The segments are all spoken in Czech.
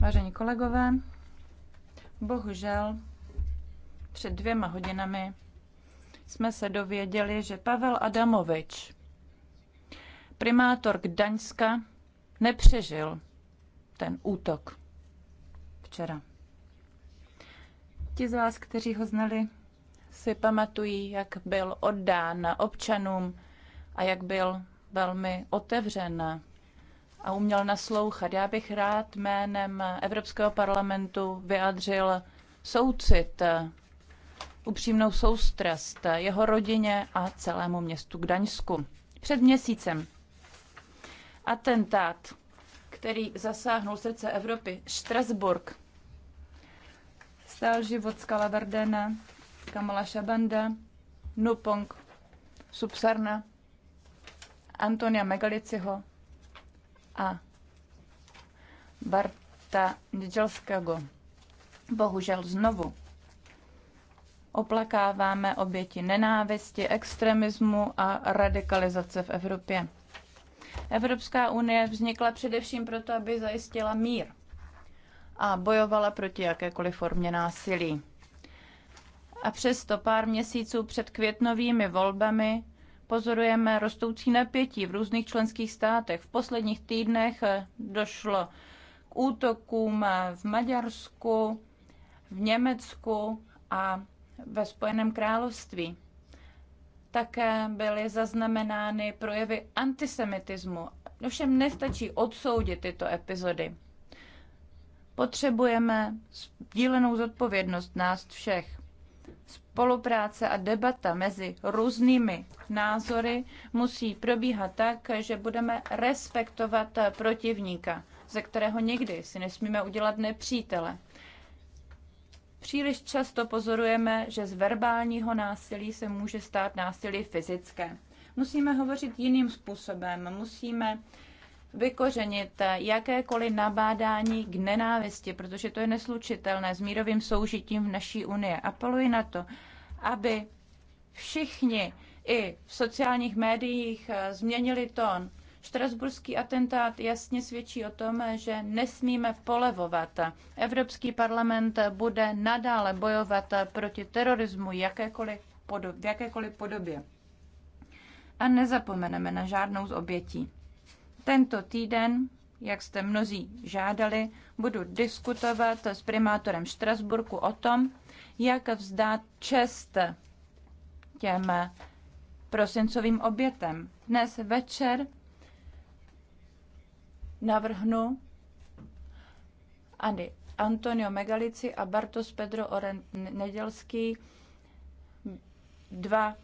Vážení kolegové, bohužel před dvěma hodinami jsme se dověděli, že Pavel Adamovič, primátor Gdaňska, nepřežil ten útok včera. Ti z vás, kteří ho znali, si pamatují, jak byl oddán občanům a jak byl velmi otevřen a uměl naslouchat. Já bych rád jménem Evropského parlamentu vyjádřil soucit, upřímnou soustrast jeho rodině a celému městu Gdaňsku. Před měsícem atentát, který zasáhnul srdce Evropy, Štrasburg, stál život Skala Verdena, Kamala Šabanda, Nupong, Subsarna, Antonia Megaliciho, a Barta Dželskago. Bohužel znovu oplakáváme oběti nenávisti, extremismu a radikalizace v Evropě. Evropská unie vznikla především proto, aby zajistila mír a bojovala proti jakékoliv formě násilí. A přesto pár měsíců před květnovými volbami pozorujeme rostoucí napětí v různých členských státech. V posledních týdnech eh, došlo k útokům eh, v Maďarsku, v Německu a ve Spojeném království. Také byly zaznamenány projevy antisemitismu. Ovšem nestačí odsoudit tyto epizody. Potřebujeme sdílenou zodpovědnost nás všech spolupráce a debata mezi různými názory musí probíhat tak, že budeme respektovat protivníka, ze kterého nikdy si nesmíme udělat nepřítele. Příliš často pozorujeme, že z verbálního násilí se může stát násilí fyzické. Musíme hovořit jiným způsobem, musíme vykořenit jakékoliv nabádání k nenávisti, protože to je neslučitelné s mírovým soužitím v naší unii. Apeluji na to, aby všichni i v sociálních médiích eh, změnili tón. Štrasburský atentát jasně svědčí o tom, že nesmíme polevovat. Evropský parlament bude nadále bojovat proti terorismu jakékoliv podob, v jakékoliv podobě. A nezapomeneme na žádnou z obětí. Tento týden, jak jste mnozí žádali, budu diskutovat s primátorem Štrasburku o tom, jak vzdát čest těm prosincovým obětem. Dnes večer navrhnu Andy Antonio Megalici a Bartos Pedro Orent Nedělský dva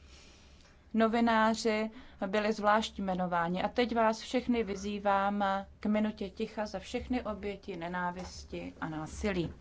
novináři byli zvlášť jmenováni. A teď vás všechny vyzývám k minutě ticha za všechny oběti nenávisti a násilí.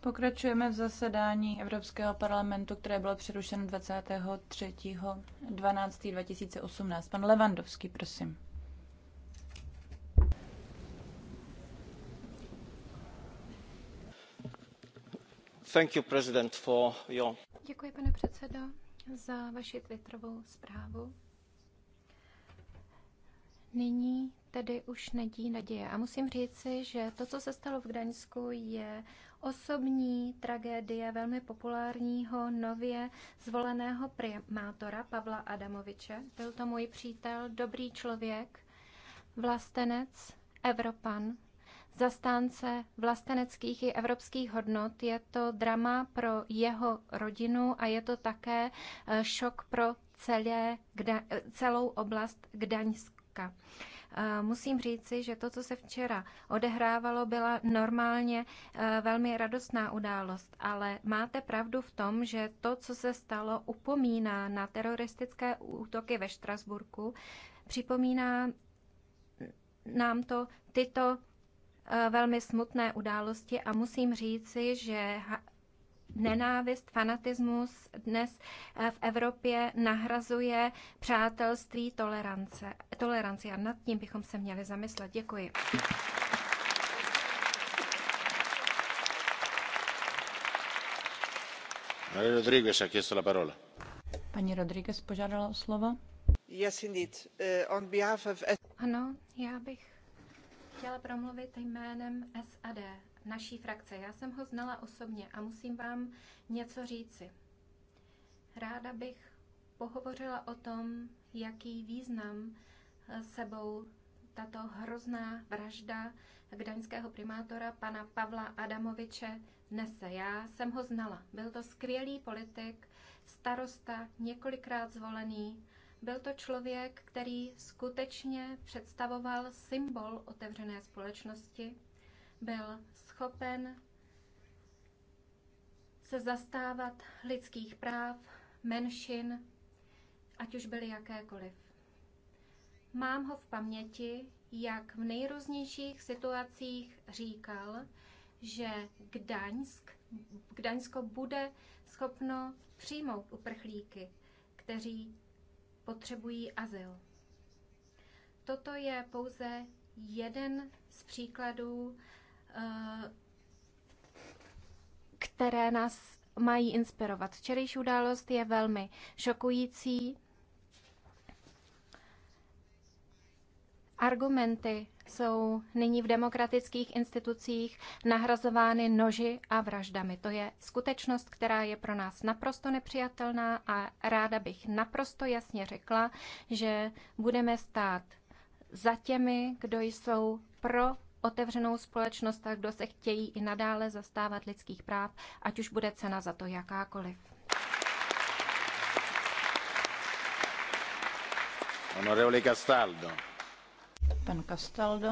Pokračujeme v zasedání Evropského parlamentu, které bylo přerušeno 23. 12. 2018. Pan Levandovský, prosím. Thank you, President, for your... Děkuji, pane předsedo, za vaši Twitterovou zprávu. Nyní tedy už nedí naděje. A musím říci, že to, co se stalo v Gdaňsku, je osobní tragédie velmi populárního nově zvoleného primátora Pavla Adamoviče. Byl to můj přítel, dobrý člověk, vlastenec, Evropan, zastánce vlasteneckých i evropských hodnot. Je to drama pro jeho rodinu a je to také eh, šok pro celé, eh, celou oblast Gdaňsk Ruska. Eh, musím říci, že to, co se včera odehrávalo, byla normálně eh, velmi radostná událost, ale máte pravdu v tom, že to, co se stalo, upomíná na teroristické útoky ve Štrasburku, připomíná nám to tyto eh, velmi smutné události a musím říci, že nenávist, fanatismus dnes eh, v Evropě nahrazuje přátelství, tolerance, toleranci a nad tím bychom se měli zamyslet. Děkuji. Rodriguez, la parola. Paní Rodriguez požádala o slovo. Yes, indeed. Eh, on behalf of... Ano, já bych chtěla promluvit jménem SAD naší frakce. Já jsem ho znala osobně a musím vám něco říci. Ráda bych pohovořila o tom, jaký význam eh, sebou tato hrozná vražda gdaňského primátora pana Pavla Adamoviče nese. Já jsem ho znala. Byl to skvělý politik, starosta, několikrát zvolený. Byl to člověk, který skutečně představoval symbol otevřené společnosti. Byl schopen se zastávat lidských práv, menšin, ať už byly jakékoliv. Mám ho v paměti, jak v nejrůznějších situacích říkal, že Gdaňsk, Gdaňsko bude schopno přijmout uprchlíky, kteří potřebují azyl. Toto je pouze jeden z příkladů Eh, které nás mají inspirovat. Včerejší událost je velmi šokující. Argumenty jsou nyní v demokratických institucích nahrazovány noži a vraždami. To je skutečnost, která je pro nás naprosto nepřijatelná a ráda bych naprosto jasně řekla, že budeme stát za těmi, kdo jsou pro otevřenou společnost, tak kdo se chtějí i nadále zastávat lidských práv, ať už bude cena za to jakákoliv. Honorable Castaldo. Pan Castaldo.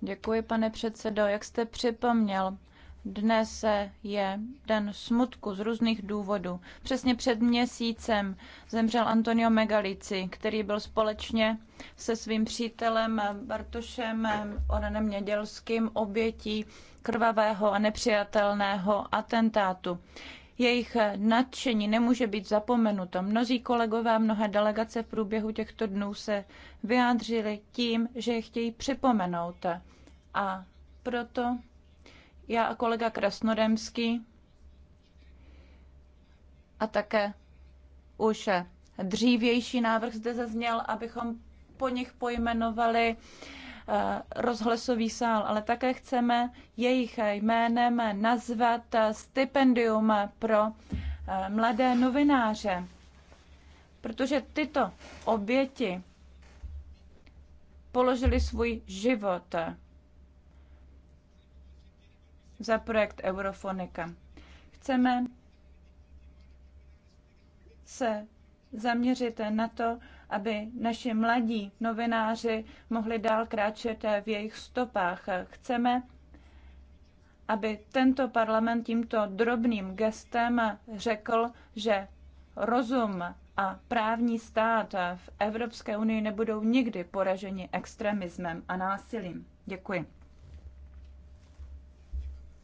Děkuji, pane předsedo. Jak jste připomněl, dnes je den smutku z různých důvodů. Přesně před měsícem zemřel Antonio Megalici, který byl společně se svým přítelem Bartošem Oranem Nědělským obětí krvavého a nepřijatelného atentátu. Jejich nadšení nemůže být zapomenuto. Mnozí kolegové a mnohé delegace v průběhu těchto dnů se vyjádřili tím, že je chtějí připomenout. A proto já a kolega Krasnodemský a také už dřívější návrh zde zazněl, abychom po nich pojmenovali eh, rozhlasový sál, ale také chceme jejich jménem nazvat eh, stipendium pro eh, mladé novináře, protože tyto oběti položili svůj život za projekt Eurofonika. Chceme se zaměřit na to, aby naši mladí novináři mohli dál kráčet v jejich stopách. Chceme, aby tento parlament tímto drobným gestem řekl, že rozum a právní stát v Evropské unii nebudou nikdy poraženi extremismem a násilím. Děkuji.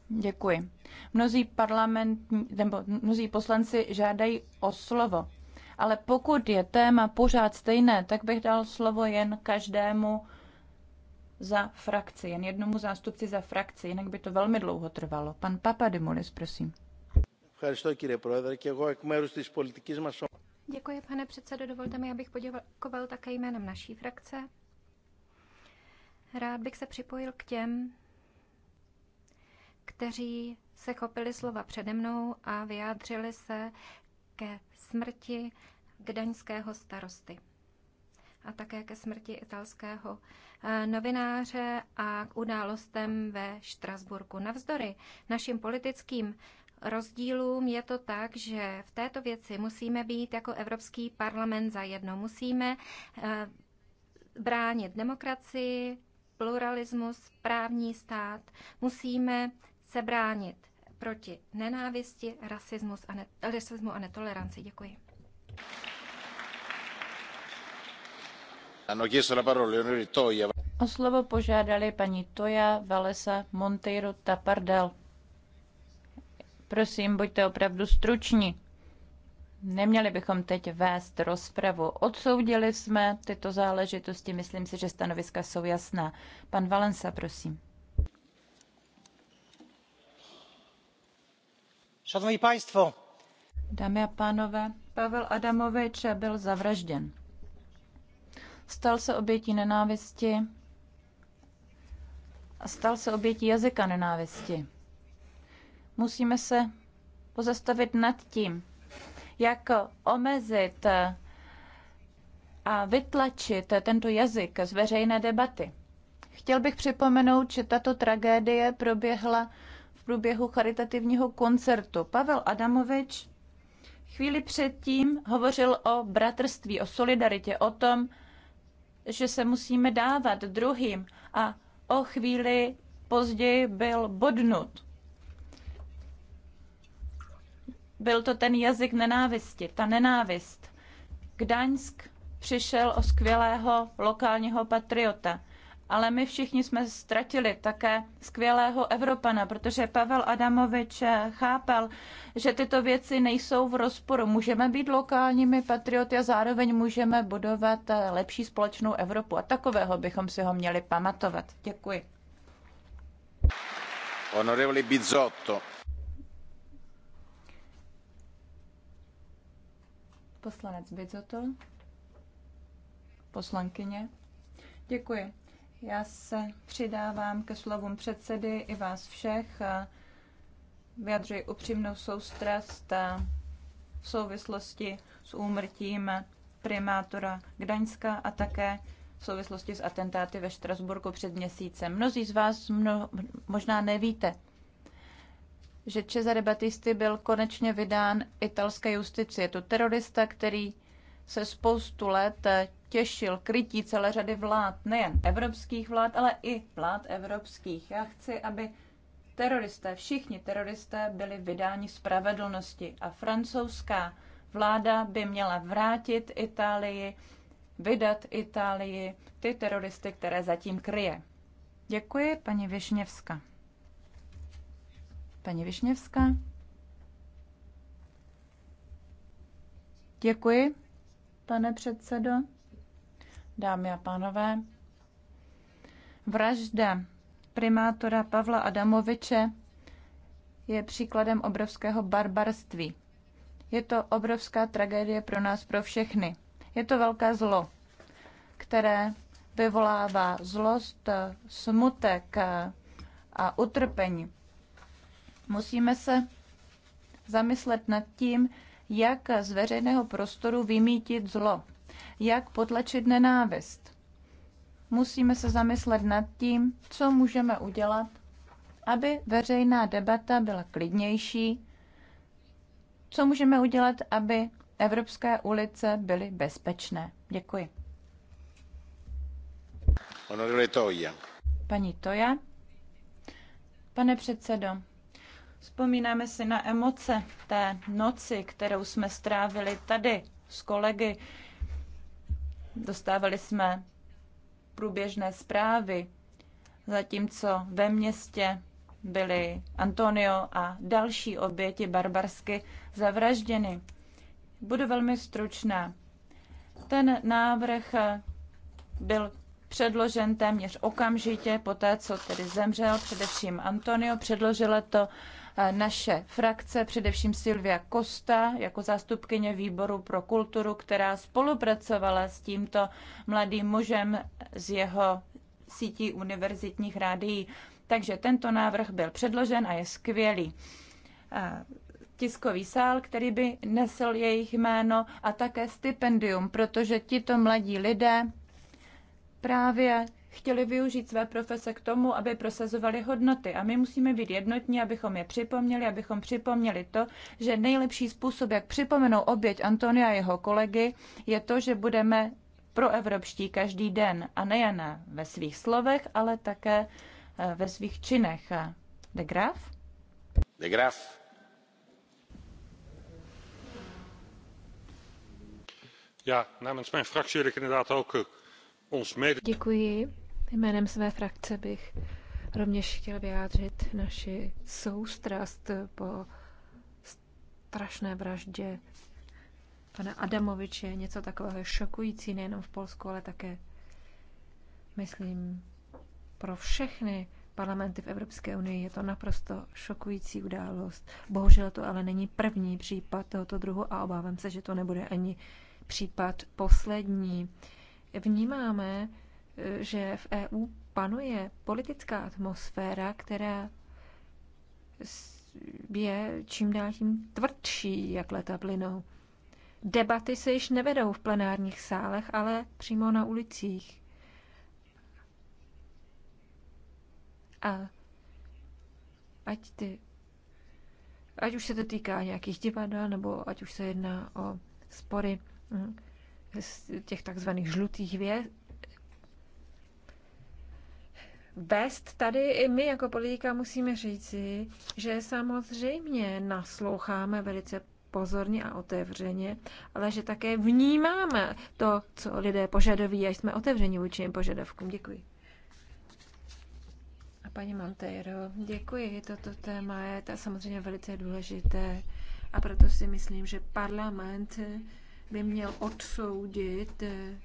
Děkuji. Mnozí, parlament, nebo mnozí poslanci žádají o slovo, ale pokud je téma pořád stejné, tak bych dal slovo jen každému za frakci, jen jednomu zástupci za frakci, jinak by to velmi dlouho trvalo. Pan Papadimulis, prosím. Děkuji, pane předsedo. Dovolte mi, abych poděkoval také jménem naší frakce. Rád bych se připojil k těm, kteří se chopili slova přede mnou a vyjádřili se ke smrti gdaňského starosty a také ke smrti italského eh, novináře a k událostem ve Štrasburku. Navzdory našim politickým rozdílům je to tak, že v této věci musíme být jako Evropský parlament zajedno. Musíme eh, bránit demokracii, pluralismus, právní stát. Musíme se bránit proti nenávisti, rasismus a ne, rasismu a netoleranci. Děkuji. O slovo požádali paní Toja Valesa Monteiro Tapardel. Prosím, buďte opravdu struční. Neměli bychom teď vést rozpravu. Odsoudili jsme tyto záležitosti, myslím si, že stanoviska jsou jasná. Pan Valensa, prosím. Dámy a pánové, Pavel Adamovič byl zavražděn. Stal se obětí nenávisti a stal se obětí jazyka nenávisti. Musíme se pozastavit nad tím, jak omezit a vytlačit tento jazyk z veřejné debaty. Chtěl bych připomenout, že tato tragédie proběhla průběhu charitativního koncertu. Pavel Adamovič chvíli předtím hovořil o bratrství, o solidaritě, o tom, že se musíme dávat druhým a o chvíli později byl bodnut. Byl to ten jazyk nenávisti, ta nenávist. Gdaňsk přišel o skvělého lokálního patriota ale my všichni jsme ztratili také skvělého Evropana, protože Pavel Adamovič eh, chápal, že tyto věci nejsou v rozporu. Můžeme být lokálními patrioty a zároveň můžeme budovat eh, lepší společnou Evropu. A takového bychom si ho měli pamatovat. Děkuji. Honorevole Bizotto. Poslanec Bizotto. Poslankyně. Děkuji. Já se přidávám ke slovům předsedy i vás všech a vyjadřuji upřímnou soustrast v souvislosti s úmrtím primátora Gdaňska a také v souvislosti s atentáty ve Štrasburku před měsícem. Mnozí z vás mno, možná nevíte, že Cesare Battisti byl konečně vydán italské justici. Je to terorista, který se spoustu let těšil krytí celé řady vlád, nejen evropských vlád, ale i vlád evropských. Já chci, aby teroristé, všichni teroristé byli vydáni spravedlnosti a francouzská vláda by měla vrátit Itálii, vydat Itálii ty teroristy, které zatím kryje. Děkuji, paní Višněvska. Paní Višněvska. Děkuji, pane předsedo dámy a pánové. Vražda primátora Pavla Adamoviče je příkladem obrovského barbarství. Je to obrovská tragédie pro nás, pro všechny. Je to velké zlo, které vyvolává zlost, smutek a utrpení. Musíme se zamyslet nad tím, jak z veřejného prostoru vymítit zlo jak potlačit nenávist. Musíme se zamyslet nad tím, co můžeme udělat, aby veřejná debata byla klidnější, co můžeme udělat, aby evropské ulice byly bezpečné. Děkuji. Toja. Paní Toja. Pane předsedo, vzpomínáme si na emoce té noci, kterou jsme strávili tady s kolegy. Dostávali jsme průběžné zprávy, zatímco ve městě byli Antonio a další oběti barbarsky zavražděny. Budu velmi stručná. Ten návrh byl předložen téměř okamžitě po té, co tedy zemřel, především Antonio. Předložila to naše frakce, především Silvia Costa, jako zástupkyně výboru pro kulturu, která spolupracovala s tímto mladým mužem z jeho sítí univerzitních rádií. Takže tento návrh byl předložen a je skvělý tiskový sál, který by nesl jejich jméno a také stipendium, protože tito mladí lidé právě chtěli využít své profese k tomu, aby prosazovali hodnoty. A my musíme být jednotní, abychom je připomněli, abychom připomněli to, že nejlepší způsob, jak připomenou oběť Antonia a jeho kolegy, je to, že budeme proevropští každý den a nejen ve svých slovech, ale také eh, ve svých činech. De Graaf? De Graaf. Ja, namens mijn fractie wil ik inderdaad ook eh, ons mede... Děkuji. Jménem své frakce bych rovněž chtěl vyjádřit naši soustrast po strašné vraždě pana Adamoviče. Něco takového šokující nejenom v Polsku, ale také, myslím, pro všechny parlamenty v Evropské unii. Je to naprosto šokující událost. Bohužel to ale není první případ tohoto druhu a obávám se, že to nebude ani případ poslední. Vnímáme, že v EU panuje politická atmosféra, která je čím dál tím tvrdší, jak leta plynou. Debaty se již nevedou v plenárních sálech, ale přímo na ulicích. A ať ty, ať už se to týká nějakých divadel, nebo ať už se jedná o spory hm, těch takzvaných žlutých vést. Tady i my jako politika musíme říci, že samozřejmě nasloucháme velice pozorně a otevřeně, ale že také vnímáme to, co lidé požadoví a jsme otevřeni vůči jim požadavkům. Děkuji. A paní Monteiro, děkuji. Toto téma je to samozřejmě velice důležité a proto si myslím, že parlament by měl odsoudit eh,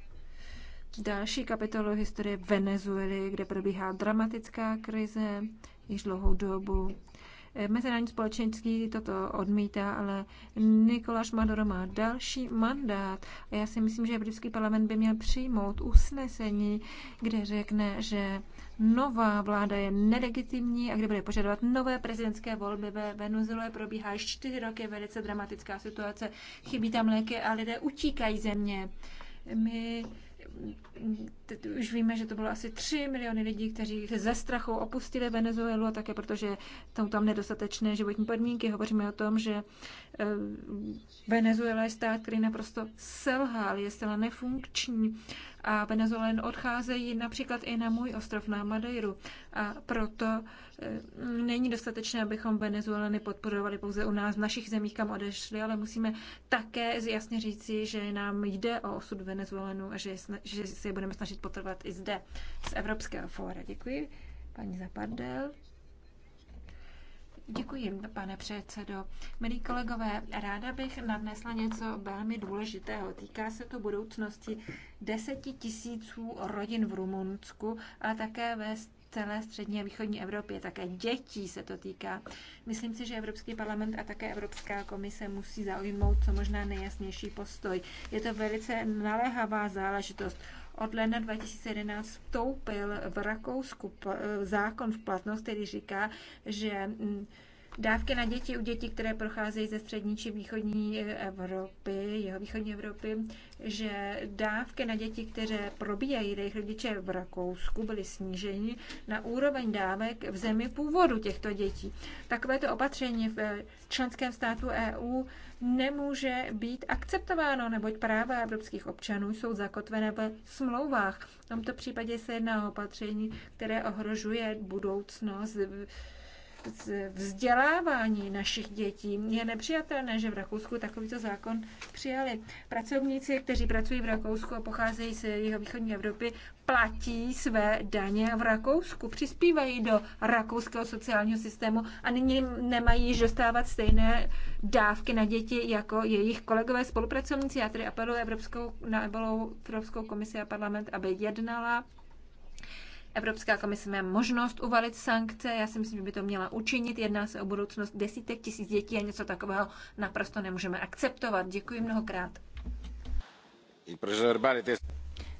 další kapitolu historie Venezuely, kde probíhá dramatická krize již dlouhou dobu. Eh, mezinárodní společenství toto odmítá, ale Nikoláš Maduro má další mandát a já si myslím, že Evropský parlament by měl přijmout usnesení, kde řekne, že nová vláda je nelegitimní a kde bude požadovat nové prezidentské volby ve Venezuele. Probíhá již čtyři roky velice dramatická situace, chybí tam léky a lidé utíkají země. My už víme, že to bylo asi 3 miliony lidí, kteří ze strachu opustili Venezuelu a také protože jsou tam nedostatečné životní podmínky. Hovoříme o tom, že eh, Venezuela je stát, který naprosto selhal, je zcela nefunkční a Venezuelen odcházejí například i na můj ostrov na Madeiru. A proto Eh, není dostatečné, abychom Venezuelany podporovali pouze u nás, v našich zemích, kam odešli, ale musíme také jasně říci, že nám jde o osud Venezuelanů a že, že se je budeme snažit potrvat i zde, z Evropského fóra. Děkuji, paní Zapardel. Děkuji, pane předsedo. Milí kolegové, ráda bych nadnesla něco velmi důležitého. Týká se to budoucnosti deseti tisíců rodin v Rumunsku a také ve celé střední a východní Evropě. Také dětí se to týká. Myslím si, že Evropský parlament a také Evropská komise musí zaujmout co možná nejjasnější postoj. Je to velice naléhavá záležitost. Od ledna 2011 vstoupil v Rakousku zákon v platnost, který říká, že Dávky na děti u dětí, které procházejí ze střední či východní Evropy, jeho východní Evropy, že dávky na děti, které probíhají jejich rodiče v Rakousku, byly sníženy na úroveň dávek v zemi původu těchto dětí. Takovéto opatření v členském státu EU nemůže být akceptováno, neboť práva evropských občanů jsou zakotvené ve smlouvách. V tomto případě se jedná o opatření, které ohrožuje budoucnost vzdělávání našich dětí. Je nepřijatelné, že v Rakousku takovýto zákon přijali. Pracovníci, kteří pracují v Rakousku a pocházejí z jeho východní Evropy, platí své daně v Rakousku, přispívají do rakouského sociálního systému a nyní nemají již dostávat stejné dávky na děti jako jejich kolegové spolupracovníci. Já tedy apeluji Evropskou, na Evropskou komisi a parlament, aby jednala Evropská komise má možnost uvalit sankce, já si myslím, že by to měla učinit. Jedná se o budoucnost desítek tisíc dětí a něco takového naprosto nemůžeme akceptovat. Děkuji mnohokrát.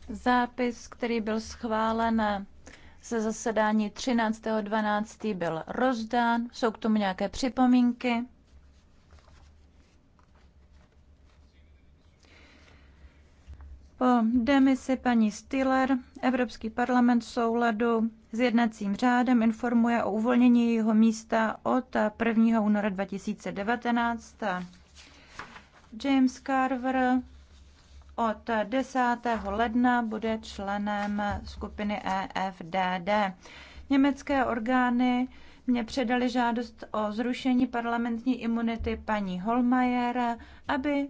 Zápis, který byl schválen ze zasedání 13.12. byl rozdán. Jsou k tomu nějaké připomínky? Po demisi paní Stiller Evropský parlament v souladu s jednacím řádem informuje o uvolnění jejího místa od 1. února 2019. James Carver od 10. ledna bude členem skupiny EFDD. Německé orgány mě předali žádost o zrušení parlamentní imunity paní Holmajer, aby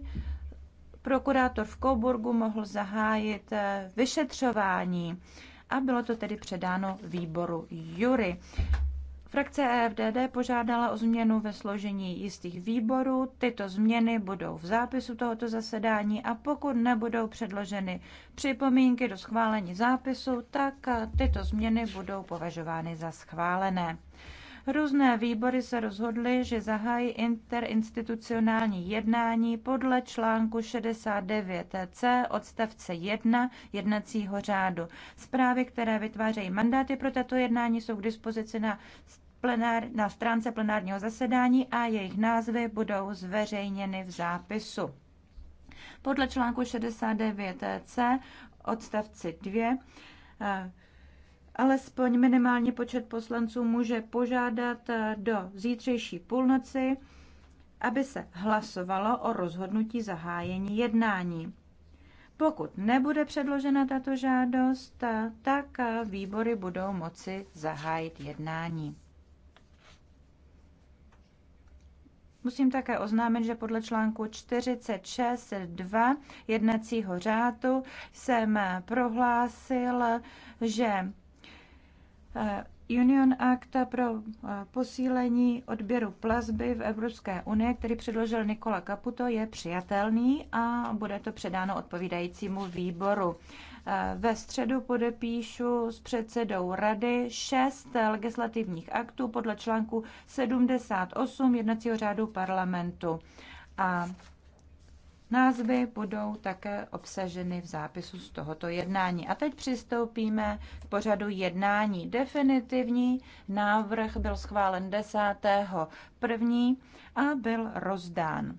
prokurátor v Koburgu mohl zahájit eh, vyšetřování a bylo to tedy předáno výboru Jury. Frakce EFDD požádala o změnu ve složení jistých výborů. Tyto změny budou v zápisu tohoto zasedání a pokud nebudou předloženy připomínky do schválení zápisu, tak eh, tyto změny budou považovány za schválené. Různé výbory se rozhodly, že zahájí interinstitucionální jednání podle článku 69c odstavce 1 jednacího řádu. Zprávy, které vytvářejí mandáty pro tato jednání, jsou k dispozici na plenár, na stránce plenárního zasedání a jejich názvy budou zveřejněny v zápisu. Podle článku 69c odstavci 2 alespoň minimálně počet poslanců může požádat eh, do zítřejší půlnoci, aby se hlasovalo o rozhodnutí zahájení jednání. Pokud nebude předložena tato žádost, eh, tak eh, výbory budou moci zahájit jednání. Musím také oznámit, že podle článku 46.2 jednacího řádu jsem prohlásil, že Eh, Union Act pro eh, posílení odběru plazby v Evropské unii, který předložil Nikola Caputo, je přijatelný a bude to předáno odpovídajícímu výboru. Eh, ve středu podepíšu s předsedou rady šest legislativních aktů podle článku 78 jednacího řádu parlamentu. A Názvy budou také obsaženy v zápisu z tohoto jednání. A teď přistoupíme k pořadu jednání. Definitivní návrh byl schválen 10. první a byl rozdán.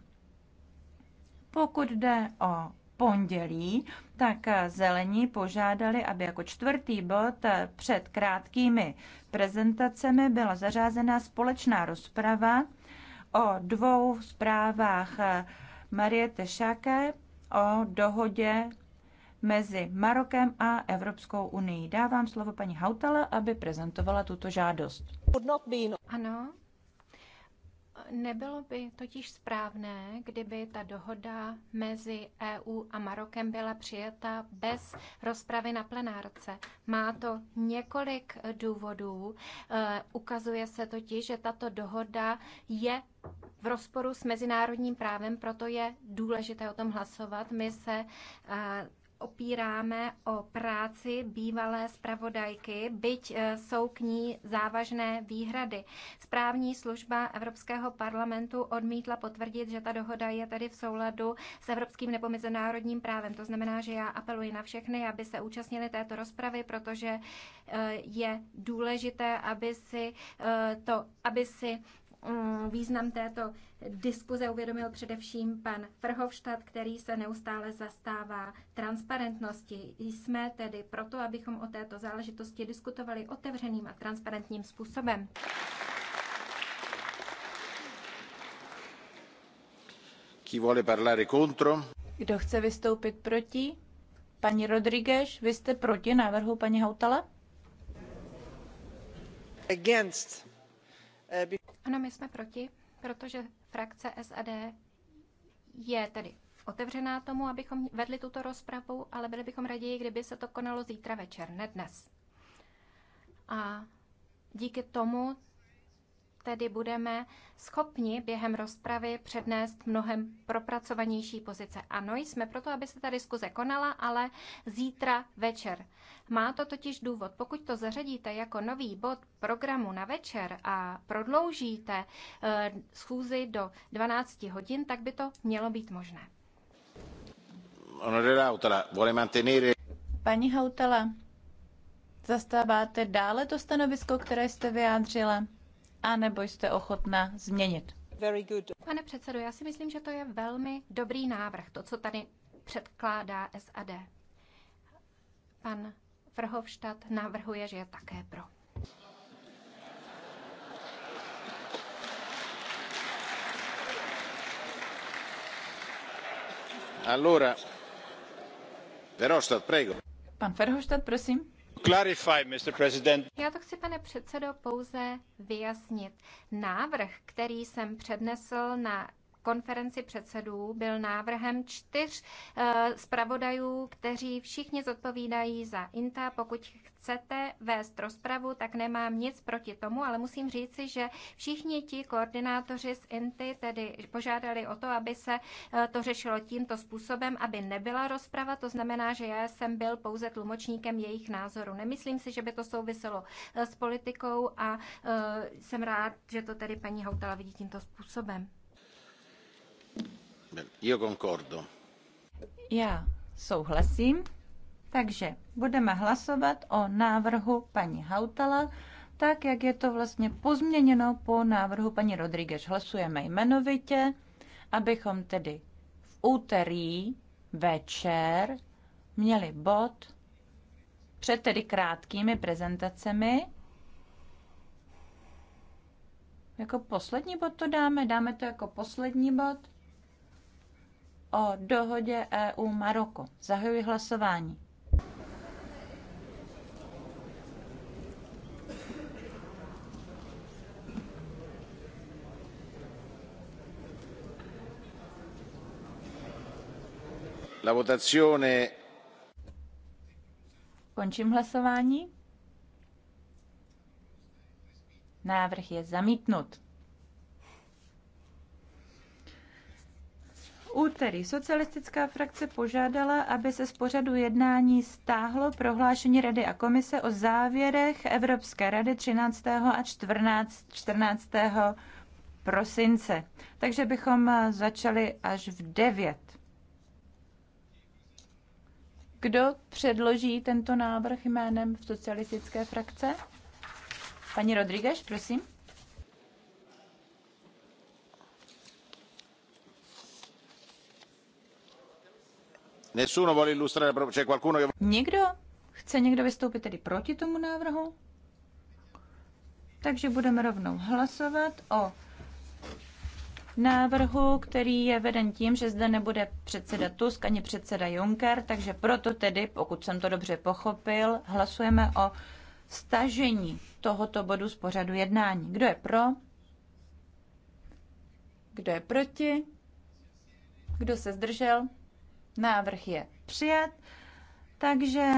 Pokud jde o pondělí, tak zelení požádali, aby jako čtvrtý bod před krátkými prezentacemi byla zařázena společná rozprava o dvou zprávách Marie Tešáke o dohodě mezi Marokem a Evropskou unii. Dávám slovo paní Hautala, aby prezentovala tuto žádost. Ano, Nebylo by totiž správné, kdyby ta dohoda mezi EU a Marokem byla přijata bez rozpravy na plenárce. Má to několik důvodů. E, ukazuje se totiž, že tato dohoda je v rozporu s mezinárodním právem, proto je důležité o tom hlasovat. My se e, opíráme o práci bývalé zpravodajky, byť eh, jsou k ní závažné výhrady. Správní služba Evropského parlamentu odmítla potvrdit, že ta dohoda je tady v souladu s evropským nebo mezinárodním právem. To znamená, že já apeluji na všechny, aby se účastnili této rozpravy, protože eh, je důležité, aby si eh, to, aby si Mm, význam této diskuze uvědomil především pan Frhovštad, který se neustále zastává transparentnosti. Jsme tedy proto, abychom o této záležitosti diskutovali otevřeným a transparentním způsobem. Kdo chce vystoupit proti? Paní Rodriguez, vy jste proti návrhu paní Hautala? Against. Uh, ano, my jsme proti, protože frakce SAD je tedy otevřená tomu, abychom vedli tuto rozpravu, ale byli bychom raději, kdyby se to konalo zítra večer, ne dnes. A díky tomu tedy budeme schopni během rozpravy přednést mnohem propracovanější pozice. Ano, jsme proto, aby se ta diskuze konala, ale zítra večer. Má to totiž důvod. Pokud to zařadíte jako nový bod programu na večer a prodloužíte eh, schůzi do 12 hodin, tak by to mělo být možné. Paní Hautala, zastáváte dále to stanovisko, které jste vyjádřila? anebo jste ochotna změnit? Pane předsedo, já si myslím, že to je velmi dobrý návrh, to, co tady předkládá SAD. Pan Frhovštat navrhuje, že je také pro. Allora, Verhofstadt, prego. Pan Verhofstadt, prosím. Já to chci, pane předsedo, pouze vyjasnit. Návrh, který jsem přednesl na konferenci předsedů byl návrhem čtyř eh, zpravodajů, kteří všichni zodpovídají za INTA. Pokud chcete vést rozpravu, tak nemám nic proti tomu, ale musím říci, že všichni ti koordinátoři z INTY tedy požádali o to, aby se eh, to řešilo tímto způsobem, aby nebyla rozprava. To znamená, že já jsem byl pouze tlumočníkem jejich názoru. Nemyslím si, že by to souviselo eh, s politikou a jsem rád, že to tedy paní Houtala vidí tímto způsobem. Já souhlasím, takže budeme hlasovat o návrhu paní Hautala, tak jak je to vlastně pozměněno po návrhu paní Rodriguez. Hlasujeme jmenovitě, abychom tedy v úterý večer měli bod před tedy krátkými prezentacemi. Jako poslední bod to dáme, dáme to jako poslední bod o dohodě EU Maroko. Zahajuji hlasování. La votazione. Končím hlasování. Návrh je zamítnut. úterý socialistická frakce požádala, aby se z pořadu jednání stáhlo prohlášení Rady a Komise o závěrech Evropské rady 13. a 14. 14. prosince. Takže bychom eh, začali až v 9. Kdo předloží tento návrh jménem v socialistické frakce? Paní Rodríguez, prosím. Někdo? Chce někdo vystoupit tedy proti tomu návrhu? Takže budeme rovnou hlasovat o návrhu, který je veden tím, že zde nebude předseda Tusk ani předseda Juncker, takže proto tedy, pokud jsem to dobře pochopil, hlasujeme o stažení tohoto bodu z pořadu jednání. Kdo je pro? Kdo je proti? Kdo se zdržel? Návrh je přijat, takže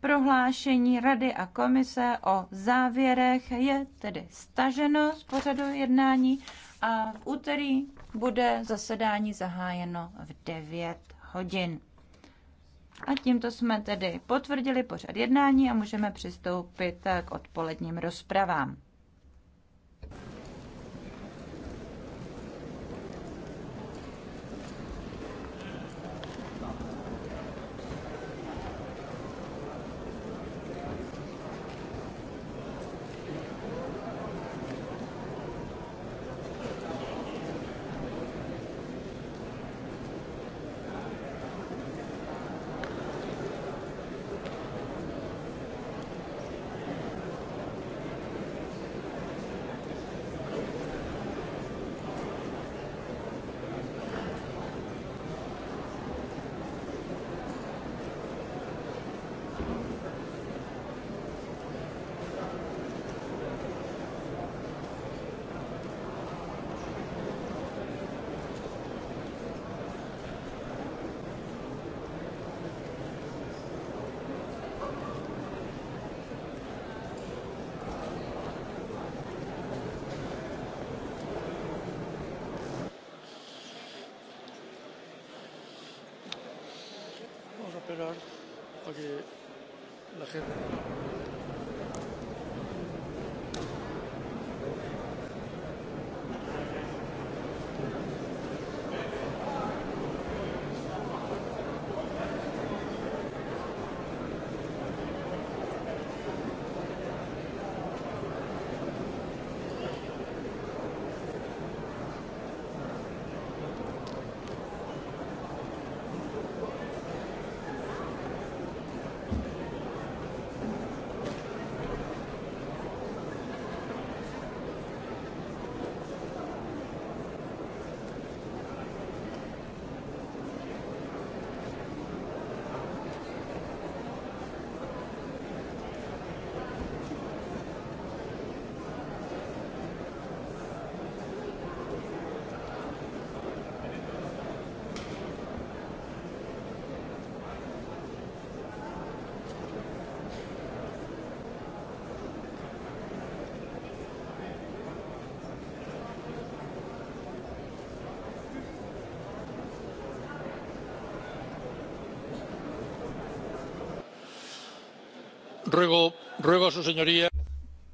prohlášení Rady a komise o závěrech je tedy staženo z pořadu jednání a v úterý bude zasedání zahájeno v 9 hodin. A tímto jsme tedy potvrdili pořad jednání a můžeme přistoupit k odpoledním rozpravám.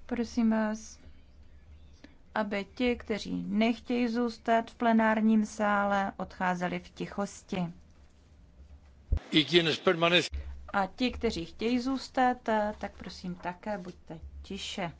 Prosím vás, aby ti, kteří nechtějí zůstat v plenárním sále, odcházeli v tichosti. A ti, kteří chtějí zůstat, tak prosím také buďte tiše.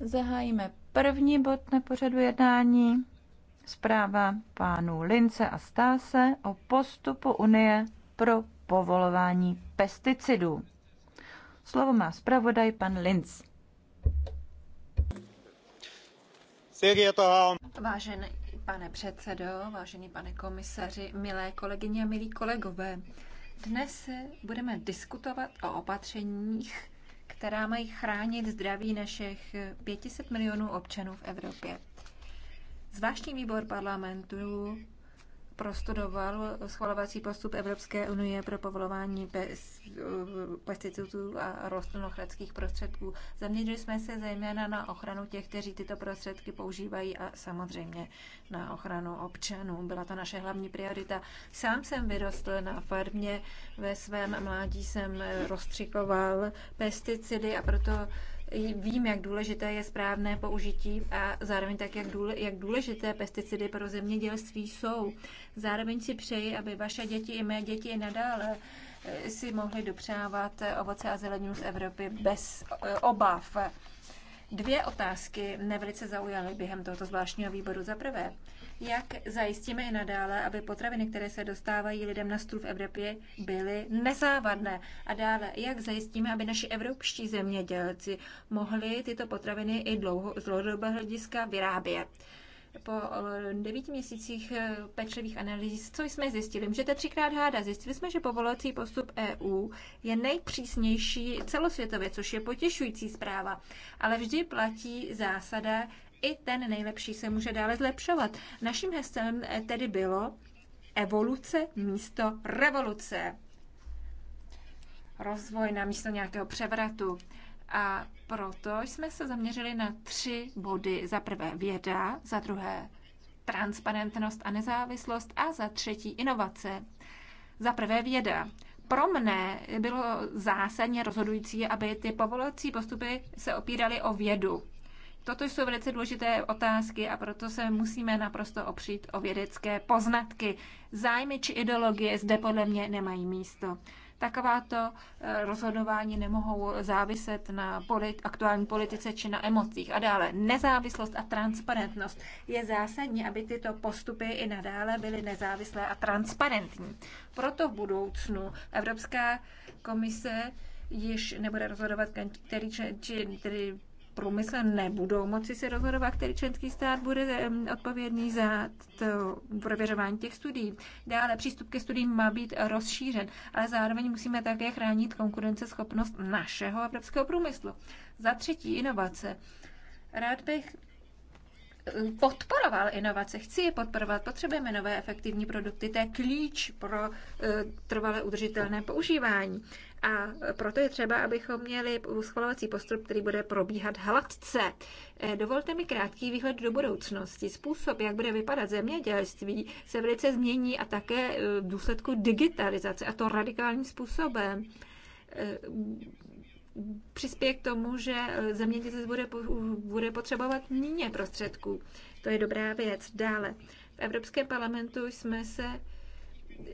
Zahájíme první bod na pořadu jednání. Zpráva pánů Lince a Stáse o postupu Unie pro povolování pesticidů. Slovo má zpravodaj pan Linz. Vážený pane předsedo, vážený pane komisaři, milé kolegyně a milí kolegové, dnes budeme diskutovat o opatřeních, která mají chránit zdraví našich 500 milionů občanů v Evropě. Zvláštní výbor parlamentu prostudoval schvalovací postup Evropské unie pro povolování pesticidů a rostlinochradských prostředků. Zaměřili jsme se zejména na ochranu těch, kteří tyto prostředky používají a samozřejmě na ochranu občanů. Byla to naše hlavní priorita. Sám jsem vyrostl na farmě, ve svém mládí jsem rozstřikoval pesticidy a proto Vím, jak důležité je správné použití a zároveň tak, jak, důležité pesticidy pro zemědělství jsou. Zároveň si přeji, aby vaše děti i mé děti nadále eh, si mohly dopřávat eh, ovoce a zeleninu z Evropy bez eh, obav. Dvě otázky mě velice zaujaly během tohoto zvláštního výboru. Za prvé, jak zajistíme i nadále, aby potraviny, které se dostávají lidem na stůl v Evropě, byly nezávadné. A dále, jak zajistíme, aby naši evropští zemědělci mohli tyto potraviny i dlouho, z dlouhodobého hlediska vyrábět po eh, devíti měsících eh, pečlivých analýz, co jsme zjistili? Můžete třikrát hádat. Zjistili jsme, že povolovací postup EU je nejpřísnější celosvětově, což je potěšující zpráva. Ale vždy platí zásada, i ten nejlepší se může dále zlepšovat. Naším heslem eh, tedy bylo evoluce místo revoluce. Rozvoj na místo nějakého převratu. A proto jsme se zaměřili na tři body. Za prvé věda, za druhé transparentnost a nezávislost a za třetí inovace. Za prvé věda. Pro mne bylo zásadně rozhodující, aby ty povolovací postupy se opíraly o vědu. Toto jsou velice důležité otázky a proto se musíme naprosto opřít o vědecké poznatky. Zájmy či ideologie zde podle mě nemají místo. Takováto eh, rozhodování nemohou záviset na polit, aktuální politice či na emocích. A dále nezávislost a transparentnost. Je zásadní, aby tyto postupy i nadále byly nezávislé a transparentní. Proto v budoucnu Evropská komise již nebude rozhodovat, který, či, který průmysl nebudou moci si rozhodovat, který členský stát bude odpovědný za to prověřování těch studií. Dále přístup ke studiím má být rozšířen, ale zároveň musíme také chránit konkurenceschopnost našeho evropského průmyslu. Za třetí, inovace. Rád bych podporoval inovace, chci je podporovat, potřebujeme nové efektivní produkty, to je klíč pro e, trvalé, udržitelné používání. A proto je třeba, abychom měli schvalovací postup, který bude probíhat hladce. E, dovolte mi krátký výhled do budoucnosti. Způsob, jak bude vypadat zemědělství, se velice změní a také e, v důsledku digitalizace, a to radikálním způsobem přispěje k tomu, že eh, zemědělec bude, bude potřebovat méně prostředků. To je dobrá věc. Dále, v Evropském parlamentu jsme se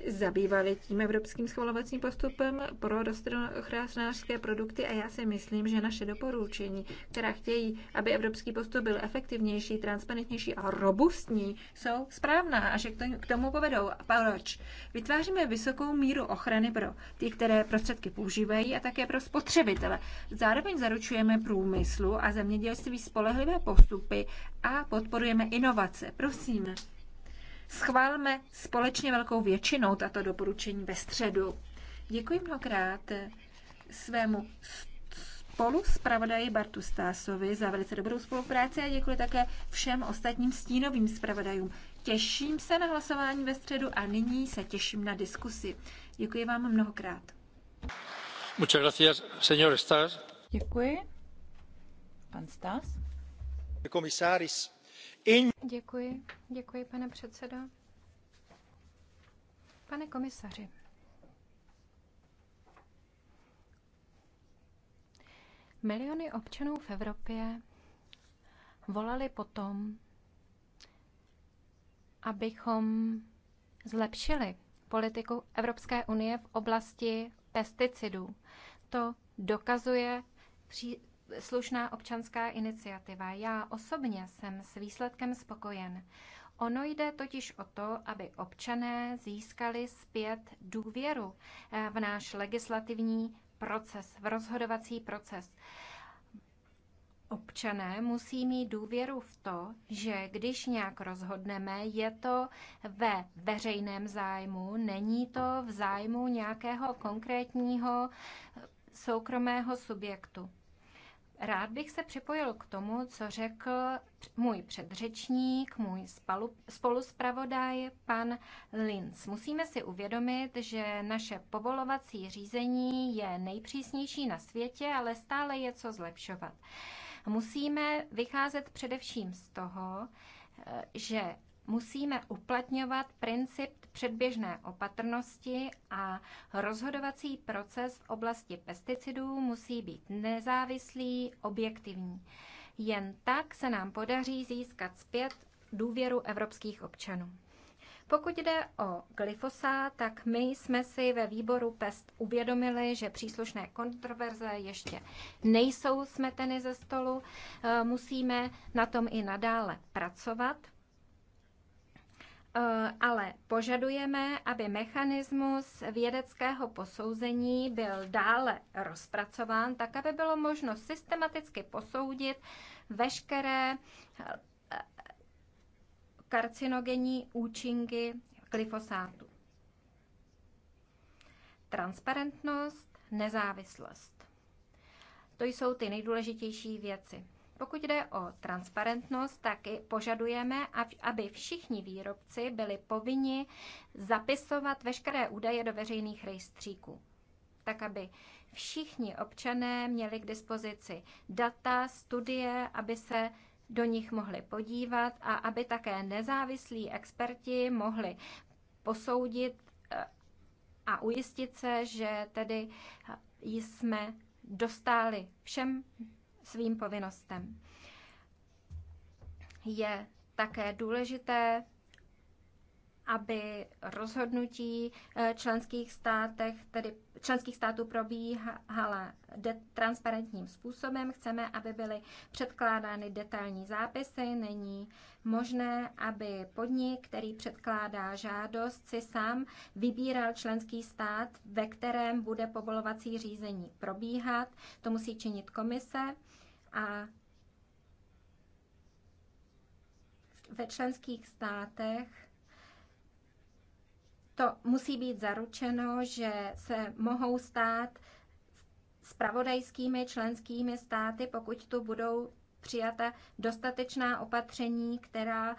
zabývali tím evropským schvalovacím postupem pro rostlinochránářské produkty a já si myslím, že naše doporučení, která chtějí, aby evropský postup byl efektivnější, transparentnější a robustní, jsou správná a že k tomu povedou. A proč? Vytváříme vysokou míru ochrany pro ty, které prostředky používají a také pro spotřebitele. Zároveň zaručujeme průmyslu a zemědělství spolehlivé postupy a podporujeme inovace. Prosím. Schválme společně velkou většinou tato doporučení ve středu. Děkuji mnohokrát svému spolu s Bartu Stásovi za velice dobrou spolupráci a děkuji také všem ostatním stínovým zpravodajům. Těším se na hlasování ve středu a nyní se těším na diskusi. Děkuji vám mnohokrát. Muchas gracias, señor Stas. Děkuji. Pan Stas. Komisáris. In... Děkuji, děkuji, pane předsedo. Pane komisaři, miliony občanů v Evropě volali potom, abychom zlepšili politiku Evropské unie v oblasti pesticidů. To dokazuje slušná občanská iniciativa. Já osobně jsem s výsledkem spokojen. Ono jde totiž o to, aby občané získali zpět důvěru eh, v náš legislativní proces, v rozhodovací proces. Občané musí mít důvěru v to, že když nějak rozhodneme, je to ve veřejném zájmu, není to v zájmu nějakého konkrétního eh, soukromého subjektu. Rád bych se připojil k tomu, co řekl můj předřečník, můj spoluspravodaj, pan Linz. Musíme si uvědomit, že naše povolovací řízení je nejpřísnější na světě, ale stále je co zlepšovat. Musíme vycházet především z toho, eh, že musíme uplatňovat princip předběžné opatrnosti a rozhodovací proces v oblasti pesticidů musí být nezávislý, objektivní. Jen tak se nám podaří získat zpět důvěru evropských občanů. Pokud jde o glyfosa, tak my jsme si ve výboru PEST uvědomili, že příslušné kontroverze ještě nejsou smeteny ze stolu. E, musíme na tom i nadále pracovat. Eh, ale požadujeme, aby mechanismus vědeckého posouzení byl dále rozpracován, tak aby bylo možno systematicky posoudit veškeré eh, karcinogenní účinky glyfosátu. Transparentnost, nezávislost. To jsou ty nejdůležitější věci. Pokud jde o transparentnost, tak i požadujeme, aby všichni výrobci byli povinni zapisovat veškeré údaje do veřejných rejstříků, tak aby všichni občané měli k dispozici data, studie, aby se do nich mohli podívat a aby také nezávislí experti mohli posoudit eh, a ujistit se, že tedy jsme dostáli všem svým povinnostem. Je také důležité aby rozhodnutí eh, členských, státech, tedy členských států probíhala transparentním způsobem. Chceme, aby byly předkládány detailní zápisy. Není možné, aby podnik, který předkládá žádost, si sám vybíral členský stát, ve kterém bude povolovací řízení probíhat. To musí činit komise a ve členských státech to musí být zaručeno, že se mohou stát spravodajskými členskými státy, pokud tu budou přijata dostatečná opatření, která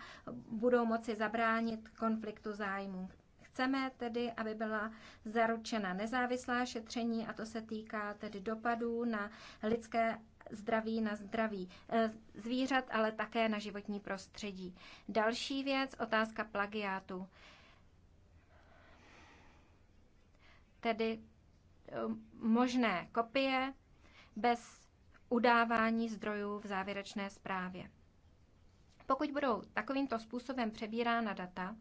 budou moci zabránit konfliktu zájmů. Chceme tedy, aby byla zaručena nezávislá šetření a to se týká tedy dopadů na lidské zdraví, na zdraví eh, zvířat, ale také na životní prostředí. Další věc, otázka plagiátu. tedy um, možné kopie bez udávání zdrojů v závěrečné zprávě. Pokud budou takovýmto způsobem přebírána data,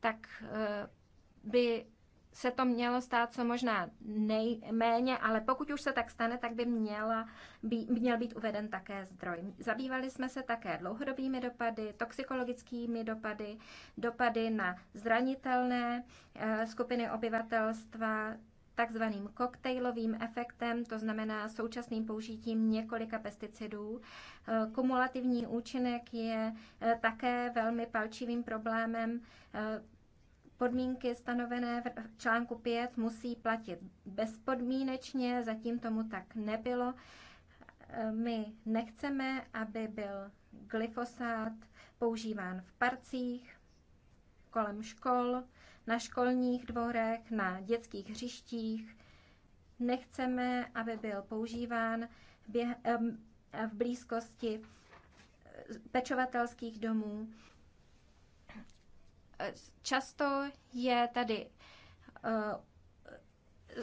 tak eh, by se to mělo stát co možná nejméně, ale pokud už se tak stane, tak by měla bý, měl být uveden také zdroj. Zabývali jsme se také dlouhodobými dopady, toxikologickými dopady, dopady na zranitelné e, skupiny obyvatelstva, takzvaným koktejlovým efektem, to znamená současným použitím několika pesticidů. Eh, kumulativní účinek je eh, také velmi palčivým problémem Podmínky stanovené v článku 5 musí platit bezpodmínečně, zatím tomu tak nebylo. My nechceme, aby byl glyfosát používán v parcích, kolem škol, na školních dvorech, na dětských hřištích. Nechceme, aby byl používán v blízkosti eh, pečovatelských domů. Často je tady eh,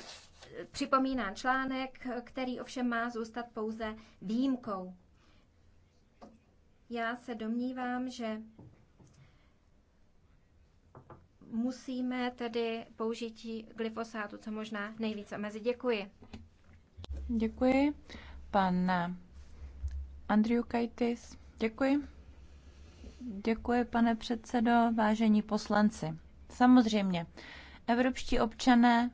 připomínán článek, který ovšem má zůstat pouze výjimkou. Já se domnívám, že musíme tedy použití glyfosátu co možná nejvíce omezit. Děkuji. Děkuji. Pan Andrew Kajtis. Děkuji. Děkuji, pane předsedo, vážení poslanci. Samozřejmě, evropští občané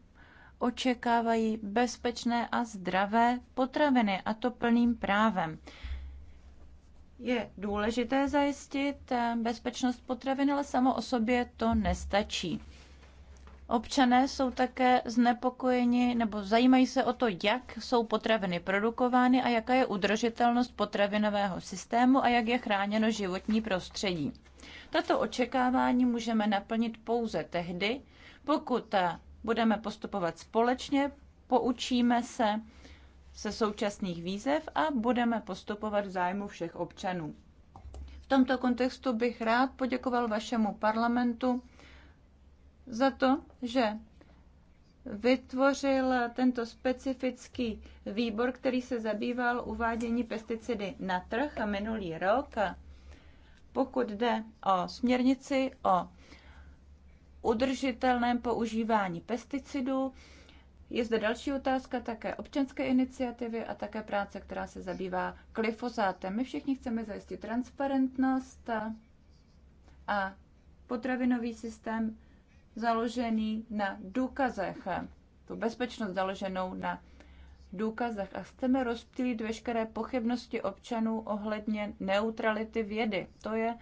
očekávají bezpečné a zdravé potraviny, a to plným právem. Je důležité zajistit bezpečnost potravin, ale samo o sobě to nestačí. Občané jsou také znepokojeni nebo zajímají se o to, jak jsou potraviny produkovány a jaká je udržitelnost potravinového systému a jak je chráněno životní prostředí. Tato očekávání můžeme naplnit pouze tehdy, pokud budeme postupovat společně, poučíme se se současných výzev a budeme postupovat v zájmu všech občanů. V tomto kontextu bych rád poděkoval vašemu parlamentu za to, že vytvořil tento specifický výbor, který se zabýval uvádění pesticidy na trh a minulý rok. Pokud jde o směrnici o udržitelném používání pesticidů, je zde další otázka také občanské iniciativy a také práce, která se zabývá glyfosátem. My všichni chceme zajistit transparentnost a potravinový systém založený na důkazech, tu bezpečnost založenou na důkazech a chceme rozptýlit veškeré pochybnosti občanů ohledně neutrality vědy. To je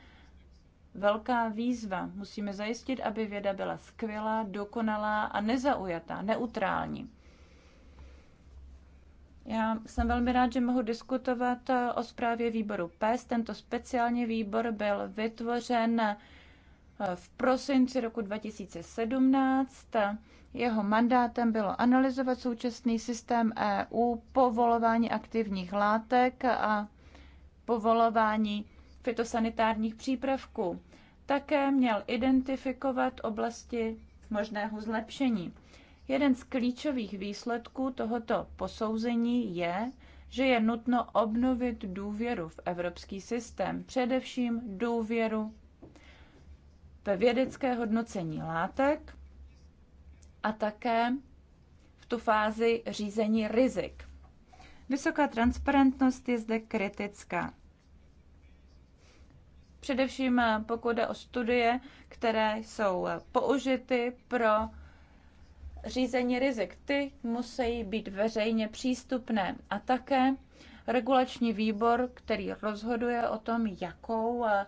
velká výzva. Musíme zajistit, aby věda byla skvělá, dokonalá a nezaujatá, neutrální. Já jsem velmi rád, že mohu diskutovat o zprávě výboru PES. Tento speciální výbor byl vytvořen v prosinci roku 2017. Jeho mandátem bylo analyzovat současný systém EU povolování aktivních látek a povolování fitosanitárních přípravků. Také měl identifikovat oblasti možného zlepšení. Jeden z klíčových výsledků tohoto posouzení je, že je nutno obnovit důvěru v evropský systém, především důvěru vědecké hodnocení látek a také v tu fázi řízení rizik. Vysoká transparentnost je zde kritická. Především pokud jde o studie, které jsou použity pro řízení rizik. Ty musí být veřejně přístupné a také regulační výbor, který rozhoduje o tom, jakou eh,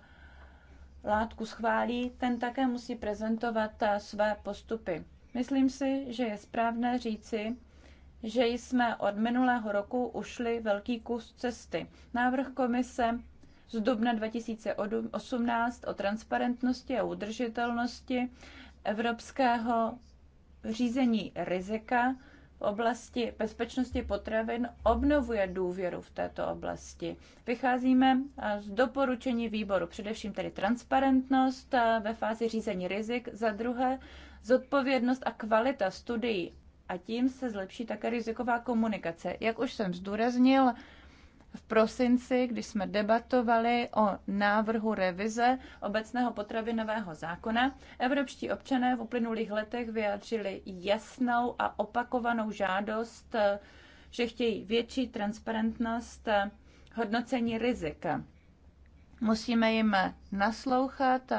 látku schválí, ten také musí prezentovat eh, své postupy. Myslím si, že je správné říci, že jsme od minulého roku ušli velký kus cesty. Návrh komise z dubna 2018 o transparentnosti a udržitelnosti evropského řízení rizika v oblasti bezpečnosti potravin obnovuje důvěru v této oblasti. Vycházíme z doporučení výboru, především tedy transparentnost ve fázi řízení rizik, za druhé zodpovědnost a kvalita studií. A tím se zlepší také riziková komunikace. Jak už jsem zdůraznil, v prosinci, když jsme debatovali o návrhu revize obecného potravinového zákona, evropští občané v uplynulých letech vyjádřili jasnou a opakovanou žádost, že chtějí větší transparentnost hodnocení rizika. Musíme jim naslouchat.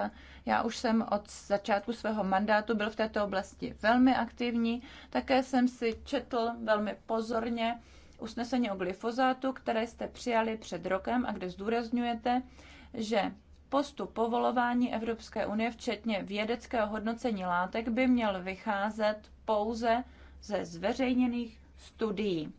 Já už jsem od začátku svého mandátu byl v této oblasti velmi aktivní. Také jsem si četl velmi pozorně usnesení o glyfozátu, které jste přijali před rokem a kde zdůrazňujete, že postup povolování Evropské unie, včetně vědeckého hodnocení látek, by měl vycházet pouze ze zveřejněných studií.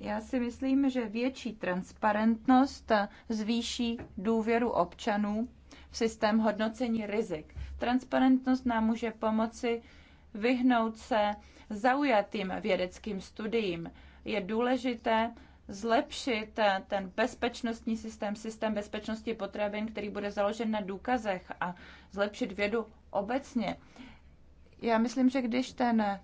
Já si myslím, že větší transparentnost zvýší důvěru občanů v systém hodnocení rizik. Transparentnost nám může pomoci vyhnout se zaujatým vědeckým studiím. Je důležité zlepšit eh, ten bezpečnostní systém, systém bezpečnosti potravin, který bude založen na důkazech a zlepšit vědu obecně. Já myslím, že když ten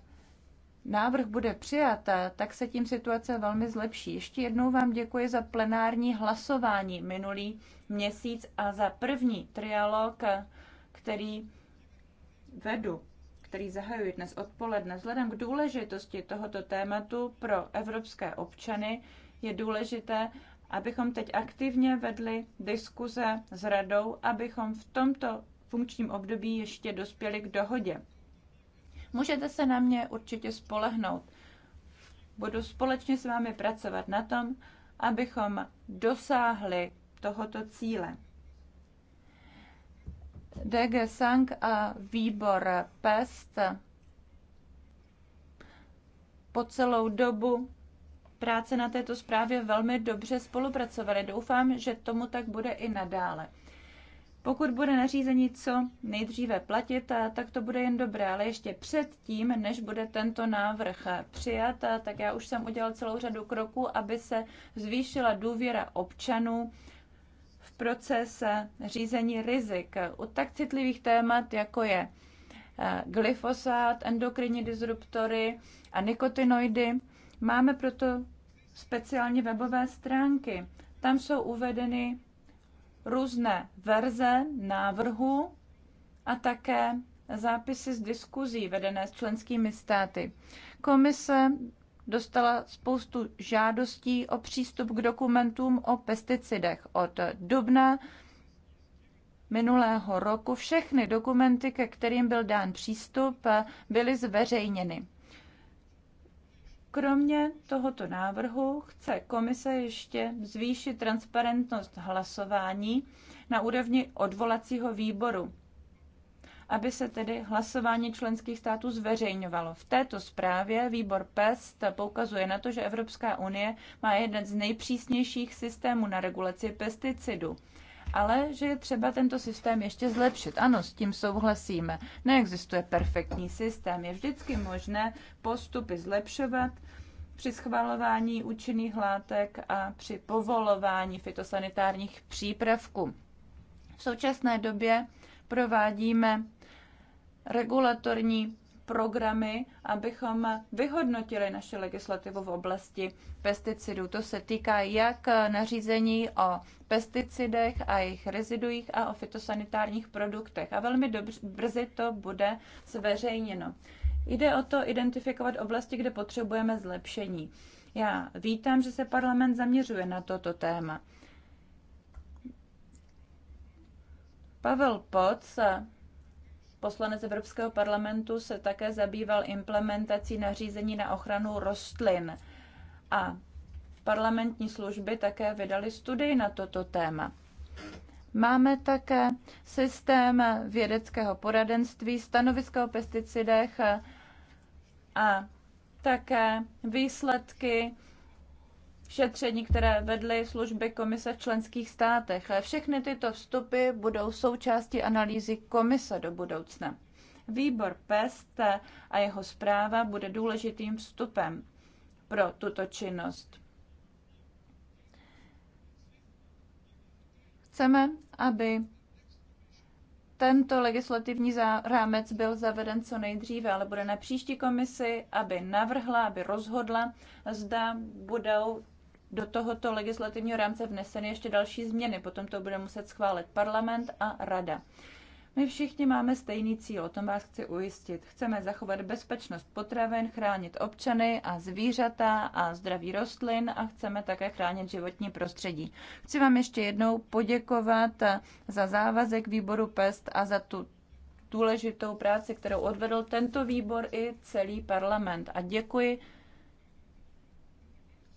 návrh bude přijat, eh, tak se tím situace velmi zlepší. Ještě jednou vám děkuji za plenární hlasování minulý měsíc a za první trialog, eh, který vedu který zahajuji dnes odpoledne, vzhledem k důležitosti tohoto tématu pro evropské občany, je důležité, abychom teď aktivně vedli diskuze s radou, abychom v tomto funkčním období ještě dospěli k dohodě. Můžete se na mě určitě spolehnout. Budu společně s vámi pracovat na tom, abychom dosáhli tohoto cíle. DG Sank a výbor PEST po celou dobu práce na této zprávě velmi dobře spolupracovali. Doufám, že tomu tak bude i nadále. Pokud bude nařízení co nejdříve platit, tak to bude jen dobré, ale ještě předtím, než bude tento návrh přijat, tak já už jsem udělal celou řadu kroků, aby se zvýšila důvěra občanů proces řízení rizik u tak citlivých témat, jako je eh, glyfosát, endokrinní disruptory a nikotinoidy. Máme proto speciální webové stránky. Tam jsou uvedeny různé verze návrhu a také zápisy z diskuzí vedené s členskými státy. Komise dostala spoustu žádostí o přístup k dokumentům o pesticidech. Od dubna minulého roku všechny dokumenty, ke kterým byl dán přístup, byly zveřejněny. Kromě tohoto návrhu chce komise ještě zvýšit transparentnost hlasování na úrovni odvolacího výboru aby se tedy hlasování členských států zveřejňovalo. V této zprávě výbor PEST poukazuje na to, že Evropská unie má jeden z nejpřísnějších systémů na regulaci pesticidů ale že je třeba tento systém ještě zlepšit. Ano, s tím souhlasíme. Neexistuje perfektní systém, je vždycky možné postupy zlepšovat při schvalování účinných látek a při povolování fitosanitárních přípravků. V současné době provádíme regulatorní programy, abychom vyhodnotili naše legislativu v oblasti pesticidů. To se týká jak nařízení o pesticidech a jejich reziduích a o fitosanitárních produktech. A velmi dobře, brzy to bude zveřejněno. Jde o to identifikovat oblasti, kde potřebujeme zlepšení. Já vítám, že se parlament zaměřuje na toto téma. Pavel Poc poslanec Evropského parlamentu se také zabýval implementací nařízení na ochranu rostlin. A parlamentní služby také vydali studii na toto téma. Máme také systém vědeckého poradenství, stanoviska o pesticidech a také výsledky šetření, které vedly služby komise v členských státech. Všechny tyto vstupy budou součástí analýzy komise do budoucna. Výbor PEST a jeho zpráva bude důležitým vstupem pro tuto činnost. Chceme, aby tento legislativní rámec byl zaveden co nejdříve, ale bude na příští komisi, aby navrhla, aby rozhodla, zda budou do tohoto legislativního rámce vneseny ještě další změny. Potom to bude muset schválit parlament a rada. My všichni máme stejný cíl, o tom vás chci ujistit. Chceme zachovat bezpečnost potravin, chránit občany a zvířata a zdraví rostlin a chceme také chránit životní prostředí. Chci vám ještě jednou poděkovat za závazek výboru PEST a za tu důležitou práci, kterou odvedl tento výbor i celý parlament. A děkuji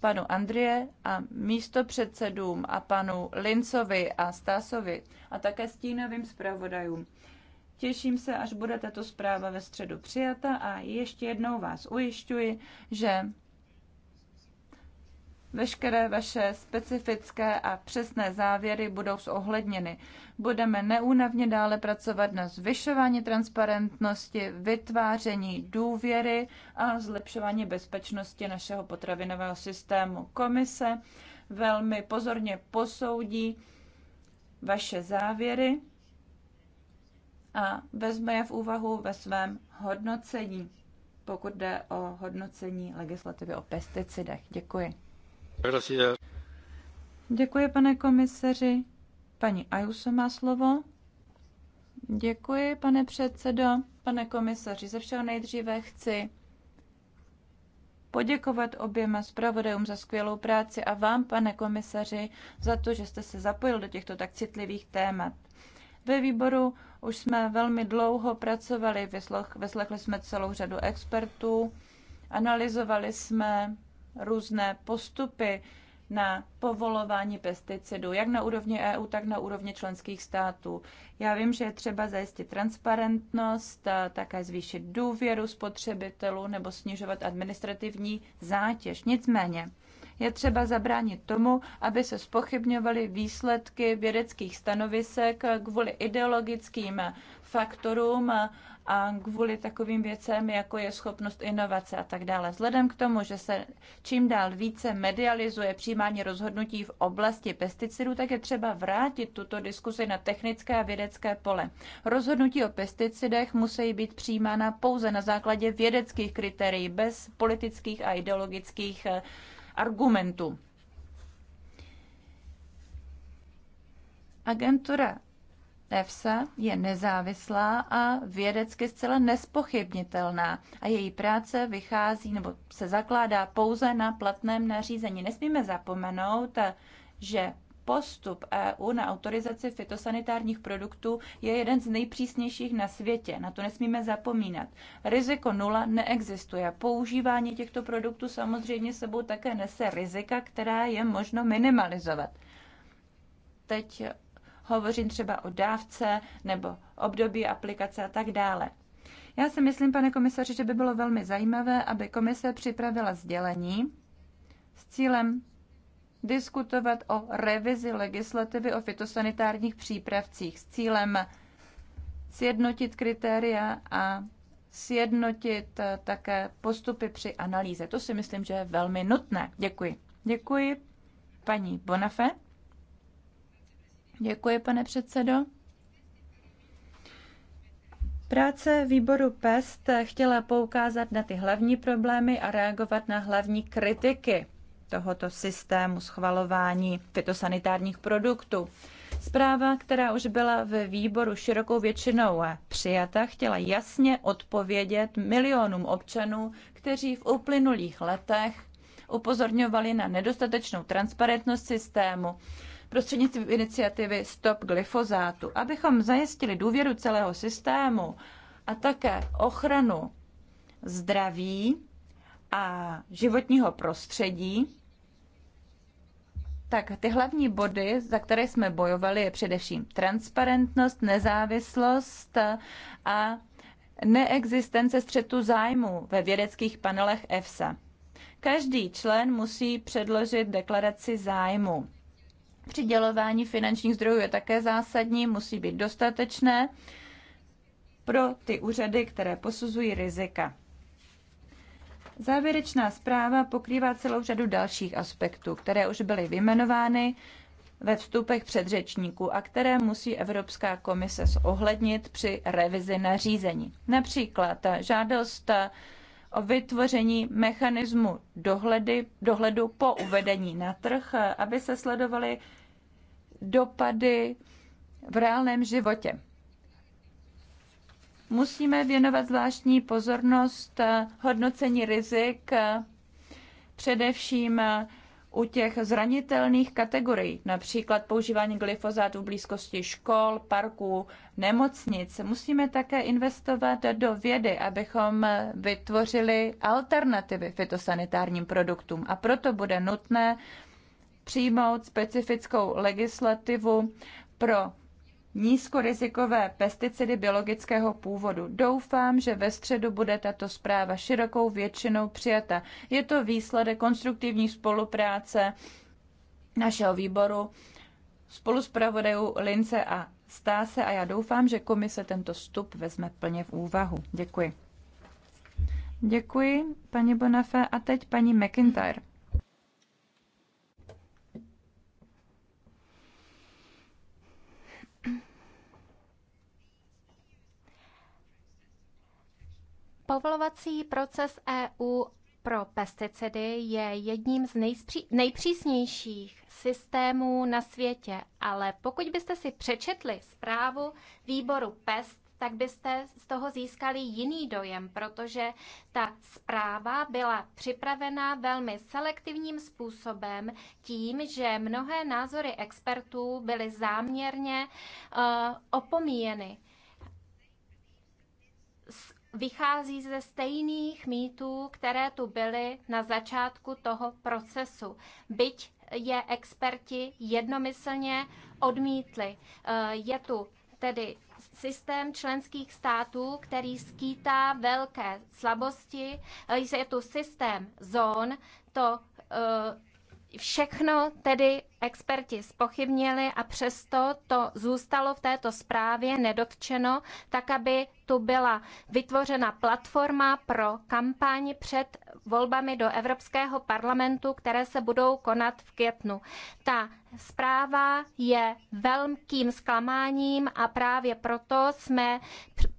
panu Andrie a místopředsedům a panu Lincovi a Stásovi a také stínovým zpravodajům. Těším se, až bude tato zpráva ve středu přijata a ještě jednou vás ujišťuji, že Veškeré vaše specifické a přesné závěry budou zohledněny. Budeme neúnavně dále pracovat na zvyšování transparentnosti, vytváření důvěry a zlepšování bezpečnosti našeho potravinového systému. Komise velmi pozorně posoudí vaše závěry a vezme je v úvahu ve svém hodnocení, pokud jde o hodnocení legislativy o pesticidech. Děkuji. Děkuji, pane komisaři. Paní Ayuso má slovo. Děkuji, pane předsedo. Pane komisaři, ze všeho nejdříve chci poděkovat oběma zpravodajům za skvělou práci a vám, pane komisaři, za to, že jste se zapojil do těchto tak citlivých témat. Ve výboru už jsme velmi dlouho pracovali, vyslechli jsme celou řadu expertů, analyzovali jsme různé postupy na povolování pesticidů, jak na úrovni EU, tak na úrovni členských států. Já vím, že je třeba zajistit transparentnost, také zvýšit důvěru spotřebitelů nebo snižovat administrativní zátěž. Nicméně, je třeba zabránit tomu, aby se spochybňovaly výsledky vědeckých stanovisek kvůli ideologickým faktorům a kvůli takovým věcem, jako je schopnost inovace a tak dále. Vzhledem k tomu, že se čím dál více medializuje přijímání rozhodnutí v oblasti pesticidů, tak je třeba vrátit tuto diskusi na technické a vědecké pole. Rozhodnutí o pesticidech musí být přijímána pouze na základě vědeckých kritérií, bez politických a ideologických argumentů. Agentura EFSA je nezávislá a vědecky zcela nespochybnitelná a její práce vychází nebo se zakládá pouze na platném nařízení. Nesmíme zapomenout, že postup EU na autorizaci fitosanitárních produktů je jeden z nejpřísnějších na světě. Na to nesmíme zapomínat. Riziko nula neexistuje. Používání těchto produktů samozřejmě sebou také nese rizika, která je možno minimalizovat. Teď hovořím třeba o dávce nebo období aplikace a tak dále. Já si myslím, pane komisaři, že by bylo velmi zajímavé, aby komise připravila sdělení s cílem diskutovat o revizi legislativy o fitosanitárních přípravcích s cílem sjednotit kritéria a sjednotit eh, také postupy při analýze. To si myslím, že je velmi nutné. Děkuji. Děkuji, paní Bonafé. Děkuji, pane předsedo. Práce výboru PEST chtěla poukázat na ty hlavní problémy a reagovat na hlavní kritiky tohoto systému schvalování fytosanitárních produktů. Zpráva, která už byla ve výboru širokou většinou přijata, chtěla jasně odpovědět milionům občanů, kteří v uplynulých letech upozorňovali na nedostatečnou transparentnost systému prostřednictvím iniciativy Stop glyfozátu. Abychom zajistili důvěru celého systému a také ochranu zdraví a životního prostředí, tak ty hlavní body, za které jsme bojovali, je především transparentnost, nezávislost a neexistence střetu zájmu ve vědeckých panelech EFSA. Každý člen musí předložit deklaraci zájmu. Přidělování finančních zdrojů je také zásadní, musí být dostatečné pro ty úřady, které posuzují rizika. Závěrečná zpráva pokrývá celou řadu dalších aspektů, které už byly vyjmenovány ve vstupech předřečníků a které musí Evropská komise zohlednit při revizi nařízení. Například žádost o vytvoření mechanismu dohledy, dohledu po uvedení na trh, aby se sledovaly dopady v reálném životě musíme věnovat zvláštní pozornost eh, hodnocení rizik, eh, především eh, u těch zranitelných kategorií, například používání glyfozátu v blízkosti škol, parků, nemocnic. Musíme také investovat do vědy, abychom vytvořili alternativy fitosanitárním produktům. A proto bude nutné přijmout specifickou legislativu pro nízkorizikové pesticidy biologického původu. Doufám, že ve středu bude tato zpráva širokou většinou přijata. Je to výsledek konstruktivní spolupráce našeho výboru spolu s Lince a Stáse a já doufám, že komise tento vstup vezme plně v úvahu. Děkuji. Děkuji, paní Bonafé. A teď paní McIntyre. Povolovací proces EU pro pesticidy je jedním z nejspří, nejpřísnějších systémů na světě, ale pokud byste si přečetli zprávu výboru PEST, tak byste z toho získali jiný dojem, protože ta zpráva byla připravena velmi selektivním způsobem tím, že mnohé názory expertů byly záměrně uh, opomíjeny vychází ze stejných mýtů, které tu byly na začátku toho procesu. Byť je experti jednomyslně odmítli. Eh, je tu tedy systém členských států, který skýtá velké slabosti. Eh, je tu systém zón, to eh, všechno tedy experti spochybnili a přesto to zůstalo v této zprávě nedotčeno, tak aby tu byla vytvořena platforma pro kampaň před volbami do Evropského parlamentu, které se budou konat v květnu. Ta zpráva je velkým zklamáním a právě proto jsme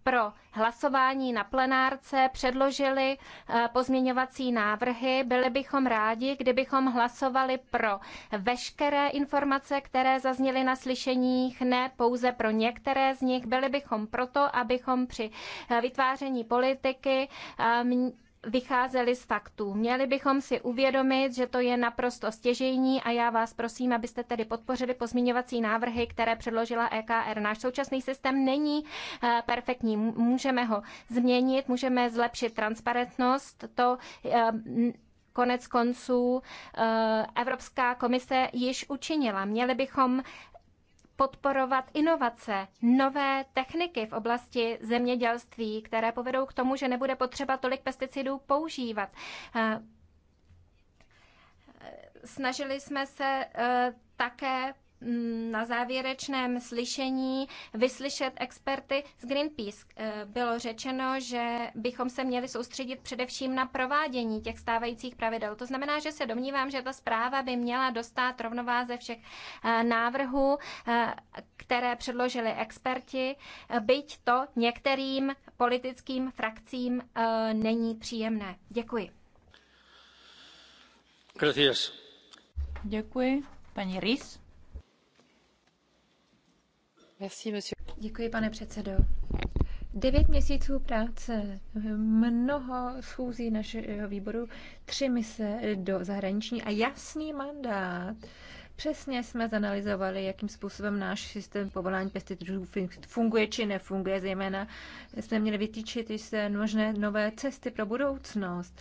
pro hlasování na plenárce předložili eh, pozměňovací návrhy. Byli bychom rádi, kdybychom hlasovali pro veškeré některé informace, které zazněly na slyšeních, ne pouze pro některé z nich. Byli bychom proto, abychom při eh, vytváření politiky eh, vycházeli z faktů. Měli bychom si uvědomit, že to je naprosto stěžejní a já vás prosím, abyste tedy podpořili pozměňovací návrhy, které předložila EKR. Náš současný systém není eh, perfektní. Můžeme ho změnit, můžeme zlepšit transparentnost. To konec konců eh, Evropská komise již učinila. Měli bychom podporovat inovace, nové techniky v oblasti zemědělství, které povedou k tomu, že nebude potřeba tolik pesticidů používat. Eh, snažili jsme se eh, také na závěrečném slyšení vyslyšet experty z Greenpeace. Eh, bylo řečeno, že bychom se měli soustředit především na provádění těch stávajících pravidel. To znamená, že se domnívám, že ta zpráva by měla dostat rovnováze všech eh, návrhů, eh, které předložili experti, byť to některým politickým frakcím není příjemné. Děkuji. Gracias. Děkuji. Paní Rys. Děkuji, pane předsedo. Devět měsíců práce, mnoho schůzí našeho výboru, tři mise do zahraniční a jasný mandát. Přesně jsme zanalizovali, jakým způsobem náš systém povolání pesticidů funguje či nefunguje. Zejména jsme měli vytýčit se možné nové cesty pro budoucnost.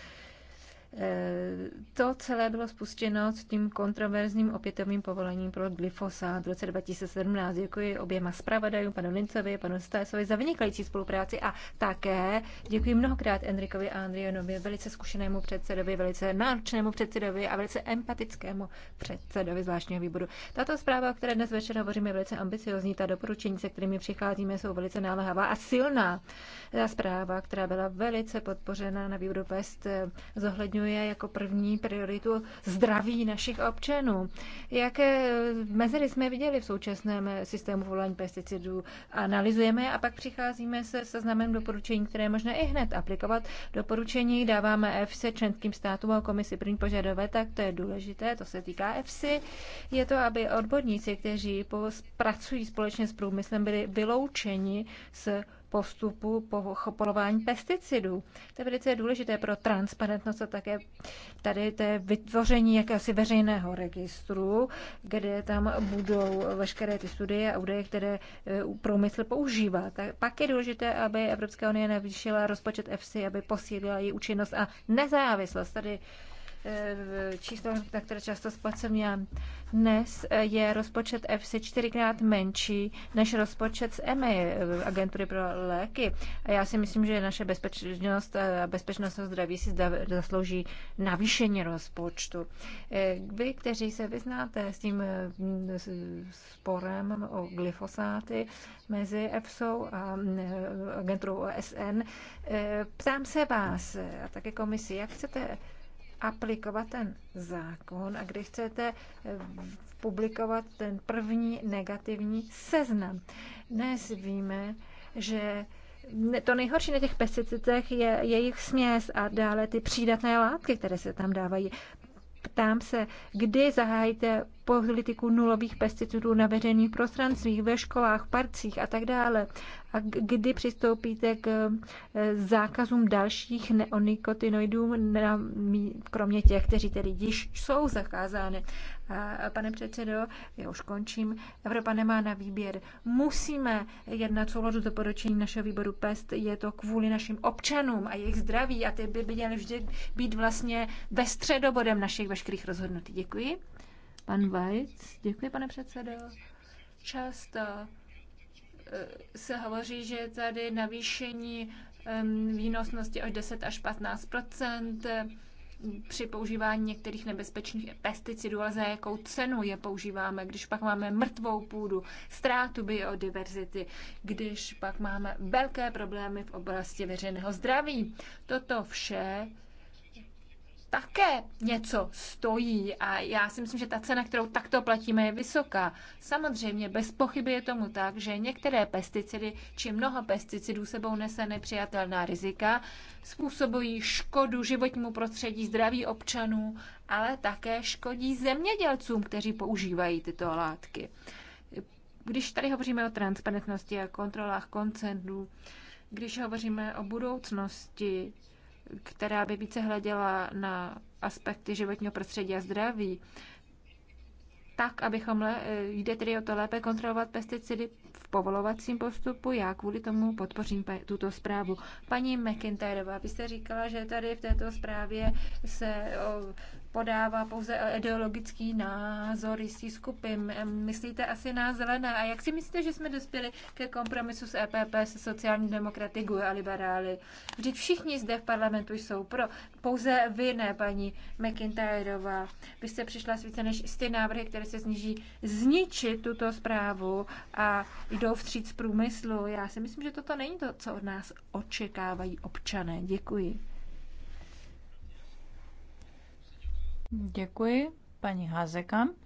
Eh, to celé bylo spuštěno s tím kontroverzním opětovným povolením pro glyfosát v roce 2017. Děkuji oběma zpravodajům, panu Lincovi, panu Stasovi za vynikající spolupráci a také děkuji mnohokrát Enrikovi a Andrianovi, velice zkušenému předsedovi, velice náročnému předsedovi a velice empatickému předsedovi zvláštního výboru. Tato zpráva, o které dnes večer hovoříme, je velice ambiciozní. Ta doporučení, se kterými přicházíme, jsou velice náléhavá a silná. Ta zpráva, která byla velice podpořena na výboru Pest, eh, zohledňuje zmiňuje jako první prioritu zdraví našich občanů. Jaké mezery jsme viděli v současném systému volání pesticidů? Analyzujeme a pak přicházíme se seznamem doporučení, které možná i hned aplikovat. Doporučení dáváme EFSE členským státům a komisi první požadové, tak to je důležité, to se týká EFSI. Je to, aby odborníci, kteří pracují společně s průmyslem, byli vyloučeni z postupu pochopolování pesticidů. To je velice důležité pro transparentnost a také tady to je vytvoření jakési veřejného registru, kde tam budou veškeré ty studie a údaje, které e, průmysl používá. Tak pak je důležité, aby Evropská unie navýšila rozpočet EFSI, aby posílila její účinnost a nezávislost. Tady Eh, číslo, na které často spacujeme. Dnes eh, je rozpočet EFSI čtyřikrát menší než rozpočet z EMA, eh, agentury pro léky. A já si myslím, že naše bezpečnost a bezpečnost a zdraví si zaslouží navýšení rozpočtu. Vy, kteří se vyznáte s tím sporem o glyfosáty mezi EFSO a agenturou OSN, ptám se vás a také komisi, jak chcete aplikovat ten zákon a kdy chcete eh, publikovat ten první negativní seznam. Dnes víme, že to nejhorší na těch pesticidech je jejich směs a dále ty přídatné látky, které se tam dávají. Ptám se, kdy zahájíte politiku nulových pesticidů na veřejných prostranstvích, ve školách, parcích a tak dále? A kdy přistoupíte k eh, zákazům dalších neonikotinoidů, kromě těch, kteří tedy již jsou zakázány? A pane předsedo, já už končím, Evropa nemá na výběr. Musíme jednat souhladu s doporučení našeho výboru PEST. Je to kvůli našim občanům a jejich zdraví a ty by měly vždy být vlastně ve středobodem našich veškerých rozhodnutí. Děkuji. Pan Vajc, děkuji, pane předsedo. Často eh, se hovoří, že je tady navýšení výnosnosti až 10 až 15 při používání některých nebezpečných pesticidů, ale za jakou cenu je používáme, když pak máme mrtvou půdu, ztrátu biodiverzity, když pak máme velké problémy v oblasti veřejného zdraví. Toto vše také něco stojí a já si myslím, že ta cena, kterou takto platíme, je vysoká. Samozřejmě bez pochyby je tomu tak, že některé pesticidy či mnoho pesticidů sebou nese nepřijatelná rizika, způsobují škodu životnímu prostředí, zdraví občanů, ale také škodí zemědělcům, kteří používají tyto látky. Když tady hovoříme o transparentnosti a kontrolách koncernů, když hovoříme o budoucnosti která by více hleděla na aspekty životního prostředí a zdraví, tak, abychom le, e, jde tedy o to lépe kontrolovat pesticidy v povolovacím postupu. Já kvůli tomu podpořím tuto zprávu. Paní McIntyreová, vy jste říkala, že tady v této zprávě se o, podává pouze ideologický názor jistý skupin. Myslíte asi na zelené. A jak si myslíte, že jsme dospěli ke kompromisu s EPP, se sociální demokraty, GUE a liberály? Vždyť všichni zde v parlamentu jsou pro. Pouze vy ne, paní McIntyreová. Vy jste přišla s více než ty návrhy, které se sníží zničit tuto zprávu a jdou vstříc průmyslu. Já si myslím, že toto není to, co od nás očekávají občané. Děkuji. Děkuji. Paní Hazekamp.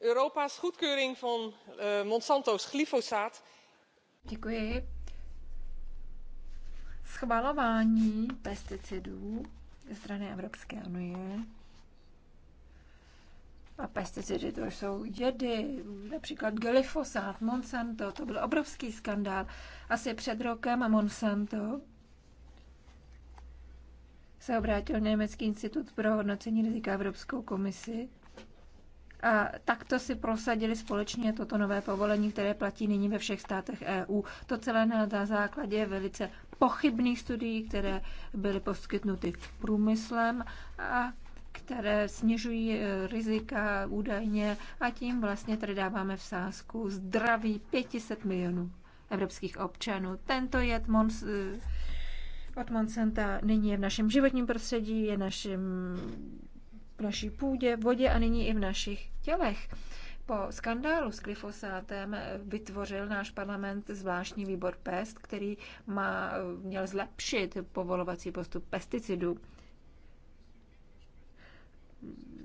Europa's goedkeuring van uh, Monsanto's glyfosaat. Děkuji. Schvalování pesticidů ze strany Evropské unie a pesticidy to jsou jedy, například glyfosát, Monsanto, to byl obrovský skandál. Asi před rokem a Monsanto se obrátil Německý institut pro hodnocení rizika Evropskou komisi a takto si prosadili společně toto nové povolení, které platí nyní ve všech státech EU. To celé na základě velice pochybných studií, které byly poskytnuty průmyslem a které snižují eh, rizika údajně a tím vlastně tady dáváme v sázku zdraví 500 milionů evropských občanů. Tento jed Mons, eh, od Monsanta nyní je v našem životním prostředí, je našim, v naší půdě, v vodě a nyní i v našich tělech. Po skandálu s glyfosátem eh, vytvořil náš parlament zvláštní výbor PEST, který má, měl zlepšit povolovací postup pesticidů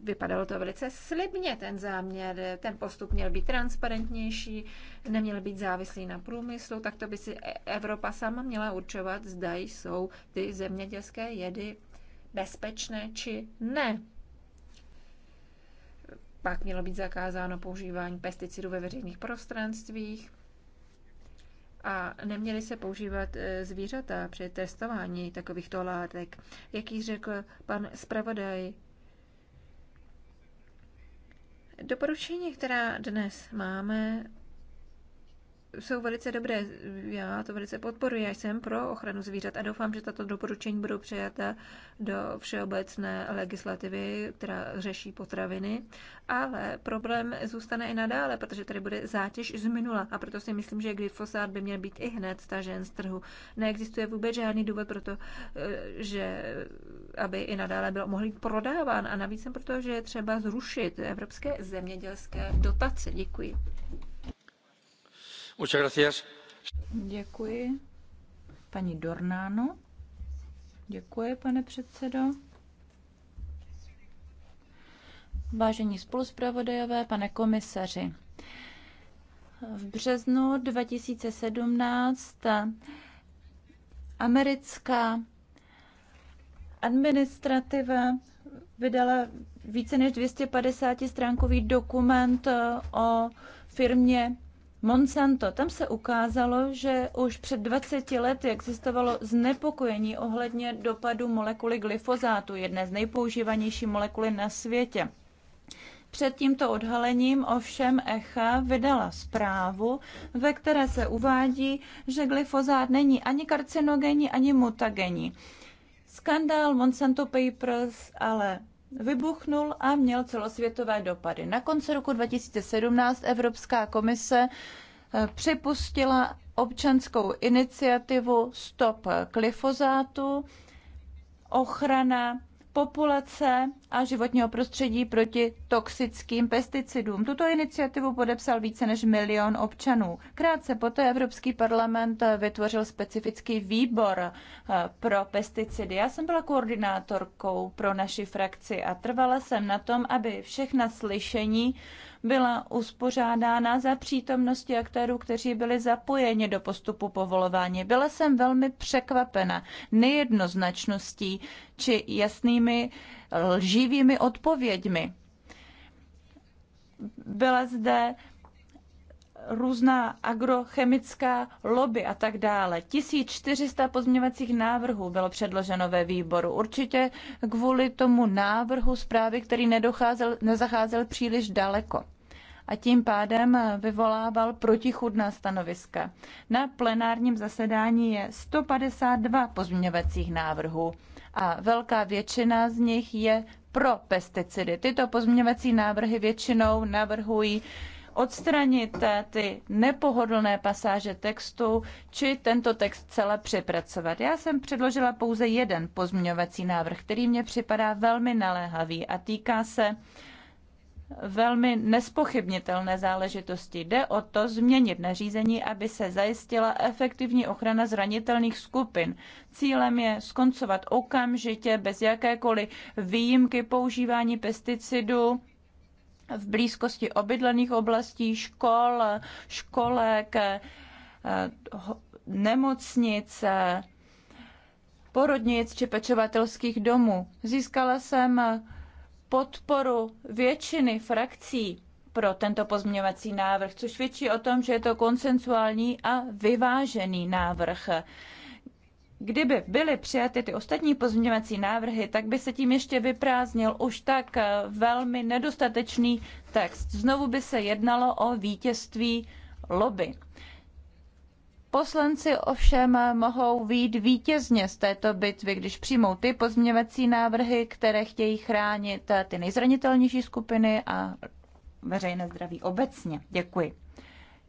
vypadalo to velice slibně, ten záměr. Ten postup měl být transparentnější, neměl být závislý na průmyslu, tak to by si e- Evropa sama měla určovat, zda jsou ty zemědělské jedy bezpečné či ne. Pak mělo být zakázáno používání pesticidů ve veřejných prostranstvích a neměly se používat e, zvířata při testování takovýchto látek. Jak již řekl pan zpravodaj, Doporučení, která dnes máme, jsou velice dobré. Já to velice podporuji. Já jsem pro ochranu zvířat a doufám, že tato doporučení budou přijata do všeobecné legislativy, která řeší potraviny. Ale problém zůstane i nadále, protože tady bude zátěž z minula. A proto si myslím, že glyfosát by měl být i hned stažen z trhu. Neexistuje vůbec žádný důvod pro to, eh, že aby i nadále byl mohl být prodáván. A navíc jsem proto, že je třeba zrušit evropské zemědělské dotace. Děkuji. Děkuji. Paní Dornáno. Děkuji, pane předsedo. Vážení spoluspravodajové, pane komisaři, v březnu 2017 americká administrativa vydala více než 250 stránkový dokument o firmě Monsanto, tam se ukázalo, že už před 20 lety existovalo znepokojení ohledně dopadu molekuly glyfozátu, jedné z nejpoužívanější molekuly na světě. Před tímto odhalením ovšem ECHA vydala zprávu, ve které se uvádí, že glyfozát není ani karcinogenní, ani mutagenní. Skandál Monsanto Papers ale vybuchnul a měl celosvětové dopady. Na konci roku 2017 Evropská komise eh, připustila občanskou iniciativu Stop glyfozátu, ochrana populace a životního prostředí proti toxickým pesticidům. Tuto iniciativu podepsal více než milion občanů. Krátce poté Evropský parlament vytvořil specifický výbor eh, pro pesticidy. Já jsem byla koordinátorkou pro naši frakci a trvala jsem na tom, aby všechna slyšení byla uspořádána za přítomnosti aktérů, kteří byli zapojeni do postupu povolování. Byla jsem velmi překvapena nejednoznačností či jasnými lživými odpověďmi. Byla zde různá agrochemická lobby a tak dále. 1400 pozměňovacích návrhů bylo předloženo ve výboru. Určitě kvůli tomu návrhu zprávy, který nedocházel, nezacházel příliš daleko a tím pádem vyvolával protichudná stanoviska. Na plenárním zasedání je 152 pozměňovacích návrhů a velká většina z nich je pro pesticidy. Tyto pozměňovací návrhy většinou navrhují odstranit ty nepohodlné pasáže textu či tento text celé přepracovat. Já jsem předložila pouze jeden pozměňovací návrh, který mě připadá velmi naléhavý a týká se velmi nespochybnitelné záležitosti. Jde o to změnit nařízení, aby se zajistila efektivní ochrana zranitelných skupin. Cílem je skoncovat okamžitě bez jakékoliv výjimky používání pesticidů v blízkosti obydlených oblastí, škol, školek, eh, nemocnice, porodnic či pečovatelských domů. Získala jsem podporu většiny frakcí pro tento pozměňovací návrh, což svědčí o tom, že je to konsensuální a vyvážený návrh kdyby byly přijaty ty ostatní pozměňovací návrhy, tak by se tím ještě vyprázdnil už tak eh, velmi nedostatečný text. Znovu by se jednalo o vítězství lobby. Poslanci ovšem mohou výjít vítězně z této bitvy, když přijmou ty pozměňovací návrhy, které chtějí chránit eh, ty nejzranitelnější skupiny a veřejné zdraví obecně. Děkuji.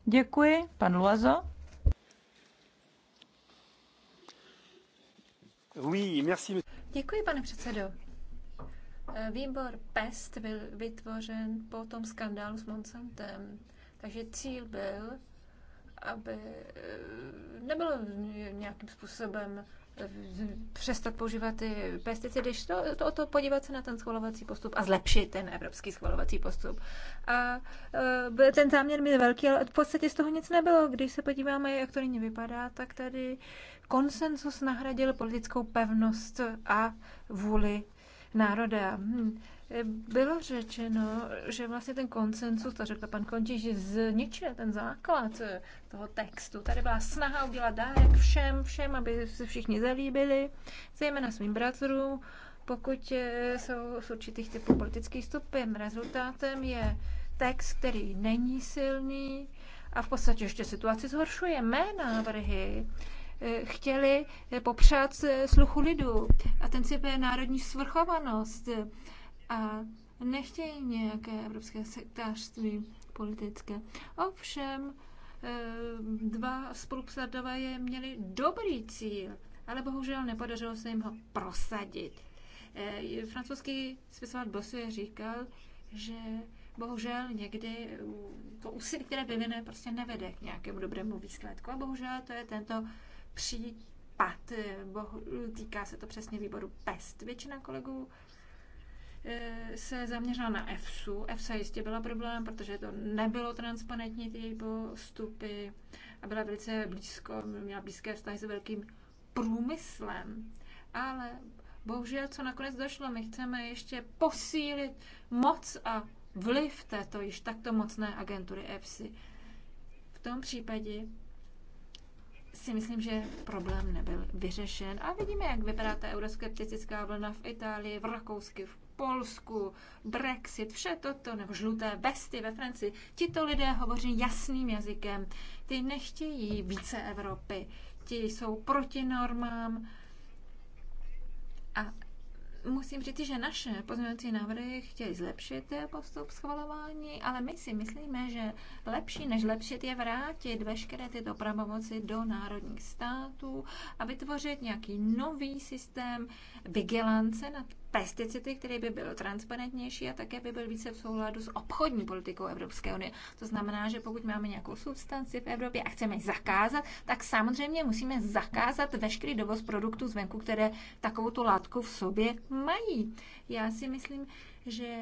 Děkuji, pan Luazo. Oui, merci. Děkuji, pane předsedo. Eh, výbor PEST byl vytvořen po tom skandálu s Monsantem, takže cíl byl, aby eh, nebylo nějakým způsobem přestat používat ty pesticidy, to, to, to podívat se na ten schvalovací postup a zlepšit ten evropský schvalovací postup. A eh, ten záměr byl velký, ale v podstatě z toho nic nebylo. Když se podíváme, jak to nyní vypadá, tak tady konsensus nahradil politickou pevnost a vůli národa. Hmm. Bylo řečeno, že vlastně ten koncensus, to řekl pan Konti, že zničil ten základ toho textu. Tady byla snaha udělat dárek všem, všem, aby se všichni zalíbili, zejména svým bratrům, pokud eh, jsou z určitých typů politických stupem. Rezultátem je text, který není silný a v podstatě ještě situaci zhoršuje. Mé návrhy eh, chtěli popřát sluchu lidu a ten si je národní svrchovanost a nechtějí nějaké evropské sektářství politické. Ovšem, eh, dva spolupsadové měli dobrý cíl, ale bohužel nepodařilo se jim ho prosadit. Eh, francouzský spisovat Bossuet říkal, že bohužel někdy eh, to úsilí, které vyvine, prostě nevede k nějakému dobrému výsledku. A bohužel to je tento případ. Bohu, týká se to přesně výboru PEST. Většina kolegů E, se zaměřila na EFSU. EFSA jistě byla problém, protože to nebylo transparentní, ty její postupy a byla velice blízko, měla blízké vztahy s velkým průmyslem. Ale bohužel, co nakonec došlo, my chceme ještě posílit moc a vliv této již takto mocné agentury EFSI. V tom případě si myslím, že problém nebyl vyřešen. A vidíme, jak vypadá ta euroskeptická vlna v Itálii, v Rakousku, v Polsku, Brexit, vše toto, nebo žluté vesty ve Francii. Tito lidé hovoří jasným jazykem. Ty nechtějí více Evropy. Ti jsou proti normám. A musím říct, že naše pozměňovací návrhy chtějí zlepšit postup schvalování, ale my si myslíme, že lepší než lepšit je vrátit veškeré tyto pravomoci do národních států a vytvořit nějaký nový systém vigilance nad pesticidy, který by byl transparentnější a také by byl více v souladu s obchodní politikou Evropské unie. To znamená, že pokud máme nějakou substanci v Evropě a chceme ji zakázat, tak samozřejmě musíme zakázat veškerý dovoz produktů zvenku, které takovou tu látku v sobě mají. Já si myslím, že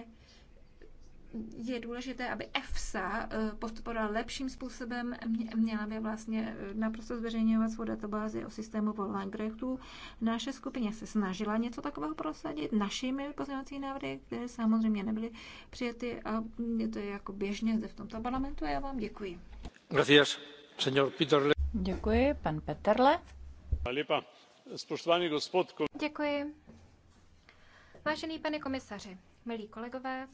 je důležité, aby EFSA eh, postupovala lepším způsobem, měla by vlastně eh, naprosto zveřejňovat svou databázi o systému povolání projektů. Naše skupině se snažila něco takového prosadit našimi pozměňovací návrhy, které samozřejmě nebyly přijaty a je to jako běžně zde v tomto parlamentu a já vám děkuji. Gracias, señor Peterle. Děkuji, pan Peterle. Lepa. Spoštovaný gospod. Děkuji. Vážený pane komisaři, milí kolegové,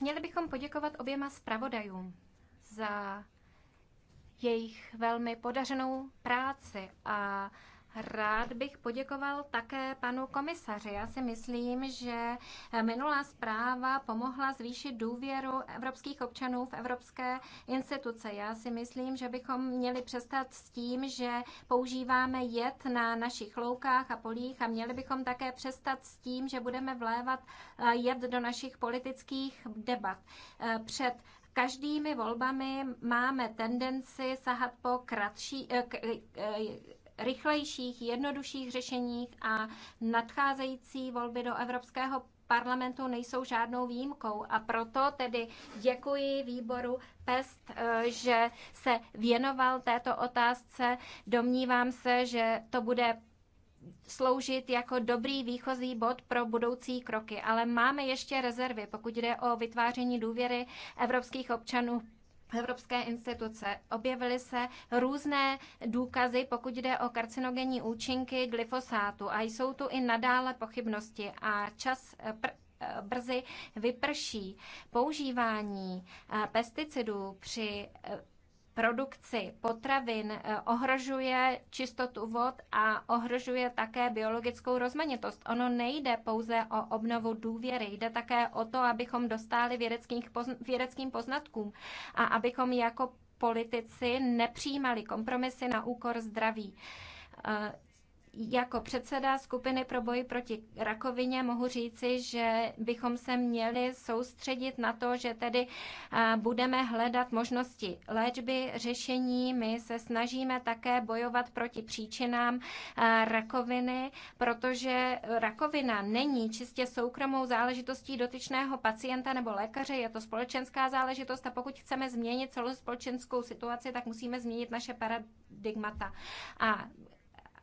Měli bychom poděkovat oběma zpravodajům za jejich velmi podařenou práci a Rád bych poděkoval také panu komisaři. Já si myslím, že minulá zpráva pomohla zvýšit důvěru evropských občanů v evropské instituce. Já si myslím, že bychom měli přestat s tím, že používáme jed na našich loukách a polích a měli bychom také přestat s tím, že budeme vlévat eh, jed do našich politických debat. Eh, před každými volbami máme tendenci sahat po kratší, eh, k, k, rychlejších, jednodušších řešeních a nadcházející volby do Evropského parlamentu nejsou žádnou výjimkou a proto tedy děkuji výboru PEST, eh, že se věnoval této otázce. Domnívám se, že to bude sloužit jako dobrý výchozí bod pro budoucí kroky, ale máme ještě rezervy, pokud jde o vytváření důvěry evropských občanů evropské instituce. Objevily se různé důkazy, pokud jde o karcinogenní účinky glyfosátu a jsou tu i nadále pochybnosti a čas eh, pr- eh, brzy vyprší. Používání eh, pesticidů při produkci potravin eh, ohrožuje čistotu vod a ohrožuje také biologickou rozmanitost. Ono nejde pouze o obnovu důvěry, jde také o to, abychom dostali vědeckých vědeckým poznatkům a abychom jako politici nepřijímali kompromisy na úkor zdraví. Eh, jako předseda skupiny pro boj proti rakovině mohu říci, že bychom se měli soustředit na to, že tedy budeme hledat možnosti léčby, řešení. My se snažíme také bojovat proti příčinám rakoviny, protože rakovina není čistě soukromou záležitostí dotyčného pacienta nebo lékaře, je to společenská záležitost a pokud chceme změnit celou společenskou situaci, tak musíme změnit naše paradigmata. A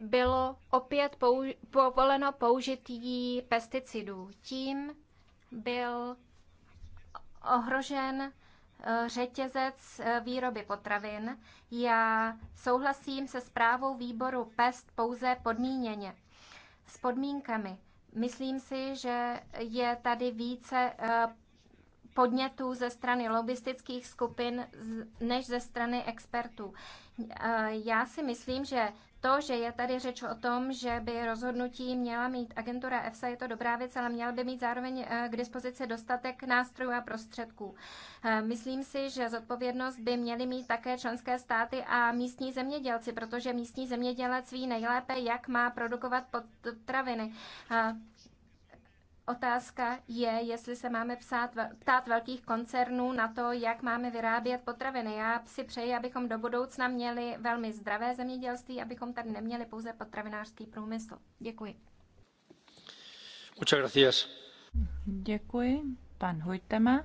bylo opět použ- povoleno použití pesticidů. Tím byl ohrožen eh, řetězec eh, výroby potravin. Já souhlasím se zprávou výboru PEST pouze podmíněně, s podmínkami. Myslím si, že je tady více eh, podnětů ze strany lobistických skupin než ze strany expertů. Já si myslím, že to, že je tady řeč o tom, že by rozhodnutí měla mít agentura EFSA, je to dobrá věc, ale měla by mít zároveň eh, k dispozici dostatek nástrojů a prostředků. Eh, myslím si, že zodpovědnost by měly mít také členské státy a místní zemědělci, protože místní zemědělec ví nejlépe, jak má produkovat potraviny. Eh, Otázka je, jestli se máme psát, ptát velkých koncernů na to, jak máme vyrábět potraviny. Já si přeji, abychom do budoucna měli velmi zdravé zemědělství, abychom tady neměli pouze potravinářský průmysl. Děkuji. Muchas gracias. Děkuji. Pan Hojtema.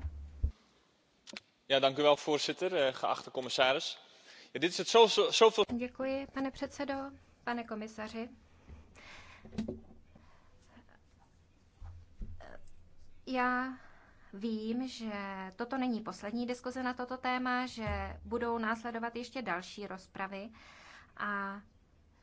Ja, dank u wel, voorzitter. Eh, geachte commissaris. Ja, dit is het zoveel... Děkuji, pane předsedo, pane komisaři. Já vím, že toto není poslední diskuze na toto téma, že budou následovat ještě další rozpravy a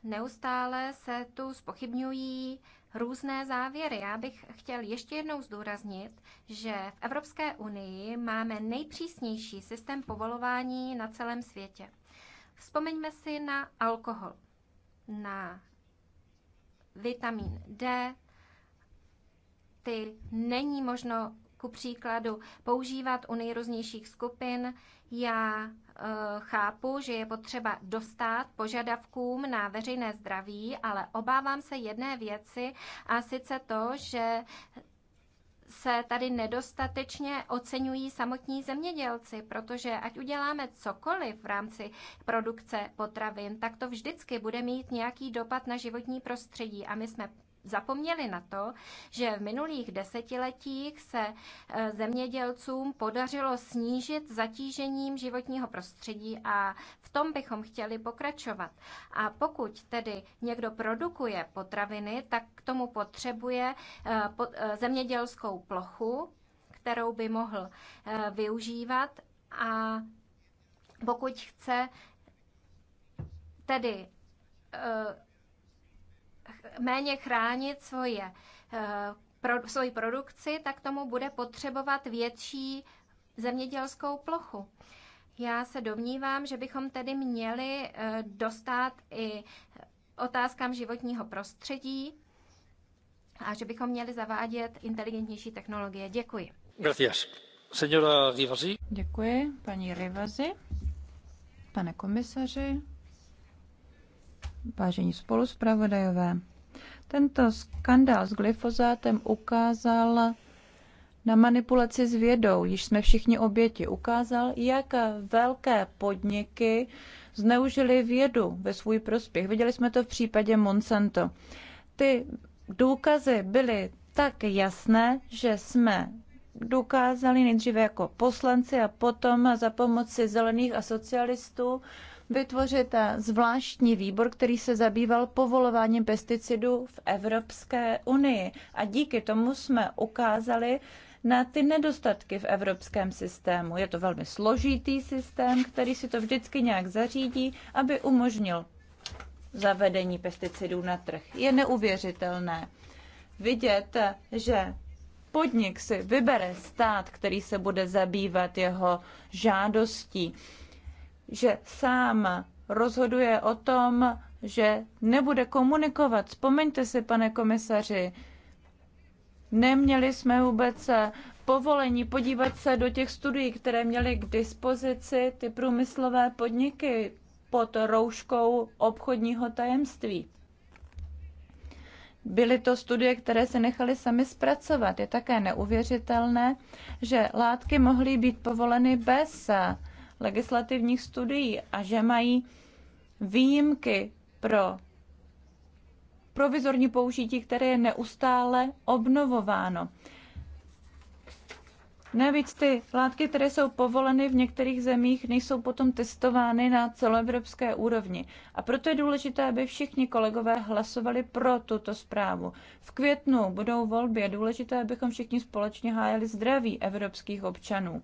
neustále se tu spochybňují různé závěry. Já bych chtěl ještě jednou zdůraznit, že v Evropské unii máme nejpřísnější systém povolování na celém světě. Vzpomeňme si na alkohol, na vitamin D, ty není možno ku příkladu používat u nejrůznějších skupin. Já e, chápu, že je potřeba dostat požadavkům na veřejné zdraví, ale obávám se jedné věci a sice to, že se tady nedostatečně oceňují samotní zemědělci, protože ať uděláme cokoliv v rámci produkce potravin, tak to vždycky bude mít nějaký dopad na životní prostředí a my jsme zapomněli na to, že v minulých desetiletích se e, zemědělcům podařilo snížit zatížením životního prostředí a v tom bychom chtěli pokračovat. A pokud tedy někdo produkuje potraviny, tak k tomu potřebuje e, e, zemědělskou plochu, kterou by mohl využívat a pokud chce tedy méně chránit svoje, eh, pro, svoji produkci, tak tomu bude potřebovat větší zemědělskou plochu. Já se domnívám, že bychom tedy měli eh, dostat i otázkám životního prostředí a že bychom měli zavádět inteligentnější technologie. Děkuji. Gracias. Señora Rivasi. Děkuji, paní Rivasi. Pane komisaři, vážení spoluspravodajové. Tento skandál s glyfozátem ukázal na manipulaci s vědou, již jsme všichni oběti, ukázal, jak velké podniky zneužili vědu ve svůj prospěch. Viděli jsme to v případě Monsanto. Ty důkazy byly tak jasné, že jsme dokázali nejdříve jako poslanci a potom za pomoci zelených a socialistů vytvořit eh, zvláštní výbor, který se zabýval povolováním pesticidů v Evropské unii. A díky tomu jsme ukázali, na ty nedostatky v evropském systému. Je to velmi složitý systém, který si to vždycky nějak zařídí, aby umožnil zavedení pesticidů na trh. Je neuvěřitelné vidět, že podnik si vybere stát, který se bude zabývat jeho žádostí že sám rozhoduje o tom, že nebude komunikovat. Vzpomeňte si, pane komisaři, neměli jsme vůbec povolení podívat se do těch studií, které měly k dispozici ty průmyslové podniky pod rouškou obchodního tajemství. Byly to studie, které se nechaly sami zpracovat. Je také neuvěřitelné, že látky mohly být povoleny bez legislativních studií a že mají výjimky pro provizorní použití, které je neustále obnovováno. Navíc ty látky, které jsou povoleny v některých zemích, nejsou potom testovány na celoevropské úrovni. A proto je důležité, aby všichni kolegové hlasovali pro tuto zprávu. V květnu budou volby, je důležité, abychom všichni společně hájili zdraví evropských občanů.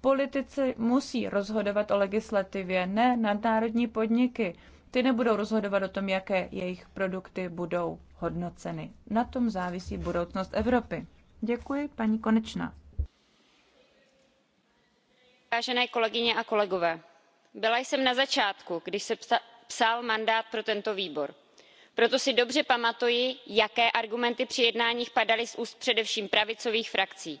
Politici musí rozhodovat o legislativě, ne nadnárodní podniky. Ty nebudou rozhodovat o tom, jaké jejich produkty budou hodnoceny. Na tom závisí budoucnost Evropy. Děkuji, paní Konečná. Vážené kolegyně a kolegové, byla jsem na začátku, když se psal mandát pro tento výbor proto si dobře pamatuji jaké argumenty při jednáních padaly z úst především pravicových frakcí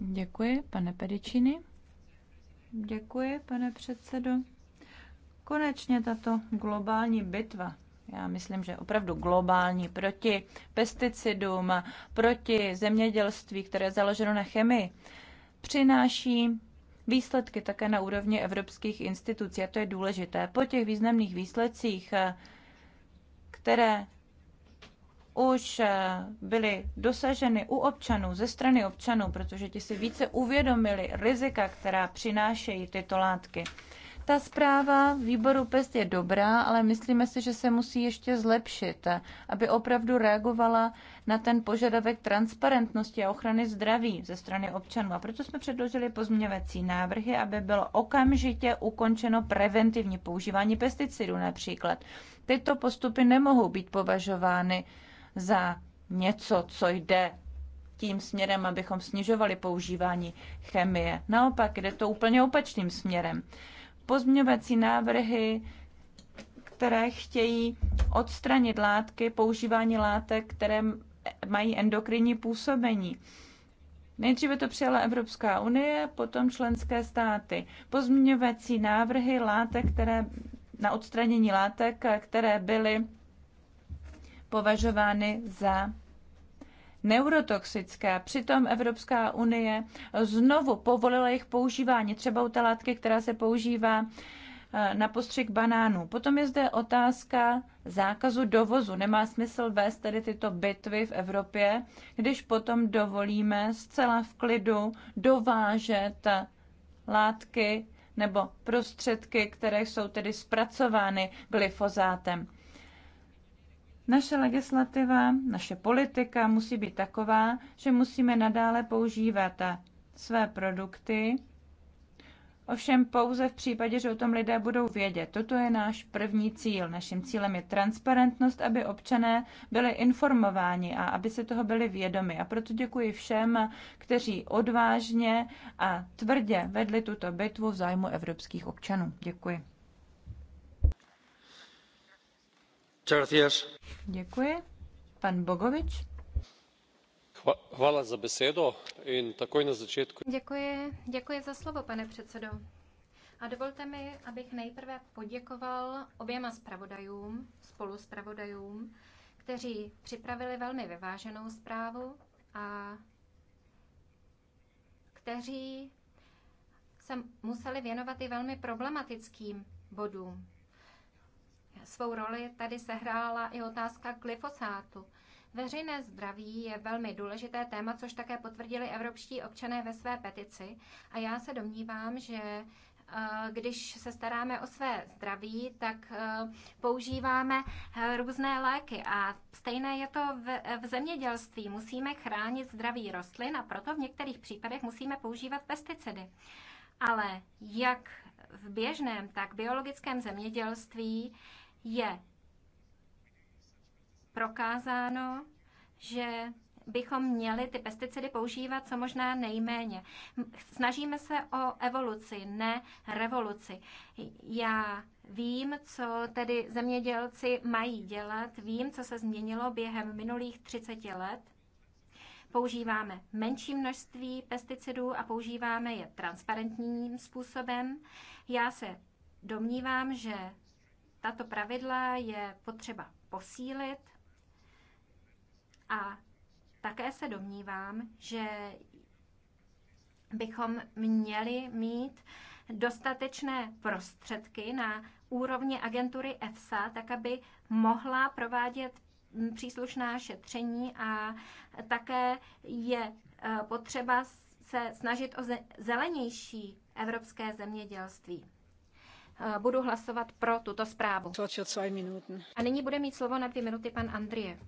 Děkuji, pane Pedicini. Děkuji, pane předsedo. Konečně tato globální bitva, já myslím, že opravdu globální, proti pesticidům, proti zemědělství, které je založeno na chemii, přináší výsledky také na úrovni evropských institucí. A to je důležité. Po těch významných výsledcích, které už eh, byly dosaženy u občanů, ze strany občanů, protože ti si více uvědomili rizika, která přinášejí tyto látky. Ta zpráva výboru PEST je dobrá, ale myslíme si, že se musí ještě zlepšit, aby opravdu reagovala na ten požadavek transparentnosti a ochrany zdraví ze strany občanů. A proto jsme předložili pozměňovací návrhy, aby bylo okamžitě ukončeno preventivní používání pesticidů například. Tyto postupy nemohou být považovány za něco, co jde tím směrem, abychom snižovali používání chemie. Naopak jde to úplně opačným směrem. Pozměňovací návrhy, které chtějí odstranit látky, používání látek, které mají endokrinní působení. Nejdříve to přijala Evropská unie, potom členské státy. Pozměňovací návrhy látek, které na odstranění látek, které byly považovány za neurotoxické. Přitom Evropská unie znovu povolila jejich používání, třeba u té látky, která se používá eh, na postřik banánů. Potom je zde otázka zákazu dovozu. Nemá smysl vést tedy tyto bitvy v Evropě, když potom dovolíme zcela v klidu dovážet látky nebo prostředky, které jsou tedy zpracovány glyfozátem. Naše legislativa, naše politika musí být taková, že musíme nadále používat své produkty, ovšem pouze v případě, že o tom lidé budou vědět. Toto je náš první cíl. Naším cílem je transparentnost, aby občané byli informováni a aby se toho byli vědomi. A proto děkuji všem, kteří odvážně a tvrdě vedli tuto bitvu v zájmu evropských občanů. Děkuji. Děkuji. Bogovič. za na Děkuji, děkuji za slovo, pane předsedající A dovolte mi, abych nejprve poděkoval oběma zpravodajům, spolu zpravodajům, kteří připravili velmi vyváženou zprávu a kteří se museli věnovat i velmi problematickým bodům svou roli tady sehrála i otázka glyfosátu. Veřejné zdraví je velmi důležité téma, což také potvrdili evropští občané ve své petici. A já se domnívám, že eh, když se staráme o své zdraví, tak eh, používáme eh, různé léky a stejné je to v, zemědělství. Musíme chránit zdraví rostlin a proto v některých případech musíme používat pesticidy. Ale jak v běžném, tak biologickém zemědělství je prokázáno, že bychom měli ty pesticidy používat co možná nejméně. Snažíme se o evoluci, ne revoluci. Já vím, co tedy zemědělci mají dělat, vím, co se změnilo během minulých 30 let. Používáme menší množství pesticidů a používáme je transparentním způsobem. Já se domnívám, že tato pravidla je potřeba posílit a také se domnívám, že bychom měli mít dostatečné prostředky na úrovni agentury EFSA, tak aby mohla provádět příslušná šetření a také je e, potřeba se snažit o zelenější evropské zemědělství budu hlasovat pro tuto zprávu. A nyní bude mít slovo na dvě minuty pan Andrie.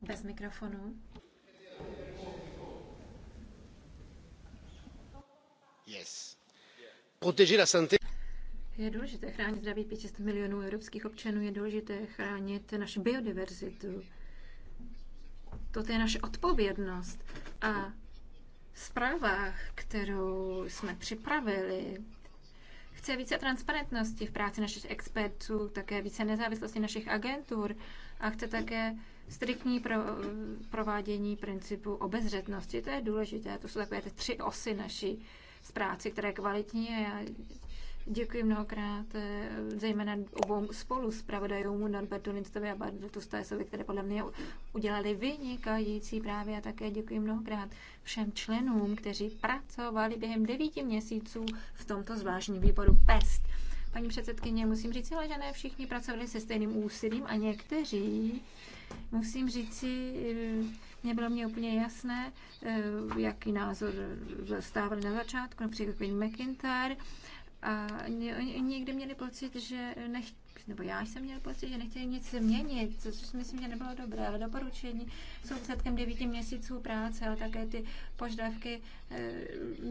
Bez mikrofonu. Yes. Protéger la santé. Je důležité chránit zdraví 500 milionů evropských občanů, je důležité chránit naši biodiverzitu. To je naše odpovědnost. A zprávách, kterou jsme připravili, chce více transparentnosti v práci našich expertů, také více nezávislosti našich agentur a chce také striktní pro, provádění principu obezřetnosti. To je důležité, to jsou takové ty tři osy naší z práci, které je kvalitní a já Děkuji mnohokrát eh, zejména obou spolu s pravodajům Norbertu Lindstovi a Bartu Stajsovi, které podle mě udělali vynikající právě a také děkuji mnohokrát všem členům, kteří pracovali během devíti měsíců v tomto zvláštním výboru PEST. Paní předsedkyně, musím říct, ale že ne všichni pracovali se stejným úsilím a někteří, musím říci, eh, nebylo mě úplně jasné, eh, jaký názor zastávali na začátku, například paní McIntyre, a někdy měli pocit, že nech, nebo já jsem měl pocit, že nechtěli nic změnit, což si myslím, že nebylo dobré. Ale doporučení jsou výsledkem devíti měsíců práce, ale také ty požadavky eh,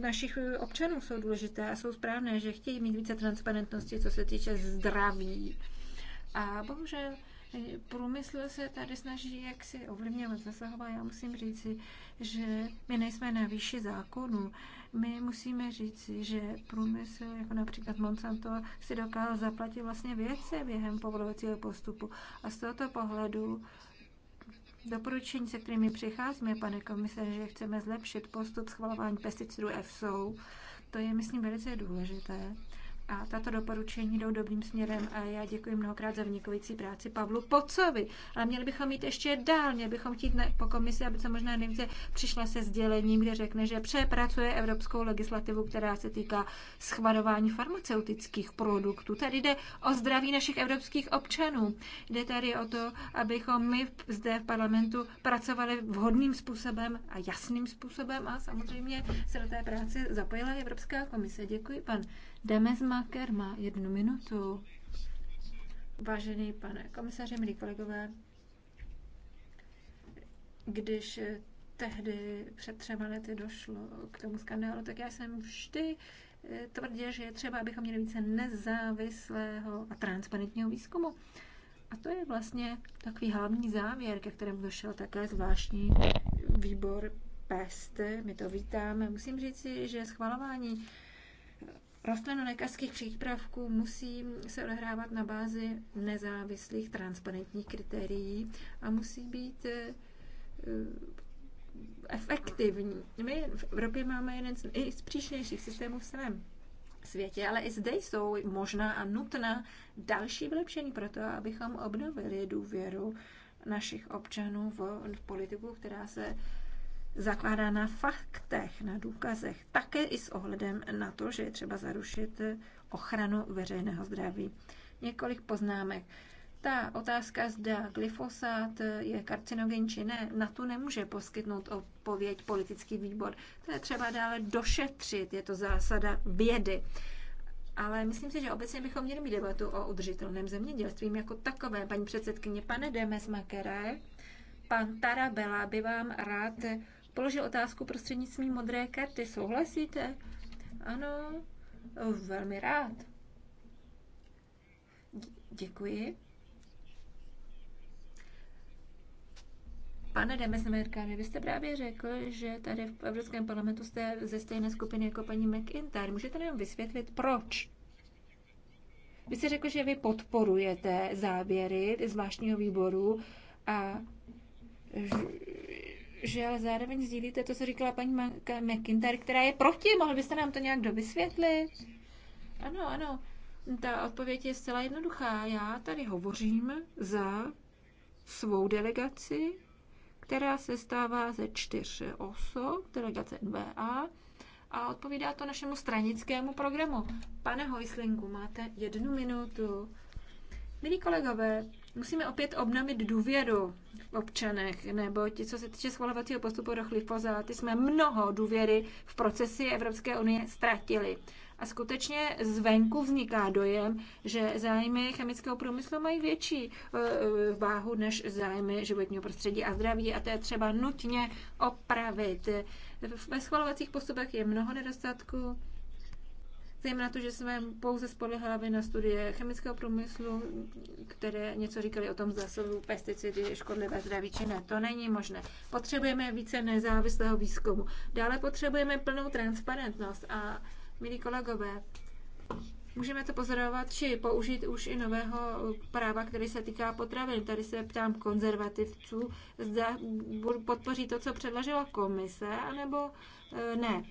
našich občanů jsou důležité a jsou správné, že chtějí mít více transparentnosti, co se týče zdraví. A bohužel eh, průmysl se tady snaží jak si ovlivňovat, zasahovat. Já musím říci, že my nejsme na výši zákonu my musíme říct, že průmysl, jako například Monsanto, si dokázal zaplatit vlastně věci během povolovacího postupu. A z tohoto pohledu doporučení, se kterými přicházíme, pane komisaře, že chceme zlepšit postup schvalování pesticidů EFSO, to je, myslím, velice důležité. A tato doporučení jdou dobrým směrem a já děkuji mnohokrát za vynikající práci Pavlu Pocovi. Ale měli bychom jít ještě dál, měli bychom chtít ne, po komisi, aby co možná nejvíce přišla se sdělením, kde řekne, že přepracuje evropskou legislativu, která se týká schvalování farmaceutických produktů. Tady jde o zdraví našich evropských občanů. Jde tady o to, abychom my zde v parlamentu pracovali vhodným způsobem a jasným způsobem a samozřejmě se do té práce zapojila Evropská komise. Děkuji, pan Demesmaker má jednu minutu. Vážený pane komisaři, milí kolegové, když tehdy před třema lety došlo k tomu skandálu, tak já jsem vždy eh, tvrdil, že je třeba, abychom měli více nezávislého a transparentního výzkumu. A to je vlastně takový hlavní závěr, ke kterému došel také zvláštní výbor PEST. My to vítáme. Musím říci, že schvalování rostlinolékařských přípravků musí se odehrávat na bázi nezávislých transparentních kritérií a musí být eh, eh, efektivní. My v Evropě máme jeden z nejspříšnějších systémů v celém světě, ale i zde jsou možná a nutná další vylepšení pro to, abychom obnovili důvěru našich občanů v, v politiku, která se zakládá na faktech, na důkazech, také i s ohledem na to, že je třeba zarušit eh, ochranu veřejného zdraví. Několik poznámek. Ta otázka, zda glyfosát eh, je karcinogen či ne, na tu nemůže poskytnout odpověď politický výbor. To je třeba dále došetřit, je to zásada vědy. Ale myslím si, že obecně bychom měli mít debatu o udržitelném zemědělství jako takové. Paní předsedkyně, pane Demes Makere, pan Tarabela by vám rád položil otázku prostřednictvím modré karty. Souhlasíte? Ano, velmi rád. Děkuji. Pane Demesmerkáne, vy jste právě řekl, že tady v Evropském parlamentu jste ze stejné skupiny jako paní McIntyre. Můžete nám vysvětlit, proč? Vy jste řekl, že vy podporujete závěry zvláštního výboru a že ale zároveň sdílíte to, co říkala paní McIntyre, která je proti. Mohli byste nám to nějak dovysvětlit? Ano, ano. Ta odpověď je zcela jednoduchá. Já tady hovořím za svou delegaci, která se stává ze čtyř osob, delegace NBA, a odpovídá to našemu stranickému programu. Pane Hojslingu, máte jednu minutu. Milí kolegové, musíme opět obnovit důvěru občanech, nebo ti, co se týče schvalovacího postupu do ty jsme mnoho důvěry v procesy Evropské unie ztratili. A skutečně zvenku vzniká dojem, že zájmy chemického průmyslu mají větší eh, eh, váhu než zájmy životního prostředí a zdraví a to je třeba nutně opravit. Ve schvalovacích postupech je mnoho nedostatků zejména to, že jsme pouze spolehali na studie chemického průmyslu, které něco říkali o tom, zásobu jsou pesticidy škodlivé zdraví či ne. To není možné. Potřebujeme více nezávislého výzkumu. Dále potřebujeme plnou transparentnost a milí kolegové, Můžeme to pozorovat či použít už i nového práva, který se týká potravin. Tady se ptám konzervativců, zda podpoří to, co předložila komise, anebo e, ne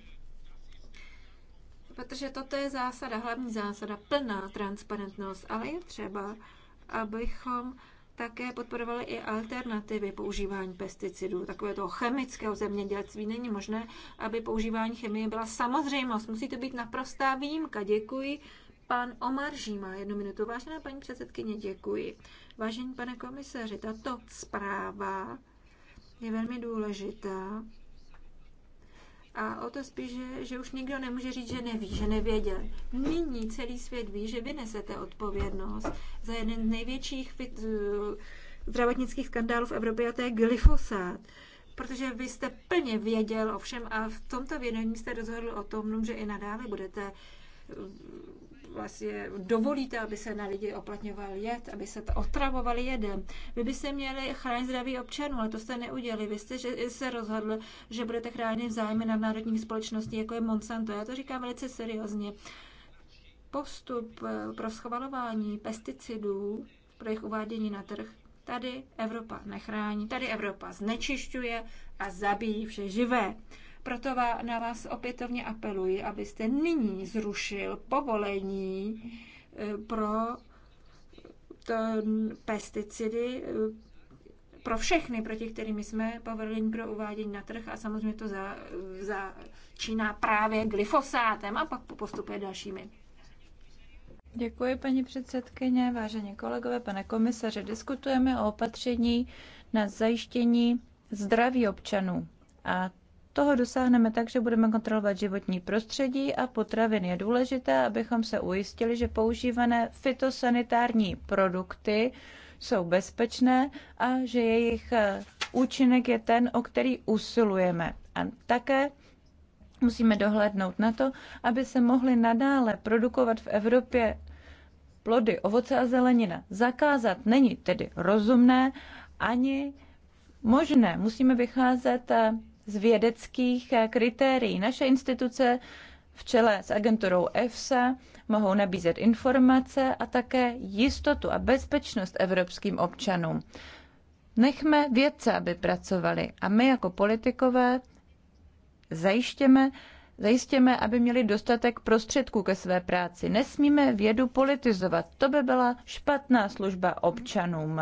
protože toto je zásada, hlavní zásada, plná transparentnost, ale je třeba, abychom také podporovali i alternativy používání pesticidů, takové toho chemického zemědělství. Není možné, aby používání chemie byla samozřejmost. Musí to být naprostá výjimka. Děkuji. Pan Omar Žíma, jednu minutu. Vážená paní předsedkyně, děkuji. Vážení pane komisaři, tato zpráva je velmi důležitá a o to spíš, že, že už nikdo nemůže říct, že neví, že nevěděl. Nyní celý svět ví, že vy nesete odpovědnost za jeden z největších fit, eh, zdravotnických skandálů v Evropě, a to je glyfosát. Protože vy jste plně věděl o všem a v tomto vědomí jste rozhodl o tom, že i nadále budete uh, vlastně dovolíte, aby se na lidi oplatňoval jed, aby se otravovali jedem. Vy byste měli chránit zdraví občanů, ale to jste neudělali. Vy jste že se rozhodl, že budete chránit zájmy národní společnosti jako je Monsanto. Já to říkám velice seriózně. Postup eh, pro schvalování pesticidů, pro jejich uvádění na trh, tady Evropa nechrání, tady Evropa znečišťuje a zabíjí vše živé. Proto na vás opětovně apeluji, abyste nyní zrušil povolení eh, pro pesticidy eh, pro všechny, proti kterými jsme povolení pro uvádění na trh a samozřejmě to začíná právě glyfosátem a pak postupuje dalšími. Děkuji, paní předsedkyně, vážení kolegové, pane komisaře. Diskutujeme o opatření na zajištění zdraví občanů. A toho dosáhneme tak, že budeme kontrolovat životní prostředí a potravin. Je důležité, abychom se ujistili, že používané fitosanitární produkty jsou bezpečné a že jejich eh, účinek je ten, o který usilujeme. A také musíme dohlédnout na to, aby se mohly nadále produkovat v Evropě plody, ovoce a zelenina. Zakázat není tedy rozumné ani možné. Musíme vycházet eh, z vědeckých eh, kritérií. Naše instituce v čele s agenturou EFSA mohou nabízet informace a také jistotu a bezpečnost evropským občanům. Nechme vědce, aby pracovali a my jako politikové zajištěme, zajistěme, aby měli dostatek prostředků ke své práci. Nesmíme vědu politizovat, to by byla špatná služba občanům.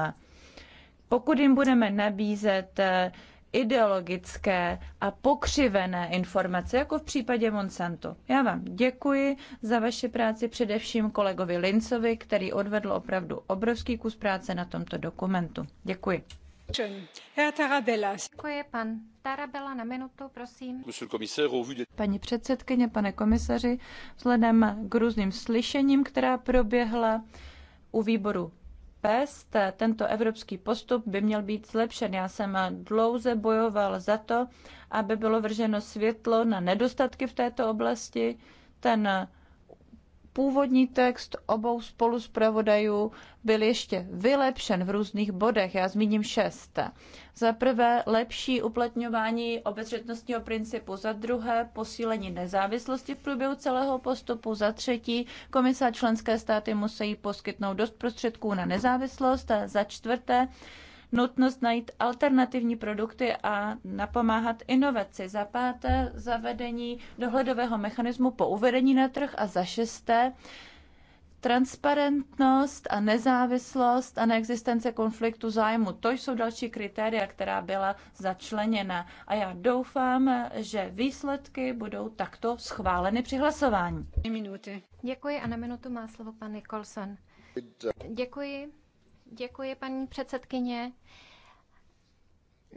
Pokud jim budeme nabízet eh, ideologické a pokřivené informace, jako v případě Monsanto. Já vám děkuji za vaši práci, především kolegovi Lincovi, který odvedl opravdu obrovský kus práce na tomto dokumentu. Děkuji. Děkuji, pan Tarabela, na minutu, prosím. Paní předsedkyně, pane komisaři, vzhledem k různým slyšením, která proběhla u výboru pest, tento evropský postup by měl být zlepšen. Já jsem dlouze bojoval za to, aby bylo vrženo světlo na nedostatky v této oblasti. Ten původní text obou spoluspravodajů byl ještě vylepšen v různých bodech. Já zmíním šest. Za prvé lepší uplatňování obezřetnostního principu, za druhé posílení nezávislosti v průběhu celého postupu, za třetí komise a členské státy musí poskytnout dost prostředků na nezávislost, a za čtvrté nutnost najít alternativní produkty a napomáhat inovaci. Za páté zavedení dohledového mechanismu po uvedení na trh a za šesté transparentnost a nezávislost a neexistence konfliktu zájmu. To jsou další kritéria, která byla začleněna. A já doufám, že výsledky budou takto schváleny při hlasování. Minuty. Děkuji a na minutu má slovo pan Nicholson. Děkuji. Děkuji, paní předsedkyně.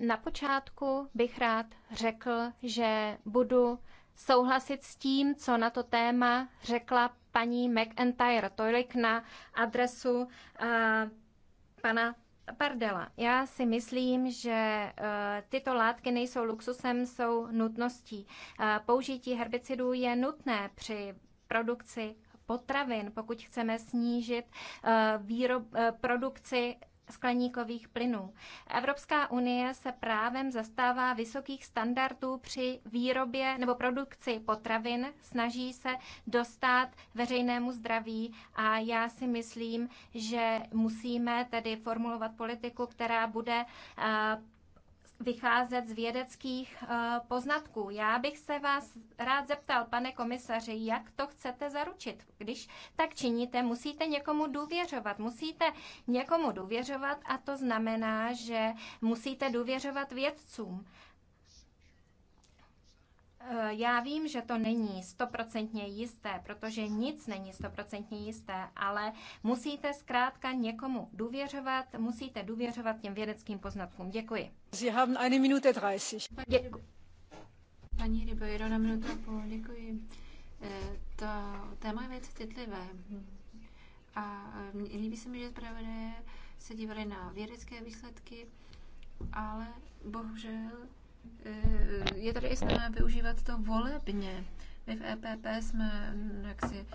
Na počátku bych rád řekl, že budu souhlasit s tím, co na to téma řekla paní McIntyre. Tolik na adresu uh, pana Pardela. Já si myslím, že uh, tyto látky nejsou luxusem, jsou nutností. Uh, použití herbicidů je nutné při produkci potravin, pokud chceme snížit eh, výrob, eh, produkci skleníkových plynů. Evropská unie se právem zastává vysokých standardů při výrobě nebo produkci potravin, snaží se dostat veřejnému zdraví a já si myslím, že musíme tedy formulovat politiku, která bude eh, vycházet z vědeckých eh, poznatků. Já bych se vás rád zeptal, pane komisaři, jak to chcete zaručit? Když tak činíte, musíte někomu důvěřovat. Musíte někomu důvěřovat a to znamená, že musíte důvěřovat vědcům. Eh, já vím, že to není stoprocentně jisté, protože nic není stoprocentně jisté, ale musíte zkrátka někomu důvěřovat, musíte důvěřovat těm vědeckým poznatkům. Děkuji. Sie haben eine Minute 30. Děkuji. Paní Ribeiro, na minutu půl, děkuji. Eh, to téma je věc citlivé. A eh, líbí se mi, že zpravodaje se dívali na vědecké výsledky, ale bohužel je tady i snaha využívat to volebně. My v EPP jsme jaksi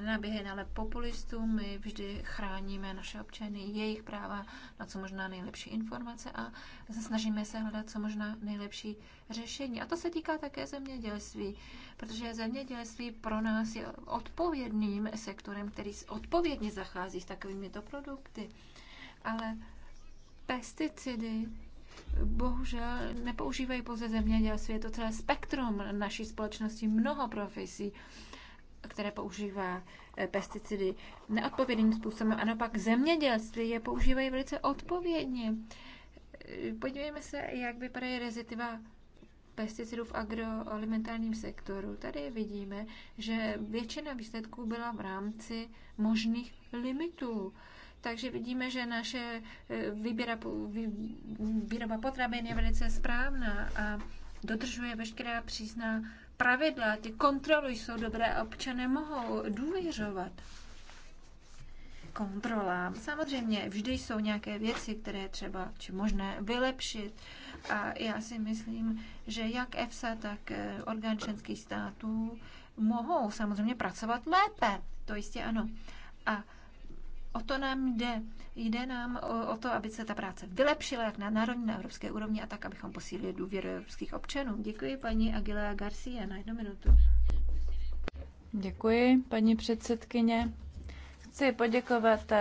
naběhy ale populistů, my vždy chráníme naše občany, jejich práva na co možná nejlepší informace a snažíme se hledat co možná nejlepší řešení. A to se týká také zemědělství, protože zemědělství pro nás je odpovědným sektorem, který odpovědně zachází s takovými to produkty. Ale pesticidy bohužel nepoužívají pouze zemědělství, je to celé spektrum naší společnosti, mnoho profesí, které používá eh, pesticidy neodpovědným způsobem. A naopak zemědělství je používají velice odpovědně. Eh, podívejme se, jak vypadají rezitiva pesticidů v agroalimentárním sektoru. Tady vidíme, že většina výsledků byla v rámci možných limitů. Takže vidíme, že naše eh, výběra, výroba potravin je velice správná a dodržuje veškerá přísná pravidla. Ty kontroly jsou dobré a občané mohou důvěřovat kontrolám. Samozřejmě vždy jsou nějaké věci, které třeba či možné vylepšit. A já si myslím, že jak EFSA, tak eh, orgán členských států mohou samozřejmě pracovat lépe. To jistě ano. A O to nám jde. Jde nám o, o to, aby se ta práce vylepšila jak na národní, na evropské úrovni a tak, abychom posílili důvěru evropských občanů. Děkuji paní Aguilera Garcia na jednu minutu. Děkuji, paní předsedkyně. Chci poděkovat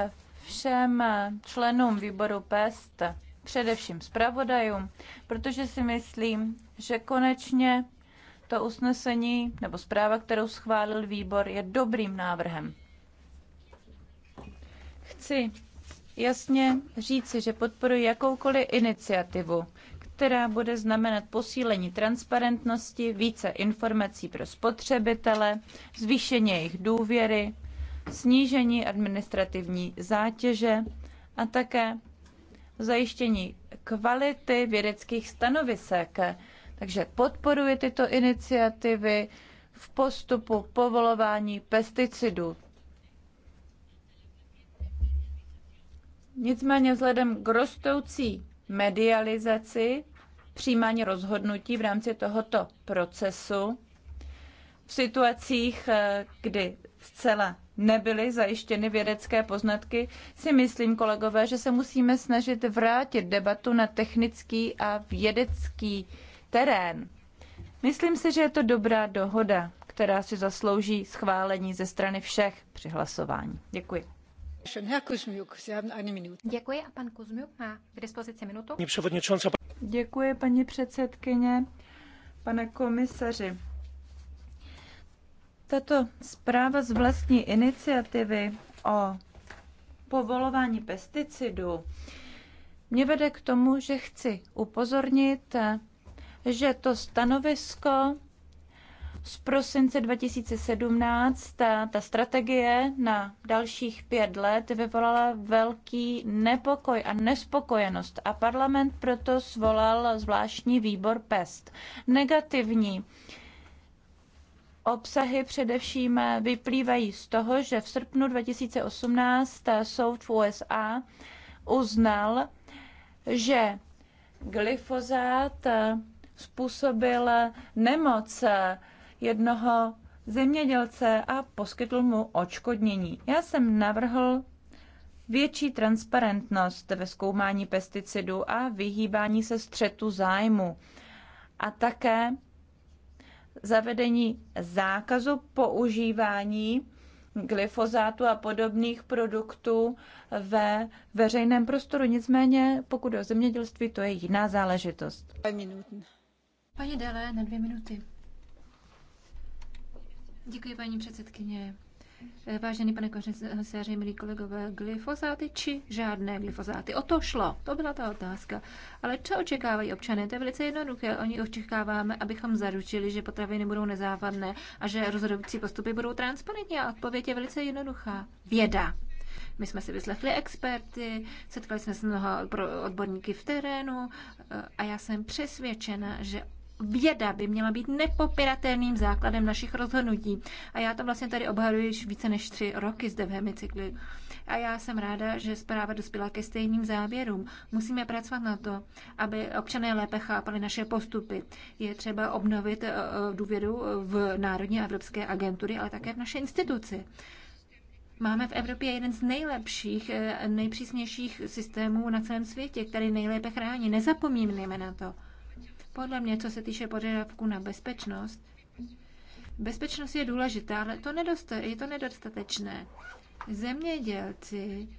všem členům výboru PEST, především zpravodajům, protože si myslím, že konečně to usnesení nebo zpráva, kterou schválil výbor, je dobrým návrhem. Chci jasně říci, že podporuji jakoukoliv iniciativu, která bude znamenat posílení transparentnosti, více informací pro spotřebitele, zvýšení jejich důvěry, snížení administrativní zátěže a také zajištění kvality vědeckých stanovisek. Takže podporuji tyto iniciativy v postupu povolování pesticidů. Nicméně vzhledem k rostoucí medializaci přijímání rozhodnutí v rámci tohoto procesu v situacích, eh, kdy zcela nebyly zajištěny vědecké poznatky, si myslím, kolegové, že se musíme snažit vrátit debatu na technický a vědecký terén. Myslím si, že je to dobrá dohoda, která si zaslouží schválení ze strany všech při hlasování. Děkuji. Děkuji a pan má Děkuji, paní předsedkyně, pane komisaři. Tato zpráva z vlastní iniciativy o povolování pesticidů mě vede k tomu, že chci upozornit, že to stanovisko z prosince 2017 ta, ta strategie na dalších pět let vyvolala velký nepokoj a nespokojenost a parlament proto svolal zvláštní výbor PEST. Negativní obsahy především vyplývají z toho, že v srpnu 2018 soud v USA uznal, že glyfozát způsobil nemoc jednoho zemědělce a poskytl mu očkodnění. Já jsem navrhl větší transparentnost ve zkoumání pesticidů a vyhýbání se střetu zájmu a také zavedení zákazu používání glyfozátu a podobných produktů ve veřejném prostoru. Nicméně, pokud o zemědělství, to je jiná záležitost. Paní Dele, na dvě minuty. Děkuji, paní předsedkyně. Eh, vážený pane komisaři, milí kolegové, glyfozáty či žádné glyfozáty? O to šlo, to byla ta otázka. Ale co očekávají občané? To je velice jednoduché. Oni očekáváme, abychom zaručili, že potraviny budou nezávadné a že rozhodující postupy budou transparentní. A odpověď je velice jednoduchá. Věda. My jsme si vyslechli experty, setkali jsme se s mnoha odborníky v terénu eh, a já jsem přesvědčena, že věda by měla být nepopiratelným základem našich rozhodnutí. A já to vlastně tady obhajuji již více než tři roky zde v hemicykli. A já jsem ráda, že zpráva dospěla ke stejným závěrům. Musíme pracovat na to, aby občané lépe chápali naše postupy. Je třeba obnovit eh, eh, důvěru v Národní a Evropské agentury, ale také v naše instituci. Máme v Evropě jeden z nejlepších, eh, nejpřísnějších systémů na celém světě, který nejlépe chrání. Nezapomínejme na to. Podle mě, co se týče požadavku na bezpečnost, bezpečnost je důležitá, ale to nedost, je to nedostatečné. Zemědělci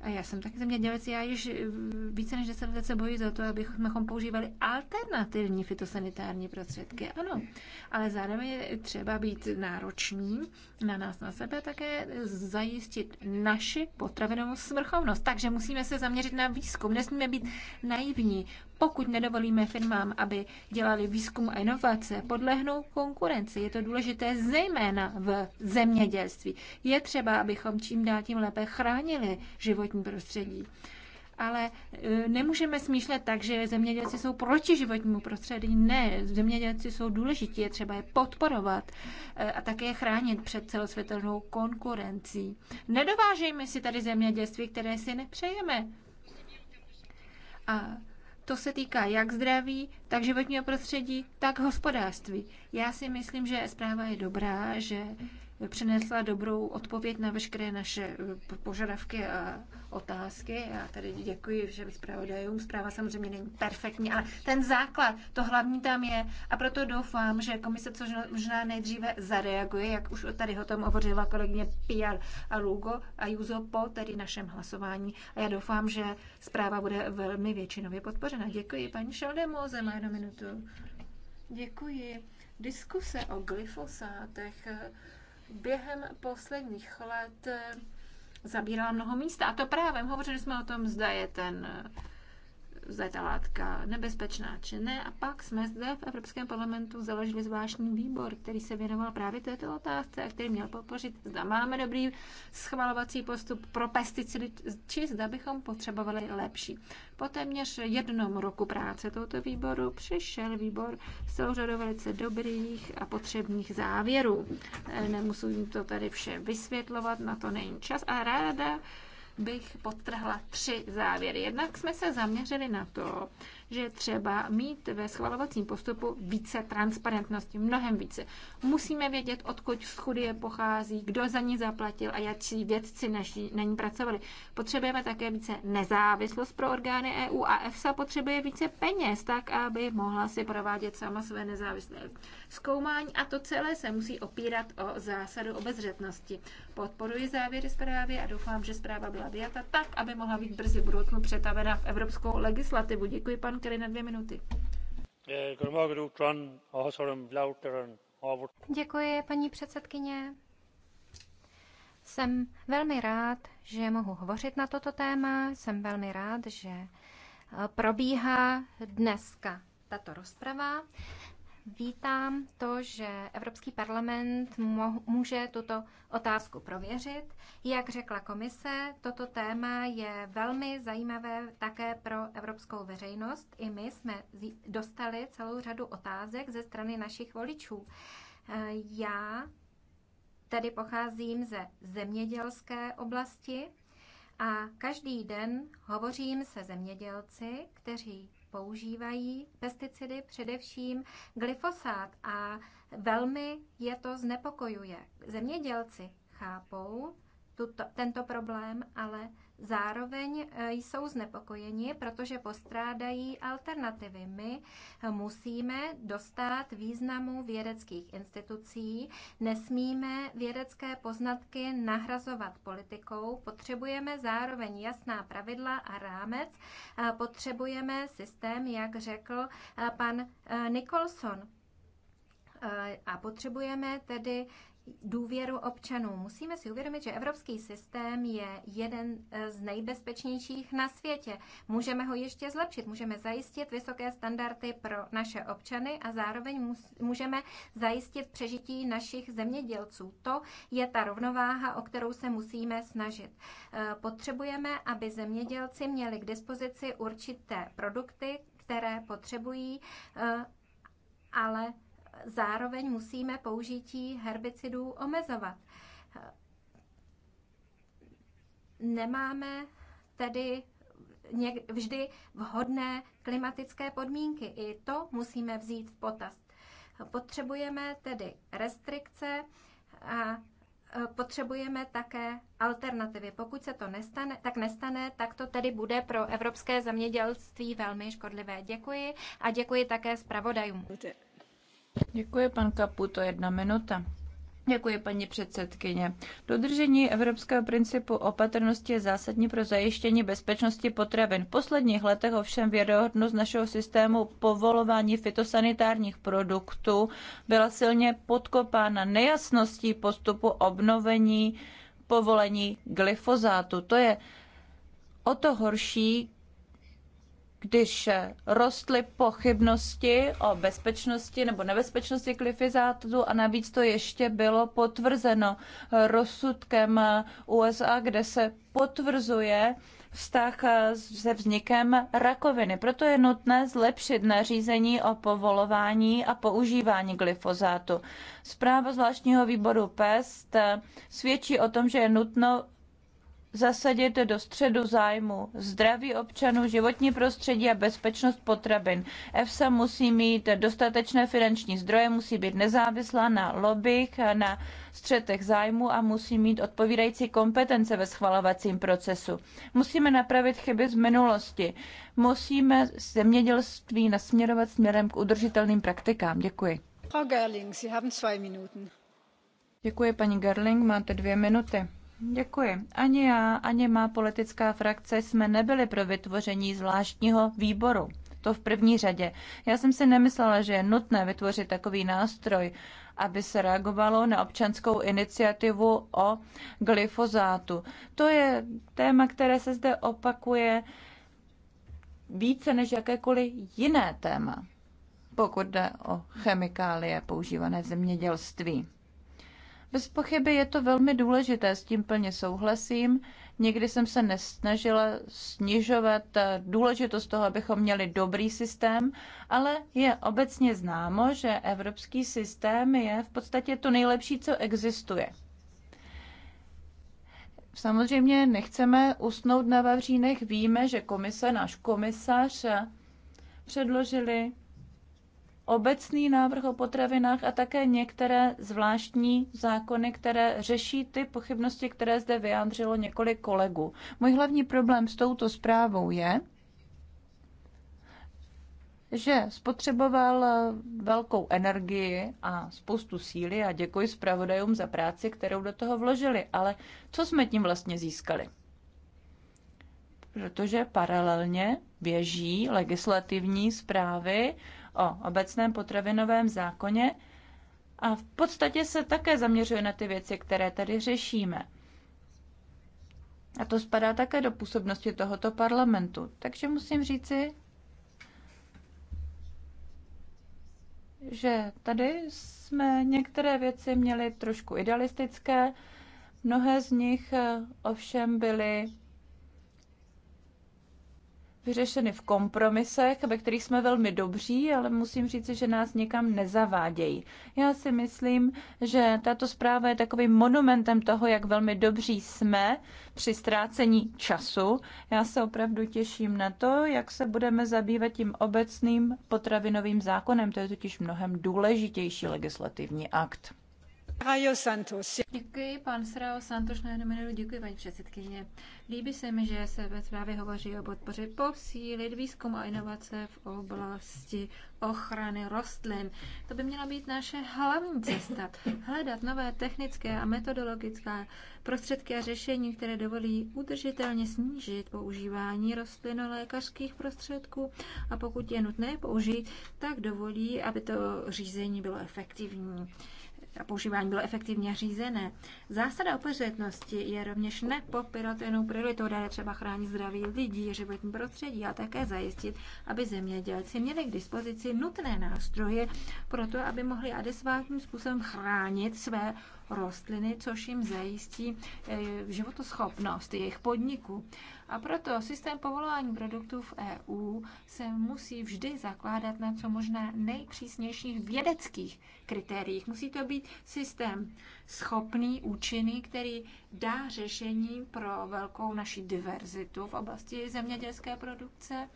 a já jsem taky zemědělec, já již eh, více než 10 let se bojí za to, abychom používali alternativní fitosanitární prostředky. Ano, ale zároveň je třeba být náročný na nás, na sebe, také zajistit naši potravinovou smrchovnost. Takže musíme se zaměřit na výzkum, nesmíme být naivní. Pokud nedovolíme firmám, aby dělali výzkum a inovace, podlehnou konkurenci. Je to důležité zejména v zemědělství. Je třeba, abychom čím dál tím lépe chránili životní prostředí ale e, nemůžeme smýšlet tak, že zemědělci jsou proti životnímu prostředí. Ne, zemědělci jsou důležití, je třeba je podporovat e, a také je chránit před celosvětovou konkurencí. Nedovážejme si tady zemědělství, které si nepřejeme. A to se týká jak zdraví, tak životního prostředí, tak hospodářství. Já si myslím, že zpráva je dobrá, že přinesla dobrou odpověď na veškeré naše eh, požadavky a otázky. Já tady děkuji všem zpravodajům. Zpráva samozřejmě není perfektní, ale ten základ, to hlavní tam je. A proto doufám, že komise což možná nejdříve zareaguje, jak už tady o tom hovořila kolegyně Pial a Lugo a Juzo po tedy našem hlasování. A já doufám, že zpráva bude velmi většinově podpořena. Děkuji paní za má jednu minutu. Děkuji. Diskuse o glyfosátech během posledních let eh, zabírala mnoho místa. A to právě hovořili jsme o tom, zda je ten eh, ta látka nebezpečná či ne. A pak jsme zde v Evropském parlamentu založili zvláštní výbor, který se věnoval právě této otázce a který měl podpořit, zda máme dobrý schvalovací postup pro pesticidy, či zda bychom potřebovali lepší. Po téměř jednom roku práce tohoto výboru přišel výbor s celou řadou velice dobrých a potřebných závěrů. Nemusím to tady vše vysvětlovat, na to není čas a ráda bych podtrhla tři závěry. Jednak jsme se zaměřili na to, že třeba mít ve schvalovacím postupu více transparentnosti, mnohem více. Musíme vědět, odkud schudie pochází, kdo za ní zaplatil a jakí vědci naši, na ní pracovali. Potřebujeme také více nezávislost pro orgány EU a EFSA potřebuje více peněz, tak aby mohla si provádět sama své nezávislé zkoumání a to celé se musí opírat o zásadu obezřetnosti. Podporuji závěry zprávy a doufám, že zpráva byla vyjata tak, aby mohla být brzy v budoucnu přetavena v evropskou legislativu. Děkuji, pan Kelly, na dvě minuty. Děkuji, paní předsedkyně. Jsem velmi rád, že mohu hovořit na toto téma. Jsem velmi rád, že eh, probíhá dneska tato rozprava. Vítám to, že Evropský parlament může tuto otázku prověřit. Jak řekla komise, toto téma je velmi zajímavé také pro evropskou veřejnost. I my jsme dostali celou řadu otázek ze strany našich voličů. E, já tedy pocházím ze zemědělské oblasti a každý den hovořím se zemědělci, kteří používají pesticidy, především glyfosát a velmi je to znepokojuje. Zemědělci chápou tuto, tento problém, ale Zároveň eh, jsou znepokojeni, protože postrádají alternativy. My eh, musíme dostat významu vědeckých institucí, nesmíme vědecké poznatky nahrazovat politikou, potřebujeme zároveň jasná pravidla a rámec, potřebujeme systém, jak řekl eh, pan Nicholson. A potřebujeme tedy důvěru občanů. Musíme si uvědomit, že evropský systém je jeden eh, z nejbezpečnějších na světě. Můžeme ho ještě zlepšit, můžeme zajistit vysoké standardy pro naše občany a zároveň můžeme zajistit přežití našich zemědělců. To je ta rovnováha, o kterou se musíme snažit. Eh, potřebujeme, aby zemědělci měli k dispozici určité produkty, které potřebují, eh, ale zároveň musíme použití herbicidů omezovat. Nemáme tedy vždy vhodné klimatické podmínky. I to musíme vzít v potaz. Potřebujeme tedy restrikce a e, potřebujeme také alternativy. Pokud se to nestane, tak nestane, tak to tedy bude pro evropské zemědělství velmi škodlivé. Děkuji a děkuji také zpravodajům. Děkuji, pan Kaputo, jedna minuta. Děkuji, paní předsedkyně. Dodržení evropského principu opatrnosti je zásadní pro zajištění bezpečnosti potravin. V posledních letech ovšem věrohodnost našeho systému povolování fitosanitárních produktů byla silně podkopána nejasností postupu obnovení povolení glyfozátu. To je o to horší, když eh, rostly pochybnosti o bezpečnosti nebo nebezpečnosti glyfizátu a navíc to ještě bylo potvrzeno eh, rozsudkem eh, USA, kde se potvrzuje vztah se vznikem rakoviny. Proto je nutné zlepšit nařízení o povolování a používání glyfozátu. Zpráva zvláštního výboru PEST svědčí o tom, že je nutno zasadit do středu zájmu zdraví občanů, životní prostředí a bezpečnost potravin. EFSA musí mít dostatečné finanční zdroje, musí být nezávislá na lobbych, na střetech zájmu a musí mít odpovídající kompetence ve schvalovacím procesu. Musíme napravit chyby z minulosti. Musíme zemědělství nasměrovat směrem k udržitelným praktikám. Děkuji. Frau Gerling, Sie haben zwei Minuten. Děkuji, paní Gerling, máte dvě minuty. Děkuji. Ani já, ani má politická frakce jsme nebyli pro vytvoření zvláštního výboru. To v první řadě. Já jsem si nemyslela, že je nutné vytvořit takový nástroj, aby se reagovalo na občanskou iniciativu o glyfozátu. To je téma, které se zde opakuje více než jakékoliv jiné téma, pokud jde o chemikálie používané v zemědělství. Bez pochyby je to velmi důležité, s tím plně souhlasím. Nikdy jsem se nesnažila snižovat eh, důležitost toho, abychom měli dobrý systém, ale je obecně známo, že evropský systém je v podstatě to nejlepší, co existuje. Samozřejmě nechceme usnout na Vavřínech. Víme, že komise, náš komisař eh, předložili obecný návrh o potravinách a také některé zvláštní zákony, které řeší ty pochybnosti, které zde vyjádřilo několik kolegů. Můj hlavní problém s touto zprávou je, že spotřeboval eh, velkou energii a spoustu síly a děkuji zpravodajům za práci, kterou do toho vložili. Ale co jsme tím vlastně získali? Protože paralelně běží legislativní zprávy o obecném potravinovém zákoně a v podstatě se také zaměřuje na ty věci, které tady řešíme. A to spadá také do působnosti tohoto parlamentu. Takže musím říci, že tady jsme některé věci měli trošku idealistické, mnohé z nich eh, ovšem byly vyřešeny v kompromisech, ve kterých jsme velmi dobří, ale musím říct, že nás někam nezavádějí. Já si myslím, že tato zpráva je takovým monumentem toho, jak velmi dobří jsme při ztrácení času. Já se opravdu těším na to, jak se budeme zabývat tím obecným potravinovým zákonem. To je totiž mnohem důležitější legislativní akt. Santos. Děkuji, pan Srao Santos, na jednu minutu. Děkuji, paní předsedkyně. Líbí se mi, že se ve zprávě hovoří o podpoře posílit výzkum a inovace v oblasti ochrany rostlin. To by měla být naše hlavní cesta. Hledat nové technické a metodologické prostředky a řešení, které dovolí udržitelně snížit používání rostlinolékařských prostředků a pokud je nutné použít, tak dovolí, aby to řízení bylo efektivní a používání bylo efektivně řízené. Zásada opeřetnosti je rovněž nepopiratelnou prioritou, dále třeba chránit zdraví lidí, životní prostředí a také zajistit, aby zemědělci měli k dispozici nutné nástroje pro to, aby mohli adekvátním způsobem chránit své rostliny, což jim zajistí eh, životoschopnost jejich podniku. A proto systém povolování produktů v EU se musí vždy zakládat na co možná nejpřísnějších vědeckých kritériích. Musí to být systém schopný, účinný, který dá řešení pro velkou naši diverzitu v oblasti zemědělské produkce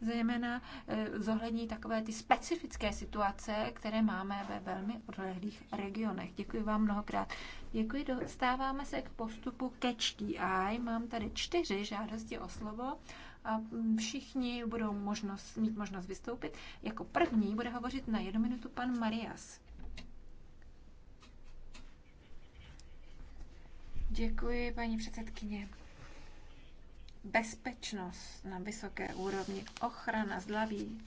zejména eh, zohlední takové ty specifické situace, které máme ve velmi odlehlých regionech. Děkuji vám mnohokrát. Děkuji, dostáváme se k postupu Catch the Eye. Mám tady čtyři žádosti o slovo a všichni budou možnost, mít možnost vystoupit. Jako první bude hovořit na jednu minutu pan Marias. Děkuji, paní předsedkyně bezpečnost na vysoké úrovni, ochrana zdraví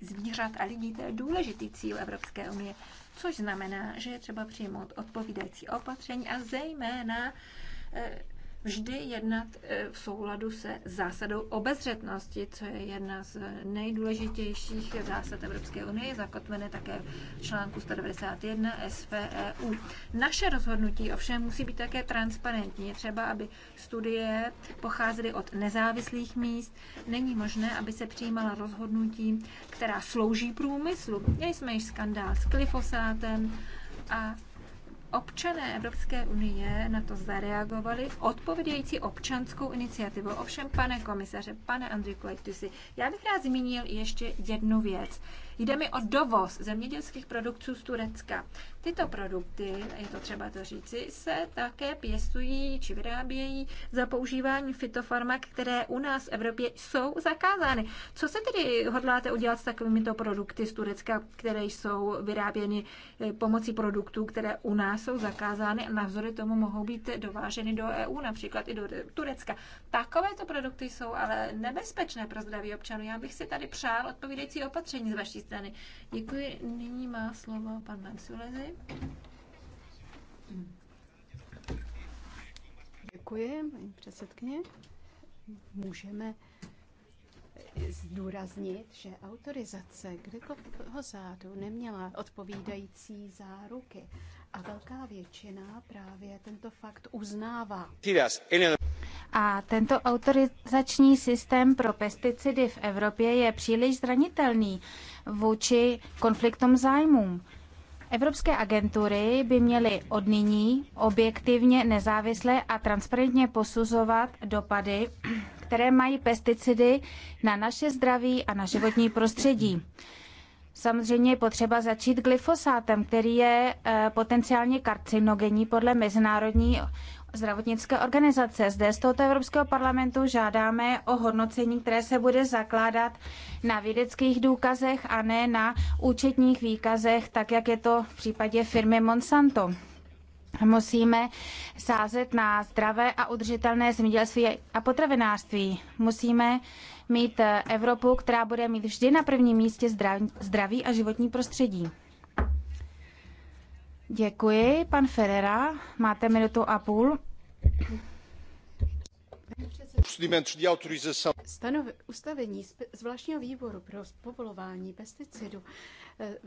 zvířat a lidí, to je důležitý cíl Evropské unie, což znamená, že je třeba přijmout odpovídající opatření a zejména eh, vždy jednat eh, v souladu se zásadou obezřetnosti, co je jedna z nejdůležitějších zásad Evropské unie, zakotvené také v článku 191 SVEU. Naše rozhodnutí ovšem musí být také transparentní. Je třeba, aby studie pocházely od nezávislých míst. Není možné, aby se přijímala rozhodnutí, která slouží průmyslu. Měli jsme již skandál s glyfosátem a Občané Evropské unie na to zareagovali odpovědějící občanskou iniciativou. Ovšem, pane komisaře, pane Andrej Kojtusi, já bych rád zmínil ještě jednu věc. Jde mi o dovoz zemědělských produktů z Turecka. Tyto produkty, je to třeba to říci, se také pěstují či vyrábějí za používání fitofarmak, které u nás v Evropě jsou zakázány. Co se tedy hodláte udělat s takovýmito produkty z Turecka, které jsou vyráběny e, pomocí produktů, které u nás jsou zakázány a navzory tomu mohou být dováženy do EU, například i do Turecka. Takovéto produkty jsou ale nebezpečné pro zdraví občanů. Já bych si tady přál odpovídající opatření z vaší strany. Děkuji. Nyní má slovo pan Mansulezi. Děkuji, paní předsedkyně. Můžeme zdůraznit, že autorizace Grekovho zádu neměla odpovídající záruky a velká většina právě tento fakt uznává. A tento autorizační systém pro pesticidy v Evropě je příliš zranitelný vůči konfliktům zájmům. Evropské agentury by měly od nyní objektivně, nezávisle a transparentně posuzovat dopady, které mají pesticidy na naše zdraví a na životní prostředí. Samozřejmě je potřeba začít glyfosátem, který je eh, potenciálně karcinogenní podle Mezinárodní zdravotnické organizace. Zde z tohoto Evropského parlamentu žádáme o hodnocení, které se bude zakládat na vědeckých důkazech a ne na účetních výkazech, tak jak je to v případě firmy Monsanto. Musíme sázet na zdravé a udržitelné zemědělství a potravinářství. Musíme mít Evropu, která bude mít vždy na prvním místě zdraví a životní prostředí. Děkuji. Pan Ferrera, máte minutu a půl. Stanovi, ustavení zvláštního výboru pro povolování pesticidu eh,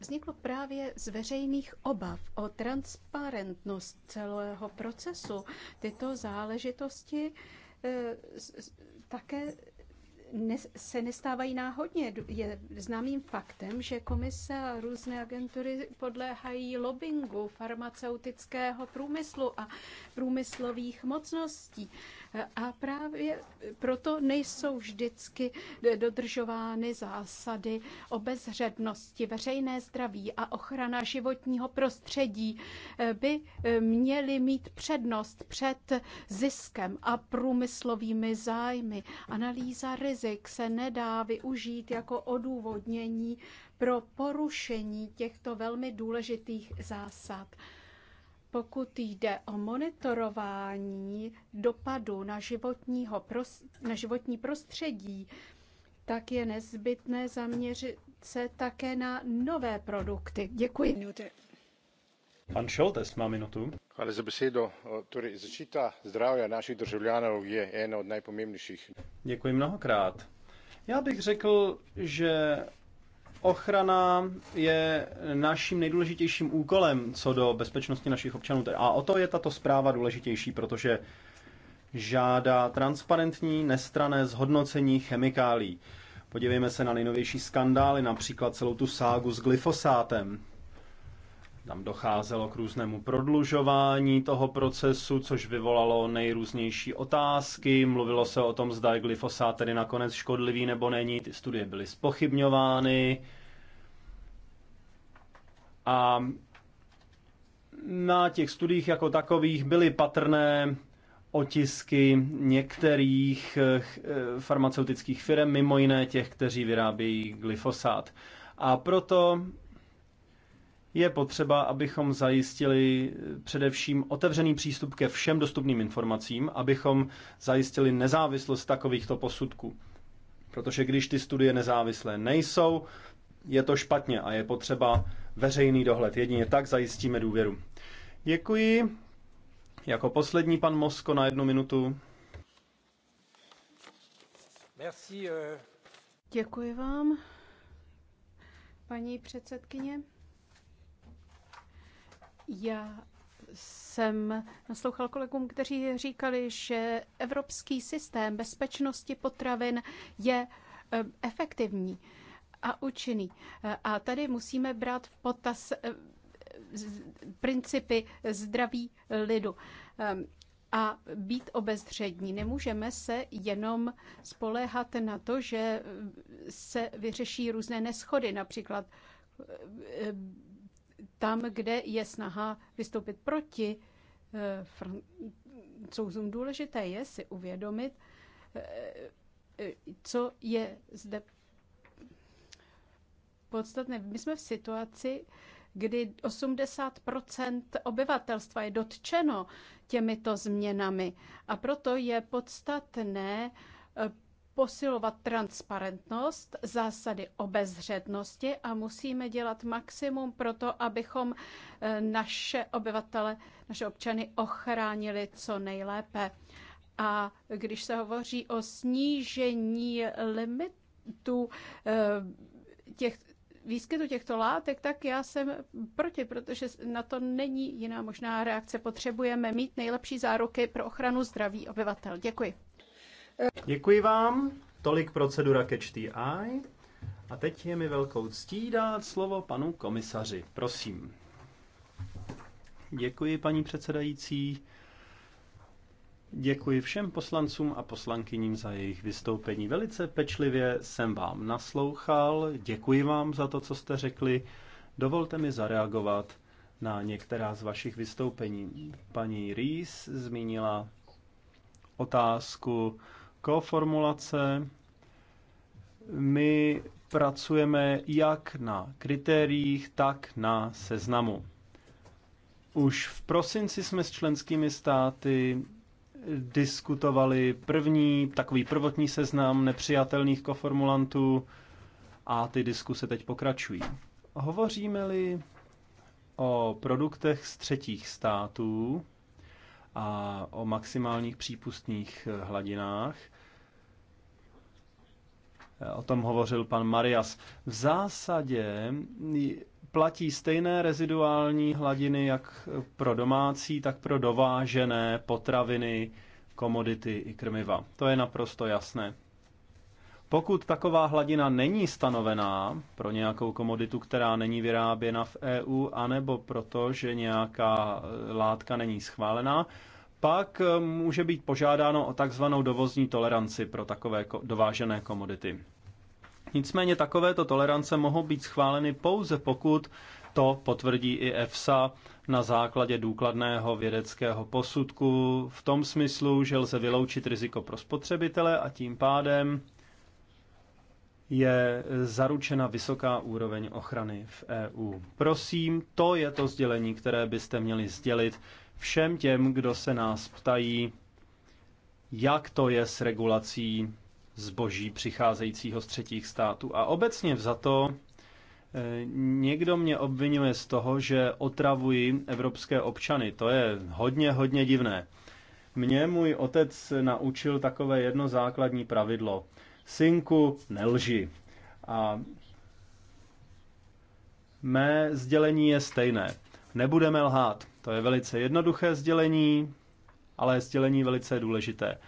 vzniklo právě z veřejných obav o transparentnost celého procesu. Tyto záležitosti eh, také se nestávají náhodně. Je známým faktem, že komise a různé agentury podléhají lobbingu farmaceutického průmyslu a průmyslových mocností. A právě proto nejsou vždycky dodržovány zásady obezřednosti. Veřejné zdraví a ochrana životního prostředí eh, by eh, měly mít přednost před ziskem a průmyslovými zájmy. Analýza rizik se nedá využít jako odůvodnění pro porušení těchto velmi důležitých zásad. Pokud jde o monitorování dopadu na, životního, na životní prostředí, tak je nezbytné zaměřit se také na nové produkty. Děkuji. Pan Šoltes má minutu. Hvala za besedo. Torej, začíta zdraví našich državljanov je jedno od nejpomímnějších. Děkuji mnohokrát. Já bych řekl, že Ochrana je naším nejdůležitějším úkolem co do bezpečnosti našich občanů. A o to je tato zpráva důležitější, protože žádá transparentní, nestrané zhodnocení chemikálí. Podívejme se na nejnovější skandály, například celou tu ságu s glyfosátem. Tam docházelo k různému prodlužování toho procesu, což vyvolalo nejrůznější otázky. Mluvilo se o tom, zda je glyfosát tedy nakonec škodlivý nebo není. Ty studie byly spochybňovány. A na těch studiích jako takových byly patrné otisky některých eh, farmaceutických firm, mimo jiné těch, kteří vyrábějí glyfosát. A proto je potřeba, abychom zajistili především otevřený přístup ke všem dostupným informacím, abychom zajistili nezávislost takovýchto posudků. Protože když ty studie nezávislé nejsou, je to špatně a je potřeba veřejný dohled. Jedině tak zajistíme důvěru. Děkuji. Jako poslední pan Mosko na jednu minutu. Eh. Děkuji vám, paní předsedkyně. Já jsem naslouchal kolegům, kteří říkali, že evropský systém bezpečnosti potravin je eh, efektivní a účinný. Eh, a tady musíme brát v potaz eh, principy zdraví lidu ehm, a být obezřední. Nemůžeme se jenom spoléhat na to, že se vyřeší různé neschody, například tam, kde je snaha vystoupit proti eh, francouzům. Důležité je si uvědomit, eh, co je zde podstatné. My jsme v situaci, kdy 80 obyvatelstva je dotčeno těmito změnami a proto je podstatné eh, posilovat transparentnost, zásady obezřetnosti a musíme dělat maximum pro to, abychom eh, naše obyvatele, naše občany ochránili co nejlépe. A když se hovoří o snížení limitu eh, těch, výskytu těchto látek, tak já jsem proti, protože na to není jiná možná reakce. Potřebujeme mít nejlepší záruky pro ochranu zdraví obyvatel. Děkuji. Děkuji vám. Tolik procedura Catch the Eye. A teď je mi velkou ctí dát slovo panu komisaři. Prosím. Děkuji, paní předsedající. Děkuji všem poslancům a poslankyním za jejich vystoupení. Velice pečlivě jsem vám naslouchal. Děkuji vám za to, co jste řekli. Dovolte mi zareagovat na některá z vašich vystoupení. Paní Rees zmínila otázku koformulace. My pracujeme jak na kritériích, tak na seznamu. Už v prosinci jsme s členskými státy diskutovali první takový prvotní seznam nepřijatelných koformulantů a ty diskuse teď pokračují. Hovoříme-li o produktech z třetích států a o maximálních přípustných hladinách, O tom hovořil pan Marias. V zásadě platí stejné reziduální hladiny jak pro domácí, tak pro dovážené potraviny, komodity i krmiva. To je naprosto jasné. Pokud taková hladina není stanovená pro nějakou komoditu, která není vyráběna v EU, anebo proto, že nějaká látka není schválená, pak eh, může být požádáno o takzvanou dovozní toleranci pro takové dovážené komodity. Nicméně takovéto tolerance mohou být schváleny pouze pokud to potvrdí i EFSA na základě důkladného vědeckého posudku v tom smyslu, že lze vyloučit riziko pro spotřebitele a tím pádem je zaručena vysoká úroveň ochrany v EU. Prosím, to je to sdělení, které byste měli sdělit všem těm, kdo se nás ptají, jak to je s regulací zboží přicházejícího z třetích států. A obecně vzato eh, Někdo mě obvinuje z toho, že otravuji evropské občany. To je hodně, hodně divné. Mě můj otec naučil takové jedno základní pravidlo. Synku, nelži. A mé sdělení je stejné. Nebudeme lhát. To je velice jednoduché sdělení, ale sdělení velice důležité.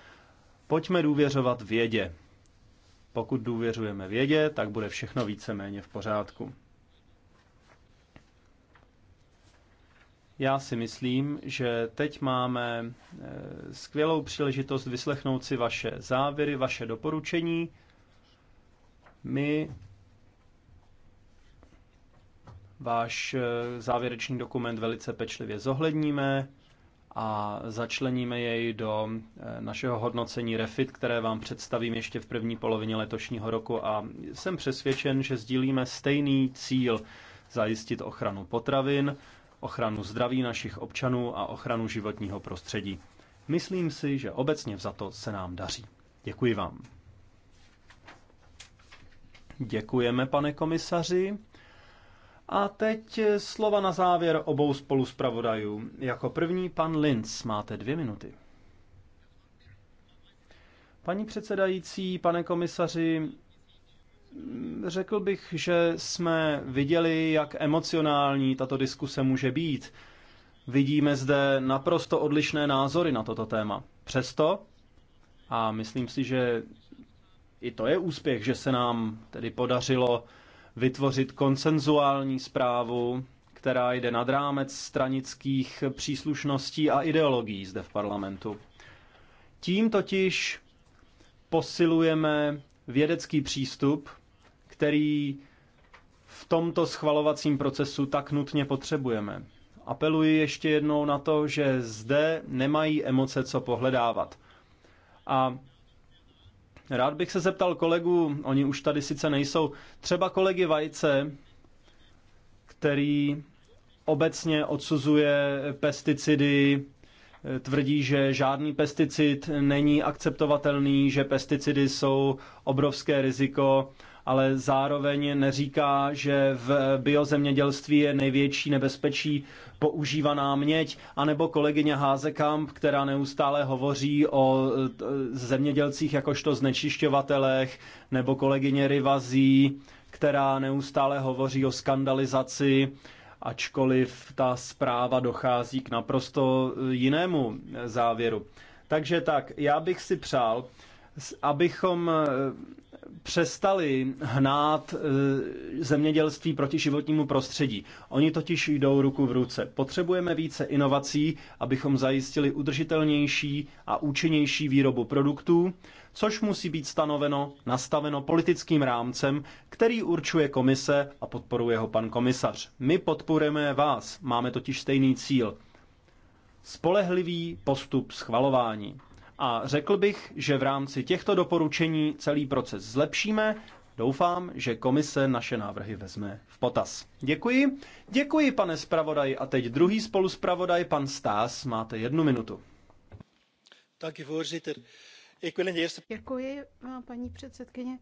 Pojďme důvěřovat vědě. Pokud důvěřujeme vědě, tak bude všechno víceméně v pořádku. Já si myslím, že teď máme eh, skvělou příležitost vyslechnout si vaše závěry, vaše doporučení. My Váš eh, závěrečný dokument velice pečlivě zohledníme a začleníme jej do eh, našeho hodnocení Refit, které vám představím ještě v první polovině letošního roku a jsem přesvědčen, že sdílíme stejný cíl zajistit ochranu potravin, ochranu zdraví našich občanů a ochranu životního prostředí. Myslím si, že obecně to se nám daří. Děkuji vám. Děkujeme, pane komisaři. A teď slova na závěr obou spoluspravodajů. Jako první pan Linz, máte dvě minuty. Paní předsedající, pane komisaři, řekl bych, že jsme viděli, jak emocionální tato diskuse může být. Vidíme zde naprosto odlišné názory na toto téma. Přesto, a myslím si, že i to je úspěch, že se nám tedy podařilo vytvořit konsenzuální zprávu, která jde nad rámec stranických příslušností a ideologií zde v parlamentu. Tím totiž posilujeme vědecký přístup, který v tomto schvalovacím procesu tak nutně potřebujeme. Apeluji ještě jednou na to, že zde nemají emoce co pohledávat. A Rád bych se zeptal kolegů, oni už tady sice nejsou, třeba kolegy Vajce, který obecně odsuzuje pesticidy, tvrdí, že žádný pesticid není akceptovatelný, že pesticidy jsou obrovské riziko ale zároveň neříká, že v biozemědělství je největší nebezpečí používaná měď, anebo kolegyně Házekamp, která neustále hovoří o e, zemědělcích jakožto znečišťovatelech, nebo kolegyně Rivazí, která neustále hovoří o skandalizaci ačkoliv ta zpráva dochází k naprosto e, jinému e, závěru. Takže tak, já bych si přál, abychom přestali hnát e, zemědělství proti životnímu prostředí. Oni totiž jdou ruku v ruce. Potřebujeme více inovací, abychom zajistili udržitelnější a účinnější výrobu produktů, což musí být stanoveno, nastaveno politickým rámcem, který určuje komise a podporuje ho pan komisař. My podporujeme vás, máme totiž stejný cíl. Spolehlivý postup schvalování a řekl bych, že v rámci těchto doporučení celý proces zlepšíme. Doufám, že komise naše návrhy vezme v potaz. Děkuji. Děkuji, pane zpravodaj. A teď druhý spoluspravodaj, pan Stás. Máte jednu minutu. Děkuji, paní předsedkyně.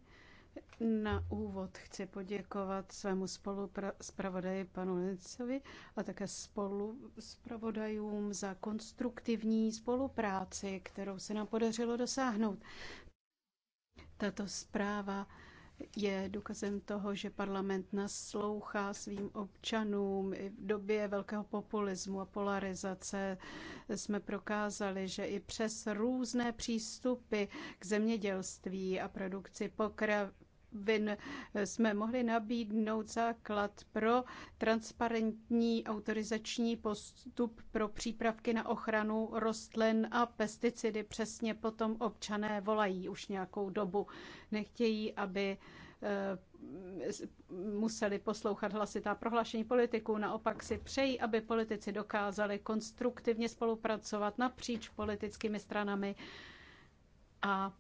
Na úvod chci poděkovat svému spolupravodaji panu Lencovi a také spolu spravodajům za konstruktivní spolupráci, kterou se nám podařilo dosáhnout. Tato zpráva je důkazem toho, že parlament naslouchá svým občanům. I v době velkého populismu a polarizace jsme prokázali, že i přes různé přístupy k zemědělství a produkci pokrav, surovin jsme mohli nabídnout základ pro transparentní autorizační postup pro přípravky na ochranu rostlin a pesticidy. Přesně potom občané volají už nějakou dobu. Nechtějí, aby eh, museli poslouchat hlasitá prohlášení politiků. Naopak si přejí, aby politici dokázali konstruktivně spolupracovat napříč politickými stranami a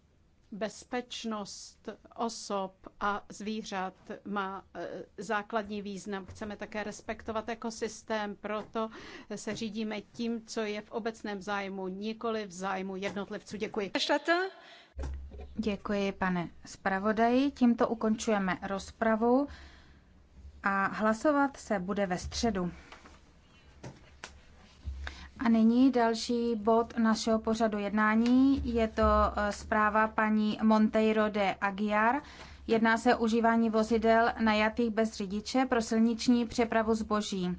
bezpečnost osob a zvířat má e, základní význam. Chceme také respektovat ekosystém, proto se řídíme tím, co je v obecném zájmu, nikoli v zájmu jednotlivců. Děkuji. Děkuji, pane zpravodaji. Tímto ukončujeme rozpravu a hlasovat se bude ve středu. A nyní další bod našeho pořadu jednání. Je to eh, zpráva paní Monteiro de Aguiar. Jedná se o užívání vozidel najatých bez řidiče pro silniční přepravu zboží.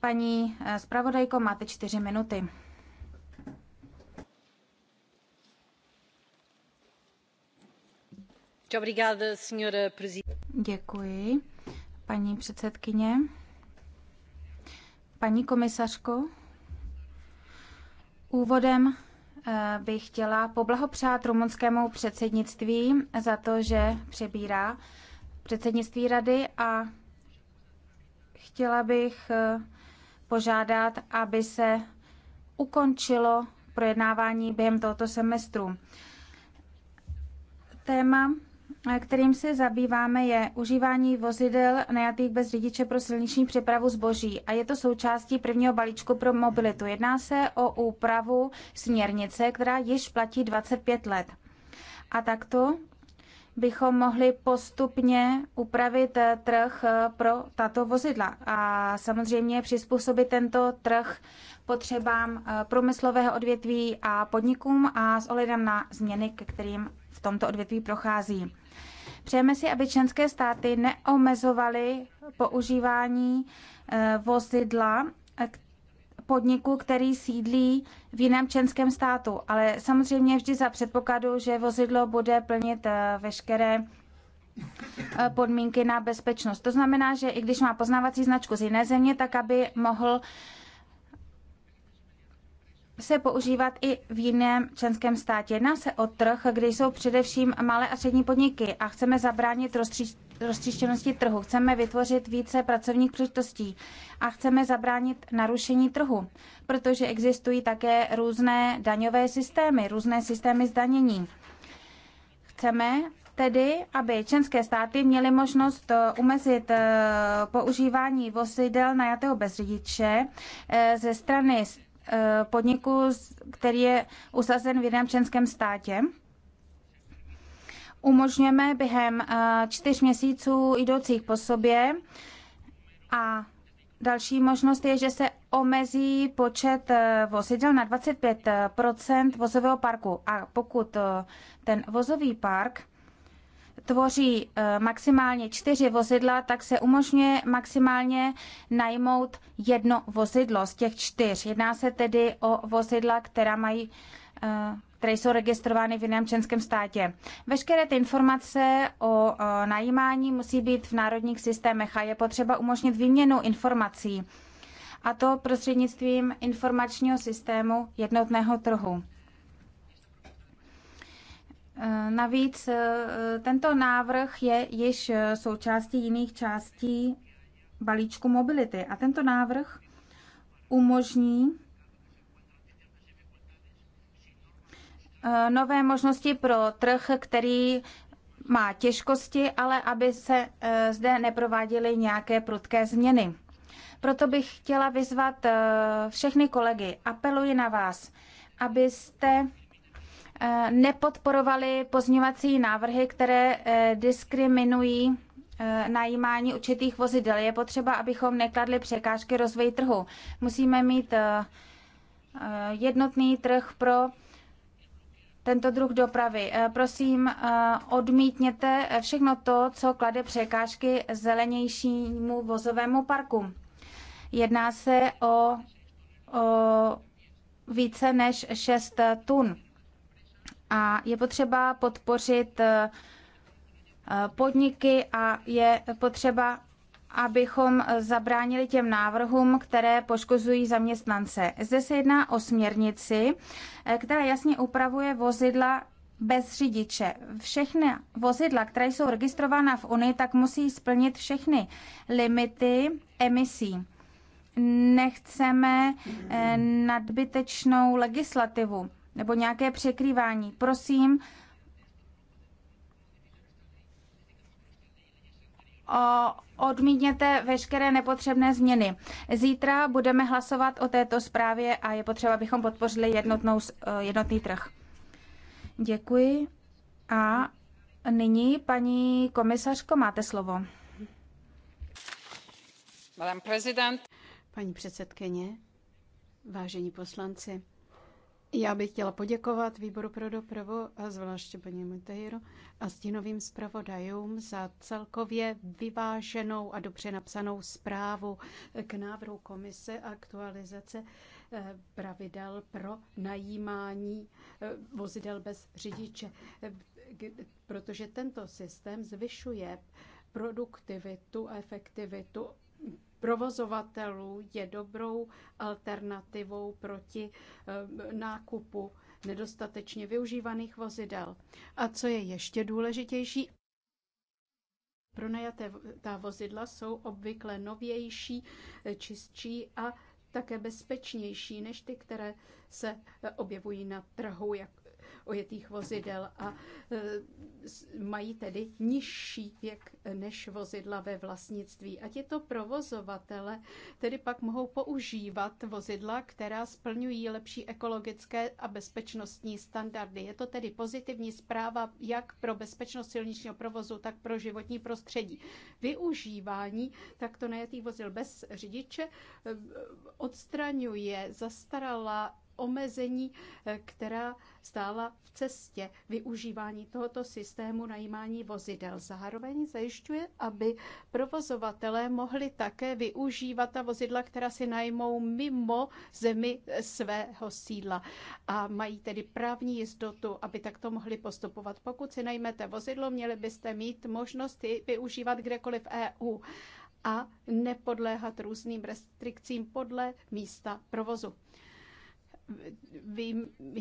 Paní eh, zpravodajko, máte čtyři minuty. Děkuji, paní předsedkyně. Paní komisařko, Úvodem eh, bych chtěla poblahopřát rumunskému předsednictví za to, že přebírá předsednictví rady a chtěla bych eh, požádat, aby se ukončilo projednávání během tohoto semestru. Téma kterým se zabýváme, je užívání vozidel najatých bez řidiče pro silniční přepravu zboží a je to součástí prvního balíčku pro mobilitu. Jedná se o úpravu směrnice, která již platí 25 let. A takto bychom mohli postupně upravit trh pro tato vozidla a samozřejmě přizpůsobit tento trh potřebám průmyslového odvětví a podnikům a s ohledem na změny, ke kterým tomto odvětví prochází. Přejeme si, aby členské státy neomezovaly používání eh, vozidla eh, podniku, který sídlí v jiném členském státu, ale samozřejmě vždy za předpokladu, že vozidlo bude plnit eh, veškeré podmínky na bezpečnost. To znamená, že i když má poznávací značku z jiné země, tak aby mohl se používat i v jiném členském státě. Jedná se o trh, kde jsou především malé a střední podniky a chceme zabránit roztříštěnosti trhu. Chceme vytvořit více pracovních příležitostí a chceme zabránit narušení trhu, protože existují také různé daňové systémy, různé systémy zdanění. Chceme, tedy, aby členské státy měly možnost umezit eh, eh, používání vozidel najatého bez řidiče eh, ze strany Eh, podniku, který je usazen v jiném členském státě. Umožňujeme během eh, čtyř měsíců jdoucích po sobě a Další možnost je, že se omezí počet eh, vozidel na 25 vozového parku. A pokud ten vozový park tvoří eh, maximálně čtyři vozidla, tak se umožňuje maximálně najmout jedno vozidlo z těch čtyř. Jedná se tedy o vozidla, která mají eh, které jsou registrovány v jiném členském státě. Veškeré ty informace o eh, najímání musí být v národních systémech a je potřeba umožnit výměnu informací, a to prostřednictvím informačního systému jednotného trhu. Eh, navíc eh, tento návrh je již eh, součástí jiných částí balíčku mobility a tento návrh umožní nové možnosti pro trh, který má těžkosti, ale aby se zde neprováděly nějaké prudké změny. Proto bych chtěla vyzvat všechny kolegy, apeluji na vás, abyste Eh, nepodporovali pozňovací návrhy, které eh, diskriminují eh, najímání určitých vozidel. Je potřeba, abychom nekladli překážky rozvoji trhu. Musíme mít jednotný trh pro tento druh dopravy. Prosím, odmítněte všechno to, co klade překážky zelenějšímu vozovému parku. Jedná se o, o více než 6 tun a je potřeba podpořit eh, podniky a je potřeba, abychom zabránili těm návrhům, které poškozují zaměstnance. Zde se jedná o směrnici, eh, která jasně upravuje vozidla bez řidiče. Všechny vozidla, která jsou registrována v Unii, tak musí splnit všechny limity emisí. Nechceme eh, nadbytečnou legislativu nebo nějaké překrývání. Prosím, odmítněte veškeré nepotřebné změny. Zítra budeme hlasovat o této zprávě a je potřeba, abychom podpořili jednotnou, eh, jednotný trh. Děkuji. A nyní, paní komisařko, máte slovo. Madame President. Paní předsedkyně, vážení poslanci, já bych chtěla poděkovat výboru pro dopravu a zvláště paní Monteiru a stínovým zpravodajům za celkově vyváženou a dobře napsanou zprávu k návrhu komise aktualizace eh, pravidel pro najímání eh, vozidel bez řidiče, eh, protože tento systém zvyšuje produktivitu a efektivitu provozovatelů je dobrou alternativou proti eh, nákupu nedostatečně využívaných vozidel. A co je ještě důležitější, pronajaté ta vozidla jsou obvykle novější, eh, čistší a také bezpečnější než ty, které se eh, objevují na trhu, jak ojetých vozidel a e, mají tedy nižší věk než vozidla ve vlastnictví. A tito provozovatele tedy pak mohou používat vozidla, která splňují lepší ekologické a bezpečnostní standardy. Je to tedy pozitivní zpráva jak pro bezpečnost silničního provozu, tak pro životní prostředí. Využívání takto najetých vozidel bez řidiče e, odstraňuje zastaralá omezení, eh, která stála v cestě využívání tohoto systému najímání vozidel. Zároveň zajišťuje, aby provozovatelé mohli také využívat ta vozidla, která si najmou mimo zemi eh, svého sídla a mají tedy právní jistotu, aby takto mohli postupovat. Pokud si najmete vozidlo, měli byste mít možnost ji využívat kdekoliv v EU a nepodléhat různým restrikcím podle místa provozu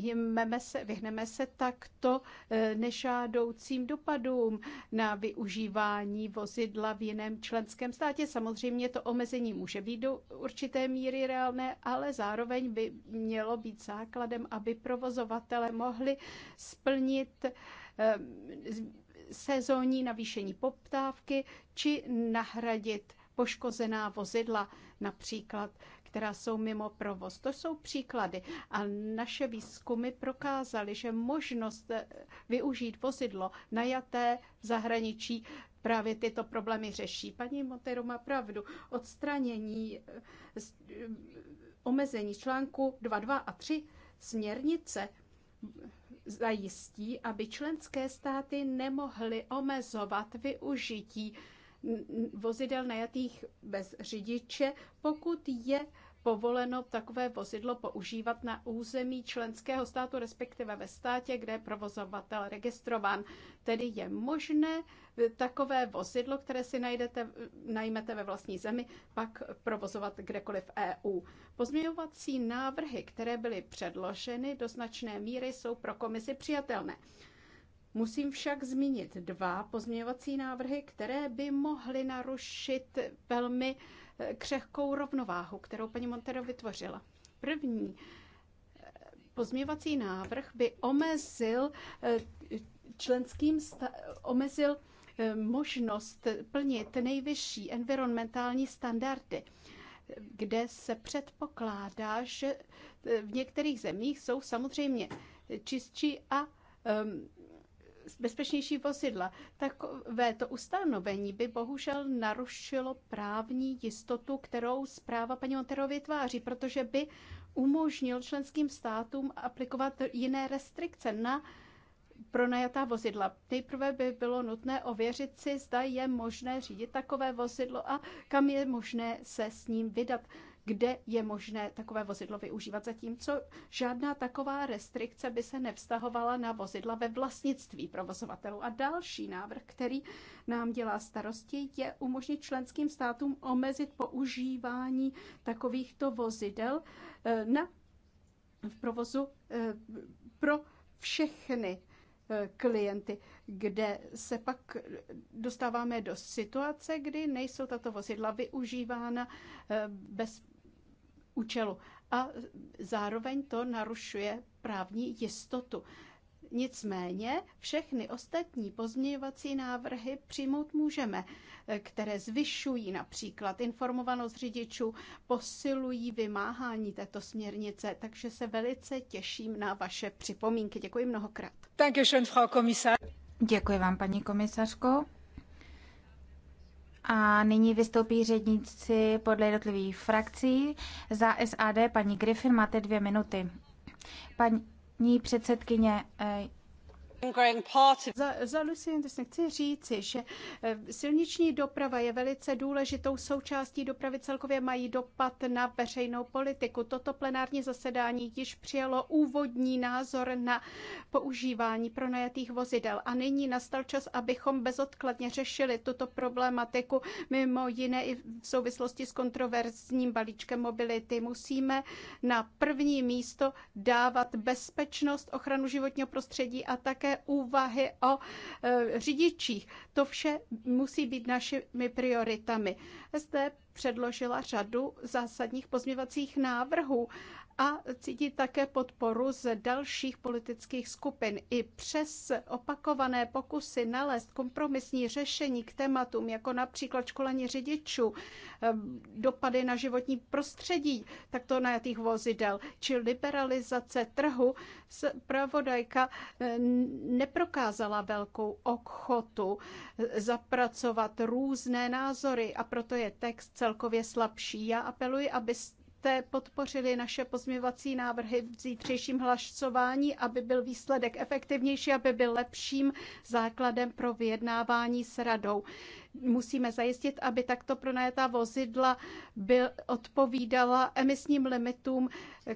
vyhneme se, vyhneme se takto eh, nežádoucím dopadům na využívání vozidla v jiném členském státě. Samozřejmě to omezení může být do určité míry reálné, ale zároveň by mělo být základem, aby provozovatele mohli splnit eh, sezónní navýšení poptávky či nahradit poškozená vozidla například která jsou mimo provoz. To jsou příklady a naše výzkumy prokázaly, že možnost eh, využít vozidlo najaté v zahraničí právě tyto problémy řeší. Paní Montero má pravdu. Odstranění eh, eh, omezení článku 2 a 3 směrnice zajistí, aby členské státy nemohly omezovat využití vozidel najatých bez řidiče, pokud je povoleno takové vozidlo používat na území členského státu, respektive ve státě, kde je provozovatel registrován. Tedy je možné e, takové vozidlo, které si najdete, e, najmete ve vlastní zemi, pak provozovat kdekoliv v EU. Pozměňovací návrhy, které byly předloženy do značné míry, jsou pro komisi přijatelné. Musím však zmínit dva pozměňovací návrhy, které by mohly narušit velmi eh, křehkou rovnováhu, kterou paní Montero vytvořila. První eh, pozměňovací návrh by omezil eh, členským omezil možnost plnit nejvyšší environmentální standardy, kde se předpokládá, že v některých zemích jsou samozřejmě čistší a um, bezpečnější vozidla. Takové to ustanovení by bohužel narušilo právní jistotu, kterou zpráva paní Montero vytváří, protože by umožnil členským státům aplikovat jiné restrikce na pronajatá vozidla. Nejprve by bylo nutné ověřit si, zda je možné řídit takové vozidlo a kam je možné se s ním vydat kde je možné takové vozidlo využívat, zatímco žádná taková restrikce by se nevztahovala na vozidla ve vlastnictví provozovatelů. A další návrh, který nám dělá starosti, je umožnit členským státům omezit používání takovýchto vozidel eh, na, v provozu eh, pro všechny eh, klienty, kde se pak dostáváme do situace, kdy nejsou tato vozidla využívána bez účelu. A zároveň to narušuje právní jistotu. Nicméně všechny ostatní pozměňovací návrhy přijmout můžeme, které zvyšují například informovanost řidičů, posilují vymáhání této směrnice, takže se velice těším na vaše připomínky. Děkuji mnohokrát. Děkuji vám, paní komisařko. A nyní vystoupí řednici podle jednotlivých frakcí. Za SAD paní Griffin máte dvě minuty. Paní předsedkyně, eh, za, Lucy Anderson chci říci, že eh, silniční doprava je velice důležitou součástí dopravy. Celkově mají dopad na veřejnou politiku. Toto plenární zasedání již přijalo úvodní názor na používání pronajatých vozidel. A nyní nastal čas, abychom bezodkladně řešili tuto problematiku, mimo jiné i v souvislosti s kontroverzním balíčkem mobility. Musíme na první místo dávat bezpečnost, ochranu životního prostředí a také úvahy o e, řidičích. To vše musí být našimi prioritami. Zde předložila řadu zásadních pozměvacích návrhů a cítí také podporu z dalších politických skupin. I přes opakované pokusy nalézt kompromisní řešení k tématům, jako například školení řidičů, ehm, dopady na životní prostředí tak na najatých vozidel, či liberalizace trhu, pravodajka ehm, neprokázala velkou ochotu ehm, zapracovat různé názory a proto je text celkově slabší. Já apeluji, aby abyste podpořili naše pozměvací návrhy v zítřejším hlasování, aby byl výsledek efektivnější, aby byl lepším základem pro vyjednávání s radou. Musíme zajistit, aby takto pronajetá vozidla byl, odpovídala emisním limitům,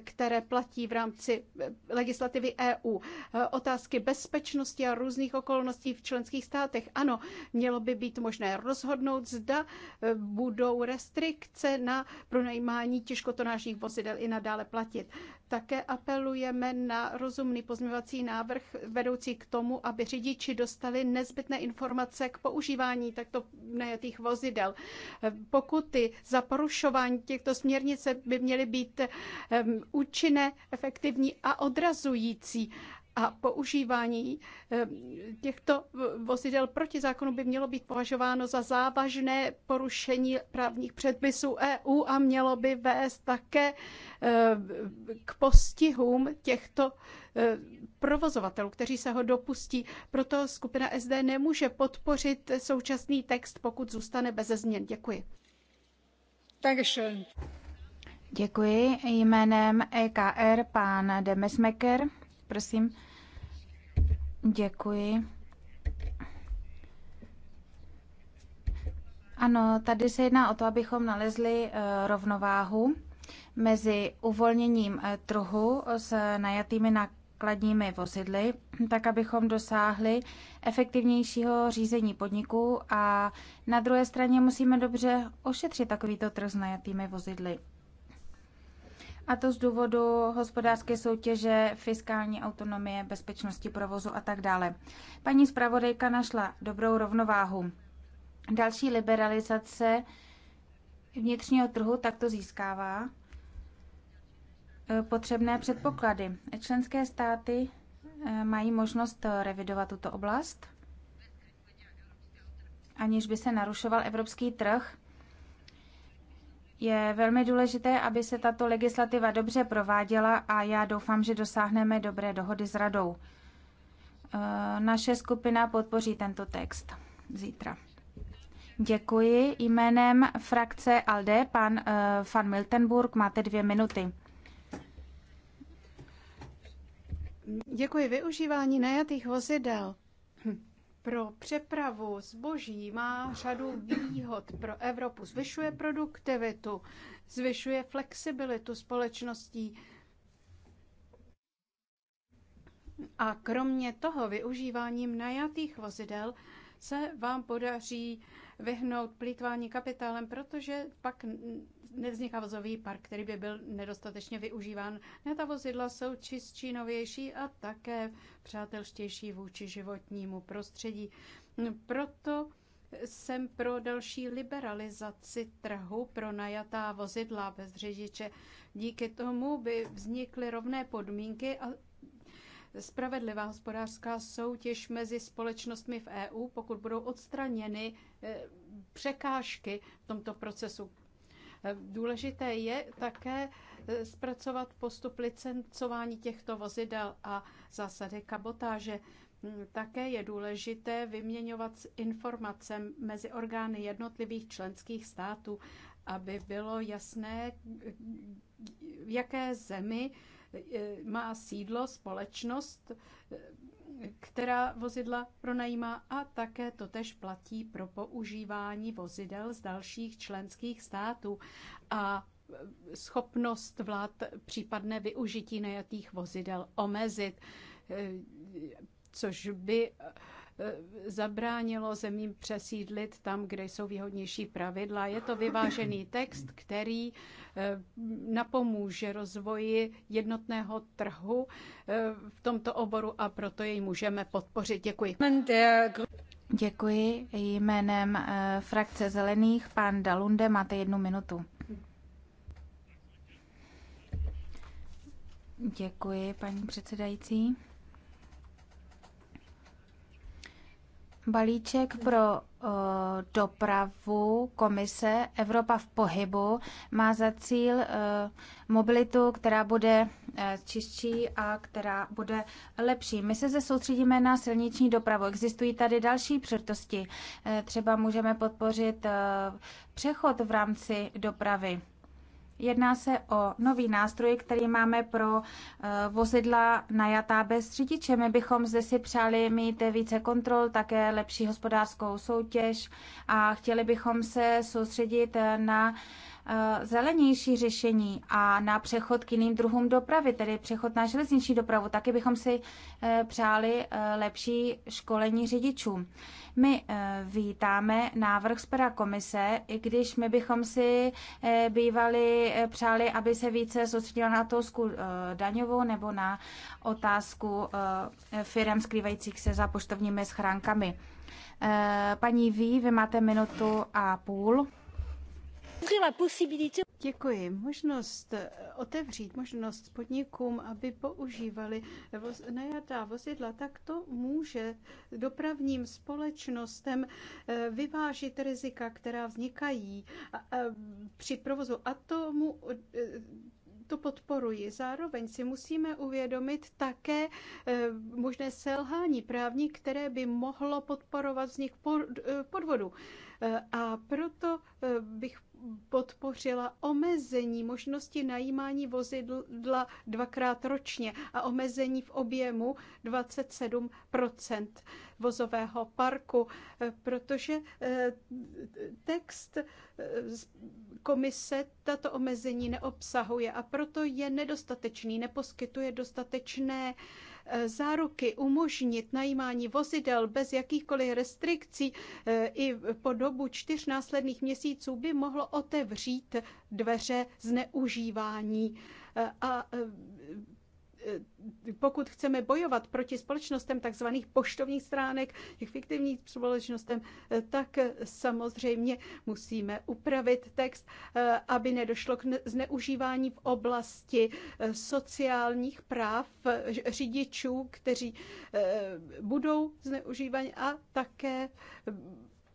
které platí v rámci eh, legislativy EU. Eh, otázky bezpečnosti a různých okolností v členských státech. Ano, mělo by být možné rozhodnout, zda eh, budou restrikce na pronajímání těžkotonážních vozidel i nadále platit. Také apelujeme na rozumný pozměvací návrh vedoucí k tomu, aby řidiči dostali nezbytné informace k používání takto nejatých vozidel. Pokuty za porušování těchto směrnic by měly být účinné, efektivní a odrazující a používání eh, těchto vozidel proti zákonu by mělo být považováno za závažné porušení právních předpisů EU a mělo by vést také eh, k postihům těchto eh, provozovatelů, kteří se ho dopustí. Proto skupina SD nemůže podpořit současný text, pokud zůstane bez změn. Děkuji. Dankeschön. Děkuji. Jménem EKR pan Demesmeker, prosím. Děkuji. Ano, tady se jedná o to, abychom nalezli eh, rovnováhu mezi uvolněním eh, trhu s najatými nákladními vozidly, tak abychom dosáhli efektivnějšího řízení podniku a na druhé straně musíme dobře ošetřit takovýto trh s najatými vozidly. A to z důvodu hospodářské soutěže, fiskální autonomie, bezpečnosti provozu a tak dále. Paní zpravodajka našla dobrou rovnováhu. Další liberalizace vnitřního trhu takto získává eh, potřebné předpoklady. Členské státy eh, mají možnost revidovat tuto oblast, aniž by se narušoval evropský trh je velmi důležité, aby se tato legislativa dobře prováděla a já doufám, že dosáhneme dobré dohody s radou. Eh, naše skupina podpoří tento text zítra. Děkuji. Jménem frakce ALDE pan uh, van Miltenburg máte dvě minuty. Děkuji. Využívání najatých vozidel hm pro přepravu zboží má řadu výhod pro Evropu. Zvyšuje produktivitu, zvyšuje flexibilitu společností. A kromě toho využíváním najatých vozidel se vám podaří vyhnout plítvání kapitálem, protože pak nevzniká vozový park, který by byl nedostatečně využíván. Ne, ta vozidla jsou čistší, novější a také přátelštější vůči životnímu prostředí. Proto jsem pro další liberalizaci trhu pro najatá vozidla bez řidiče. Díky tomu by vznikly rovné podmínky a spravedlivá hospodářská soutěž mezi společnostmi v EU, pokud budou odstraněny eh, překážky v tomto procesu. Důležité je také eh, zpracovat postup licencování těchto vozidel a zásady kabotáže. Mm, také je důležité vyměňovat informace mezi orgány jednotlivých členských států, aby bylo jasné, v jaké zemi eh, má sídlo společnost která vozidla pronajímá a také to tež platí pro používání vozidel z dalších členských států a e, schopnost vlád případné využití najatých vozidel omezit, e, což by Eh, zabránilo zemím přesídlit tam, kde jsou výhodnější pravidla. Je to vyvážený text, který eh, napomůže rozvoji jednotného trhu eh, v tomto oboru a proto jej můžeme podpořit. Děkuji. Děkuji. Jménem frakce Zelených, pan Dalunde, máte jednu minutu. Děkuji, paní předsedající. Balíček pro eh, dopravu komise Evropa v pohybu má za cíl eh, mobilitu, která bude eh, čistší a která bude lepší. My se soustředíme na silniční dopravu. Existují tady další Uh, Třeba můžeme podpořit přechod v rámci dopravy. Jedná se o nový nástroj, který máme pro eh, vozidla najatá bez řidiče. My bychom zde si přáli mít více kontrol, také lepší hospodářskou soutěž a chtěli bychom se soustředit eh, na Eh, zelenější řešení a na přechod k jiným druhům dopravy, tedy přechod na železniční dopravu. Taky bychom si eh, přáli eh, lepší školení řidičů. My vítáme návrh z pera komise, i když my bychom si bývali přáli, aby se více soustředila na otázku daňovou nebo na otázku firm skrývajících se za poštovními schránkami. Paní Ví, vy máte minutu a půl. Děkuji. Možnost eh, otevřít možnost podnikům, aby používali voz, najatá vozidla, tak to může dopravním společnostem eh, vyvážit rizika, která vznikají při provozu. A tomu eh, to podporuji. Zároveň si musíme uvědomit také možné selhání právní, které by mohlo podporovat vznik podvodu. A proto bych podpořila omezení možnosti najímání vozidla dvakrát ročně a omezení v objemu 27 vozového parku, protože eh, text eh, komise tato omezení neobsahuje a proto je nedostatečný, neposkytuje dostatečné záruky umožnit najímání vozidel bez jakýchkoliv restrikcí e, i po dobu čtyř následných měsíců by mohlo otevřít dveře zneužívání e, a e, Eh, pokud chceme bojovat proti společnostem tzv. poštovních stránek, těch fiktivních společnostem, eh, tak eh, samozřejmě musíme upravit text, aby nedošlo k zneužívání v oblasti sociálních práv řidičů, kteří budou zneužívaní a také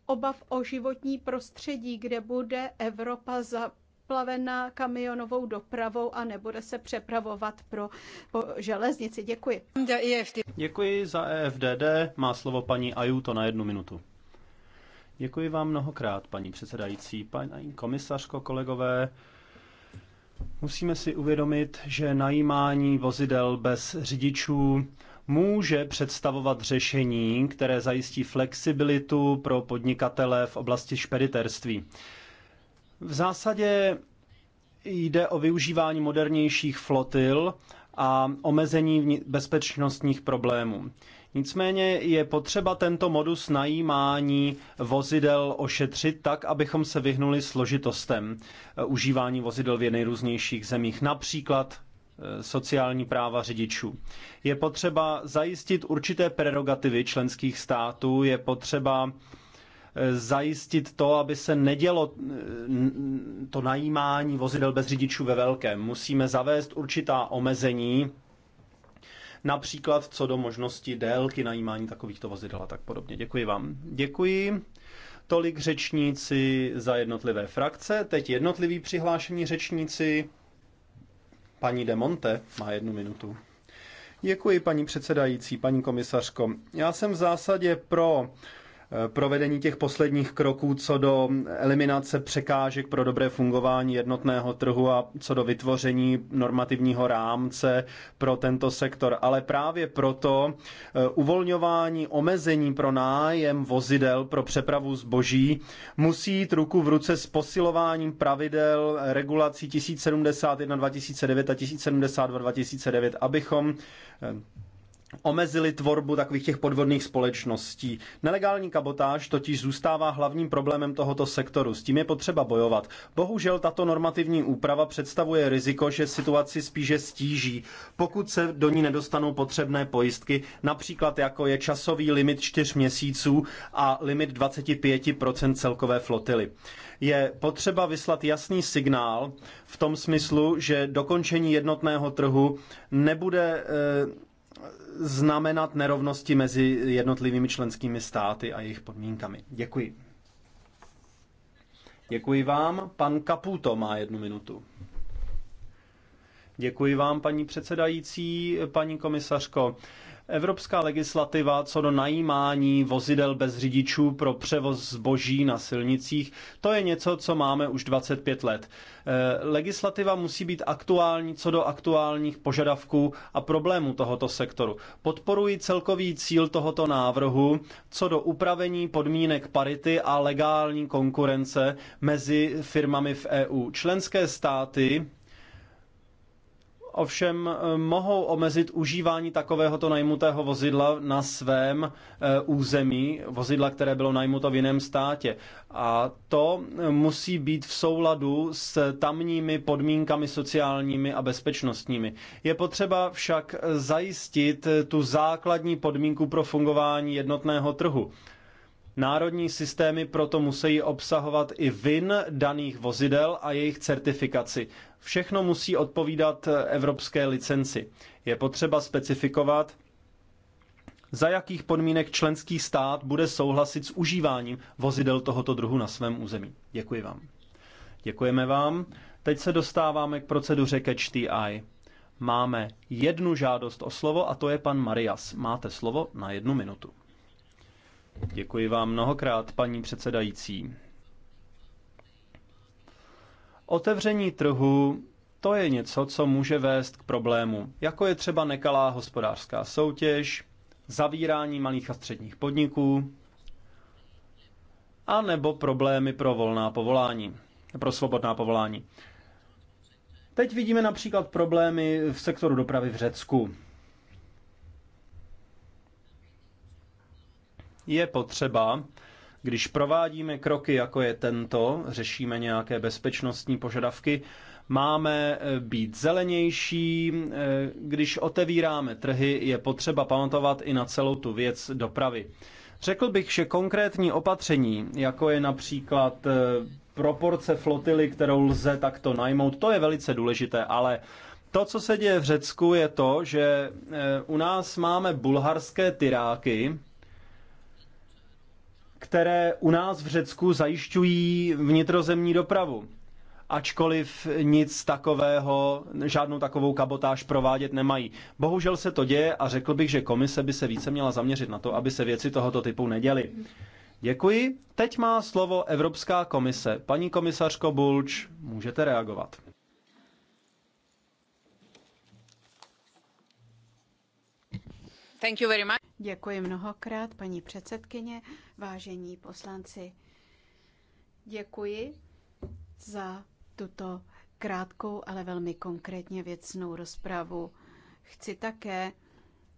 obav o životní prostředí, kde bude Evropa za zaplavena kamionovou dopravou a nebude se přepravovat pro po železnici. Děkuji. Děkuji za EFDD. Má slovo paní Ajuto na jednu minutu. Děkuji vám mnohokrát, paní předsedající, paní komisařko, kolegové. Musíme si uvědomit, že najímání vozidel bez řidičů může představovat řešení, které zajistí flexibilitu pro podnikatele v oblasti špediterství. V zásadě jde o využívání modernějších flotil a omezení bezpečnostních problémů. Nicméně je potřeba tento modus najímání vozidel ošetřit tak, abychom se vyhnuli složitostem eh, užívání vozidel v nejrůznějších zemích, například eh, sociální práva řidičů. Je potřeba zajistit určité prerogativy členských států, je potřeba zajistit to, aby se nedělo eh, to najímání vozidel bez řidičů ve velkém. Musíme zavést určitá omezení, například co do možnosti délky najímání takovýchto vozidel a tak podobně. Děkuji vám. Děkuji. Tolik řečníci za jednotlivé frakce. Teď jednotliví přihlášení řečníci. Paní De Monte má jednu minutu. Děkuji, paní předsedající, paní komisařko. Já jsem v zásadě pro Eh, provedení těch posledních kroků co do eliminace překážek pro dobré fungování jednotného trhu a co do vytvoření normativního rámce pro tento sektor. Ale právě proto eh, uvolňování omezení pro nájem vozidel pro přepravu zboží musí jít ruku v ruce s posilováním pravidel eh, regulací 1071 2009 a 1072 2009, abychom omezili tvorbu takových těch podvodných společností. Nelegální kabotáž totiž zůstává hlavním problémem tohoto sektoru. S tím je potřeba bojovat. Bohužel tato normativní úprava představuje riziko, že situaci spíše stíží, pokud se do ní nedostanou potřebné pojistky, například jako je časový limit 4 měsíců a limit 25% celkové flotily. Je potřeba vyslat jasný signál v tom smyslu, že dokončení jednotného trhu nebude e, znamenat nerovnosti mezi jednotlivými členskými státy a jejich podmínkami. Děkuji. Děkuji vám. Pan Kaputo má jednu minutu. Děkuji vám, paní předsedající, paní komisařko. Evropská legislativa co do najímání vozidel bez řidičů pro převoz zboží na silnicích, to je něco, co máme už 25 let. Eh, legislativa musí být aktuální co do aktuálních požadavků a problémů tohoto sektoru. Podporuji celkový cíl tohoto návrhu co do upravení podmínek parity a legální konkurence mezi firmami v EU. Členské státy ovšem eh, mohou omezit užívání takovéhoto najmutého vozidla na svém eh, území, vozidla, které bylo najmuto v jiném státě. A to eh, musí být v souladu s tamními podmínkami sociálními a bezpečnostními. Je potřeba však zajistit tu základní podmínku pro fungování jednotného trhu. Národní systémy proto musí obsahovat i VIN daných vozidel a jejich certifikaci. Všechno musí odpovídat eh, evropské licenci. Je potřeba specifikovat, za jakých podmínek členský stát bude souhlasit s užíváním vozidel tohoto druhu na svém území. Děkuji vám. Děkujeme vám. Teď se dostáváme k proceduře Catch the Eye. Máme jednu žádost o slovo a to je pan Marias. Máte slovo na jednu minutu. Děkuji vám mnohokrát, paní předsedající. Otevření trhu to je něco, co může vést k problému, jako je třeba nekalá hospodářská soutěž, zavírání malých a středních podniků, a nebo problémy pro volná povolání, pro svobodná povolání. Teď vidíme například problémy v sektoru dopravy v Řecku. Je potřeba, když provádíme kroky, jako je tento, řešíme nějaké bezpečnostní požadavky, máme eh, být zelenější. Eh, když otevíráme trhy, je potřeba pamatovat i na celou tu věc dopravy. Řekl bych, že konkrétní opatření, jako je například eh, proporce flotily, kterou lze takto najmout, to je velice důležité, ale to, co se děje v Řecku, je to, že u nás máme bulharské tyráky, které u nás v Řecku zajišťují vnitrozemní dopravu. Ačkoliv nic takového, žádnou takovou kabotáž provádět nemají. Bohužel se to děje a řekl bych, že komise by se více měla zaměřit na to, aby se věci tohoto typu neděly. Děkuji. Teď má slovo Evropská komise. Paní komisařko Bulč, můžete reagovat. Děkuji mnohokrát, paní předsedkyně vážení poslanci. Děkuji za tuto krátkou, ale velmi konkrétně věcnou rozpravu. Chci také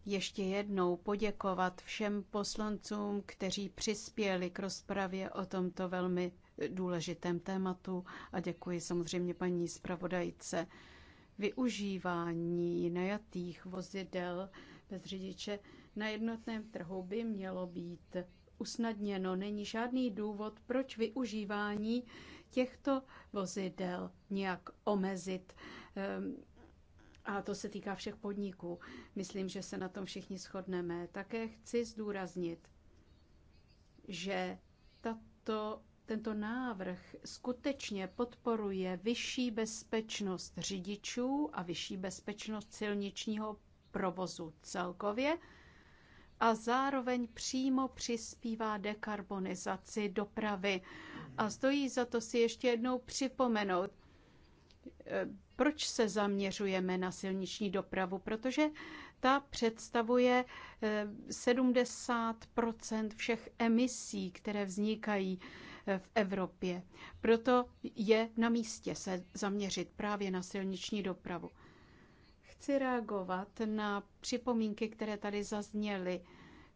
ještě jednou poděkovat všem poslancům, kteří přispěli k rozpravě o tomto velmi důležitém tématu a děkuji samozřejmě paní zpravodajce. Využívání najatých vozidel bez řidiče na jednotném trhu by mělo být usnadněno. Není žádný důvod, proč využívání těchto vozidel nějak omezit. Ehm, a to se týká všech podniků. Myslím, že se na tom všichni shodneme. Také chci zdůraznit, že tato, tento návrh skutečně podporuje vyšší bezpečnost řidičů a vyšší bezpečnost silničního provozu celkově a zároveň přímo přispívá dekarbonizaci dopravy. A stojí za to si ještě jednou připomenout, eh, proč se zaměřujeme na silniční dopravu, protože ta představuje 70 eh, všech emisí, které vznikají eh, v Evropě. Proto je na místě se zaměřit právě na silniční dopravu. Chci reagovat na připomínky, které tady zazněly.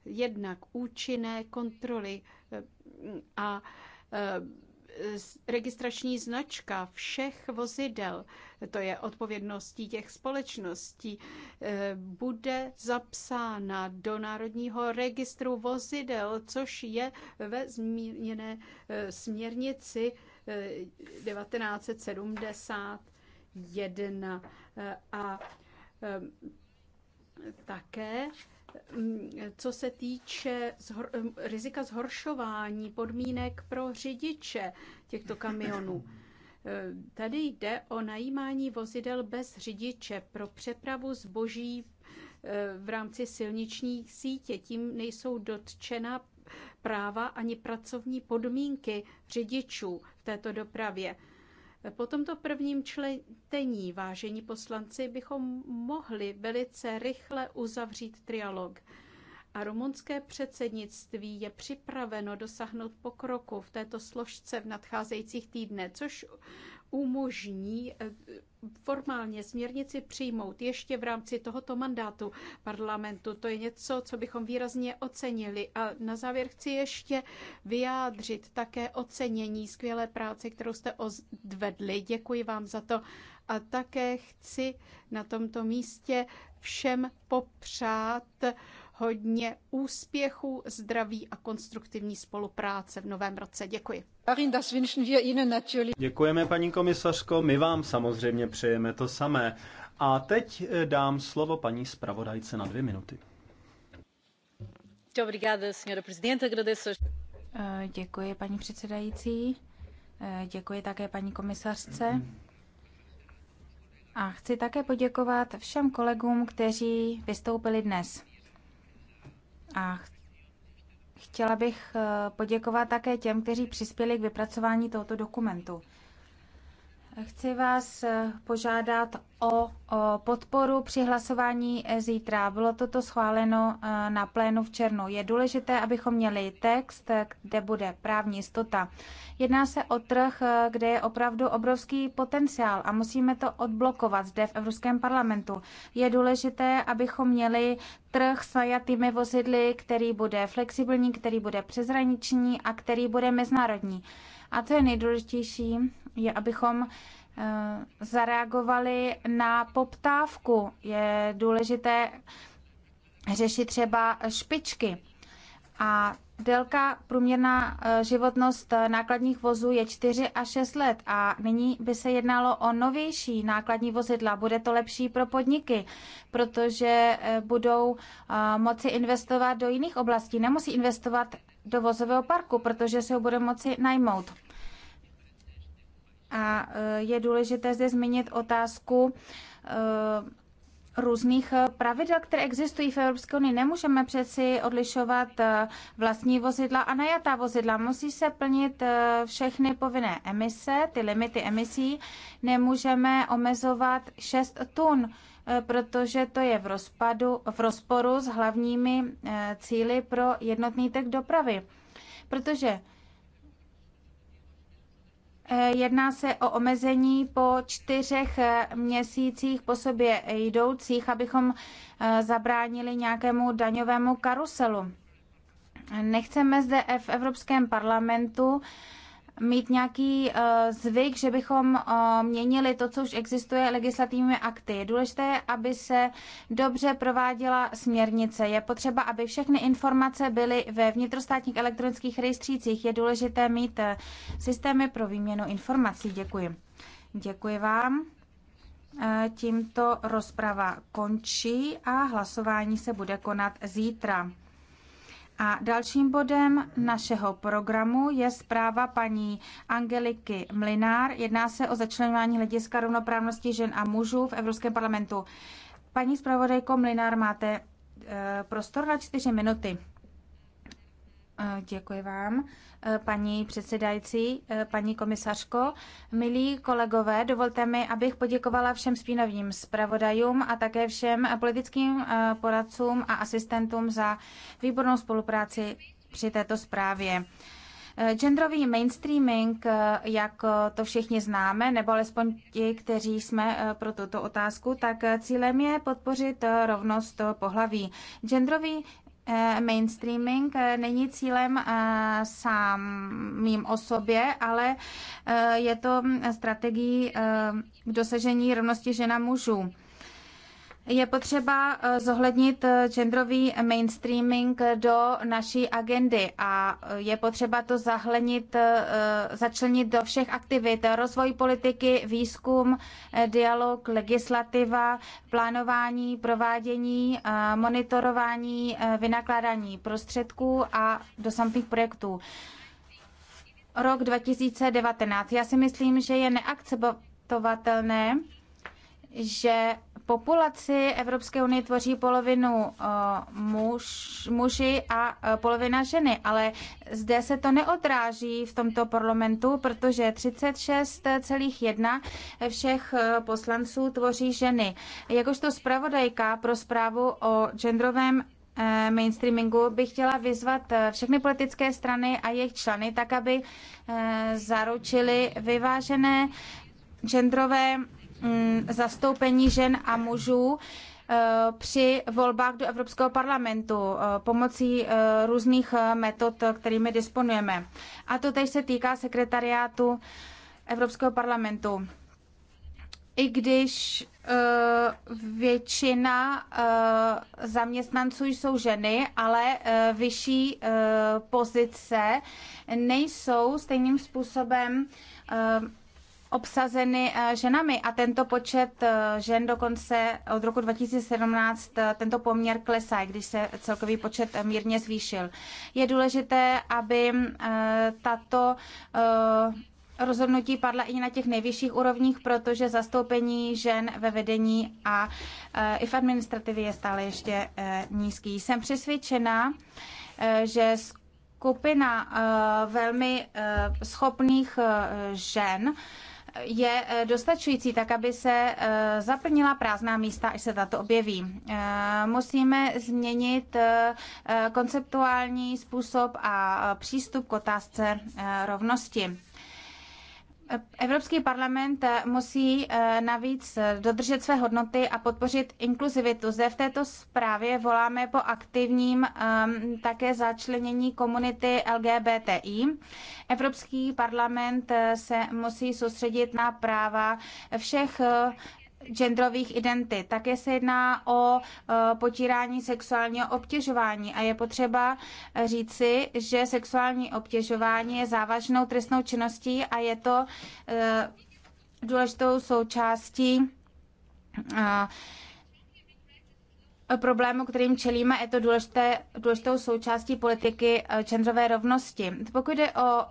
Jednak účinné kontroly eh, a eh, registrační značka všech vozidel, to je odpovědností těch společností, eh, bude zapsána do Národního registru vozidel, což je ve zmíněné směrnici 1971. A Ehm, také ehm, co se týče zhor- ehm, rizika zhoršování podmínek pro řidiče těchto kamionů. Tady jde o najímání vozidel bez řidiče pro přepravu zboží v rámci silniční sítě. Tím nejsou dotčena práva ani pracovní podmínky řidičů v této dopravě. Po tomto prvním čtení, vážení poslanci, bychom mohli velice rychle uzavřít trialog a rumunské předsednictví je připraveno dosáhnout pokroku v této složce v nadcházejících týdnech, což umožní eh, formálně směrnici přijmout ještě v rámci tohoto mandátu parlamentu. To je něco, co bychom výrazně ocenili. A na závěr chci ještě vyjádřit také ocenění skvělé práce, kterou jste odvedli. Děkuji vám za to. A také chci na tomto místě všem popřát hodně úspěchů, zdraví a konstruktivní spolupráce v novém roce. Děkuji. Děkujeme, paní komisařko. My vám samozřejmě přejeme to samé. A teď eh, dám slovo paní zpravodajce na dvě minuty. Eh, děkuji, paní předsedající. Eh, děkuji také paní komisařce. A chci také poděkovat všem kolegům, kteří vystoupili dnes. A chtěla bych eh, poděkovat také těm, kteří přispěli k vypracování tohoto dokumentu. Chci vás eh, požádat o podporu při hlasování eh, zítra. Bylo toto schváleno eh, na plénu v černu. Je důležité, abychom měli text, kde bude právní jistota. Jedná se o trh, kde je opravdu obrovský potenciál a musíme to odblokovat zde v Evropském parlamentu. Je důležité, abychom měli trh s najatými vozidly, který bude flexibilní, který bude přezraniční a který bude mezinárodní. A to je nejdůležitější, je, abychom eh, zareagovali na poptávku. Je důležité řešit třeba špičky. A délka průměrná eh, životnost eh, nákladních vozů je 4 a 6 let a nyní by se jednalo o novější nákladní vozidla. Bude to lepší pro podniky, protože budou moci investovat do jiných oblastí. Nemusí investovat do vozového parku, protože se ho bude moci najmout. A eh, je důležité zde zmínit otázku eh, různých eh, pravidel, které existují v Evropské unii. Nemůžeme přeci odlišovat vlastní vozidla a najatá vozidla. Musí se plnit všechny povinné emise, ty limity emisí. Nemůžeme omezovat 6 tun Eh, protože to je v, rozpadu, v rozporu s hlavními eh, cíly pro jednotný trh dopravy. Protože eh, Jedná se o omezení po čtyřech měsících po sobě jdoucích, abychom zabránili nějakému daňovému karuselu. Nechceme zde v Evropském parlamentu mít nějaký uh, zvyk, že bychom uh, měnili to, co už existuje legislativními akty. Je důležité, aby se dobře prováděla směrnice. Je potřeba, aby všechny informace byly ve vnitrostátních elektronických rejstřících. Je důležité mít uh, systémy pro výměnu informací. Děkuji. Děkuji vám. Tímto rozprava končí a hlasování se bude konat zítra. A dalším bodem našeho programu je zpráva paní Angeliky Mlinár. Jedná se o začlenování hlediska rovnoprávnosti žen a mužů v Evropském parlamentu. Paní zpravodajko Mlinár, máte eh, prostor na čtyři minuty. Eh, děkuji vám, eh, paní předsedající, eh, paní komisařko. Milí kolegové, dovolte mi, abych poděkovala všem spínovým zpravodajům a také všem politickým poradcům a asistentům za výbornou spolupráci při této zprávě. Genderový mainstreaming, jak to všichni známe, nebo alespoň ti, kteří jsme pro tuto otázku, tak cílem je podpořit rovnost pohlaví. Genderový Eh, mainstreaming eh, není cílem eh, sám mým osobě, ale je to mm, strategií k dosažení rovnosti žena mužů. Je potřeba eh, zohlednit eh, genderový mainstreaming do naší agendy a eh, je potřeba to zahlenit, začlenit do všech aktivit, rozvoj politiky, výzkum, dialog, legislativa, plánování, provádění, monitorování, vynakládání prostředků a do samotných projektů. Rok 2019. Já si myslím, že je neakceptovatelné, že populaci Evropské unie tvoří polovinu eh, muž, muži a eh, polovina ženy, ale zde se to neodráží v tomto parlamentu, protože 36,1 všech eh, poslanců tvoří ženy. Jakožto zpravodajka pro zprávu o genderovém mainstreamingu bych chtěla vyzvat všechny politické strany a jejich členy tak, aby zaručili vyvážené genderové Mm, zastoupení žen a mužů eh, při volbách do Evropského parlamentu eh, pomocí eh, různých metod, kterými disponujeme. A to tež se týká sekretariátu Evropského parlamentu. I když většina zaměstnanců jsou ženy, ale vyšší pozice nejsou stejným způsobem obsazeny eh, ženami a tento počet eh, žen dokonce od roku 2017 eh, tento poměr klesá, když se celkový počet mírně zvýšil. Je důležité, aby tato rozhodnutí padla i na těch nejvyšších úrovních, protože zastoupení žen ve vedení a i v administrativě je stále ještě nízký. Jsem přesvědčena, že skupina velmi schopných žen, je eh, dostačující, tak aby se eh, zaplnila prázdná místa, až se tato objeví. Eh, musíme změnit konceptuální způsob a přístup k otázce rovnosti. Evropský parlament eh, musí eh, navíc eh, dodržet své hodnoty a podpořit inkluzivitu. Zde v této zprávě voláme po aktivním ehm, také začlenění komunity LGBTI. Evropský parlament se musí soustředit na práva všech genderových identit. Také se jedná o e, potírání sexuálního obtěžování a je potřeba říci, že sexuální obtěžování je závažnou trestnou činností a je to e, důležitou součástí e, problému, kterým čelíme, je to důležité, důležitou součástí politiky genderové rovnosti. Pokud jde o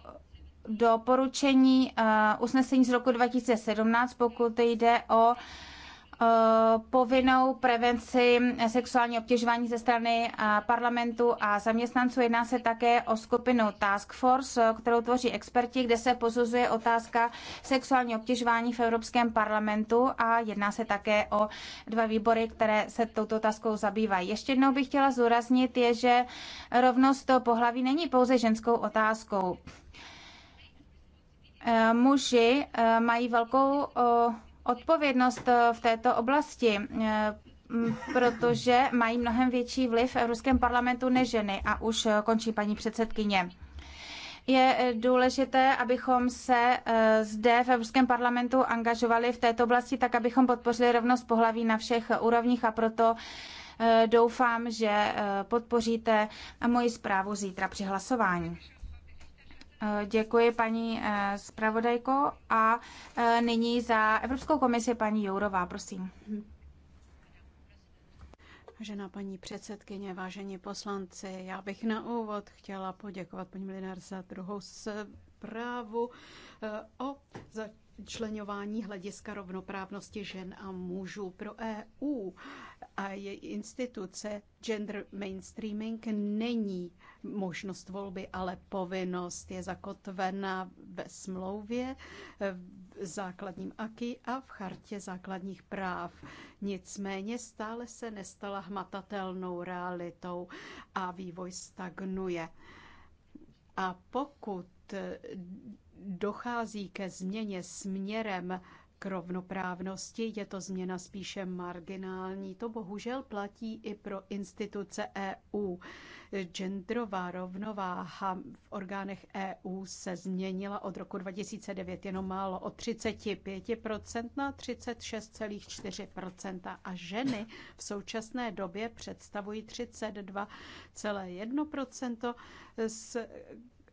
doporučení eh, usnesení z roku 2017, pokud jde o eh, povinnou prevenci sexuální obtěžování ze strany eh, parlamentu a zaměstnanců. Jedná se také o skupinu Task Force, kterou tvoří experti, kde se pozuzuje otázka sexuální obtěžování v Evropském parlamentu a jedná se také o dva výbory, které se touto otázkou zabývají. Ještě jednou bych chtěla zúraznit, je, že rovnost pohlaví není pouze ženskou otázkou. Eh, muži eh, mají velkou eh, odpovědnost v této oblasti, protože mají mnohem větší vliv v Evropském parlamentu než ženy. A už končí paní předsedkyně. Je důležité, abychom se zde v Evropském parlamentu angažovali v této oblasti, tak abychom podpořili rovnost pohlaví na všech úrovních a proto doufám, že podpoříte moji zprávu zítra při hlasování. Eh, děkuji paní eh, zpravodajko a eh, nyní za Evropskou komisi paní Jourová, prosím. Vážená paní předsedkyně, vážení poslanci, já bych na úvod chtěla poděkovat paní Mlinar za druhou zprávu o za členování hlediska rovnoprávnosti žen a mužů pro EU a její instituce gender mainstreaming není možnost volby, ale povinnost je zakotvena ve smlouvě, v základním aky a v chartě základních práv. Nicméně stále se nestala hmatatelnou realitou a vývoj stagnuje. A pokud dochází ke změně směrem k rovnoprávnosti, je to změna spíše marginální. To bohužel platí i pro instituce EU. Genderová rovnováha v orgánech EU se změnila od roku 2009 jenom málo o 35% na 36,4% a ženy v současné době představují 32,1% z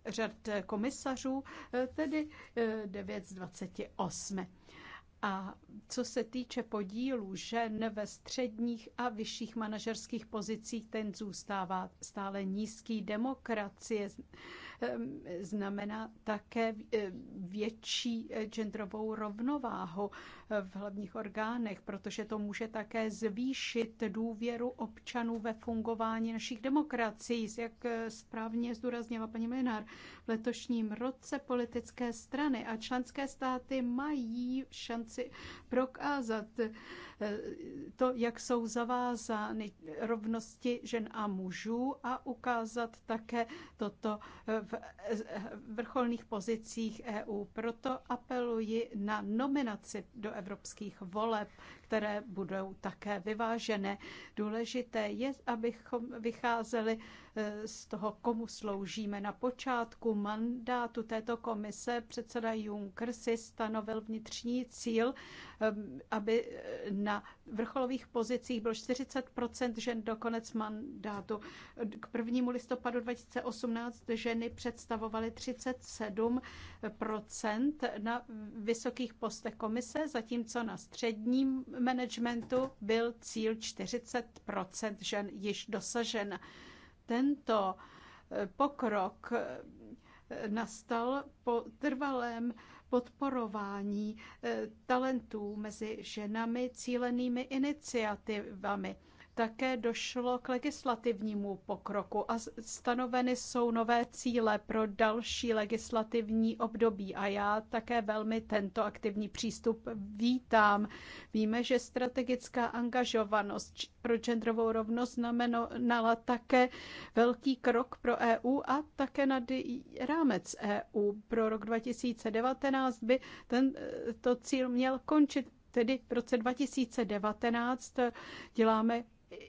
řad komisařů, eh, tedy 9 eh, z 28. A co se týče podílů žen ve středních a vyšších manažerských pozicích, ten zůstává stále nízký. Demokracie znamená také eh, větší eh, genderovou rovnováhu eh, v hlavních orgánech, protože to může také zvýšit důvěru občanů ve fungování našich demokracií. Jak správně zdůraznila paní Minár, v letošním roce politické strany a členské státy mají šanci prokázat, to, jak jsou zavázány rovnosti žen a mužů a ukázat také toto v vrcholných pozicích EU. Proto apeluji na nominaci do evropských voleb, které budou také vyvážené. Důležité je, abychom vycházeli Eh, z toho, komu sloužíme. Na počátku mandátu této komise předseda Juncker si stanovil vnitřní cíl, ehm, aby eh, na vrcholových pozicích bylo 40 žen do konec mandátu. K 1. listopadu 2018 ženy představovaly 37 na vysokých postech komise, zatímco na středním managementu byl cíl 40 žen již dosažen. Tento eh, pokrok eh, nastal po trvalém podporování eh, talentů mezi ženami cílenými iniciativami. Také došlo k legislativnímu pokroku a stanoveny jsou nové cíle pro další legislativní období a já také velmi tento aktivní přístup vítám. Víme, že strategická angažovanost pro genderovou rovnost znamenala také velký krok pro EU a také nad rámec EU. Pro rok 2019 by tento cíl měl končit tedy v roce 2019 děláme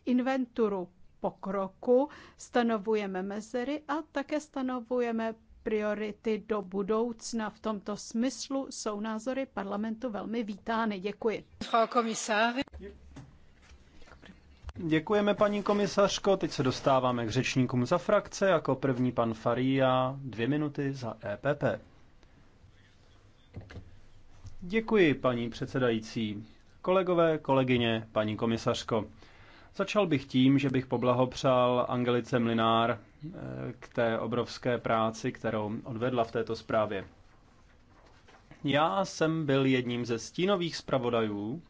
inventuru pokroku, stanovujeme mezery a také stanovujeme priority do budoucna. V tomto smyslu jsou názory parlamentu velmi vítány. Děkuji. Děkujeme, paní komisařko. Teď se dostáváme k řečníkům za frakce. Jako první pan Faria, dvě minuty za EPP. Děkuji, paní předsedající. Kolegové, kolegyně, paní komisařko. Začal bych tím, že bych poblahopřál Angelice Mlinár eh, k té obrovské práci, kterou odvedla v této zprávě. Já jsem byl jedním ze stínových zpravodajů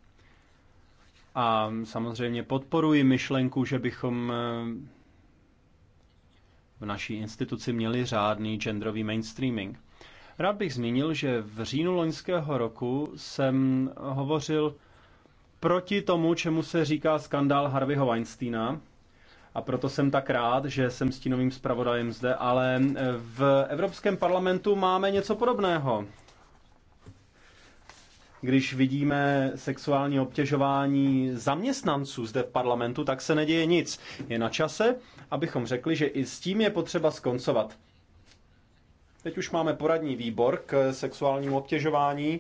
a samozřejmě podporuji myšlenku, že bychom eh, v naší instituci měli řádný genderový mainstreaming. Rád bych zmínil, že v říjnu loňského roku jsem hovořil proti tomu, čemu se říká skandál Harveyho Weinsteina. A proto jsem tak rád, že jsem stínovým zpravodajem zde, ale eh, v Evropském parlamentu máme něco podobného. Když vidíme sexuální obtěžování zaměstnanců zde v parlamentu, tak se neděje nic. Je na čase, abychom řekli, že i s tím je potřeba skoncovat. Teď už máme poradní výbor k sexuálnímu obtěžování,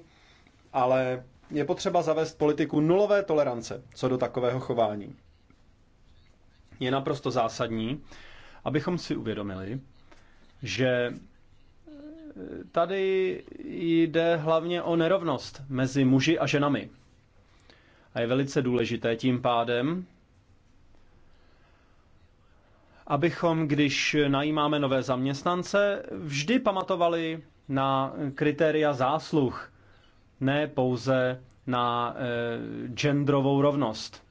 ale je potřeba zavést politiku nulové tolerance co do takového chování. Je naprosto zásadní, abychom si uvědomili, že eh, tady jde hlavně o nerovnost mezi muži a ženami. A je velice důležité tím pádem, abychom, když najímáme nové zaměstnance, vždy pamatovali na kritéria zásluh ne pouze na eh, genderovou rovnost.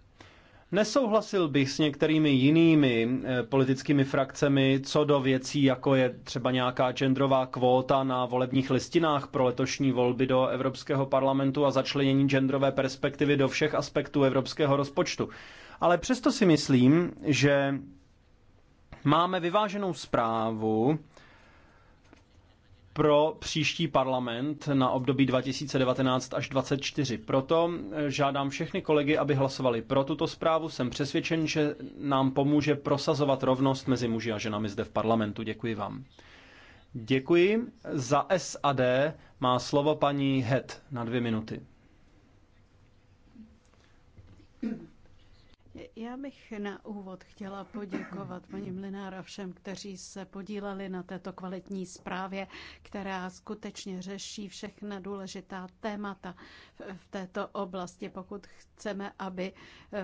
Nesouhlasil bych s některými jinými eh, politickými frakcemi co do věcí, jako je třeba nějaká genderová kvóta na volebních listinách pro letošní volby do Evropského parlamentu a začlenění genderové perspektivy do všech aspektů evropského rozpočtu. Ale přesto si myslím, že máme vyváženou zprávu, pro příští parlament na období 2019 až 2024. Proto eh, žádám všechny kolegy, aby hlasovali pro tuto zprávu. Jsem přesvědčen, že nám pomůže prosazovat rovnost mezi muži a ženami zde v parlamentu. Děkuji vám. Děkuji. Za SAD má slovo paní Het na dvě minuty. Já bych na úvod chtěla poděkovat paní Mlinára všem, kteří se podíleli na této kvalitní zprávě, která skutečně řeší všechna důležitá témata v této oblasti, pokud chceme, aby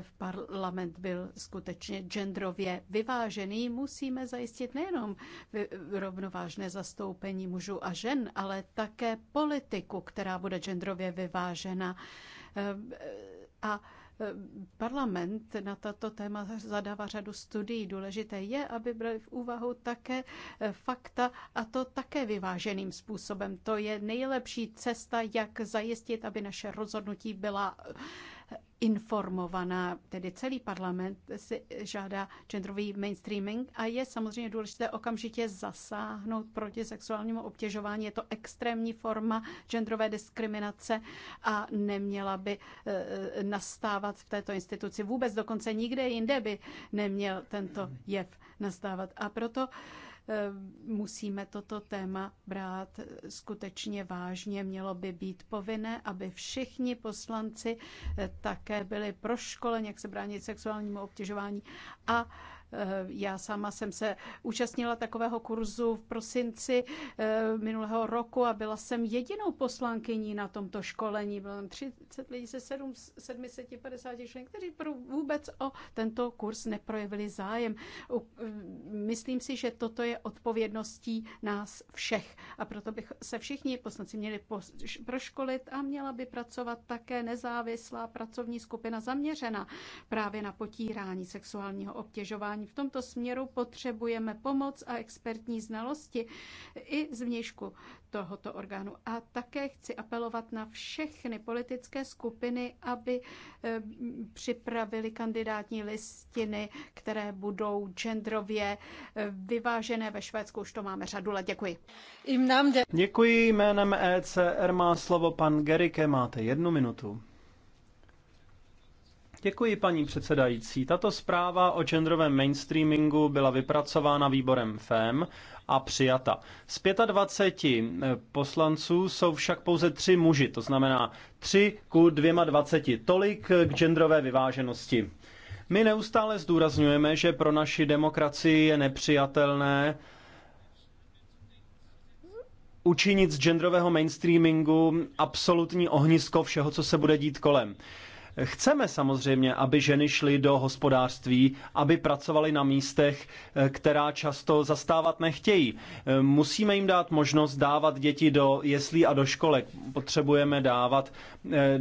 v parlament byl skutečně genderově vyvážený, musíme zajistit nejenom rovnovážné zastoupení mužů a žen, ale také politiku, která bude genderově vyvážena. Ehm, a Parlament na tato téma zadává řadu studií. Důležité je, aby brali v úvahu také eh, fakta a to také vyváženým způsobem. To je nejlepší cesta, jak zajistit, aby naše rozhodnutí byla informovaná, tedy celý parlament si žádá genderový mainstreaming a je samozřejmě důležité okamžitě zasáhnout proti sexuálnímu obtěžování. Je to extrémní forma genderové diskriminace a neměla by eh, eh, nastávat v této instituci vůbec, dokonce nikde jinde by neměl tento jev nastávat. A proto Ehm, musíme toto téma brát skutečně vážně. Mělo by být povinné, aby všichni poslanci eh, také byli proškoleni, jak se bránit sexuálnímu obtěžování a Eh, já sama jsem se účastnila takového kurzu v prosinci eh, minulého roku a byla jsem jedinou poslankyní na tomto školení. Bylo tam 30 lidí ze 750 členů, kteří vůbec o tento kurz neprojevili zájem. Eh, myslím si, že toto je odpovědností nás všech a proto bych se všichni poslanci měli proškolit a měla by pracovat také nezávislá pracovní skupina zaměřená právě na potírání sexuálního obtěžování vzdělávání. V tomto směru potřebujeme pomoc a expertní znalosti i zvnějšku tohoto orgánu. A také chci apelovat na všechny politické skupiny, aby eh, připravili kandidátní listiny, které budou genderově eh, vyvážené ve Švédsku. Už to máme řadu let. Děkuji. Děkuji jménem ECR má slovo pan Gerike. Máte jednu minutu. Děkuji, paní předsedající. Tato zpráva o genderovém mainstreamingu byla vypracována výborem FEM a přijata. Z 25 eh, poslanců jsou však pouze tři muži, to znamená 3 ku 22. Tolik k genderové vyváženosti. My neustále zdůrazňujeme, že pro naši demokracii je nepřijatelné učinit z genderového mainstreamingu absolutní ohnisko všeho, co se bude dít kolem. Chceme samozřejmě, aby ženy šly do hospodářství, aby pracovaly na místech, eh, která často zastávat nechtějí. Eh, musíme jim dát možnost dávat děti do jeslí a do školek. Potřebujeme dávat eh,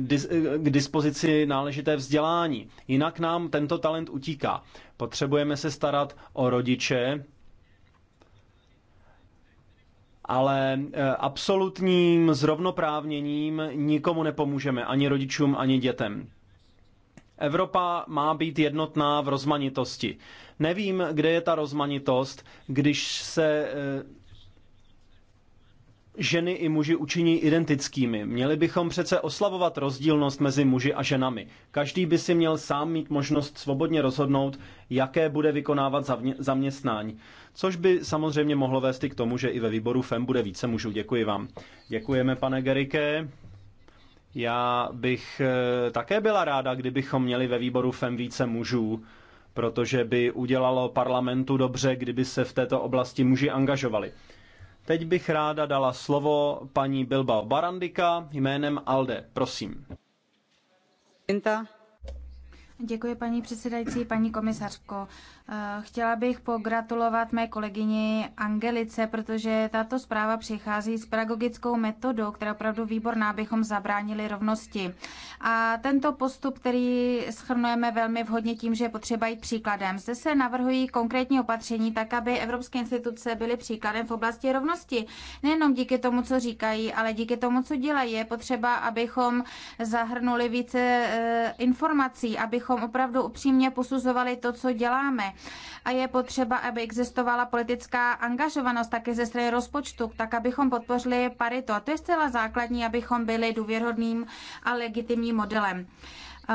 k dispozici náležité vzdělání. Jinak nám tento talent utíká. Potřebujeme se starat o rodiče, ale absolutním zrovnoprávněním nikomu nepomůžeme, ani rodičům, ani dětem. Evropa má být jednotná v rozmanitosti. Nevím, kde je ta rozmanitost, když se eh, ženy i muži učiní identickými. Měli bychom přece oslavovat rozdílnost mezi muži a ženami. Každý by si měl sám mít možnost svobodně rozhodnout, jaké bude vykonávat zaměstnání. Což by samozřejmě mohlo vést i k tomu, že i ve výboru FEM bude více mužů. Děkuji vám. Děkujeme, pane Gerike. Já bych eh, také byla ráda, kdybychom měli ve výboru FEM více mužů, protože by udělalo parlamentu dobře, kdyby se v této oblasti muži angažovali. Teď bych ráda dala slovo paní Bilbao Barandika jménem ALDE. Prosím. Děkuji, paní předsedající, paní komisařko. Eh, chtěla bych pogratulovat mé kolegyni Angelice, protože tato zpráva přichází s pedagogickou metodou, která je opravdu výborná, abychom zabránili rovnosti. A tento postup, který schrnujeme velmi vhodně tím, že je potřeba jít příkladem. Zde se navrhují konkrétní opatření, tak aby evropské instituce byly příkladem v oblasti rovnosti. Nejenom díky tomu, co říkají, ale díky tomu, co dělají. Je potřeba, abychom zahrnuli více eh, informací, abychom opravdu upřímně posuzovali to, co děláme a je potřeba, aby existovala politická angažovanost také ze strany rozpočtu, tak abychom podpořili parito. A to je zcela základní, abychom byli důvěrhodným a legitimním modelem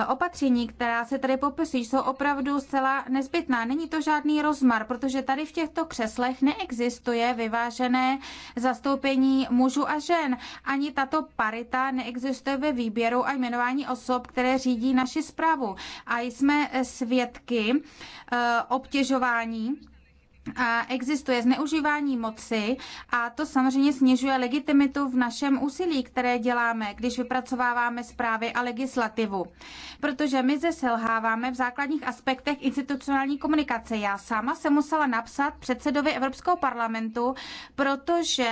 opatření, která se tady popisují, jsou opravdu zcela nezbytná. Není to žádný rozmar, protože tady v těchto křeslech neexistuje vyvážené zastoupení mužů a žen. Ani tato parita neexistuje ve výběru a jmenování osob, které řídí naši zprávu. A jsme svědky eh, obtěžování a existuje zneužívání moci a to samozřejmě snižuje legitimitu v našem úsilí, které děláme, když vypracováváme zprávy a legislativu. Protože my zeselháváme v základních aspektech institucionální komunikace. Já sama jsem musela napsat předsedovi Evropského parlamentu, protože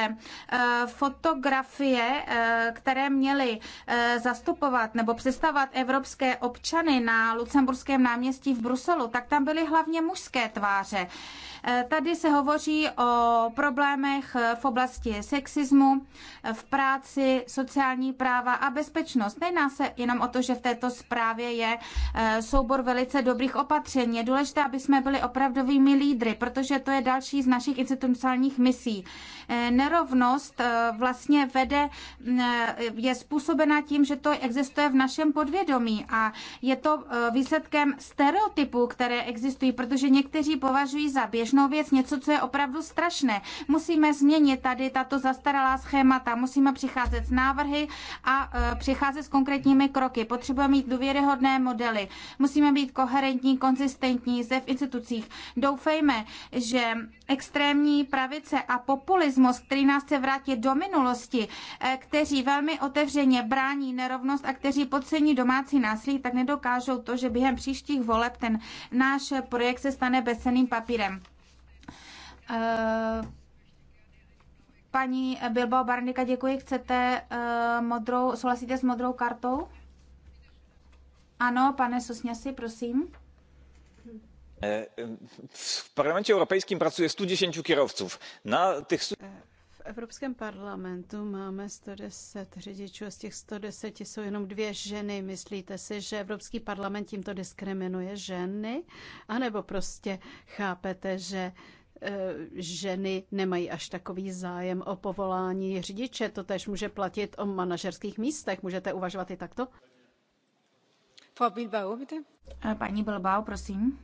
eh, fotografie, eh, které měly eh, zastupovat nebo představovat evropské občany na Lucemburském náměstí v Bruselu, tak tam byly hlavně mužské tváře. Tady se hovoří o problémech v oblasti sexismu, v práci, sociální práva a bezpečnost. Nejedná se jenom o to, že v této zprávě je eh, soubor velice dobrých opatření. Je důležité, aby jsme byli opravdovými lídry, protože to je další z našich institucionálních misí. Eh, nerovnost eh, vlastně vede, mm, eh, je způsobena tím, že to existuje v našem podvědomí a je to výsledkem stereotypů, které existují, protože někteří považují za běžnou věc něco, co je opravdu strašné. Musíme změnit tady tato zastaralá schémata, musíme přicházet s návrhy a přicházet s konkrétními kroky. Potřebujeme mít důvěryhodné modely, musíme být koherentní, konzistentní, ze v institucích. Doufejme, že extrémní pravice a populismus, který nás chce vrátit do minulosti, eh, kteří velmi otevřeně brání nerovnost a kteří podcení domácí násilí, tak nedokážou to, že během příštích voleb ten náš projekt se stane bezceným papírem. Eh, paní Bilbao Barnika, děkuji. Chcete eh, modrou, souhlasíte s modrou kartou? Ano, pane Sosňasi, prosím. Eh, v parlamencie europejským pracuje 110 kierowców. Na tych... Eh, v Evropském parlamentu máme 110 řidičů a z těch 110 jsou jenom dvě ženy. Myslíte si, že Evropský parlament tímto diskriminuje ženy? A nebo prostě chápete, že eh, ženy nemají až takový zájem o povolání řidiče. To tež může platit o manažerských místech. Můžete uvažovat i takto? Paní Bilbao, prosím.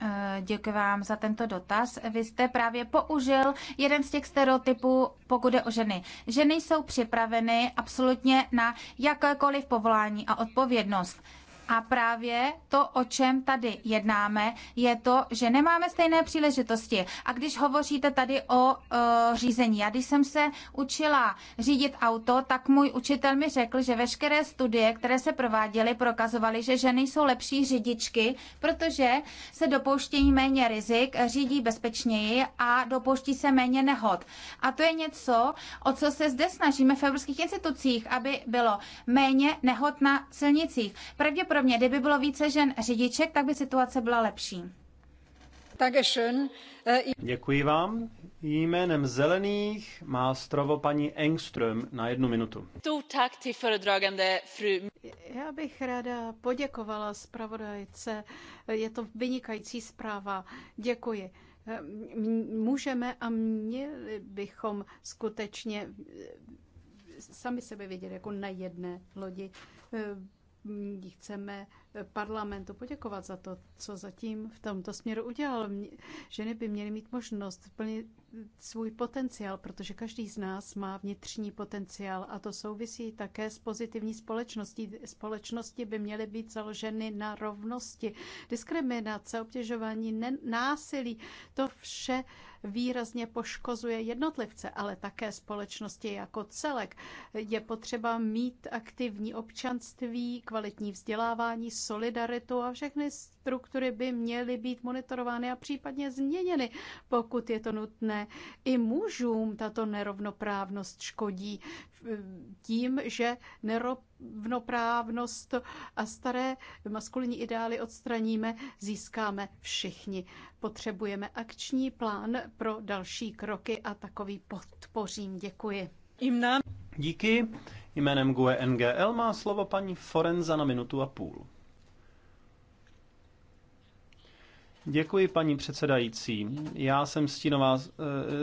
Eh, děkuji vám za tento dotaz. Vy jste právě použil jeden z těch stereotypů, pokud je o ženy. Ženy jsou připraveny absolutně na jakékoliv povolání a odpovědnost. A právě to, o čem tady jednáme, je to, že nemáme stejné příležitosti. A když hovoříte tady o e, řízení, já když jsem se učila řídit auto, tak můj učitel mi řekl, že veškeré studie, které se prováděly, prokazovaly, že ženy jsou lepší řidičky, protože se dopouštějí méně rizik, řídí bezpečněji a dopouští se méně nehod. A to je něco, o co se zde snažíme v evropských institucích, aby bylo méně nehod na silnicích. Pravděpodobně podobně. Kdyby bylo více žen řidiček, tak by situace byla lepší. Eh, Děkuji vám. Jménem zelených má strovo paní Engström na jednu minutu. Já bych ráda poděkovala zpravodajce. Je to vynikající zpráva. Děkuji. Eh, můžeme a měli bychom skutečně eh, sami sebe vidět jako na jedné lodi chceme parlamentu poděkovat za to, co zatím v tomto směru udělal. Ženy by měly mít možnost plnit svůj potenciál, protože každý z nás má vnitřní potenciál a to souvisí také s pozitivní společností. Společnosti by měly být založeny na rovnosti, diskriminace, obtěžování, násilí. To vše výrazně poškozuje jednotlivce, ale také společnosti jako celek. Je potřeba mít aktivní občanství, kvalitní vzdělávání, solidaritu a všechny struktury by měly být monitorovány a případně změněny, pokud je to nutné. I mužům tato nerovnoprávnost škodí eh, tím, že nerovnoprávnost a staré maskulinní ideály odstraníme, získáme všichni. Potřebujeme akční plán pro další kroky a takový podpořím. Děkuji. Díky. Jménem GUE NGL má slovo paní Forenza na minutu a půl. Děkuji, paní předsedající. Já jsem stínová,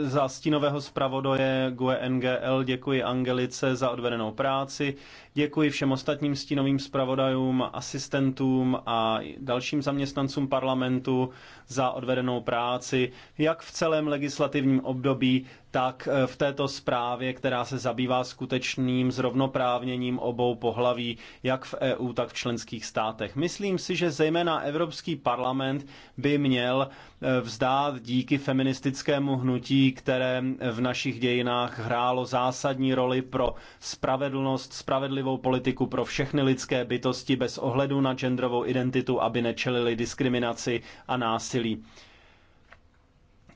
eh, za stínového zpravodoje GUE NGL, děkuji Angelice za odvedenou práci, děkuji všem ostatním stínovým zpravodajům, asistentům a dalším zaměstnancům parlamentu za odvedenou práci, jak v celém legislativním období, tak eh, v této zprávě, která se zabývá skutečným zrovnoprávněním obou pohlaví, jak v EU, tak v členských státech. Myslím si, že zejména Evropský parlament by měl eh, vzdát díky feministickému hnutí, které v našich dějinách hrálo zásadní roli pro spravedlnost, spravedlivou politiku pro všechny lidské bytosti bez ohledu na genderovou identitu, aby nečelili diskriminaci a násilí.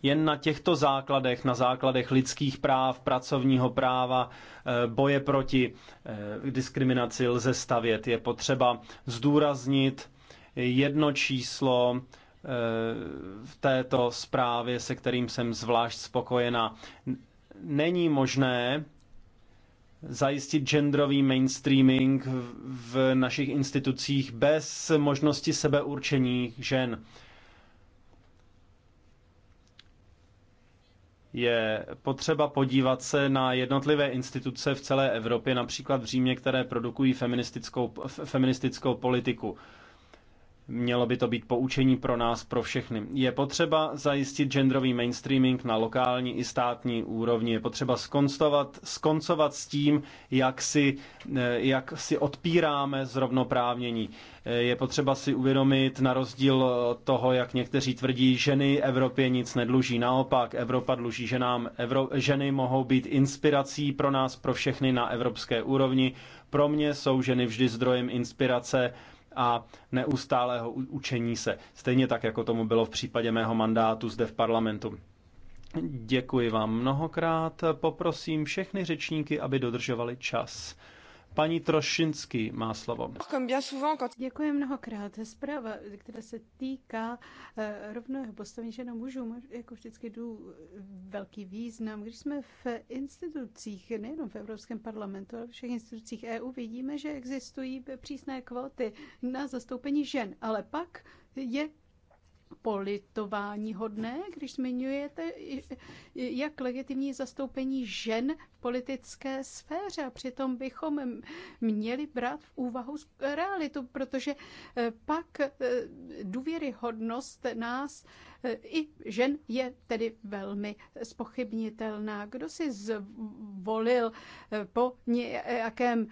Jen na těchto základech, na základech lidských práv, pracovního práva, eh, boje proti eh, diskriminaci lze stavět. Je potřeba zdůraznit jedno číslo, eh, v této zprávě, se kterým jsem zvlášť spokojena. Není možné zajistit genderový mainstreaming v našich institucích bez možnosti sebeurčení žen. je potřeba podívat se na jednotlivé instituce v celé Evropě, například v Římě, které produkují feministickou, feministickou politiku. Mělo by to být poučení pro nás, pro všechny. Je potřeba zajistit genderový mainstreaming na lokální i státní úrovni. Je potřeba skoncovat, skoncovat s tím, jak si, eh, jak si odpíráme zrovnoprávnění. Eh, je potřeba si uvědomit, na rozdíl toho, jak někteří tvrdí, ženy Evropě nic nedluží. Naopak, Evropa dluží ženám. Evro, ženy mohou být inspirací pro nás, pro všechny na evropské úrovni. Pro mě jsou ženy vždy zdrojem inspirace a neustálého učení se. Stejně tak, jako tomu bylo v případě mého mandátu zde v parlamentu. Děkuji vám mnohokrát. Poprosím všechny řečníky, aby dodržovali čas. Paní Trošinský má slovo. Děkuji mnohokrát. Zpráva, která se týká eh, rovného postavení žen a mužů, má jako vždycky jdu velký význam. Když jsme v institucích, nejenom v Evropském parlamentu, ale v všech institucích EU, vidíme, že existují přísné kvóty na zastoupení žen, ale pak je politování hodné, když zmiňujete, jak legitimní zastoupení žen politické sféře a přitom bychom měli brát v úvahu realitu, protože eh, pak eh, důvěryhodnost nás eh, i žen je tedy velmi spochybnitelná. Kdo si zvolil po nějakém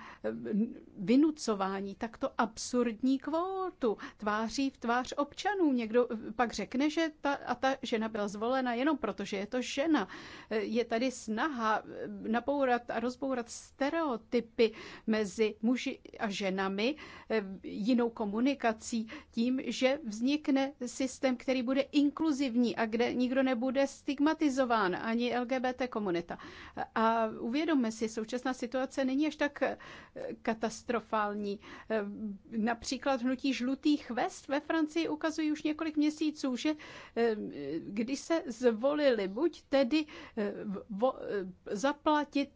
vynucování takto absurdní kvótu tváří v tvář občanů? Někdo pak řekne, že ta a ta žena byla zvolena jenom proto, že je to žena. Je tady snaha na nabourat a rozbourat stereotypy mezi muži a ženami eh, jinou komunikací tím, že vznikne systém, který bude inkluzivní a kde nikdo nebude stigmatizován, ani LGBT komunita. A uvědomme si, současná situace není až tak eh, katastrofální. Eh, například hnutí žlutých vest ve Francii ukazují už několik měsíců, že když se zvolili buď tedy zaplat platit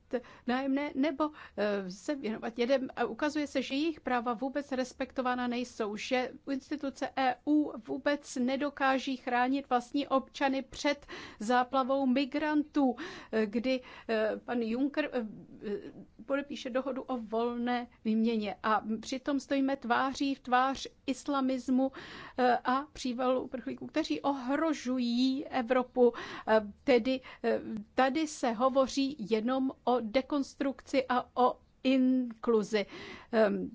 nájemné nebo eh, se věnovat jedem. A ukazuje se, že jejich práva vůbec respektována nejsou, že instituce EU vůbec nedokáží chránit vlastní občany před záplavou migrantů, eh, kdy eh, pan Juncker podepíše dohodu o volné výměně. A přitom stojíme tváří v tvář islamismu a přívalu uprchlíků, kteří ohrožují Evropu. Tedy tady se hovoří jenom jenom o dekonstrukci a o inkluzi. Ehm,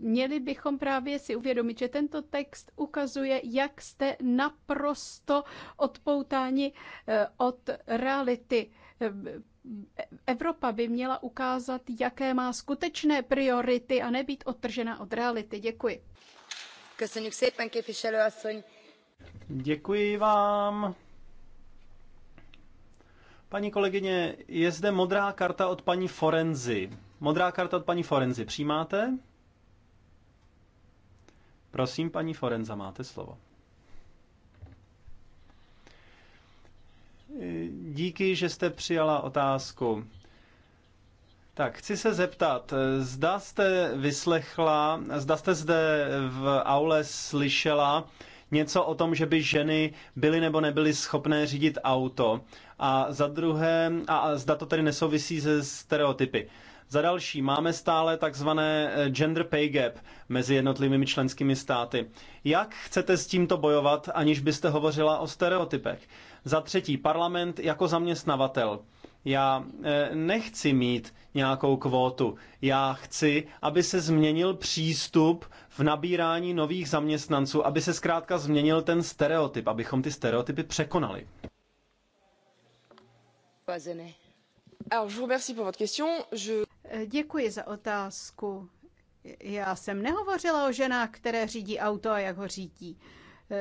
měli bychom právě si uvědomit, že tento text ukazuje, jak jste naprosto odpoutáni eh, od reality. Ehm, Evropa by měla ukázat, jaké má skutečné priority a nebýt odtržena od reality. Děkuji. Děkuji vám. Paní kolegyně, je zde modrá karta od paní Forenzy. Modrá karta od paní Forenzy. Přijímáte? Prosím, paní Forenza, máte slovo. E, díky, že jste přijala otázku. Tak, chci se zeptat, zda jste vyslechla, zda jste zde v aule slyšela něco o tom, že by ženy byly nebo nebyly schopné řídit auto a za druhé, a zda to tedy nesouvisí se stereotypy. Za další, máme stále takzvané eh, gender pay gap mezi jednotlivými členskými státy. Jak chcete s tímto bojovat, aniž byste hovořila o stereotypech? Za třetí, parlament jako zaměstnavatel. Já eh, nechci mít nějakou kvótu. Já chci, aby se změnil přístup v nabírání nových zaměstnanců, aby se zkrátka změnil ten stereotyp, abychom ty stereotypy překonali. Děkuji za otázku. Já jsem nehovořila o ženách, které řídí auto a jak ho řídí.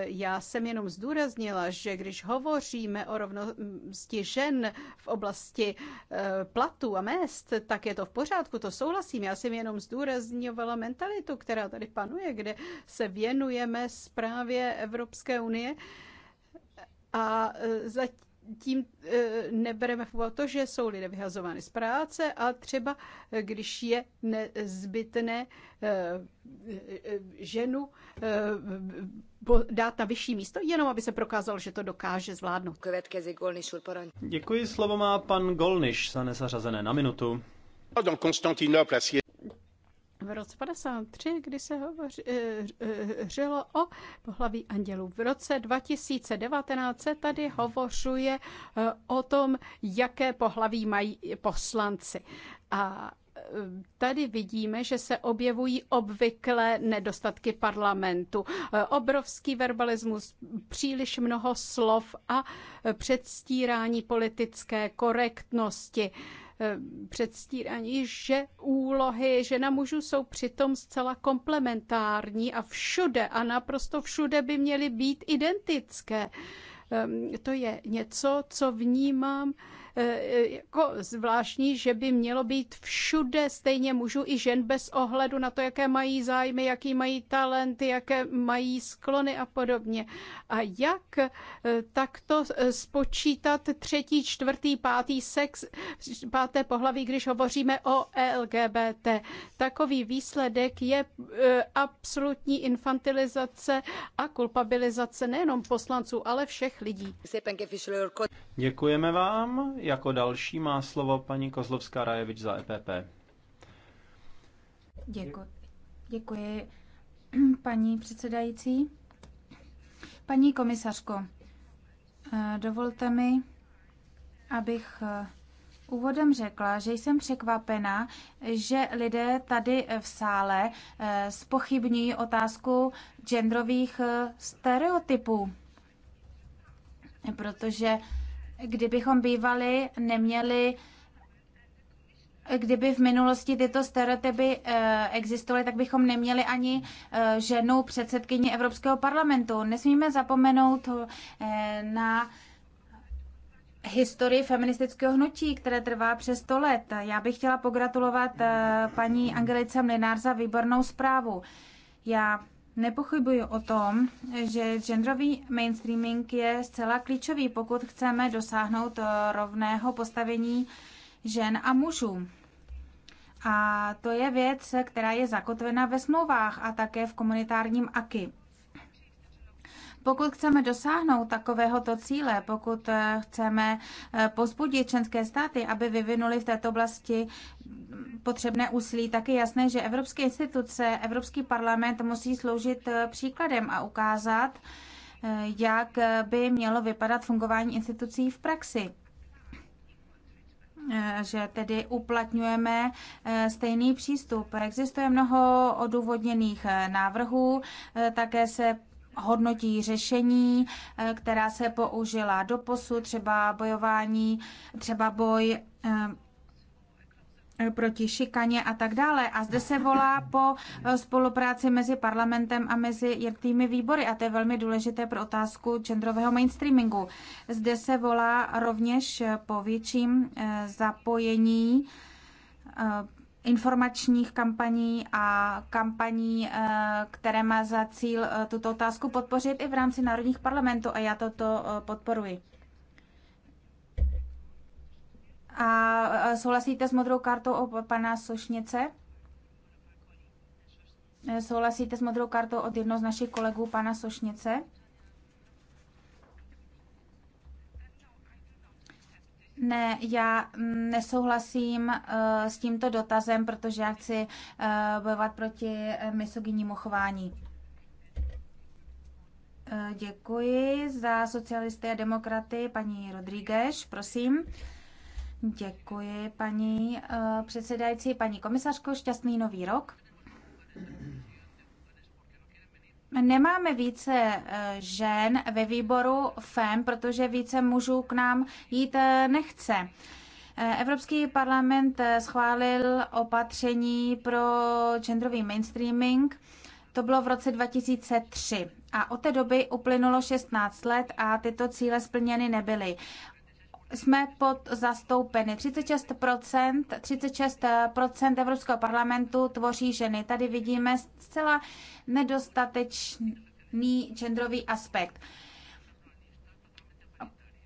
Já jsem jenom zdůraznila, že když hovoříme o rovnosti žen v oblasti eh, platů a mest, tak je to v pořádku, to souhlasím. Já jsem jenom zdůrazňovala mentalitu, která tady panuje, kde se věnujeme zprávě Evropské unie. A eh, zatím tím eh, nebereme v to, že jsou lidé vyhazovány z práce a třeba, eh, když je nezbytné eh, ženu dát na vyšší místo, jenom aby se prokázal, že to dokáže zvládnout. Děkuji, slovo má pan Golniš za nezařazené na minutu. Dans Constantinople, v roce 53, kdy se hovořilo eh, eh, o pohlaví andělů. V roce 2019 se tady hovořuje eh, o tom, jaké pohlaví mají poslanci. A tady vidíme, že se objevují obvyklé nedostatky parlamentu. Obrovský verbalismus, příliš mnoho slov a předstírání politické korektnosti. Eh, předstíraní, že úlohy žena mužů jsou přitom zcela komplementární a všude a naprosto všude by měly být identické. Ehm, to je něco, co vnímám Eh, eh, jako zvláštní, že by mělo být všude stejně mužů i žen bez ohledu na to, jaké mají zájmy, jaký mají talenty, jaké mají sklony a podobně. A jak eh, takto spočítat třetí, čtvrtý, pátý sex, páté pohlaví, když hovoříme o LGBT. Takový výsledek je absolutní infantilizace a kulpabilizace nejenom poslanců, ale všech lidí. Děkujeme vám. Jako další má slovo paní Kozlovská Rajevič za EPP. Děkuji. Děkuji, paní předsedající. Paní komisařko, dovolte mi, abych úvodem řekla, že jsem překvapena, že lidé tady v sále eh, spochybní otázku genderových eh, stereotypů, protože Kdybychom bývali neměli Kdyby v minulosti tyto stereotypy eh, existovaly, tak bychom neměli ani eh, ženu předsedkyni Evropského parlamentu. Nesmíme zapomenout eh, na historii feministického hnutí, které trvá přes 100 let. Já bych chtěla pogratulovat paní Angelice Mlinár za výbornou zprávu. Já Nepochybuji o tom, že genderový mainstreaming je zcela klíčový, pokud chceme dosáhnout eh, rovného postavení žen a mužů. A to je věc, která je zakotvena ve smlouvách a také v komunitárním AKI. Pokud chceme dosáhnout takovéhoto cíle, pokud eh, chceme eh, pozbudit členské státy, aby vyvinuli v této oblasti potřebné úsilí, tak je jasné, že evropské instituce, Evropský parlament musí sloužit eh, příkladem a ukázat, jak by mělo vypadat fungování institucí v praxi že tedy uplatňujeme stejný přístup. Existuje mnoho odůvodněných návrhů, také se hodnotí řešení, eh, která se použila do posu, třeba bojování, třeba boj eh, proti šikaně a tak dále. A zde se volá po eh, spolupráci mezi parlamentem a mezi jednotlivými výbory a to je velmi důležité pro otázku genderového mainstreamingu. Zde se volá rovněž po větším zapojení informačních kampaní a kampaní, eh, které má za cíl eh, tuto otázku podpořit i v rámci národních parlamentů a já toto eh, podporuji. A souhlasíte s modrou kartou od pana Sošnice? Souhlasíte s modrou kartou od jednoho z našich kolegů, pana Sošnice? Ne, já mm, nesouhlasím uh, s tímto dotazem, protože já chci uh, bojovat proti eh, misogynímu chování. Uh, děkuji za socialisty a demokraty, paní Rodríguez, prosím. Děkuji, paní uh, předsedající, paní komisařko, šťastný nový rok. Nemáme více eh, žen ve výboru FEM, protože více mužů k nám jít eh, nechce. Eh, Evropský parlament schválil opatření pro genderový mainstreaming. To bylo v roce 2003 a od té doby uplynulo 16 let a tyto cíle splněny nebyly jsme zastoupeny. 36%, 36% Evropského parlamentu tvoří ženy. Tady vidíme zcela nedostatečný genderový aspekt.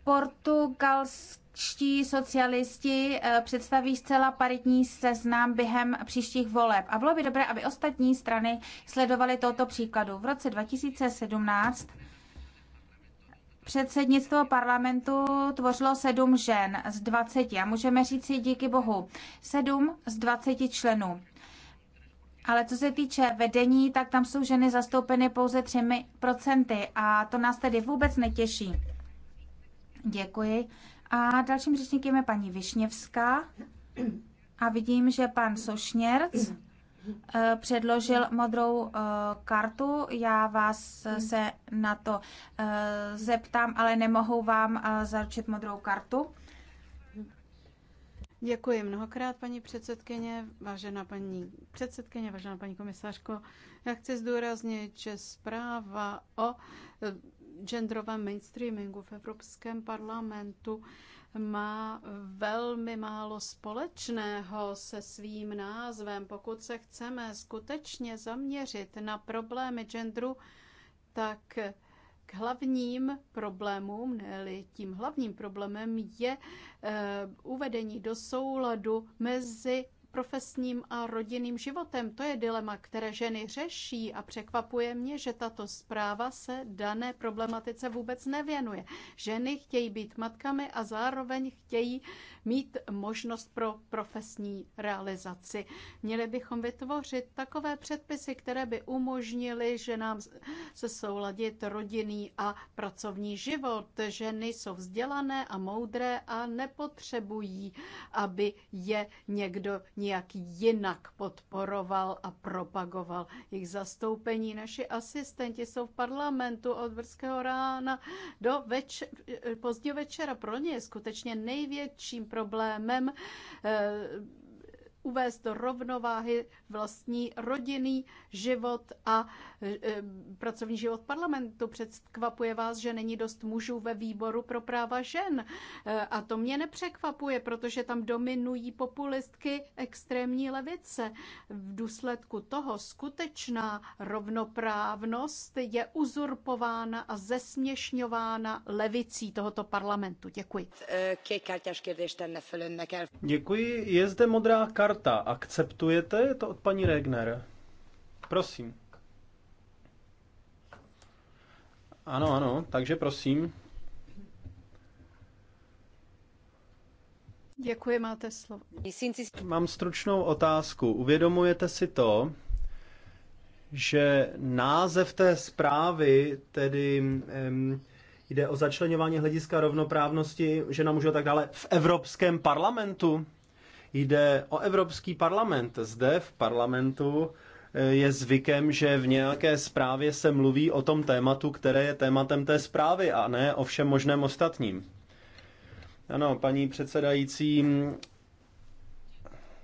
Portugalští socialisti eh, představí zcela paritní seznam během příštích voleb. A bylo by dobré, aby ostatní strany sledovaly toto příkladu. V roce 2017 Předsednictvo parlamentu tvořilo sedm žen z 20 a můžeme říct si díky bohu sedm z 20 členů. Ale co se týče vedení, tak tam jsou ženy zastoupeny pouze třemi procenty a to nás tedy vůbec netěší. Děkuji. A dalším řečníkem je paní Višněvská. A vidím, že pan Sošněrc Eh, předložil modrou eh, kartu. Já vás eh, se na to zeptám, ale nemohu vám zaručit modrou kartu. Děkuji mnohokrát, paní předsedkyně, vážená paní předsedkyně, vážená paní komisářko. Já chci zdůraznit, že zpráva o genderovém mainstreamingu v Evropském parlamentu má velmi málo společného se svým názvem. Pokud se chceme skutečně zaměřit na problémy genderu, tak k hlavním problémům, ne tím hlavním problémem je eh, uvedení do souladu mezi profesním a rodinným životem. To je dilema, které ženy řeší a překvapuje mě, že tato zpráva se dané problematice vůbec nevěnuje. Ženy chtějí být matkami a zároveň chtějí mít možnost pro profesní realizaci. Měli bychom vytvořit takové předpisy, které by umožnily, že nám se souladit rodinný a pracovní život. Ženy jsou vzdělané a moudré a nepotřebují, aby je někdo nějak jinak podporoval a propagoval. Jejich zastoupení, naši asistenti jsou v parlamentu od brzkého rána do več- pozdního večera. Pro ně je skutečně největším problémem eh, uvést do rovnováhy vlastní rodinný život a e, pracovní život parlamentu. Předkvapuje vás, že není dost mužů ve výboru pro práva žen. E, a to mě nepřekvapuje, protože tam dominují populistky extrémní levice. V důsledku toho skutečná rovnoprávnost je uzurpována a zesměšňována levicí tohoto parlamentu. Děkuji. E, Děkuji. Je zde modrá karta čtvrtá akceptujete? Je to od paní Regner. Prosím. Ano, ano, takže prosím. Děkuji, máte slovo. Mám stručnou otázku. Uvědomujete si to, že název té zprávy, tedy um, jde o začlenování hlediska rovnoprávnosti žena mužů a tak dále, v Evropském parlamentu? Jde o Evropský parlament. Zde v parlamentu e, je zvykem, že v nějaké zprávě se mluví o tom tématu, které je tématem té zprávy a ne o všem možném ostatním. Ano, paní předsedající,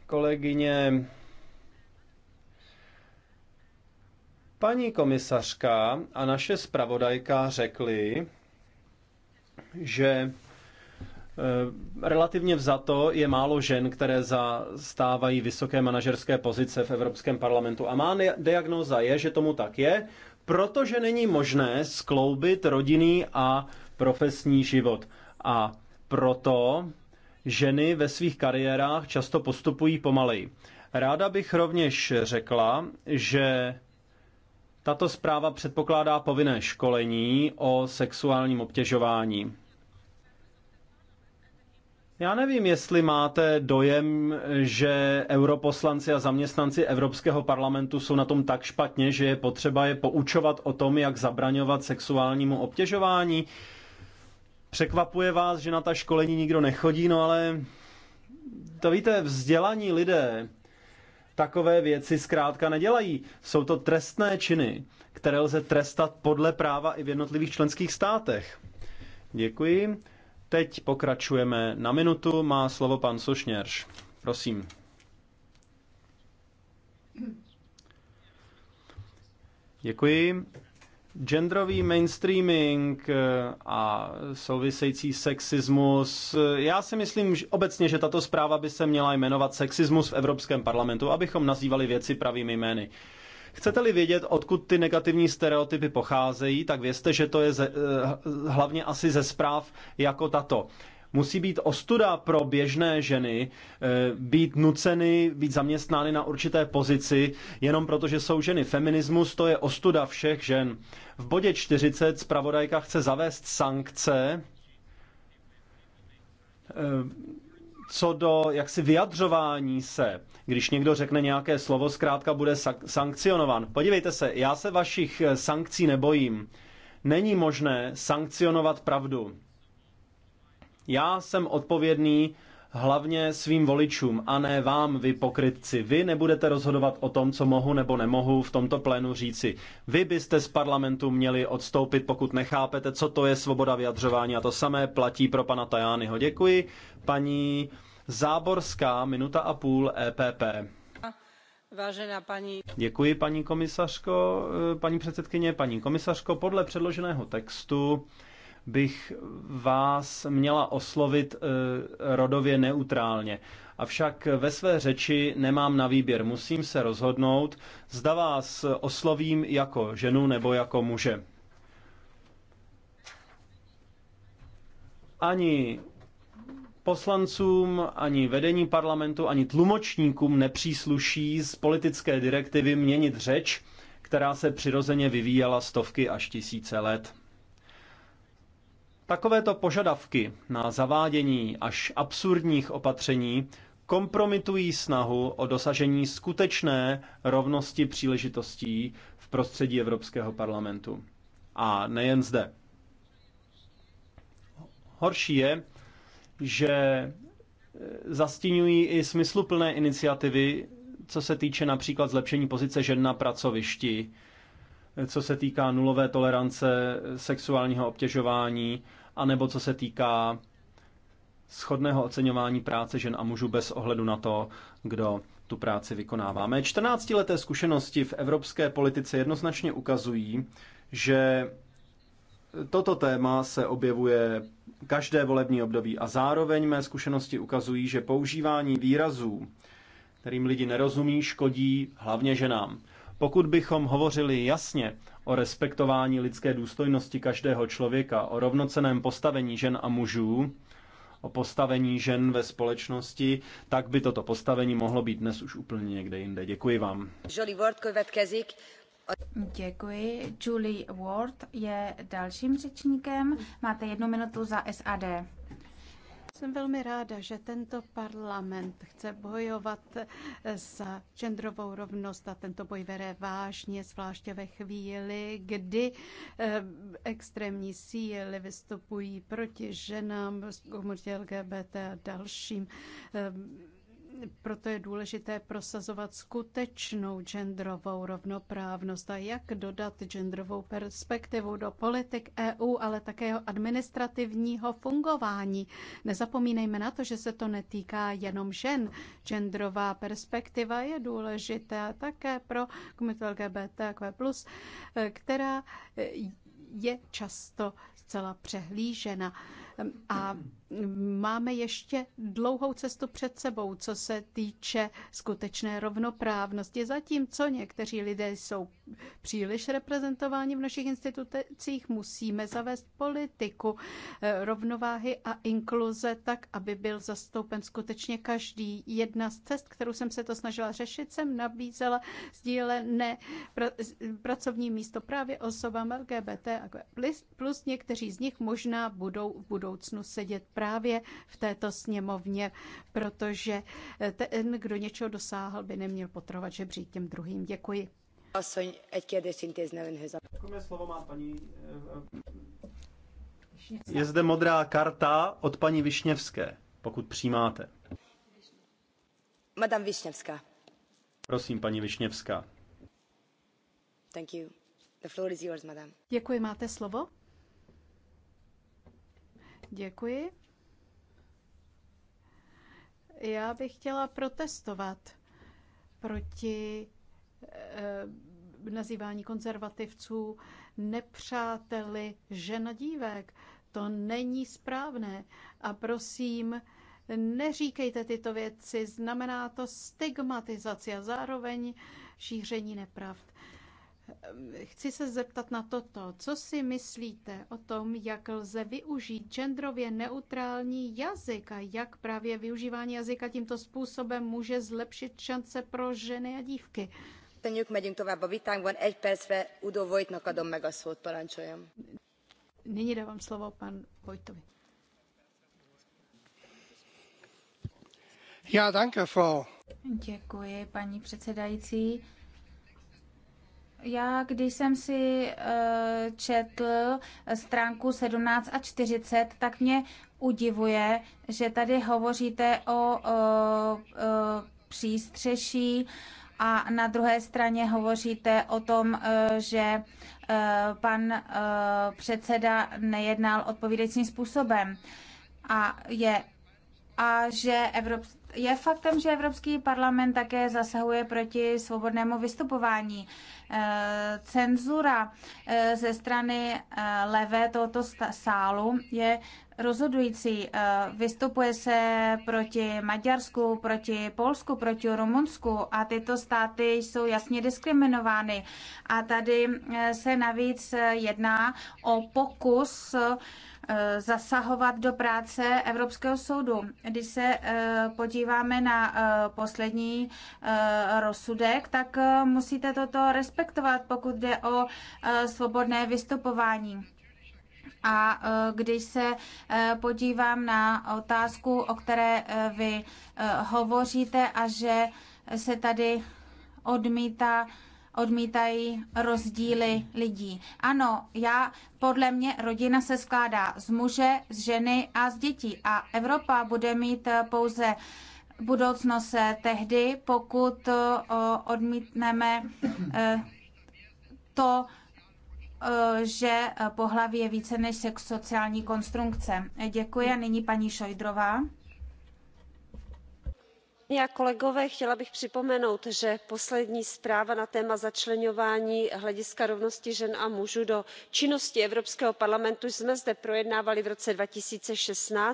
kolegyně, paní komisařka a naše zpravodajka řekli, že Eh, relativně vzato je málo žen, které zastávají vysoké manažerské pozice v Evropském parlamentu. A má diagnóza je, že tomu tak je, protože není možné skloubit rodinný a profesní život. A proto ženy ve svých kariérách často postupují pomaleji. Ráda bych rovněž řekla, že tato zpráva předpokládá povinné školení o sexuálním obtěžování. Já nevím, jestli máte dojem, že europoslanci a zaměstnanci Evropského parlamentu jsou na tom tak špatně, že je potřeba je poučovat o tom, jak zabraňovat sexuálnímu obtěžování. Překvapuje vás, že na ta školení nikdo nechodí, no ale to víte, vzdělaní lidé takové věci zkrátka nedělají. Jsou to trestné činy, které lze trestat podle práva i v jednotlivých členských státech. Děkuji. Teď pokračujeme na minutu. Má slovo pan Sošněrš. Prosím. Děkuji. Genderový mainstreaming eh, a související sexismus. Eh, já si myslím že obecně, že tato zpráva by se měla jmenovat sexismus v Evropském parlamentu, abychom nazývali věci pravými jmény. Chcete-li vědět, odkud ty negativní stereotypy pocházejí, tak vězte, že to je ze, eh, hlavně asi ze zpráv jako tato musí být ostuda pro běžné ženy eh, být nuceny, být zaměstnány na určité pozici, jenom protože jsou ženy. Feminismus to je ostuda všech žen. V bodě 40 zpravodajka chce zavést sankce eh, co do jaksi vyjadřování se, když někdo řekne nějaké slovo, zkrátka bude sankcionován. Podívejte se, já se vašich eh, sankcí nebojím. Není možné sankcionovat pravdu. Já jsem odpovědný hlavně svým voličům a ne vám, vy pokrytci. Vy nebudete rozhodovat o tom, co mohu nebo nemohu v tomto plénu říci. Vy byste z parlamentu měli odstoupit, pokud nechápete, co to je svoboda vyjadřování a to samé platí pro pana Tajányho. Děkuji. Paní Záborská, minuta a půl EPP. Vážená paní. Děkuji, paní komisařko, paní předsedkyně, paní komisařko. Podle předloženého textu bych vás měla oslovit eh, rodově neutrálně. Avšak ve své řeči nemám na výběr. Musím se rozhodnout, zda vás oslovím jako ženu nebo jako muže. Ani poslancům, ani vedení parlamentu, ani tlumočníkům nepřísluší z politické direktivy měnit řeč, která se přirozeně vyvíjela stovky až tisíce let. Takovéto požadavky na zavádění až absurdních opatření kompromitují snahu o dosažení skutečné rovnosti příležitostí v prostředí Evropského parlamentu. A nejen zde. Horší je, že e, zastínují i smysluplné iniciativy, co se týče například zlepšení pozice žen na pracovišti, co se týká nulové tolerance sexuálního obtěžování, anebo co se týká schodného oceňování práce žen a mužů bez ohledu na to, kdo tu práci vykonává. Mé 14-leté zkušenosti v evropské politice jednoznačně ukazují, že toto téma se objevuje každé volební období a zároveň mé zkušenosti ukazují, že používání výrazů, kterým lidi nerozumí, škodí hlavně ženám. Pokud bychom hovořili jasně o respektování lidské důstojnosti každého člověka, o rovnoceném postavení žen a mužů, o postavení žen ve společnosti, tak by toto postavení mohlo být dnes už úplně někde jinde. Děkuji vám. Děkuji. Julie Ward je dalším řečníkem. Máte jednu minutu za SAD. Jsem velmi ráda, že tento parlament chce bojovat za genderovou rovnost a tento boj vere vážně, zvláště ve chvíli, kdy eh, extrémní síly vystupují proti ženám, komunitě LGBT a dalším eh, proto je důležité prosazovat skutečnou genderovou rovnoprávnost a jak dodat genderovou perspektivu do politik EU, ale také jeho administrativního fungování. Nezapomínejme na to, že se to netýká jenom žen. Genderová perspektiva je důležitá také pro komunitu plus, která je často zcela přehlížena. A máme ještě dlouhou cestu před sebou, co se týče skutečné rovnoprávnosti. Zatímco někteří lidé jsou příliš reprezentováni v našich institucích, musíme zavést politiku eh, rovnováhy a inkluze tak, aby byl zastoupen skutečně každý. Jedna z cest, kterou jsem se to snažila řešit, jsem nabízela sdílené pr- pracovní místo právě osobám LGBT plus někteří z nich možná budou v budoucnu sedět právě právě v této sněmovně, protože ten, kdo něčeho dosáhl, by neměl potrovat žebřík těm druhým. Děkuji. Slovo má paní... Eh, je zde modrá karta od paní Višněvské, pokud přijímáte. Madame Višněvská. Prosím, paní Višněvská. Thank you. The floor is yours, Madame. Děkuji, máte slovo? Děkuji. Já bych chtěla protestovat proti eh, nazývání konzervativců nepřáteli žena dívek. To není správné. A prosím, neříkejte tyto věci, znamená to stigmatizaci a zároveň šíření nepravd. Chci se zeptat na toto. Co si myslíte o tom, jak lze využít genderově neutrální jazyk a jak právě využívání jazyka tímto způsobem může zlepšit šance pro ženy a dívky? Köszönjük, megyünk tovább a vitánkban. Egy percre Udo Vojtnak adom meg a szót, parancsoljam. Nyní dávám slovo pan Vojtovi. Já, danke, Frau. Děkuji, paní předsedající. Já, když jsem si uh, četl eh, stránku 17 a 40, tak mě udivuje, že tady hovoříte o uh, uh, přístřeší a na druhé straně hovoříte o tom, že pan předseda nejednal odpovídajícím způsobem a je a že Evropská je faktem, že Evropský parlament také zasahuje proti svobodnému vystupování. Eh, cenzura eh, ze strany eh, levé tohoto sálu je rozhodující. Vystupuje se proti Maďarsku, proti Polsku, proti Rumunsku a tyto státy jsou jasně diskriminovány. A tady se navíc jedná o pokus Eh, zasahovat do práce Evropského soudu. Když se eh, podíváme na eh, poslední rozsudek, tak musíte toto respektovat, pokud jde o svobodné vystupování. A když se podívám na otázku, o které vy hovoříte a že se tady odmítá odmítají rozdíly lidí. Ano, já podle mě rodina se skládá z muže, z ženy a z dětí a Evropa bude mít pouze budoucnost tehdy, pokud eh, odmítneme eh, to, eh, že pohlaví je více než sex sociální konstrukce. Děkuji a nyní paní Šojdrová kolegyně kolegové chtěla bych připomenout že poslední zpráva na téma začleňování hlediska rovnosti žen a mužů do činnosti evropského parlamentu jsme zde projednávali v roce two thousand and sixteen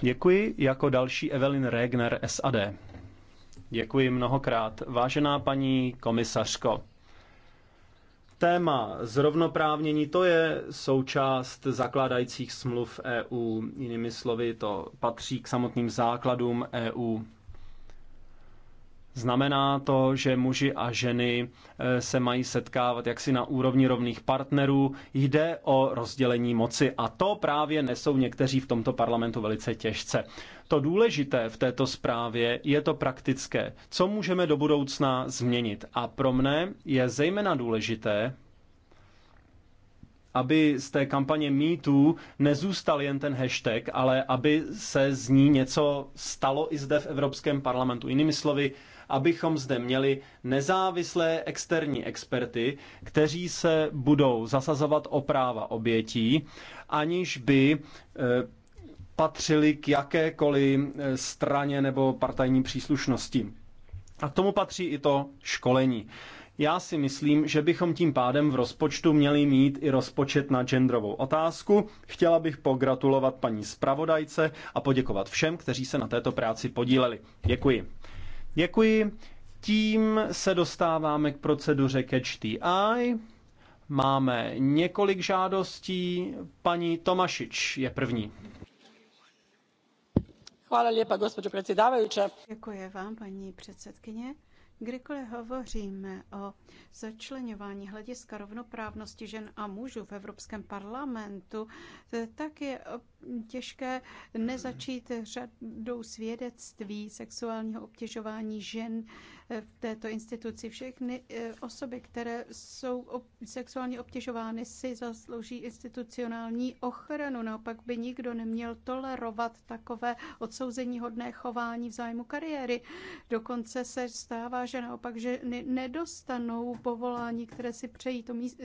Děkuji jako další Evelyn Regner SAD. Děkuji mnohokrát. Vážená paní komisařko, téma zrovnoprávnění, to je součást zakládajících smluv EU. Jinými slovy, to patří k samotným základům EU. Znamená to, že muži a ženy eh, se mají setkávat jaksi na úrovni rovných partnerů. Jde o rozdělení moci a to právě nesou někteří v tomto parlamentu velice těžce. To důležité v této zprávě je to praktické. Co můžeme do budoucna změnit? A pro mne je zejména důležité, aby z té kampaně MeToo nezůstal jen ten hashtag, ale aby se z ní něco stalo i zde v Evropském parlamentu. Jinými slovy, abychom zde měli nezávislé externí experty, kteří se budou zasazovat o práva obětí, aniž by eh, patřili k jakékoliv eh, straně nebo partajní příslušnosti. A k tomu patří i to školení. Já si myslím, že bychom tím pádem v rozpočtu měli mít i rozpočet na genderovou otázku. Chtěla bych pogratulovat paní zpravodajce a poděkovat všem, kteří se na této práci podíleli. Děkuji. Děkuji. Tím se dostáváme k proceduře Catch the Eye. Máme několik žádostí. Paní Tomašič je první. Děkuji vám, paní předsedkyně. Kdykoliv hovoříme o začlenování hlediska rovnoprávnosti žen a mužů v Evropském parlamentu, tak je těžké nezačít řadou svědectví sexuálního obtěžování žen v této instituci. Všechny eh, osoby, které jsou sexuálně obtěžovány, si zaslouží institucionální ochranu. Naopak by nikdo neměl tolerovat takové odsouzení hodné chování v zájmu kariéry. Dokonce se stává, že naopak ženy nedostanou povolání, které si přejí to místo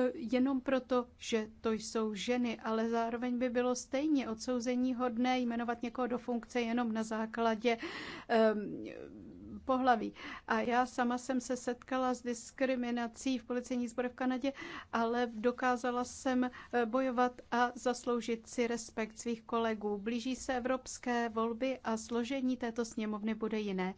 eh, jenom proto, že to jsou ženy, ale zároveň by bylo stejně odsouzení hodné jmenovat někoho do funkce jenom na základě um, pohlaví. A já sama jsem se setkala s diskriminací v policejní sbor v Kanadě, ale dokázala jsem eh, bojovat a zasloužit si respekt svých kolegů. Blíží se evropské volby a složení této sněmovny bude jiné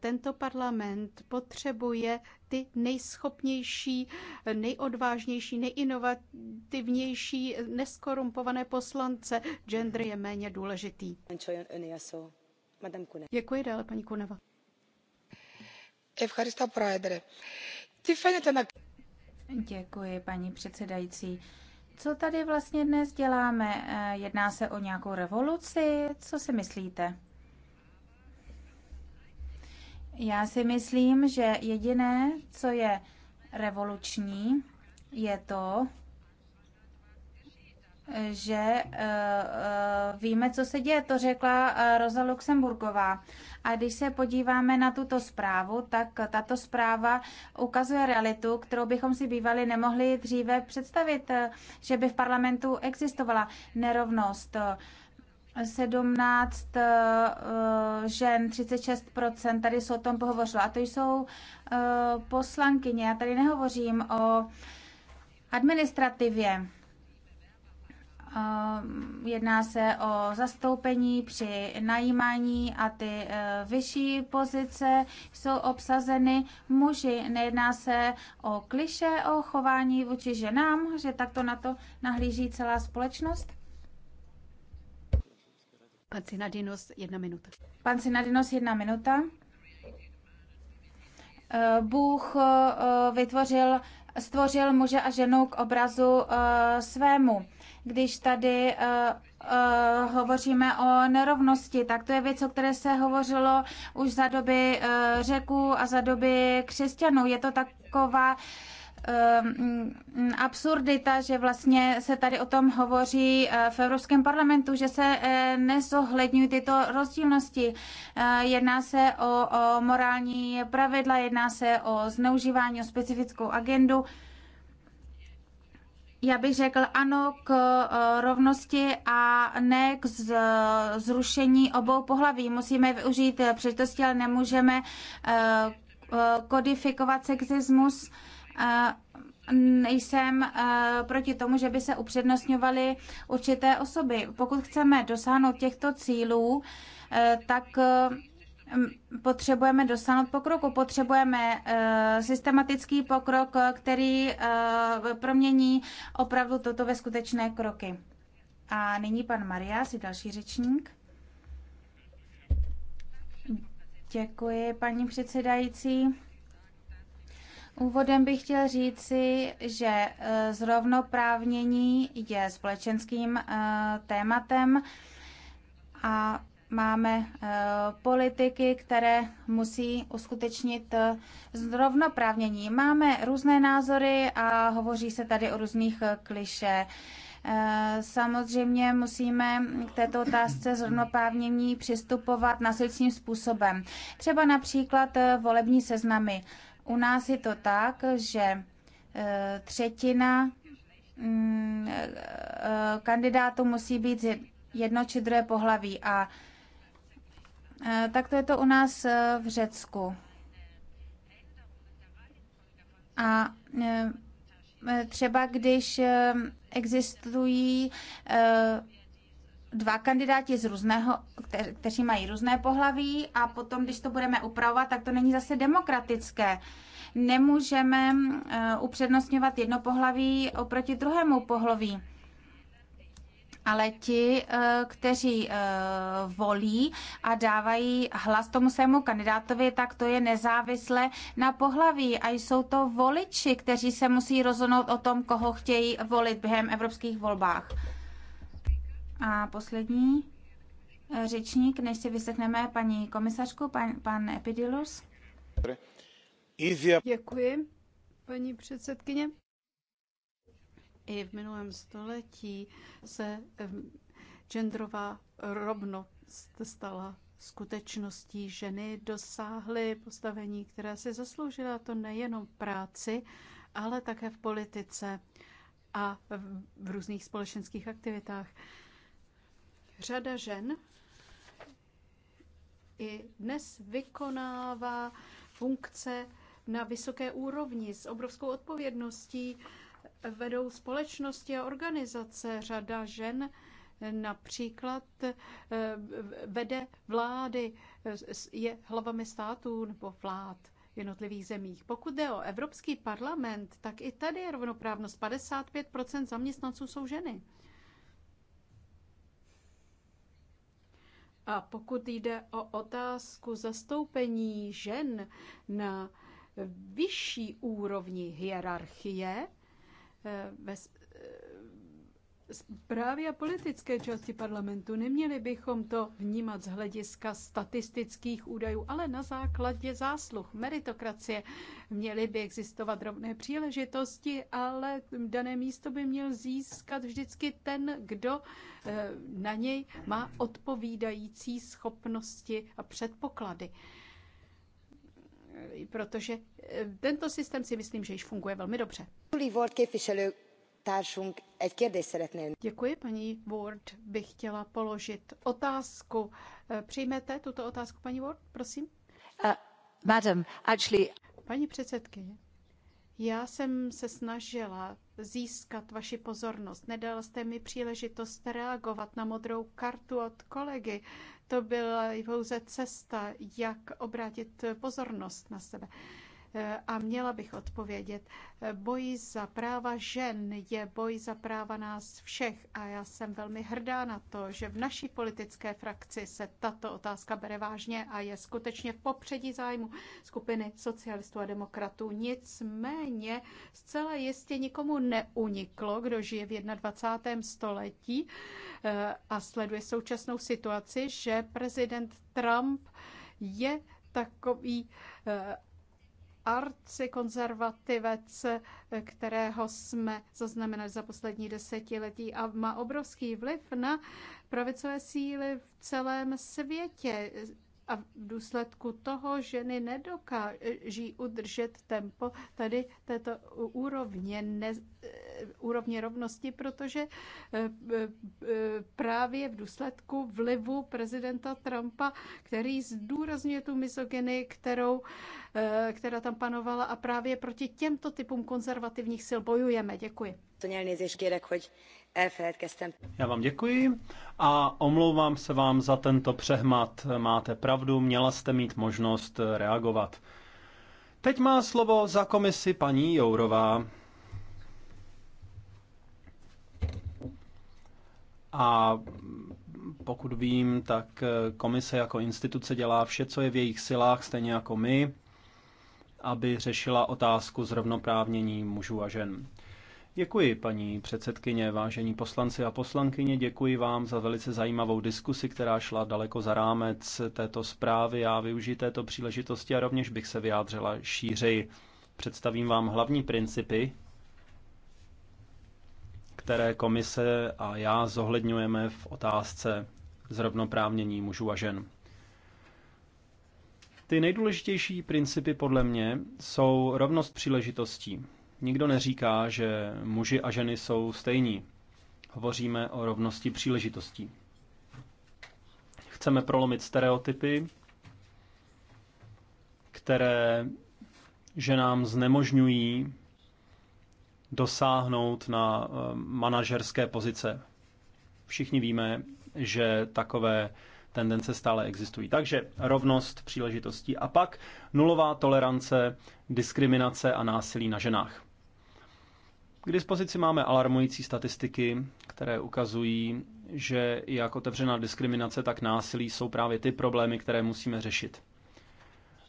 tento parlament potřebuje ty nejschopnější, eh, nejodvážnější, nejinovativnější, eh, neskorumpované poslance. Gender je méně důležitý. Děkuji dále, paní Kuneva. Děkuji, paní předsedající. Co tady vlastně dnes děláme? Eh, jedná se o nějakou revoluci? Co si myslíte? Já si myslím, že jediné, co je revoluční, je to, že eh, eh, víme, co se děje. To řekla eh, Roza Luxemburgová. A když se podíváme na tuto zprávu, tak tato zpráva ukazuje realitu, kterou bychom si bývali nemohli dříve představit, že by v parlamentu existovala nerovnost. 17 žen, 36%, tady se o tom pohovořilo. A to jsou poslankyně. Já tady nehovořím o administrativě. Ehm, jedná se o zastoupení při najímání a ty eh, vyšší pozice jsou obsazeny muži. Nejedná se o kliše, o chování vůči ženám, že takto na to nahlíží celá společnost? Pan Sinadinos, jedna minuta. Pan Sinadinos, jedna minuta. Eh, Bůh eh, vytvořil, stvořil muže a ženu k obrazu svému když tady uh, hovoříme o nerovnosti, tak to je věc, o které se hovořilo už za doby uh, řeků a za doby křesťanů. Je to taková absurdita, že vlastně se tady o tom hovoří v Evropském parlamentu, že se nezohledňují tyto rozdílnosti. Jedná se o, o morální pravidla, jedná se o zneužívání, o specifickou agendu já bych řekl ano k eh, rovnosti a ne k zrušení obou pohlaví. Musíme využít eh, příležitosti, ale nemůžeme eh, kodifikovat sexismus. Nejsem proti tomu, že by se upřednostňovaly určité osoby. Pokud chceme dosáhnout těchto cílů, tak potřebujeme dosáhnout pokroku. Potřebujeme uh, systematický pokrok, který uh, promění opravdu toto ve skutečné kroky. A nyní pan si další řečník. Děkuji, paní předsedající. Úvodem bych chtěl říci, že eh, zrovnoprávnění je společenským tématem a máme eh, politiky, které musí uskutečnit eh, zrovnoprávnění. Máme různé názory a hovoří se tady o různých eh, kliše. Samozřejmě musíme k této otázce zrovnoprávnění přistupovat následujícím způsobem. Třeba například volební seznamy. U nás je to tak, že třetina mm, kandidátů musí být jedno či druhé pohlaví a Eh, tak to je to u nás eh, v Řecku. A eh, třeba když existují dva kandidáti z různého, kteří mají různé pohlaví a potom, když to budeme upravovat, tak to není zase demokratické. Nemůžeme upřednostňovat jedno pohlaví oproti druhému pohlaví ale ti, eh, kteří eh, volí a dávají hlas tomu svému kandidátovi, tak to je nezávisle na pohlaví a jsou to voliči, kteří se musí rozhodnout o tom, koho chtějí volit během evropských volbách. A poslední eh, řečník, než si vysvětneme paní komisařku, pan, pan Epidilus. Děkuji, paní předsedkyně. I v minulém století se ehm, genderová rovnost stala skutečností. Ženy dosáhly postavení, které si zasloužila to nejenom v práci, ale také v politice a v různých společenských aktivitách. Řada žen i dnes vykonává funkce na vysoké úrovni s obrovskou odpovědností vedou společnosti a organizace. Řada žen například eh, vede vlády, eh, je hlavami států nebo vlád jednotlivých zemích. Pokud jde o Evropský parlament, tak i tady je rovnoprávnost. 55% zaměstnanců jsou ženy. A pokud jde o otázku zastoupení žen na vyšší úrovni hierarchie, ve eh, eh, právě a politické části parlamentu. Neměli bychom to vnímat z hlediska statistických údajů, ale na základě zásluh meritokracie. Měly by existovat rovné příležitosti, ale dané místo by měl získat vždycky ten, kdo eh, na něj má odpovídající schopnosti a předpoklady protože eh, tento systém si myslím, že již funguje velmi dobře. Děkuji, paní Ward bych chtěla položit otázku. Eh, přijmete tuto otázku, paní Ward, prosím? Uh, madam, actually... Paní předsedkyně, já jsem se snažila získat vaši pozornost. Nedala jste mi příležitost reagovat na modrou kartu od kolegy. To byla pouze cesta, jak obrátit pozornost na sebe. Eh, a měla bych odpovědět. Eh, boj za práva žen je boj za práva nás všech a já jsem velmi hrdá na to, že v naší politické frakci se tato otázka bere vážně a je skutečně v popředí zájmu skupiny socialistů a demokratů. Nicméně zcela jistě nikomu neuniklo, kdo žije v 21. století eh, a sleduje současnou situaci, že prezident Trump je takový konzervativec, kterého jsme zaznamenali za poslední desetiletí a má obrovský vliv na pravicové síly v celém světě. A v důsledku toho ženy nedokáží udržet tempo tady této úrovně, ne, eh, úrovně rovnosti, protože eh, eh, právě v důsledku vlivu prezidenta Trumpa, který zdůrazňuje tu misogyny, kterou, která tam panovala a právě proti těmto typům konzervativních sil bojujeme. Děkuji. Elnézést kérek, hogy já vám děkuji a omlouvám se vám za tento přehmat. Máte pravdu, měla jste mít možnost reagovat. Teď má slovo za komisi paní Jourová. A pokud vím, tak komise jako instituce dělá vše, co je v jejich silách, stejně jako my, aby řešila otázku zrovnoprávnění mužů a žen. Děkuji, paní předsedkyně, vážení poslanci a poslankyně. Děkuji vám za velice zajímavou diskusi, která šla daleko za rámec této zprávy. Já využiji této příležitosti a rovněž bych se vyjádřila šířeji. Představím vám hlavní principy, které komise a já zohledňujeme v otázce zrovnoprávnění mužů a žen. Ty nejdůležitější principy podle mě jsou rovnost příležitostí, Nikdo neříká, že muži a ženy jsou stejní. Hovoříme o rovnosti příležitostí. Chceme prolomit stereotypy, které ženám znemožňují dosáhnout na eh, manažerské pozice. Všichni víme, že takové tendence stále existují. Takže rovnost příležitostí a pak nulová tolerance diskriminace a násilí na ženách. K dispozici máme alarmující statistiky, které ukazují, že jak otevřená diskriminace, tak násilí jsou právě ty problémy, které musíme řešit.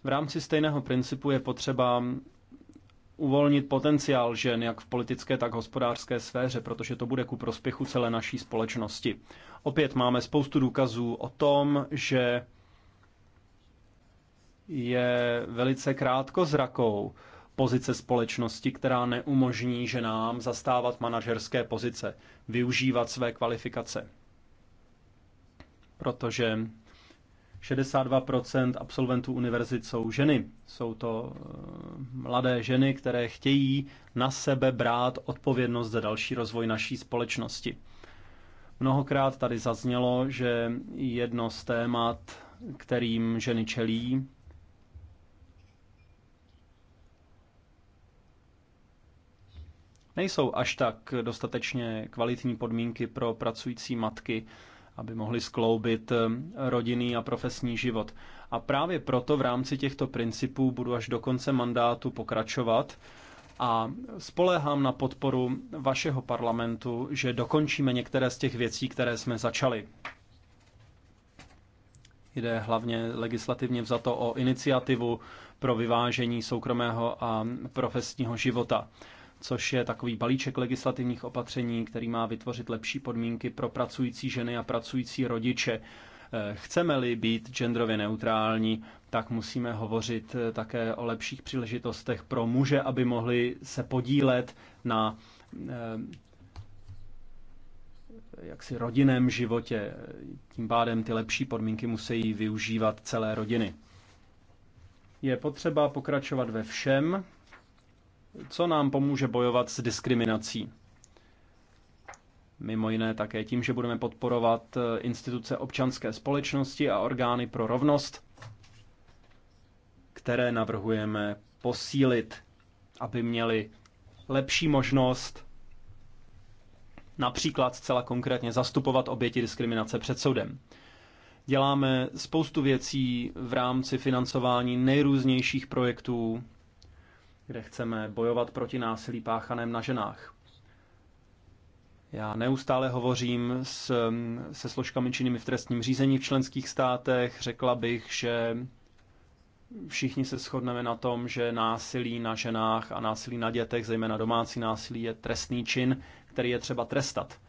V rámci stejného principu je potřeba uvolnit potenciál žen jak v politické, tak v hospodářské sféře, protože to bude ku prospěchu celé naší společnosti. Opět máme spoustu důkazů o tom, že je velice krátkozrakou pozice společnosti, která neumožní ženám zastávat manažerské pozice, využívat své kvalifikace. Protože 62% absolventů univerzit jsou ženy. Jsou to eh, mladé ženy, které chtějí na sebe brát odpovědnost za další rozvoj naší společnosti. Mnohokrát tady zaznělo, že jedno z témat, kterým ženy čelí, nejsou až tak dostatečně kvalitní podmínky pro pracující matky, aby mohly skloubit ehm, rodinný a profesní život. A právě proto v rámci těchto principů budu až do konce mandátu pokračovat a spoléhám na podporu vašeho parlamentu, že dokončíme některé z těch věcí, které jsme začali. Jde hlavně legislativně vzato o iniciativu pro vyvážení soukromého a profesního života což je takový balíček legislativních opatření, který má vytvořit lepší podmínky pro pracující ženy a pracující rodiče. Eh, chceme-li být genderově neutrální, tak musíme hovořit eh, také o lepších příležitostech pro muže, aby mohli se podílet na eh, jaksi rodinném životě. Tím pádem ty lepší podmínky musí využívat celé rodiny. Je potřeba pokračovat ve všem, co nám pomůže bojovat s diskriminací. Mimo jiné také tím, že budeme podporovat eh, instituce občanské společnosti a orgány pro rovnost, které navrhujeme posílit, aby měli lepší možnost například zcela konkrétně zastupovat oběti diskriminace před soudem. Děláme spoustu věcí v rámci financování nejrůznějších projektů kde chceme bojovat proti násilí páchaném na ženách. Já neustále hovořím s, se složkami činnými v trestním řízení v členských státech. Řekla bych, že všichni se shodneme na tom, že násilí na ženách a násilí na dětech, zejména domácí násilí, je trestný čin, který je třeba trestat.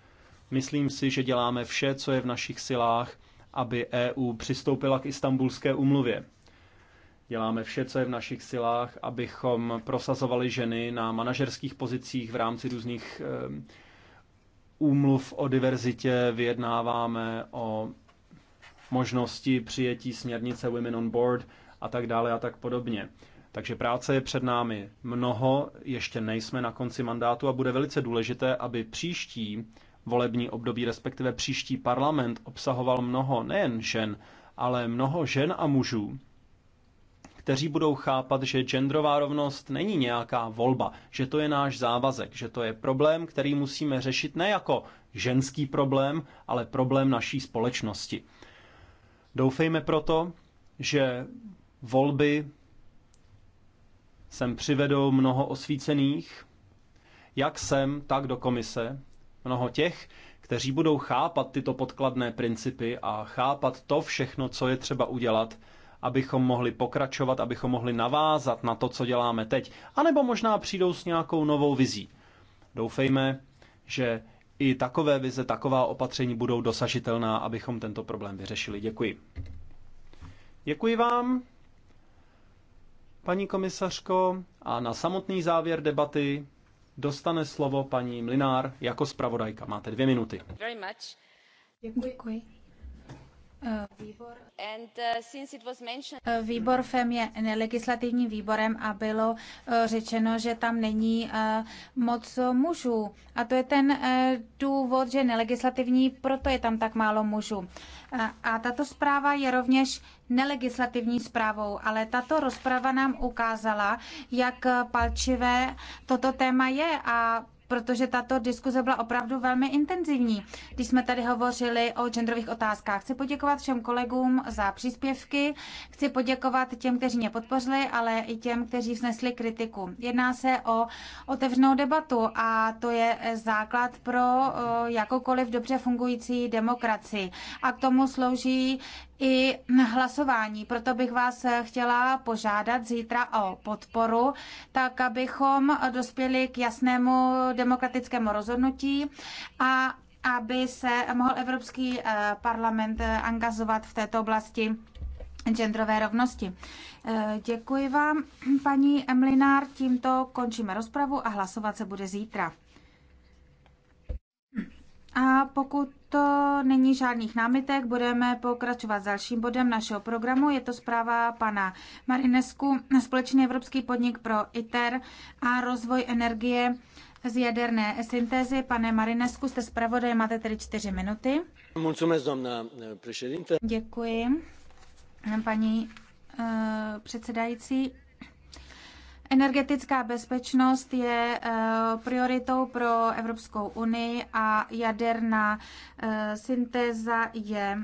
Myslím si, že děláme vše, co je v našich silách, aby EU přistoupila k istambulské umluvě. Děláme vše, co je v našich silách, abychom prosazovali ženy na manažerských pozicích v rámci různých úmluv o diverzitě, vyjednáváme o možnosti přijetí směrnice Women on Board a tak dále a tak podobně. Takže práce je před námi mnoho, ještě nejsme na konci mandátu a bude velice důležité, aby příští volební období, respektive příští parlament obsahoval mnoho nejen žen, ale mnoho žen a mužů, kteří budou chápat, že genderová rovnost není nějaká volba, že to je náš závazek, že to je problém, který musíme řešit ne jako ženský problém, ale problém naší společnosti. Doufejme proto, že volby sem přivedou mnoho osvícených, jak sem, tak do komise, mnoho těch, kteří budou chápat tyto podkladné principy a chápat to všechno, co je třeba udělat, abychom mohli pokračovat, abychom mohli navázat na to, co děláme teď. A nebo možná přijdou s nějakou novou vizí. Doufejme, že i takové vize, taková opatření budou dosažitelná, abychom tento problém vyřešili. Děkuji. Děkuji vám, paní komisařko. A na samotný závěr debaty dostane slovo paní Mlinár jako zpravodajka. Máte dvě minuty. Děkuji. Uh, eh, výbor, FEM je nelegislativním výborem a bylo eh, řečeno, že tam není eh, moc mužů. A to je ten důvod, že nelegislativní, proto je tam tak málo mužů. A tato zpráva je rovněž nelegislativní zprávou, ale tato rozprava nám ukázala, jak palčivé toto téma je a protože tato diskuze byla opravdu velmi intenzivní, když jsme tady hovořili o genderových otázkách. Chci poděkovat všem kolegům za příspěvky, chci poděkovat těm, kteří mě podpořili, ale i těm, kteří vznesli kritiku. Jedná se o otevřenou debatu a to je základ pro eh, jakoukoliv dobře fungující demokracii. A k tomu slouží i hlasování. Proto bych vás chtěla požádat zítra o podporu, tak abychom dospěli k jasnému demokratickému rozhodnutí a aby se mohl Evropský eh, parlament eh, angažovat v této oblasti genderové rovnosti. Eh, děkuji vám, paní Emlinár. Tímto končíme rozpravu a hlasovat se bude zítra. A pokud to není žádných námitek, budeme pokračovat s dalším bodem našeho programu. Je to zpráva pana Marinesku, společný evropský podnik pro ITER a rozvoj energie z jaderné syntézy. Pane Marinesku, jste zpravodaj, máte tedy čtyři minuty. Děkuji, paní eh, předsedající. Energetická bezpečnost je eh, prioritou pro Evropskou unii a jaderná eh, syntéza je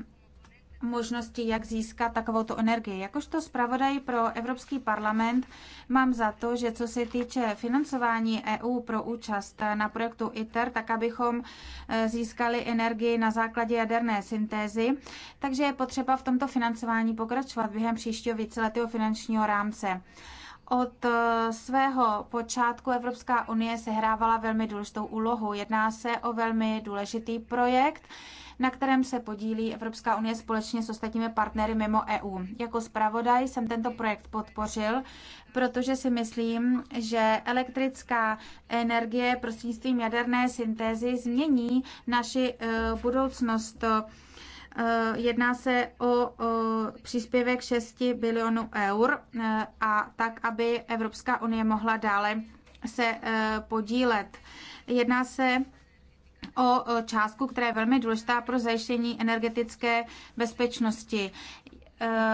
možnosti, jak získat takovouto energii. Jakožto zpravodaj pro Evropský parlament mám za to, že co se týče financování EU pro účast na projektu ITER, tak abychom eh, získali energii na základě jaderné syntézy, takže je potřeba v tomto financování pokračovat během příštího víceletého finančního rámce. Od eh, svého počátku Evropská unie sehrávala velmi důležitou úlohu. Jedná se o velmi důležitý projekt, na kterém se podílí Evropská unie společně s ostatními partnery mimo EU. Jako zpravodaj jsem tento projekt podpořil, protože si myslím, že elektrická energie prostřednictvím jaderné syntézy změní naši eh, budoucnost. Eh, jedná se o příspěvek 6 bilionů eur eh, a tak, aby Evropská unie mohla dále se eh, podílet. Jedná se o částku, která je velmi důležitá pro zajištění energetické bezpečnosti.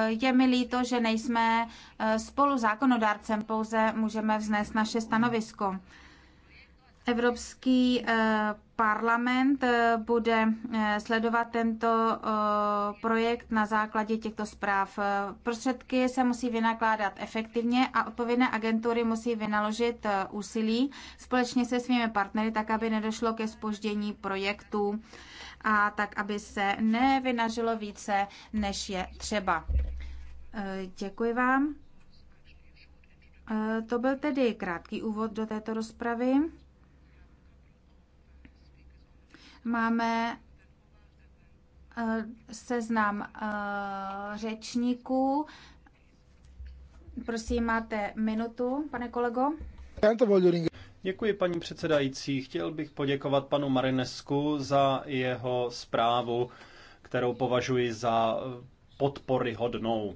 Je mi líto, že nejsme spolu zákonodárcem, pouze můžeme vznést naše stanovisko. Evropský eh, parlament eh, bude eh, sledovat tento projekt na základě těchto zpráv. Prostředky se musí vynakládat efektivně a odpovědné agentury musí vynaložit úsilí společně se svými partnery, tak aby nedošlo ke spoždění projektu a tak, aby se nevynažilo více, než je třeba. Děkuji vám. To byl tedy krátký úvod do této rozpravy. Máme eh, seznam eh, řečníků. Prosím, máte minutu, pane kolego. Děkuji, paní předsedající. Chtěl bych poděkovat panu Marinesku za jeho zprávu, kterou považuji za podpory hodnou.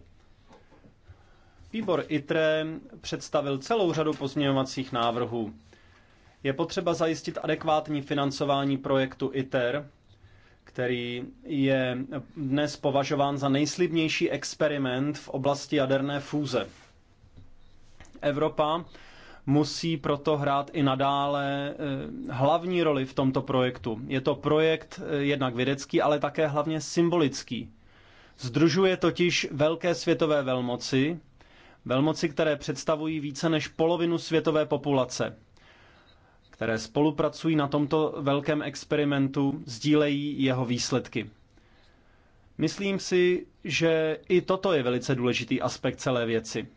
Výbor ITRE představil celou řadu pozměňovacích návrhů. Je potřeba zajistit adekvátní financování projektu ITER, který je dnes považován za nejslibnější experiment v oblasti jaderné fúze. Evropa musí proto hrát i nadále eh, hlavní roli v tomto projektu. Je to projekt eh, jednak vědecký, ale také hlavně symbolický. Združuje totiž velké světové velmoci, velmoci, které představují více než polovinu světové populace které spolupracují na tomto velkém experimentu, sdílejí jeho výsledky. Myslím si, že i toto je velice důležitý aspekt celé věci.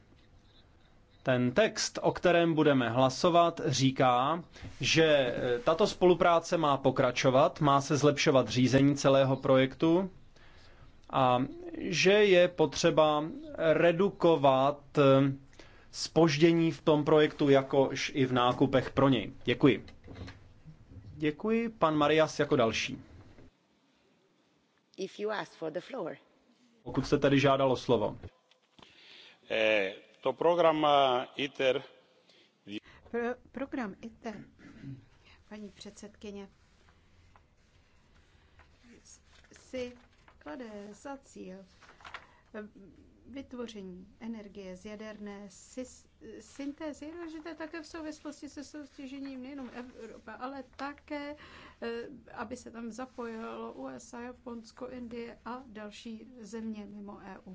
Ten text, o kterém budeme hlasovat, říká, že tato spolupráce má pokračovat, má se zlepšovat řízení celého projektu a že je potřeba redukovat spoždění v tom projektu, jakož i v nákupech pro něj. Děkuji. Děkuji, pan Marias jako další. If you ask for the floor. Pokud jste tady žádalo slovo. Eh, to program eh, ITER... Pro, program ITER, paní předsedkyně, si klade za cíl vytvoření energie z jaderné syntézy je také v souvislosti se soutěžením nejenom Evropa, ale také, eh, aby se tam zapojilo USA, Japonsko, Indie a další země mimo EU.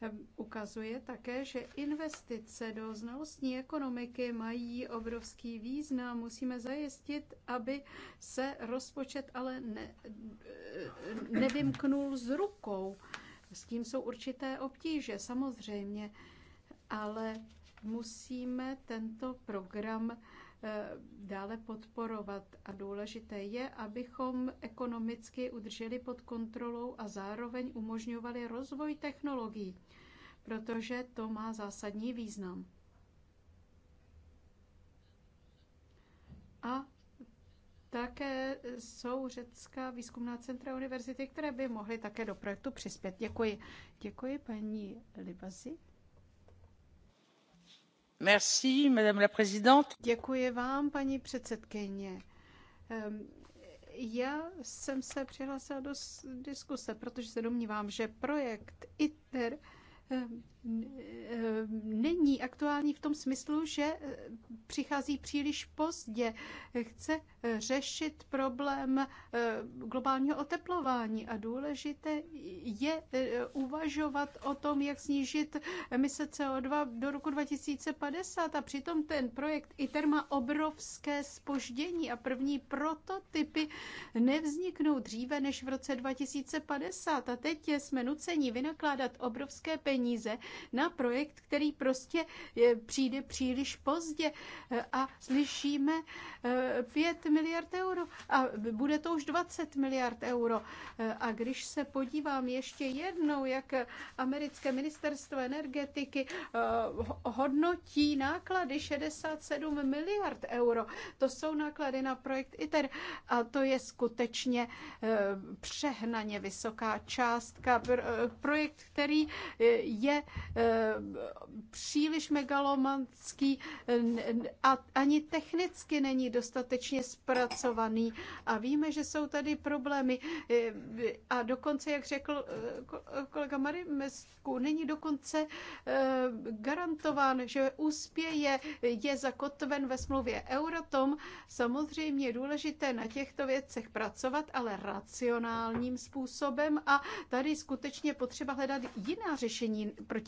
Ehm, ukazuje také, že investice do znalostní ekonomiky mají obrovský význam. Musíme zajistit, aby se rozpočet ale ne, eh, nevymknul z rukou s tím jsou určité obtíže, samozřejmě, ale musíme tento program eh, dále podporovat. A důležité je, abychom ekonomicky udrželi pod kontrolou a zároveň umožňovali rozvoj technologií, protože to má zásadní význam. A také jsou řecká výzkumná centra univerzity, které by mohly také do projektu přispět. Děkuji. Děkuji paní Libazi. Merci, madame la présidente. Děkuji vám, paní předsedkyně. Ehm, já jsem se přihlásila do diskuse, protože se domnívám, že projekt ITER ehm, není aktuální v tom smyslu, že eh, přichází příliš pozdě. Chce eh, řešit problém eh, globálního oteplování a důležité je uvažovat o tom, jak snížit emise CO2 do roku 2050 a přitom ten projekt ITER má obrovské spoždění a první prototypy nevzniknou dříve než v roce 2050 a teď jsme nuceni vynakládat obrovské peníze na projekt, který prostě přijde příliš pozdě eh, a slyšíme 5 eh, miliard euro a bude to už 20 miliard euro. Eh, a když se podívám ještě jednou, jak americké ministerstvo energetiky hodnotí náklady 67 miliard euro, to jsou náklady na projekt ITER a to je skutečně přehnaně vysoká částka. Projekt, který je Eh, příliš megalomanský eh, a ani technicky není dostatečně zpracovaný. A víme, že jsou tady problémy. Eh, a dokonce, jak řekl kolega Marimesku, není dokonce garantován, že úspěje je zakotven ve smlouvě Euratom. Samozřejmě je důležité na těchto věcech pracovat, ale racionálním způsobem a tady skutečně potřeba hledat jiná řešení proti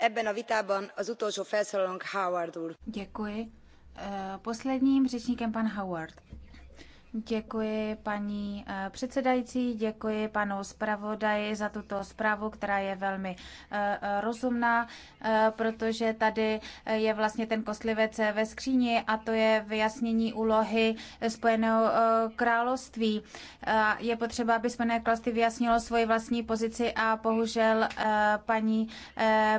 Ebben a vitában az utolsó felszólalónk Howard úr. Děkuji. Eh, posledním řečníkem pan Howard. Děkuji paní eh, předsedající, děkuji panu zpravodaji za tuto zprávu, která je velmi eh, eh, rozumná, protože tady je vlastně ten koslivec ve skříni a to je vyjasnění úlohy Spojeného království. Je potřeba, aby Spojené království vyjasnilo svoji vlastní pozici a bohužel paní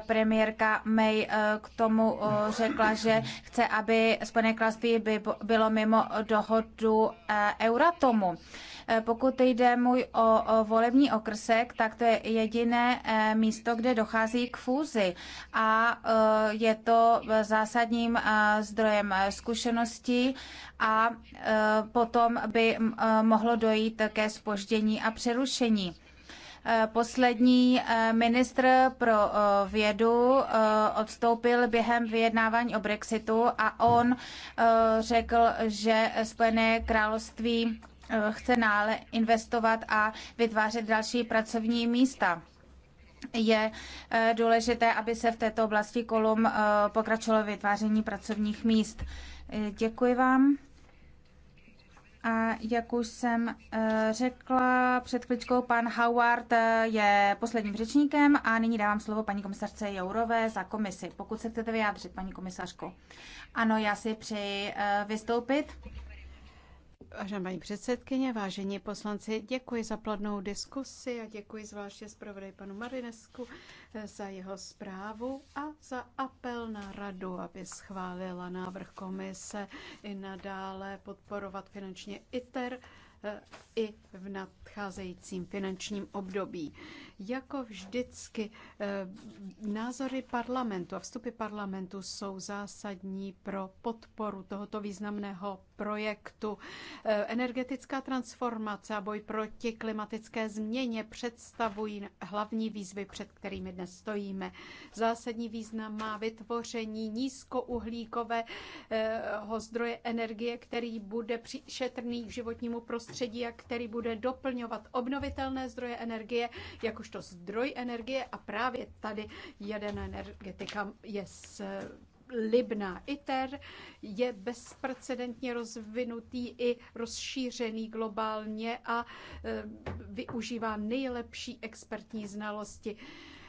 premiérka May k tomu řekla, že chce, aby Spojené království by bylo mimo dohodu Eh, Euratomu. Eh, pokud jde můj o, o volební okrsek, tak to je jediné eh, místo, kde dochází k fúzi a je to zásadním zdrojem zkušeností a potom by mohlo dojít ke spoždění a přerušení. Eh, poslední eh, ministr pro eh, vědu odstoupil během vyjednávání o Brexitu a on řekl, že Spojené království chce nále investovat a vytvářet další pracovní místa je důležité, aby se v této oblasti kolum pokračovalo vytváření pracovních míst. Děkuji vám. A jak už jsem eh, řekla před kličkou, pan Howard eh, je posledním řečníkem a nyní dávám slovo paní komisařce Jourové za komisi. Pokud se chcete vyjádřit, paní komisařko. Ano, já si přeji eh, vystoupit. Vážená paní předsedkyně, vážení poslanci, děkuji za plodnou diskusi a děkuji zvláště zpravodaj panu Marinesku eh, za jeho zprávu a za apel na radu, aby schválila návrh komise i nadále podporovat finančně ITER eh, i v nadcházejícím finančním období. Jako vždycky, eh, názory parlamentu a vstupy parlamentu jsou zásadní pro podporu tohoto významného projektu. Eh, energetická transformace a boj proti klimatické změně představují hlavní výzvy, před kterými dnes stojíme. Zásadní význam má vytvoření nízkouhlíkového eh, zdroje energie, který bude šetrný k životnímu prostředí a který bude doplňovat obnovitelné zdroje energie, jakož jakožto zdroj energie a právě tady jaderná energetika je s Libna ITER je bezprecedentně rozvinutý i rozšířený globálně a e, využívá nejlepší expertní znalosti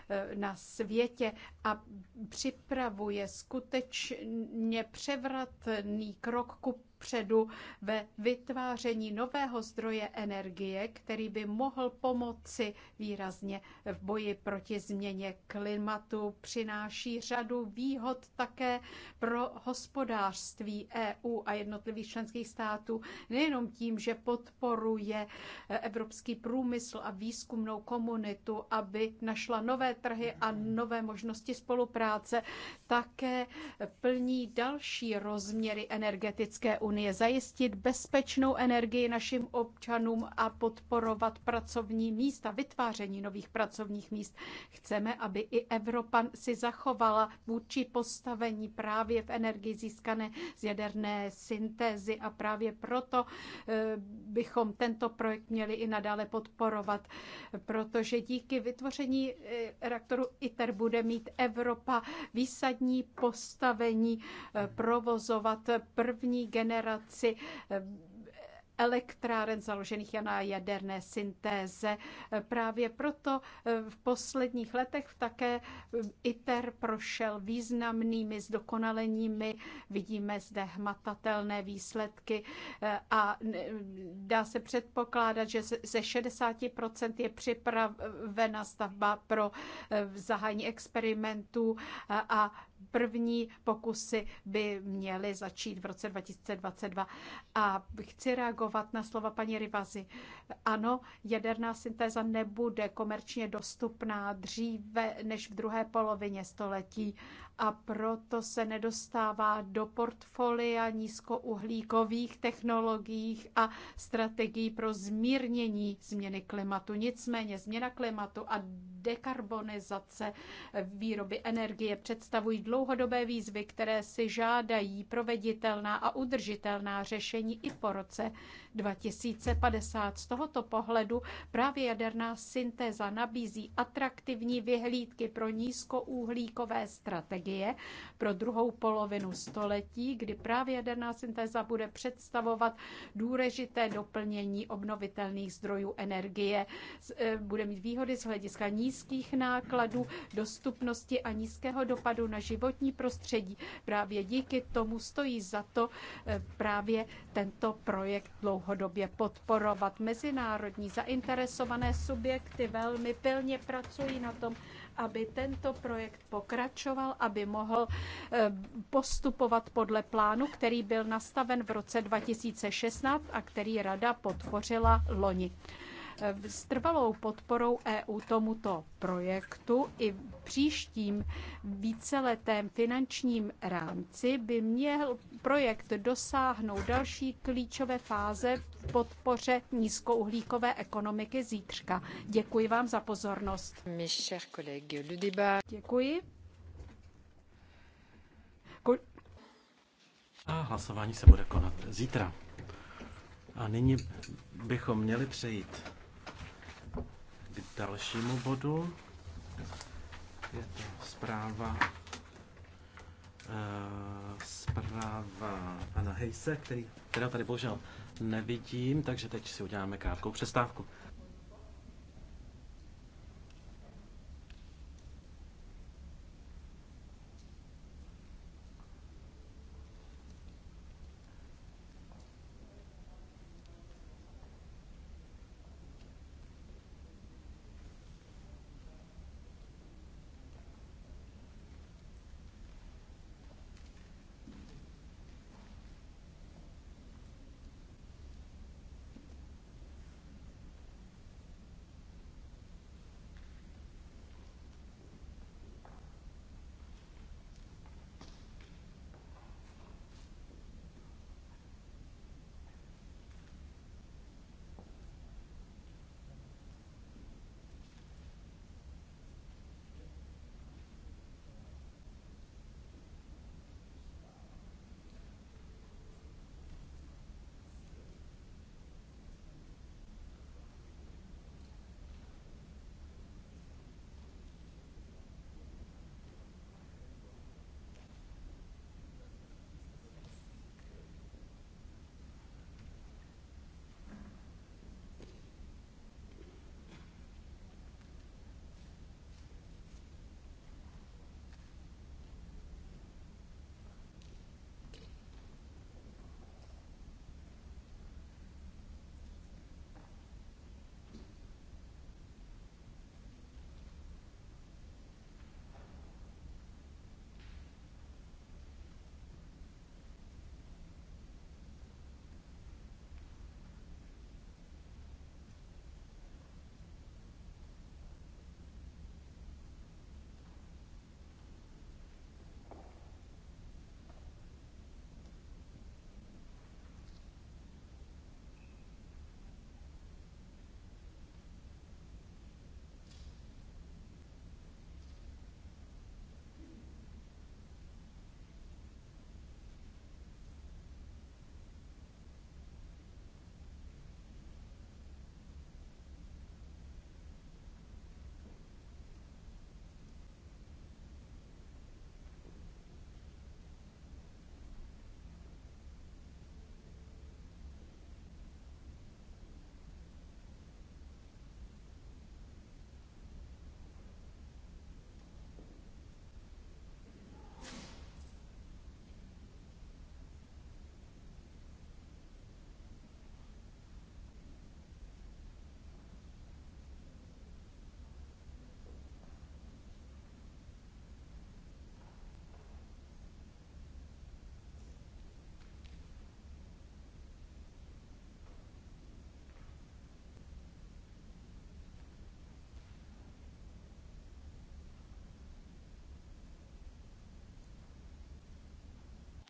e, na světě a připravuje skutečně převratný krok ku vpředu ve vytváření nového zdroje energie, který by mohl pomoci výrazně v boji proti změně klimatu. Přináší řadu výhod také pro hospodářství EU a jednotlivých členských států, nejenom tím, že podporuje evropský průmysl a výzkumnou komunitu, aby našla nové trhy a nové možnosti spolupráce, také plní další rozměry energetické unie unie, zajistit bezpečnou energii našim občanům a podporovat pracovní místa, vytváření nových pracovních míst. Chceme, aby i Evropa si zachovala vůči postavení právě v energii získané z jaderné syntézy a právě proto eh, bychom tento projekt měli i nadále podporovat, protože díky vytvoření eh, reaktoru ITER bude mít Evropa výsadní postavení eh, provozovat první generaci generaci eh, elektráren založených na jaderné syntéze. Právě proto eh, v posledních letech také eh, ITER prošel významnými zdokonaleními, vidíme zde hmatatelné výsledky a dá se předpokládat, že ze 60% je připravena stavba pro zahájení experimentů a První pokusy by měly začít v roce 2022. A chci reagovat na slova paní Rivazy. Ano, jaderná syntéza nebude komerčně dostupná dříve než v druhé polovině století, a proto se nedostává do portfolia nízkouhlíkových technologií a strategií pro zmírnění změny klimatu. Nicméně změna klimatu a dekarbonizace výroby energie představují dlouhodobé výzvy, které si žádají proveditelná a udržitelná řešení i po roce 2050. Z tohoto pohledu právě jaderná syntéza nabízí atraktivní vyhlídky pro nízkouhlíkové strategie pro druhou polovinu století, kdy právě jaderná syntéza bude představovat důležité doplnění obnovitelných zdrojů energie. E, bude mít výhody z hlediska nízkých nákladů, dostupnosti a nízkého dopadu na životní prostředí. Právě díky tomu stojí za to e, právě tento projekt dlouho dlouhodobě podporovat. Mezinárodní zainteresované subjekty velmi pilně pracují na tom, aby tento projekt pokračoval, aby mohl eh, postupovat podle plánu, který byl nastaven v roce 2016 a který rada podpořila loni. S trvalou podporou EU tomuto projektu i v příštím víceletém finančním rámci by měl projekt dosáhnout další klíčové fáze v podpoře nízkouhlíkové ekonomiky zítřka. Děkuji vám za pozornost. Děkuji. A hlasování se bude konat zítra. A nyní bychom měli přejít dalšímu bodu. Je to zpráva eh, zpráva pana Hejse, který, teda tady bohužel nevidím, takže teď si uděláme krátkou přestávku.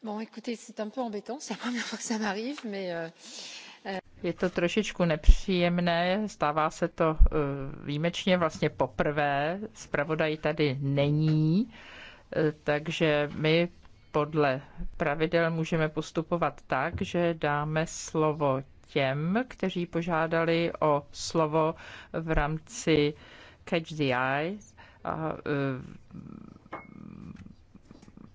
Euh, euh, je to trošičku nepříjemné, stává se to eh, výjimečně vlastně poprvé. Spravodaj tady není, eh, takže my podle pravidel můžeme postupovat tak, že dáme slovo těm, kteří požádali o slovo v rámci Catch the Eye. A, eh,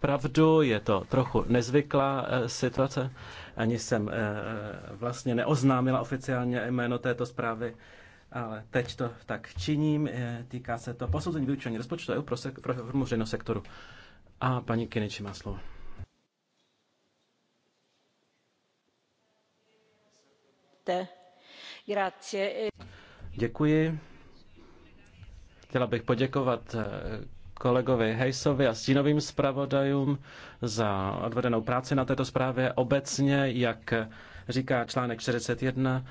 pravdu, je to trochu nezvyklá eh, situace. Ani jsem eh, eh, vlastně neoznámila oficiálně jméno této zprávy, ale teď to tak činím. Týká se to posouzení vyučení rozpočtu EU pro, sek- pro reformu sektoru. A paní Kiniči má slovo. Děkuji. Chtěla bych poděkovat kolegovi Hejsovi a stínovým zpravodajům za odvedenou práci na této zprávě. Obecně, jak říká článek 41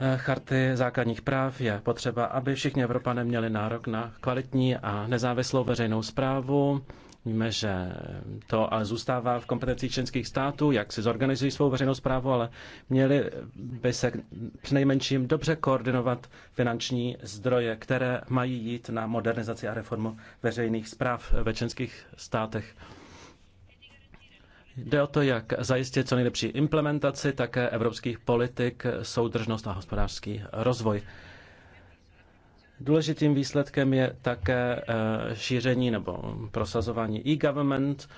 eh, Charty základních práv, je potřeba, aby všichni Evropané měli nárok na kvalitní a nezávislou veřejnou zprávu. Víme, že to ale zůstává v kompetenci členských států, jak si zorganizují svou veřejnou zprávu, ale měli by se přinejmenším dobře koordinovat finanční zdroje, které mají jít na modernizaci a reformu veřejných zpráv ve členských státech. Jde o to, jak zajistit co nejlepší implementaci také evropských politik, soudržnost a hospodářský rozvoj. Důležitým výsledkem je také eh, šíření nebo prosazování e-government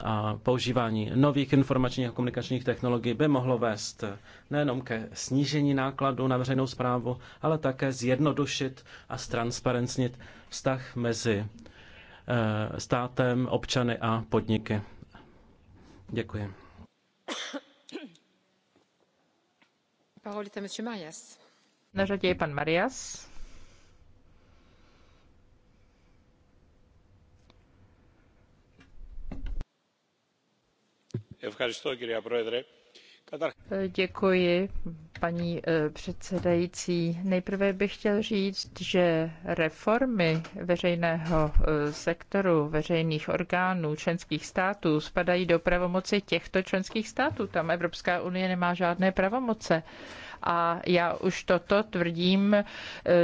a používání nových informačních a komunikačních technologií by mohlo vést eh, nejenom ke snížení nákladů na veřejnou zprávu, ale také zjednodušit a ztransparentnit vztah mezi eh, státem, občany a podniky. Děkuji. Marias. Na řadě je pan Marias. Děkuji, paní eh, předsedající. Nejprve bych chtěl říct, že reformy veřejného eh, sektoru, veřejných orgánů členských států spadají do pravomoci těchto členských států. Tam Evropská unie nemá žádné pravomoce. A já už toto tvrdím e,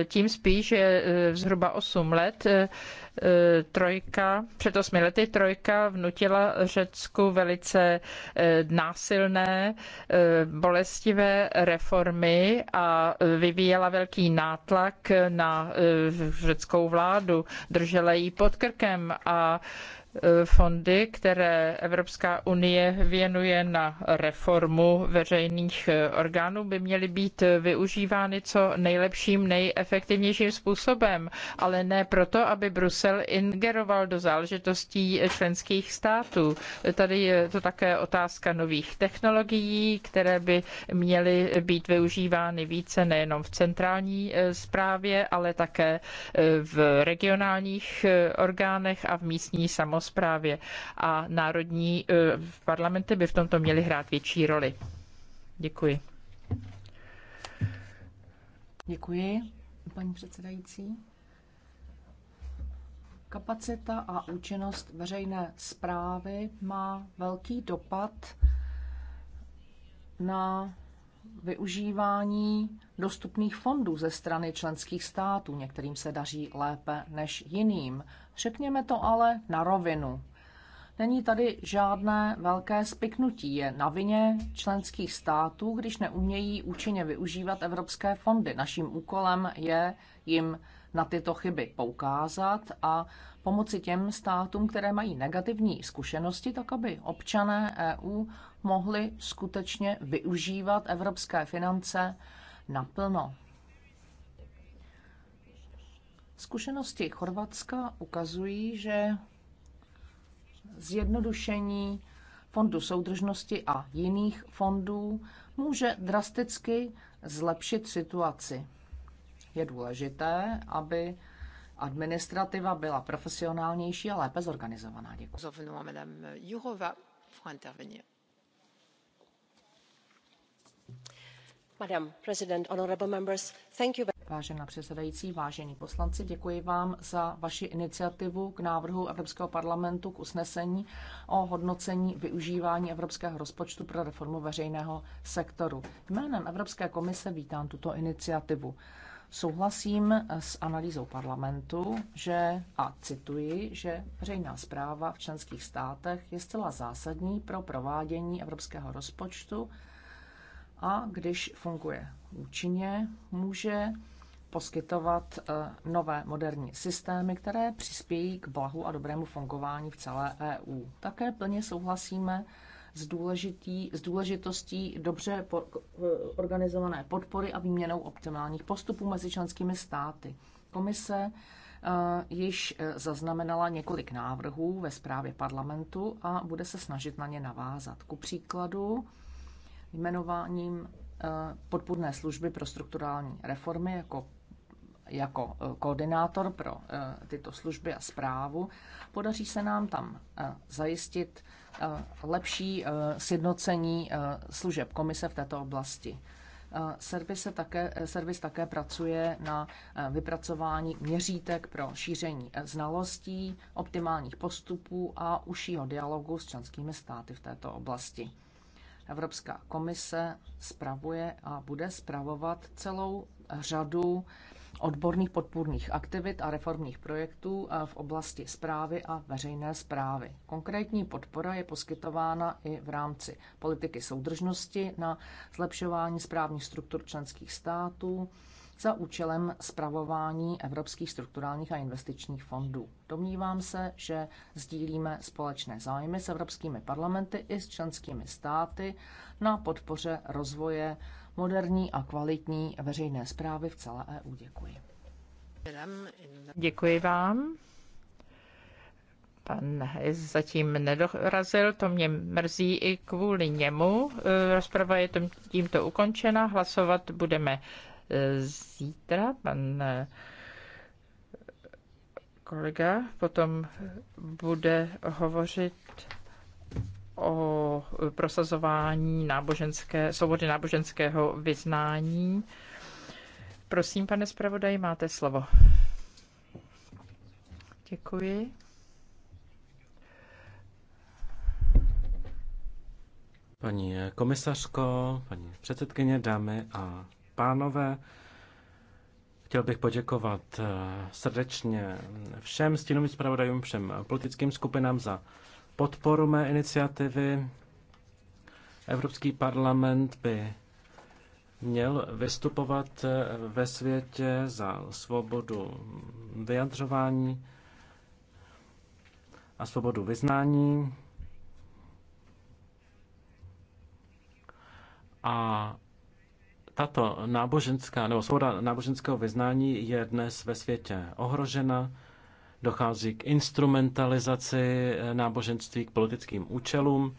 tím spíš, že e, zhruba 8 let e, trojka, před 8 lety trojka vnutila Řecku velice násilné, bolestivé reformy a vyvíjela velký nátlak na řeckou vládu, držela ji pod krkem a Eh, fondy, které Evropská unie věnuje na reformu veřejných eh, orgánů, by měly být eh, využívány co nejlepším, nejefektivnějším způsobem, ale ne proto, aby Brusel ingeroval do záležitostí členských států. Tady je to také otázka nových technologií, které by měly být využívány více nejenom v centrální správě, ale také v regionálních orgánech a v místní samozprávě samozprávě a národní eh, parlamenty by v tomto měly hrát větší roli. Děkuji. Děkuji, paní předsedající. Kapacita a účinnost veřejné zprávy má velký dopad na využívání dostupných fondů ze strany členských států. Některým se daří lépe než jiným. Řekněme to ale na rovinu. Není tady žádné velké spiknutí. Je na vině členských států, když neumějí účinně využívat evropské fondy. Naším úkolem je jim na tyto chyby poukázat a pomoci těm státům, které mají negativní zkušenosti, tak aby občané EU mohli skutečně využívat evropské finance naplno. Zkušenosti Chorvatska ukazují, že zjednodušení fondu soudržnosti a jiných fondů může drasticky zlepšit situaci. Je důležité, aby administrativa byla profesionálnější a lépe zorganizovaná. Děkuji. Vážená předsedající, vážení poslanci, děkuji vám za vaši iniciativu k návrhu Evropského parlamentu k usnesení o hodnocení využívání evropského rozpočtu pro reformu veřejného sektoru. Jménem Evropské komise vítám tuto iniciativu. Souhlasím s analýzou parlamentu, že, a cituji, že veřejná zpráva v členských státech je zcela zásadní pro provádění evropského rozpočtu a když funguje účinně, může poskytovat eh, nové moderní systémy, které přispějí k blahu a dobrému fungování v celé EU. Také plně souhlasíme s, důležitý, s důležitostí dobře eh, organizované podpory a výměnou optimálních postupů mezi členskými státy. Komise eh, již zaznamenala několik návrhů ve zprávě parlamentu a bude se snažit na ně navázat. Ku příkladu, jmenováním eh, podpůrné služby pro strukturální reformy jako jako eh, koordinátor pro eh, tyto služby a zprávu. Podaří se nám tam zajistit lepší sjednocení služeb komise v této oblasti. Servis, se také, servis také pracuje na vypracování měřítek pro šíření znalostí, optimálních postupů a užšího dialogu s členskými státy v této oblasti. Evropská komise spravuje a bude spravovat celou řadu odborných podpůrných aktivit a reformních projektů eh, v oblasti zprávy a veřejné zprávy. Konkrétní podpora je poskytována i v rámci politiky soudržnosti na zlepšování správních struktur členských států, za účelem spravování evropských strukturálních a investičních fondů. Domnívám se, že sdílíme společné zájmy s evropskými parlamenty i s členskými státy na podpoře rozvoje moderní a kvalitní veřejné zprávy v celé EU. Děkuji. Děkuji vám. Pan Hez zatím nedorazil, to mě mrzí i kvůli němu. E, rozprava je tímto ukončena, hlasovat budeme zítra. Pan eh, kolega potom bude hovořit o prosazování náboženské, svobody náboženského vyznání. Prosím, pane zpravodaji, máte slovo. Děkuji. Paní komisařko, paní předsedkyně, dámy a pánové. Chtěl bych poděkovat eh, srdečně všem stínovým zpravodajům, všem politickým skupinám za podporu mé iniciativy. Evropský parlament by měl vystupovat eh, ve světě za svobodu vyjadřování a svobodu vyznání. A tato náboženská nebo svoboda náboženského vyznání je dnes ve světě ohrožena. Dochází k instrumentalizaci náboženství k politickým účelům.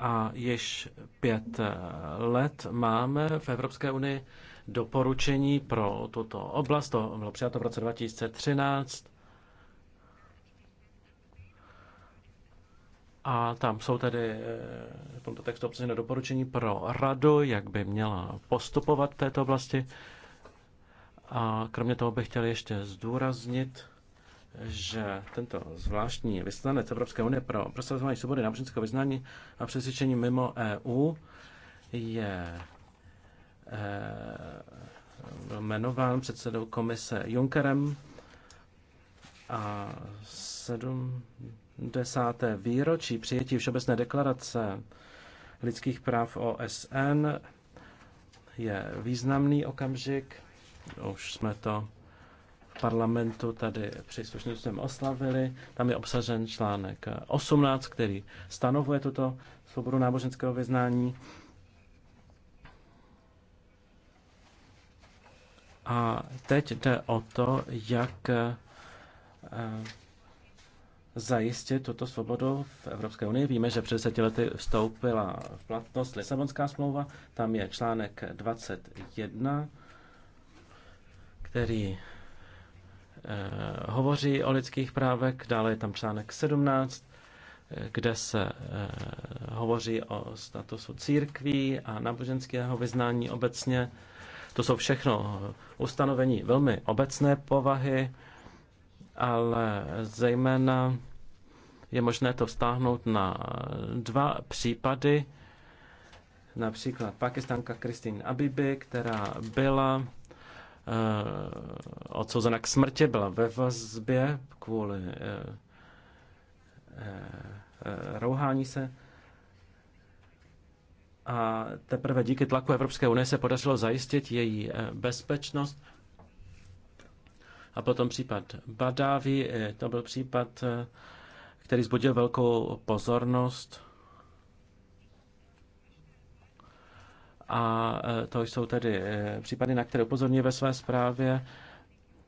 A již pět let máme v Evropské unii doporučení pro tuto oblast. To bylo přijato v roce 2013. A tam jsou tedy eh, v tomto textu obsažené doporučení pro radu, jak by měla postupovat v této oblasti. A kromě toho bych chtěl ještě zdůraznit, že tento zvláštní vyslanec Evropské unie pro prosazování svobody náboženského vyznání a přesvědčení mimo EU je eh, jmenován předsedou komise Junckerem a sedm desáté výročí přijetí Všeobecné deklarace lidských práv OSN je významný okamžik. Už jsme to v parlamentu tady příslušným oslavili. Tam je obsažen článek 18, který stanovuje tuto svobodu náboženského vyznání. A teď jde o to, jak eh, zajistit tuto svobodu v Evropské unii. Víme, že před deseti lety vstoupila v platnost Lisabonská smlouva, tam je článek 21, který eh, hovoří o lidských právech, dále je tam článek 17, kde se eh, hovoří o statusu církví a náboženského vyznání obecně. To jsou všechno ustanovení velmi obecné povahy, ale zejména je možné to vztáhnout na dva případy. Například pakistanka Kristin Abibi, která byla eh, odsouzena k smrti, byla ve vazbě kvůli eh, eh, rouhání se. A teprve díky tlaku Evropské unie se podařilo zajistit její bezpečnost. A potom případ Badávy, eh, to byl případ, eh, který zbudil velkou pozornost. A eh, to jsou tedy případy, na které upozorňuji ve své zprávě.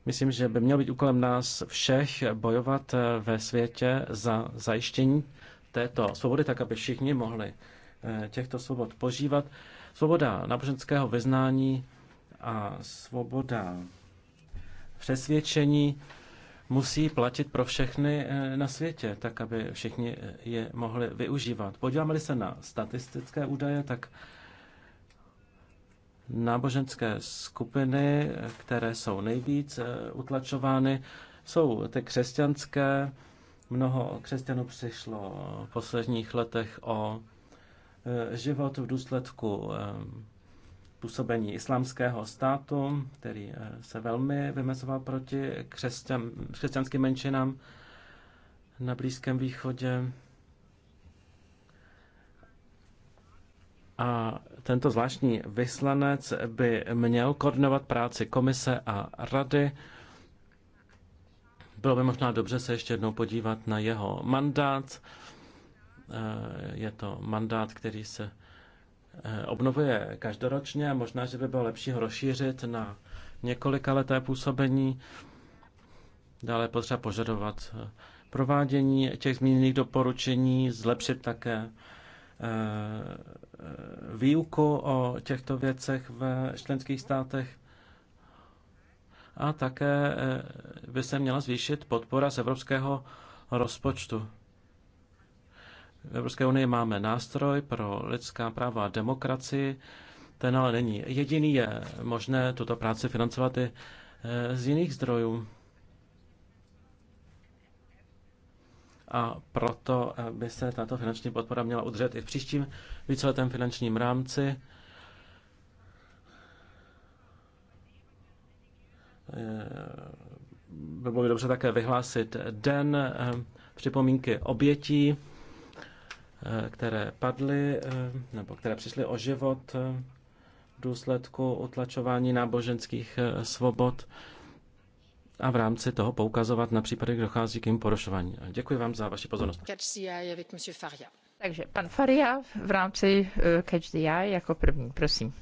Myslím, že by mělo být úkolem nás všech bojovat ve světě za zajištění této svobody, tak aby všichni mohli těchto svobod požívat. Svoboda náboženského vyznání a svoboda přesvědčení musí platit pro všechny eh, na světě, tak aby všichni eh, je mohli využívat. Podíváme-li se na statistické údaje, tak náboženské skupiny, eh, které jsou nejvíc utlačovány, jsou ty křesťanské. Mnoho křesťanů přišlo v posledních letech o život v důsledku působení islámského státu, který eh, se velmi vymezoval proti křesťan, křesťanským menšinám na Blízkém východě. A tento zvláštní vyslanec by měl koordinovat práci komise a rady. Bylo by možná dobře se ještě jednou podívat na jeho mandát. Eh, je to mandát, který se Eh, obnovuje každoročně a možná, že by bylo lepší ho rozšířit na několika leté působení. Dále potřeba požadovat eh, provádění těch zmíněných doporučení, zlepšit také eh, výuku o těchto věcech ve členských státech a také by se měla zvýšit podpora z evropského rozpočtu. V Evropské unii máme nástroj pro lidská práva a demokracii, ten ale není jediný. Je možné tuto práci financovat i eh, z jiných zdrojů. A proto by se tato finanční podpora měla udržet i v příštím víceletém finančním rámci. Eh, by bylo by dobře také vyhlásit den eh, připomínky obětí. Eh, které padly eh, nebo které přišly o život eh, v důsledku utlačování náboženských svobod a v rámci toho poukazovat na případy, kdy dochází k jim porušování. Děkuji vám za vaši pozornost. Takže pan Faria v rámci Catch the Eye jako první, prosím.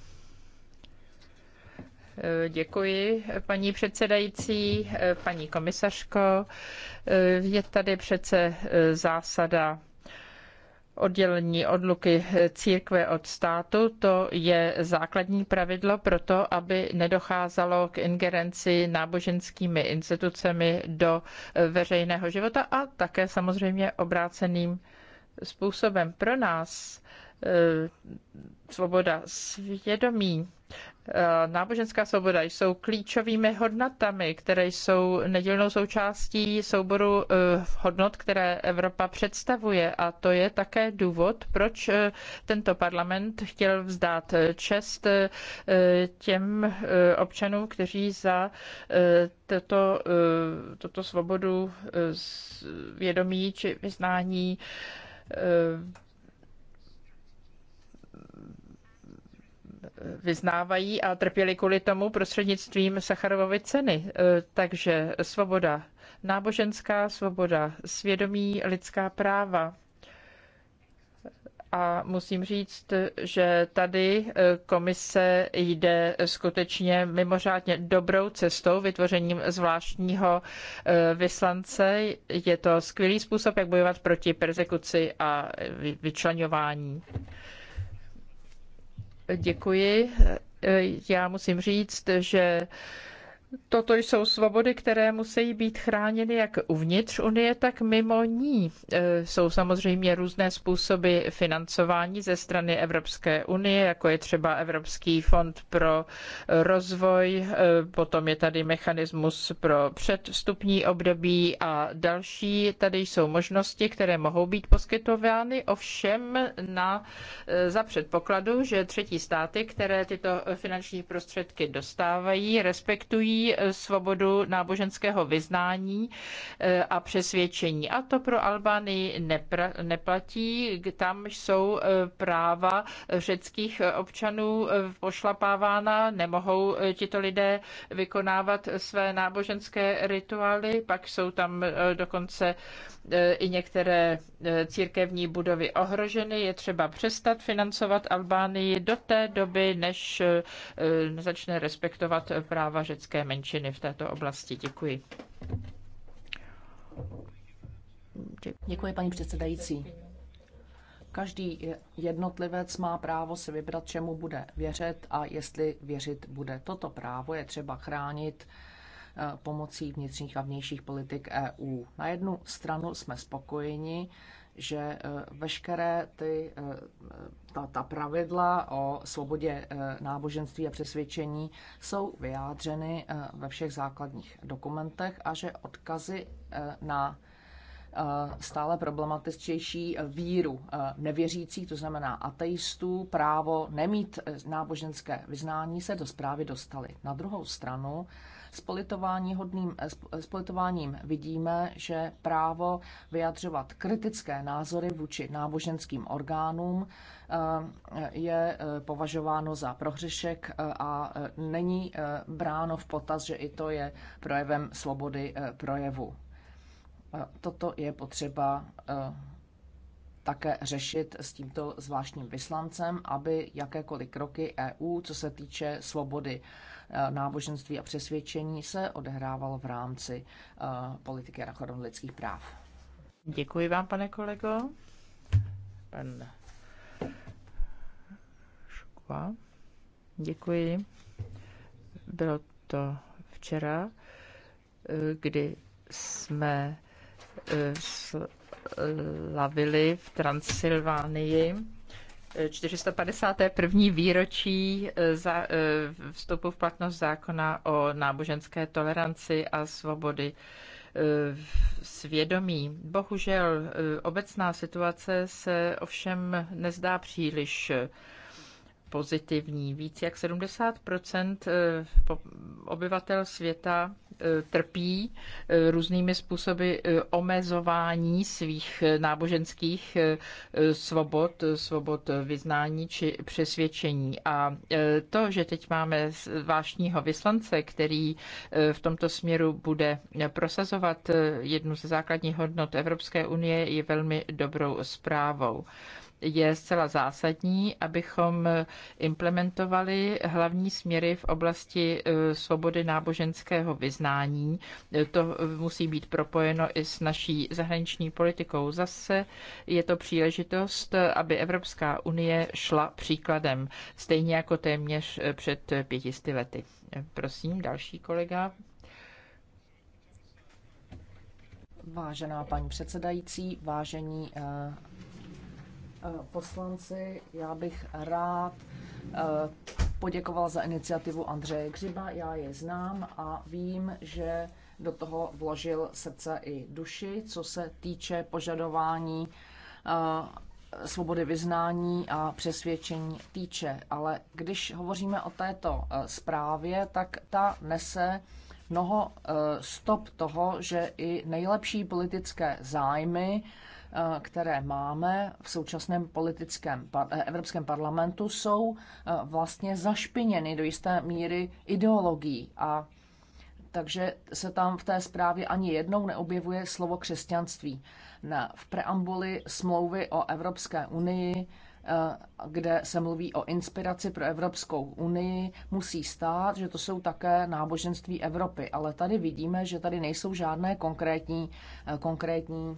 Děkuji, paní předsedající, paní komisařko. Je tady přece zásada oddělení odluky církve od státu, to je základní pravidlo pro to, aby nedocházelo k ingerenci náboženskými institucemi do veřejného života a také samozřejmě obráceným způsobem pro nás Eh, svoboda svědomí, eh, náboženská svoboda jsou klíčovými hodnotami, které jsou nedělnou součástí souboru eh, hodnot, které Evropa představuje. A to je také důvod, proč tento parlament chtěl vzdát čest těm občanům, kteří za toto, toto svobodu vědomí či vyznání vyznávají a trpěli kvůli tomu prostřednictvím Sacharovovy ceny. E, takže svoboda náboženská, svoboda svědomí, lidská práva. A musím říct, že tady e, komise jde skutečně mimořádně dobrou cestou vytvořením zvláštního e, vyslance. Je to skvělý způsob, jak bojovat proti persekuci a vyčlenování. Děkuji. Já musím říct, že Toto jsou svobody, které musí být chráněny jak uvnitř Unie, tak mimo ní. E, jsou samozřejmě různé způsoby financování ze strany Evropské unie, jako je třeba Evropský fond pro rozvoj, e, potom je tady mechanismus pro předstupní období a další. Tady jsou možnosti, které mohou být poskytovány, ovšem na, e, za předpokladu, že třetí státy, které tyto finanční prostředky dostávají, respektují Eh, svobodu náboženského vyznání eh, a přesvědčení. A to pro Albánii neplatí. Tam jsou eh, práva řeckých občanů pošlapávána, nemohou tito lidé vykonávat své náboženské rituály, pak jsou tam dokonce i některé církevní budovy ohroženy. Je třeba přestat financovat Albánii do té doby, než začne respektovat práva řecké menšiny menšiny v této oblasti. Děkuji. Děkuji, paní předsedající. Každý jednotlivec má právo si vybrat, čemu bude věřit a jestli věřit bude. Toto právo je třeba chránit eh, pomocí vnitřních a vnějších politik EU. Na jednu stranu jsme spokojeni že eh, veškeré ty, eh, ta, ta pravidla o svobodě eh, náboženství a přesvědčení jsou vyjádřeny ve všech základních dokumentech a že odkazy na stále problematičtější víru nevěřících, to znamená ateistů, právo nemít náboženské vyznání se do zprávy dostali. Na druhou stranu s, politování hodným, eh, eh, s politováním vidíme, že právo vyjadřovat kritické názory vůči náboženským orgánům eh, je považováno za prohřešek a není bráno v potaz, že i to je projevem svobody projevu. Toto je potřeba také řešit s tímto zvláštním vyslancem, aby jakékoliv kroky EU, co se týče svobody Eh, náboženství a přesvědčení se odehrával v rámci eh, politiky a lidských práv. Děkuji vám, pane kolego. Pan Škva. Děkuji. Bylo to včera, eh, kdy jsme slavili v Transylvánii 451. výročí e, za, e, vstupu v platnost zákona o náboženské toleranci a svobody e, svědomí. Bohužel obecná situace se ovšem nezdá příliš pozitivní. Víc jak 70 eh, obyvatel světa eh, trpí eh, různými způsoby omezování svých náboženských svobod, svobod vyznání či přesvědčení. A to, že teď máme vášního vyslance, který v tomto směru bude prosazovat jednu ze základních hodnot Evropské unie, je velmi dobrou zprávou je zcela zásadní, abychom implementovali hlavní směry v oblasti eh, svobody náboženského vyznání. To musí být propojeno i s naší zahraniční politikou. Zase je to příležitost, aby Evropská unie šla příkladem, stejně jako téměř eh, před pětisty lety. Prosím, další kolega. Vážená paní předsedající, vážení eh, Eh, poslanci, já bych rád eh, poděkoval za iniciativu Andřeje Křiba. Já je znám a vím, že do toho vložil srdce i duši, co se týče požadování eh, svobody vyznání a přesvědčení týče. Ale když hovoříme o této zprávě, tak ta nese mnoho stop toho, že i nejlepší politické zájmy Eh, které máme v současném politickém eh, Evropském parlamentu, jsou eh, vlastně zašpiněny do jisté míry ideologií. A takže se tam v té zprávě ani jednou neobjevuje slovo křesťanství. Ne, v preambuli smlouvy o Evropské unii kde se mluví o inspiraci pro Evropskou unii, musí stát, že to jsou také náboženství Evropy. Ale tady vidíme, že tady nejsou žádné konkrétní, konkrétní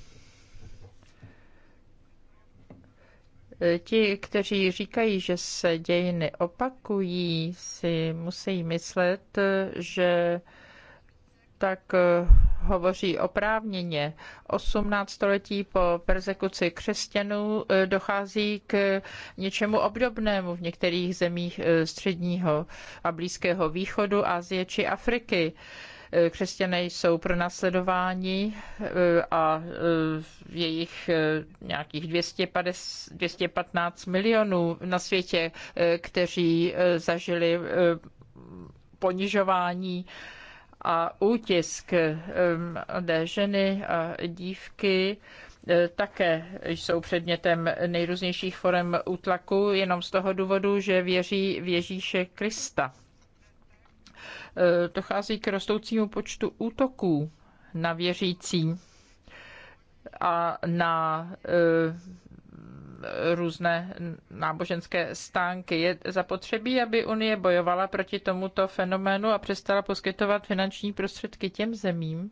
Ti, kteří říkají, že se dějiny opakují, si musí myslet, že tak eh, hovoří oprávněně. 18 století po persekuci křesťanů eh, dochází k něčemu obdobnému v některých zemích eh, středního a blízkého východu, Asie či Afriky. Eh, křesťané jsou pronásledováni eh, a eh, jejich nějakých 250, 215 milionů na světě, kteří zažili ponižování a útisk mladé ženy a dívky také jsou předmětem nejrůznějších forem útlaku jenom z toho důvodu, že věří v Ježíše Krista. Eh, dochází k rostoucímu počtu útoků na věřící a na eh, různé náboženské stánky. Je zapotřebí, aby Unie bojovala proti tomuto fenoménu a přestala poskytovat finanční prostředky těm zemím,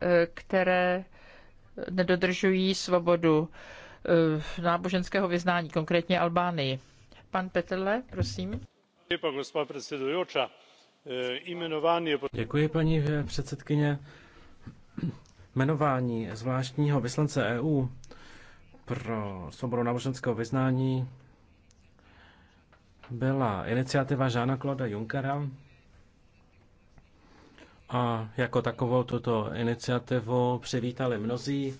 eh, které nedodržují svobodu náboženského vyznání, konkrétně Albánii. Pan Petrle, prosím. E, paní předsedkyně. Jmenování zvláštního vyslance EU pro svobodu náboženského vyznání byla iniciativa Žána Kloda Junckera a jako takovou tuto iniciativu přivítali mnozí,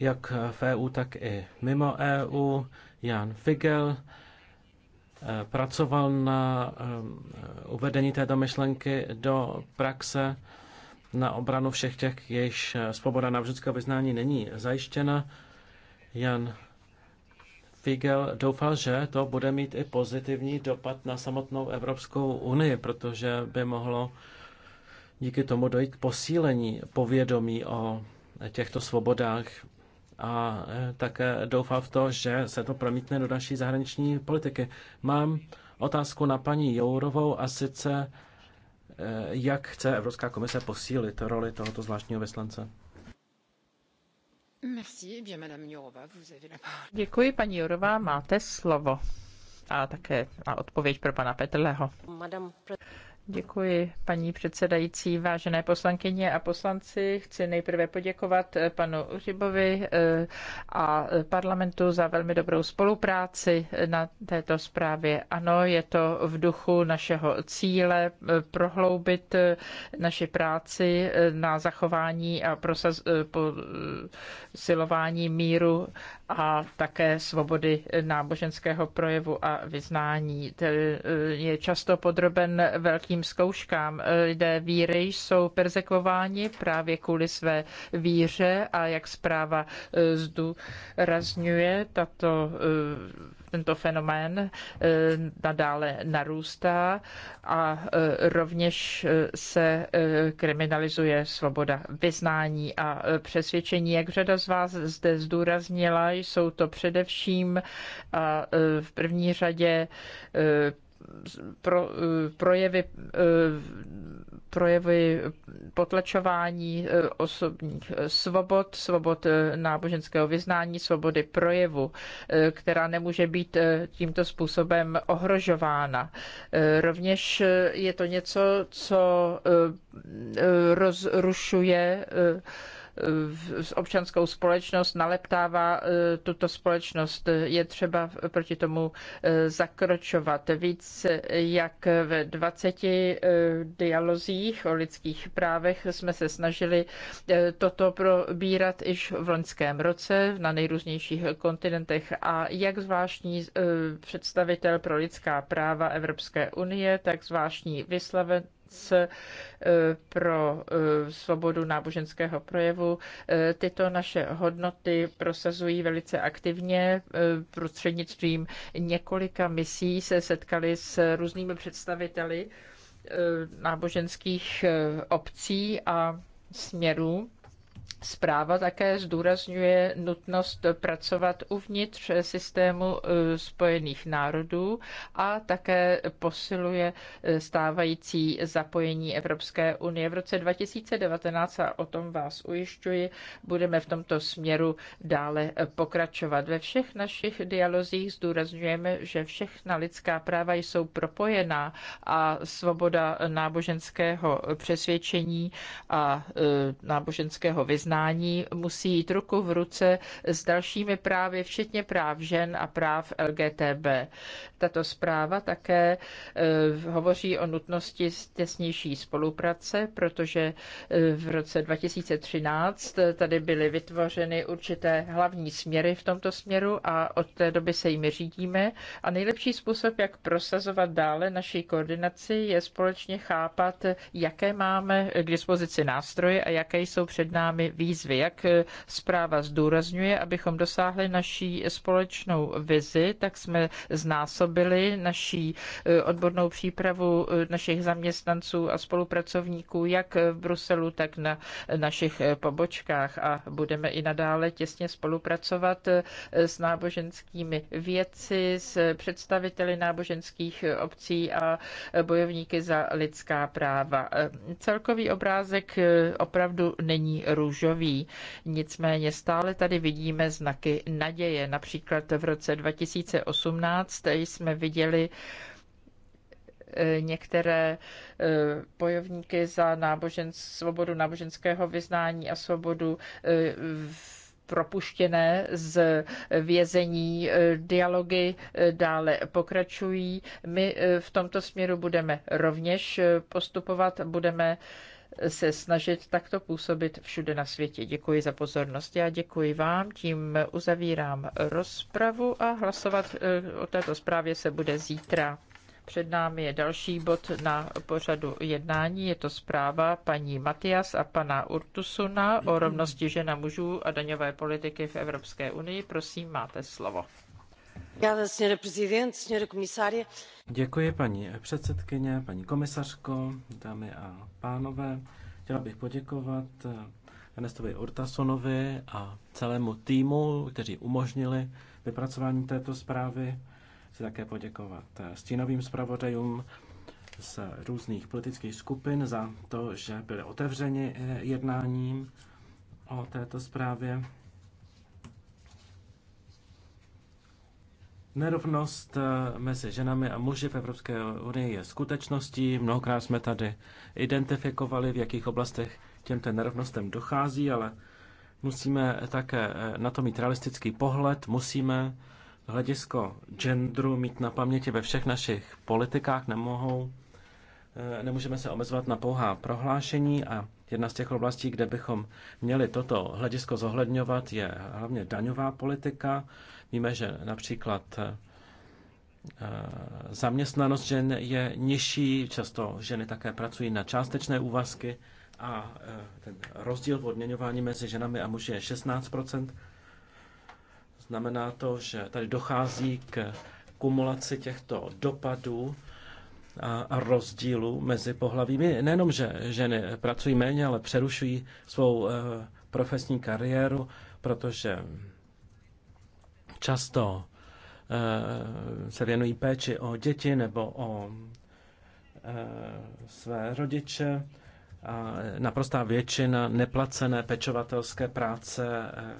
jak v EU, tak i mimo EU. Jan Figel, pracoval na uvedení této myšlenky do praxe na obranu všech těch, jejichž svoboda náboženského vyznání není zajištěna. Jan Figel doufal, že to bude mít i pozitivní dopad na samotnou Evropskou unii, protože by mohlo díky tomu dojít k posílení povědomí o těchto svobodách a e, také e, doufám v to, že se to promítne do naší zahraniční politiky. Mám otázku na paní Jourovou a sice, e, jak chce Evropská komise posílit roli tohoto zvláštního vyslance? Eh Děkuji, paní Jourová, máte slovo. A také a odpověď pro pana Petrleho. Děkuji, paní předsedající, vážené poslankyně a poslanci. Chci nejprve poděkovat eh, panu Rybovi eh, a parlamentu za velmi dobrou spolupráci na této zprávě. Ano, je to v duchu našeho cíle eh, prohloubit naši práci na zachování a posilování míru a také svobody náboženského projevu a vyznání. Je často podroben velkým zkouškám. Lidé víry jsou persekvováni právě kvůli své víře a jak zpráva eh, zdůrazňuje, tato eh, tento fenomén eh, nadále narůstá a eh, rovněž eh, se kriminalizuje svoboda vyznání a přesvědčení. Jak řada z vás zde zdůraznila, jsou to především a v první řadě pro, eh, projevy, eh, projevy potlačování eh, osobních svobod, svobod náboženského vyznání, svobody projevu, která nemůže být tímto způsobem ohrožována. Rovněž je to něco, co rozrušuje s občanskou společnost, naleptává eh, tuto společnost. Je třeba proti tomu eh, zakročovat. Víc eh, jak v 20 dialozích o lidských právech jsme se snažili toto probírat iž v loňském roce na nejrůznějších kontinentech a jak zvláštní představitel pro lidská práva Evropské unie, tak zvláštní vyslanec E, pro e, svobodu náboženského projevu. E, tyto naše hodnoty prosazují velice aktivně. Prostřednictvím několika misí se setkali s různými představiteli náboženských obcí a směrů Zpráva také zdůrazňuje nutnost pracovat uvnitř systému eh, Spojených národů a také posiluje eh, stávající zapojení Evropské unie. V roce 2019, a o tom vás ujišťuji, budeme v tomto směru dále eh, pokračovat. Ve všech našich dialozích zdůrazňujeme, že všechna lidská práva jsou propojená a svoboda náboženského přesvědčení a náboženského vyznání jednání musí jít ruku v ruce s dalšími právy, včetně práv žen a práv LGTB. Tato zpráva také eh, hovoří o nutnosti těsnější spolupráce, protože eh, v roce 2013 eh, tady byly vytvořeny určité hlavní směry v tomto směru a od té doby se jimi řídíme. A nejlepší způsob, jak prosazovat dále naši koordinaci, je společně chápat, jaké máme k dispozici nástroje a jaké jsou před námi výzvy výzvy. Jak eh, zpráva zdůrazňuje, abychom dosáhli naší společnou vizi, tak jsme znásobili naší eh, odbornou přípravu eh, našich zaměstnanců a spolupracovníků jak v Bruselu, tak na našich pobočkách a budeme i nadále těsně spolupracovat s náboženskými věci, s představiteli náboženských obcí a bojovníky za lidská práva. Celkový obrázek opravdu není růžový růžový. Nicméně stále tady vidíme znaky naděje. Například v roce 2018 jsme viděli eh, některé eh, bojovníky za nábožen, svobodu náboženského vyznání a svobodu eh, v propuštěné z vězení. Dialogy dále pokračují. My v tomto směru budeme rovněž postupovat, budeme se snažit takto působit všude na světě. Děkuji za pozornost. Já děkuji vám, tím uzavírám rozpravu a hlasovat eh, o této zprávě se bude zítra. Před námi je další bod na pořadu jednání. Je to zpráva paní Matias a pana Urtusuna o rovnosti žen a mužů a daňové politiky v Evropské unii. Prosím, máte slovo. Děkuji, paní předsedkyně, paní komisařko, dámy a pánové. Chtěla bych poděkovat eh, Ernestovi Urtasonovi a celému týmu, kteří umožnili vypracování této zprávy. Chci také poděkovat eh, stínovým zpravodajům z různých politických skupin za to, že byli otevřeni eh, jednáním o této zprávě. Nerovnost eh, mezi ženami a muži v Evropské unii je skutečností. Mnohokrát jsme tady identifikovali, v jakých oblastech těmto nerovnostem dochází, ale musíme také eh, na to mít realistický pohled, musíme hledisko genderu mít na paměti ve všech našich politikách, nemohou, eh, nemůžeme se omezovat na pouhá prohlášení a jedna z těch oblastí, kde bychom měli toto hledisko zohledňovat, je hlavně daňová politika. Víme, že například eh, eh, zaměstnanost žen je nižší, často ženy také pracují na částečné úvazky a eh, ten rozdíl v odměňování mezi ženami a muži je 16 Znamená to, že tady dochází k kumulaci těchto dopadů a rozdílů mezi pohlavími. Nejenom, že ženy pracují méně, ale přerušují svou profesní kariéru, protože často eh, se věnují péči o děti nebo o eh, své rodiče. A naprostá většina neplacené pečovatelské práce eh,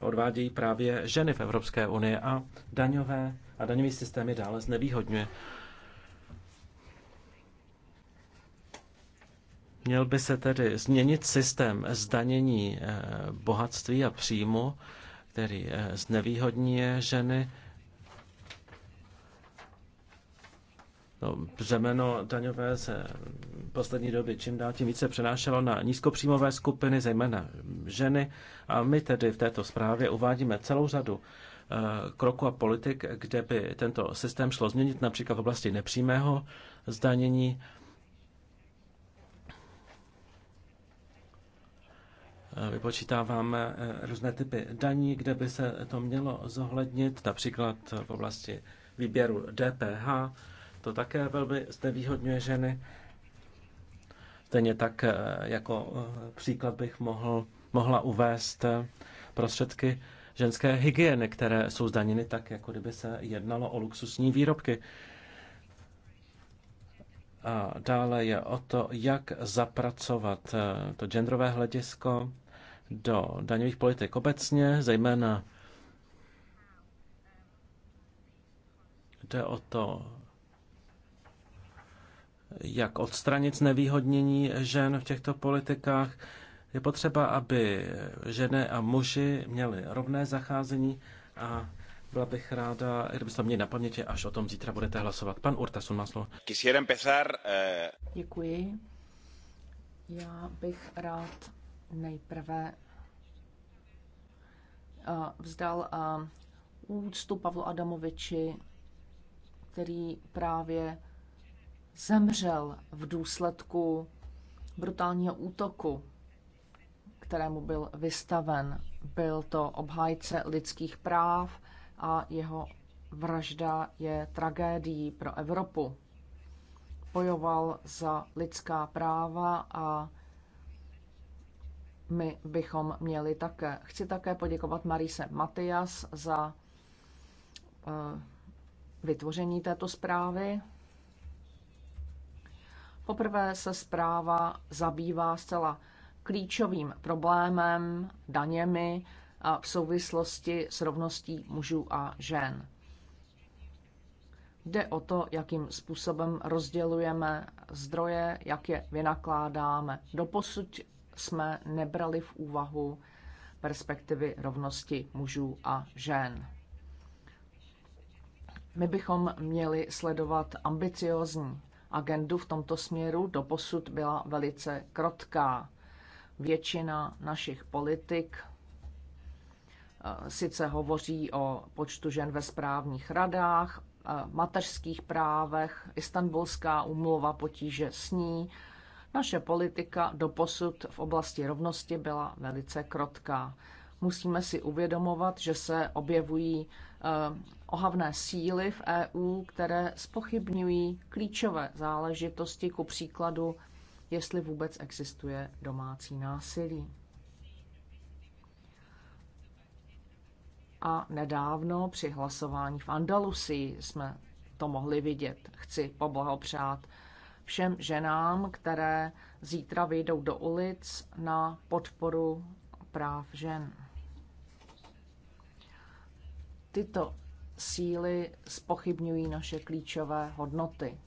odvádějí právě ženy v Evropské unii a daňové a daňový systém je dále znevýhodňuje. Měl by se tedy změnit systém zdanění bohatství a příjmu, který eh, znevýhodňuje ženy. To no, břemeno daňové se v poslední době čím dál tím více přenášelo na nízkopříjmové skupiny, zejména ženy. A my tedy v této zprávě uvádíme celou řadu eh, kroku a politik, kde by tento systém šlo změnit, například v oblasti nepřímého zdanění Eh, vypočítáváme eh, různé typy daní, kde by se to mělo zohlednit, například v oblasti výběru DPH. To také velmi znevýhodňuje ženy. Stejně tak eh, jako příklad bych mohl, mohla uvést prostředky ženské hygieny, které jsou zdaněny tak, jako kdyby se jednalo o luxusní výrobky. A dále je o to, jak zapracovat to genderové hledisko do daňových politik obecně, zejména jde o to, jak odstranit znevýhodnění žen v těchto politikách. Je potřeba, aby ženy a muži měli rovné zacházení a byla bych ráda, kdybyste to měli na paměti, až o tom zítra budete hlasovat. Pan Urtasun má slovo. Eh, Děkuji. Já bych rád Nejprve eh, vzdal eh, úctu Pavlu Adamoviči, který právě zemřel v důsledku brutálního útoku, kterému byl vystaven. Byl to obhájce lidských práv a jeho vražda je tragédií pro Evropu. Bojoval za lidská práva a my bychom měli také. Chci také poděkovat Marise Matias za eh, vytvoření této zprávy. Poprvé se zpráva zabývá zcela klíčovým problémem, daněmi a v souvislosti s rovností mužů a žen. Jde o to, jakým způsobem rozdělujeme zdroje, jak je vynakládáme. Doposud jsme nebrali v úvahu perspektivy rovnosti mužů a žen. My bychom měli sledovat ambiciozní agendu v tomto směru. Doposud byla velice krotká. Většina našich politik eh, sice hovoří o počtu žen ve správních radách, eh, mateřských právech, Istanbulská umluva potíže s ní, naše politika doposud v oblasti rovnosti byla velice krotká. Musíme si uvědomovat, že se objevují eh, ohavné síly v EU, které spochybňují klíčové záležitosti, ku příkladu, jestli vůbec existuje domácí násilí. A nedávno při hlasování v Andalusii jsme to mohli vidět. Chci poblahopřát všem ženám, které zítra vyjdou do ulic na podporu práv žen. Tyto síly spochybňují naše klíčové hodnoty.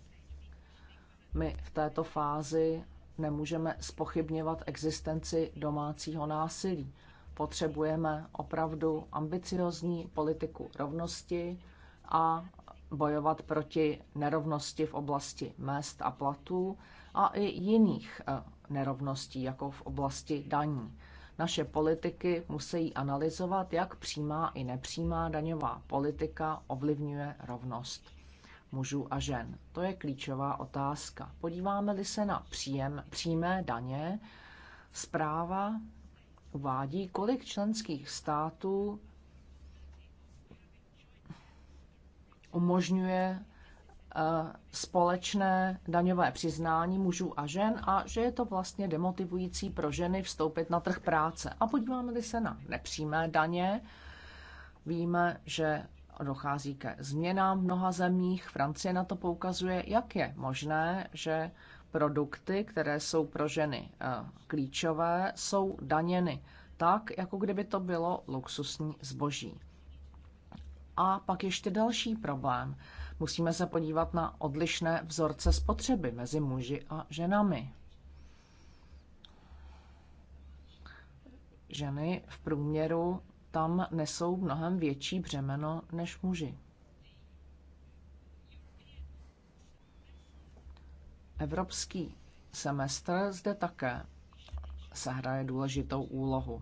My v této fázi nemůžeme spochybňovat existenci domácího násilí. Potřebujeme opravdu ambiciozní politiku rovnosti a bojovat proti nerovnosti v oblasti mest a platů a i jiných e, nerovností, jako v oblasti daní. Naše politiky musí analyzovat, jak přímá i nepřímá daňová politika ovlivňuje rovnost mužů a žen. To je klíčová otázka. Podíváme-li se na příjem, přímé daně, zpráva uvádí, kolik členských států umožňuje eh, společné daňové přiznání mužů a žen a že je to vlastně demotivující pro ženy vstoupit na trh práce. A podíváme-li se na nepřímé daně, víme, že dochází ke změnám v mnoha zemích. Francie na to poukazuje, jak je možné, že produkty, které jsou pro ženy eh, klíčové, jsou daněny tak, jako kdyby to bylo luxusní zboží. A pak ještě další problém. Musíme se podívat na odlišné vzorce spotřeby mezi muži a ženami. Ženy v průměru tam nesou mnohem větší břemeno než muži. Evropský semestr zde také sehraje důležitou úlohu.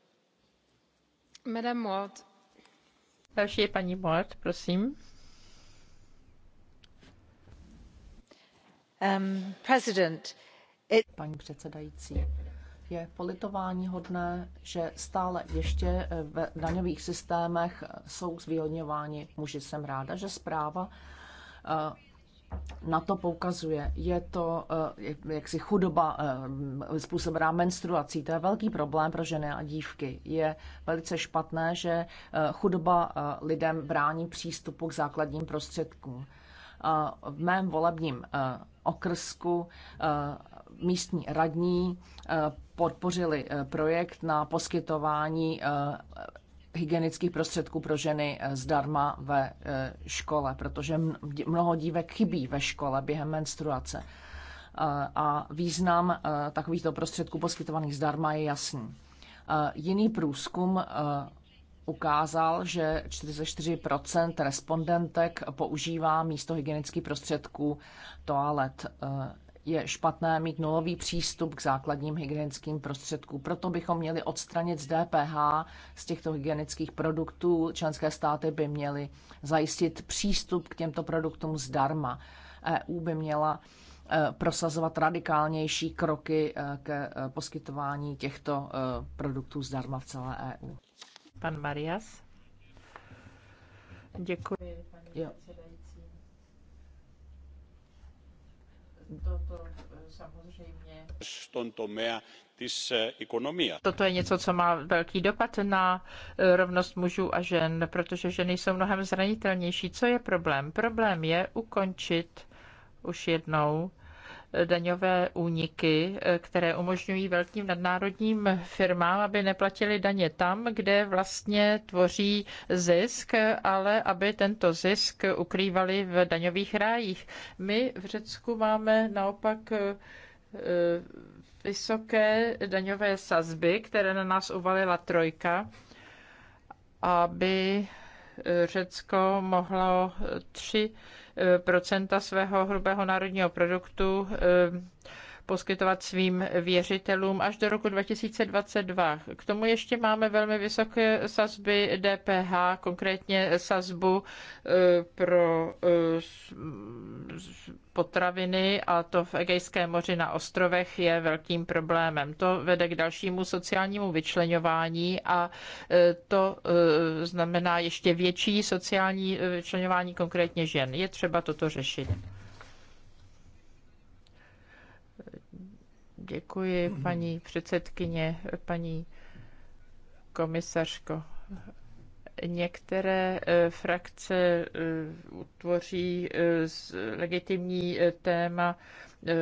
je um, paní předsedající, je politování hodné, že stále ještě eh, v daňových systémech jsou zvýhodňováni muži. Jsem ráda, že zpráva eh, na to poukazuje. Je to eh, jaksi chudoba eh, způsobená menstruací. To je velký problém pro ženy a dívky. Je velice špatné, že eh, chudoba lidem brání přístupu k základním prostředkům. V mém volebním okrsku místní radní podpořili projekt na poskytování hygienických prostředků pro ženy eh, zdarma ve eh, škole, protože mnoho dívek chybí ve škole během menstruace. Eh, a význam takovýchto prostředků poskytovaných zdarma je jasný. Jiný průzkum ukázal, že 44 respondentek používá místo hygienických prostředků toalet je špatné mít nulový přístup k základním hygienickým prostředkům. Proto bychom měli odstranit z DPH z těchto hygienických produktů. Členské státy by měly zajistit přístup k těmto produktům zdarma. EU by měla e, prosazovat radikálnější kroky e, k e, poskytování těchto produktů zdarma v celé EU. Pan Marias. Děkuji, paní jo. předsedající. Eh, eh, Toto je něco, co má velký dopad na eh, rovnost mužů a žen, protože ženy jsou mnohem zranitelnější. Co je problém? Problém je ukončit už jednou daňové úniky, eh, které umožňují velkým nadnárodním firmám, aby neplatili daně tam, kde vlastně tvoří zisk, ale aby tento zisk ukrývali v daňových rájích. My v Řecku máme naopak eh, eh, vysoké daňové sazby, které na nás uvalila trojka, aby Řecko mohlo tři Eh, procenta svého hrubého národního produktu eh, poskytovat svým věřitelům až do roku 2022. K tomu ještě máme velmi vysoké sazby DPH, konkrétně sazbu e, pro e, potraviny a to v Egejském moři na ostrovech je velkým problémem. To vede k dalšímu sociálnímu vyčlenování a e, to znamená ještě větší sociální vyčlenování konkrétně žen. Je třeba toto řešit. Děkuji, paní předsedkyně, paní komisařko. Některé e, frakce e, utvoří e, legitimní téma Eh,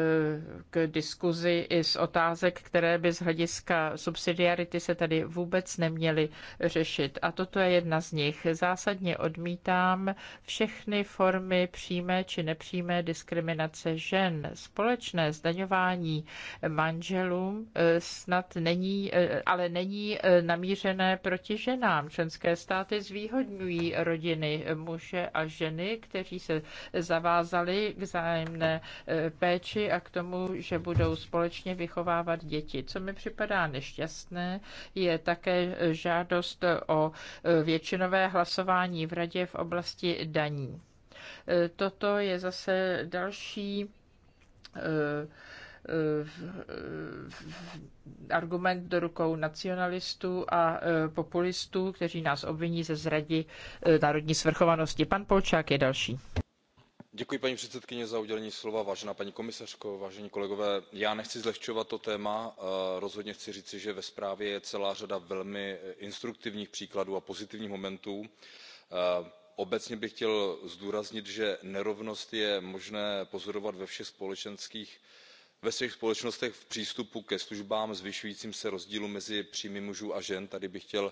k diskuzi i z otázek, které by z hlediska subsidiarity se tady vůbec neměly řešit. A toto je jedna z nich. Zásadně odmítám všechny formy přímé či nepřímé diskriminace žen. Společné zdaňování manželům eh, snad není, eh, ale není namířené proti ženám. Členské státy zvýhodňují rodiny muže a ženy, kteří se zavázali k zájemné péči péči a k tomu, že budou společně vychovávat děti. Co mi připadá nešťastné, je také žádost o e, většinové hlasování v radě v oblasti daní. E, toto je zase další e, argument do rukou nacionalistů a populistů, kteří nás obviní ze zradi národní svrchovanosti. Pan Polčák je další paní předsedající vážená paní komisařko vážení kolegové já nechci zlehčovat to téma eh, rozhodně chci říci že ve zprávě je celá řada velmi eh, instruktivních příkladů a pozitivních momentů. Eh, obecně bych chtěl zdůraznit že nerovnost je možné pozorovat ve všech společnostech v přístupu ke službám zvyšujícím se rozdílům mezi příjmy mužů a žen. tady bych chtěl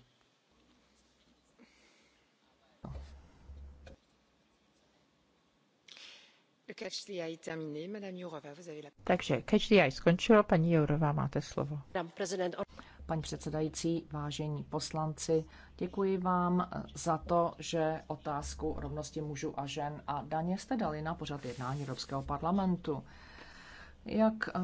Takže catch the eye skončilo, paní Jourová, máte slovo. Paní předsedající, vážení poslanci, děkuji vám eh, za to, že otázku rovnosti mužů a žen a daně jste dali na pořad jednání Evropského parlamentu. Jak eh,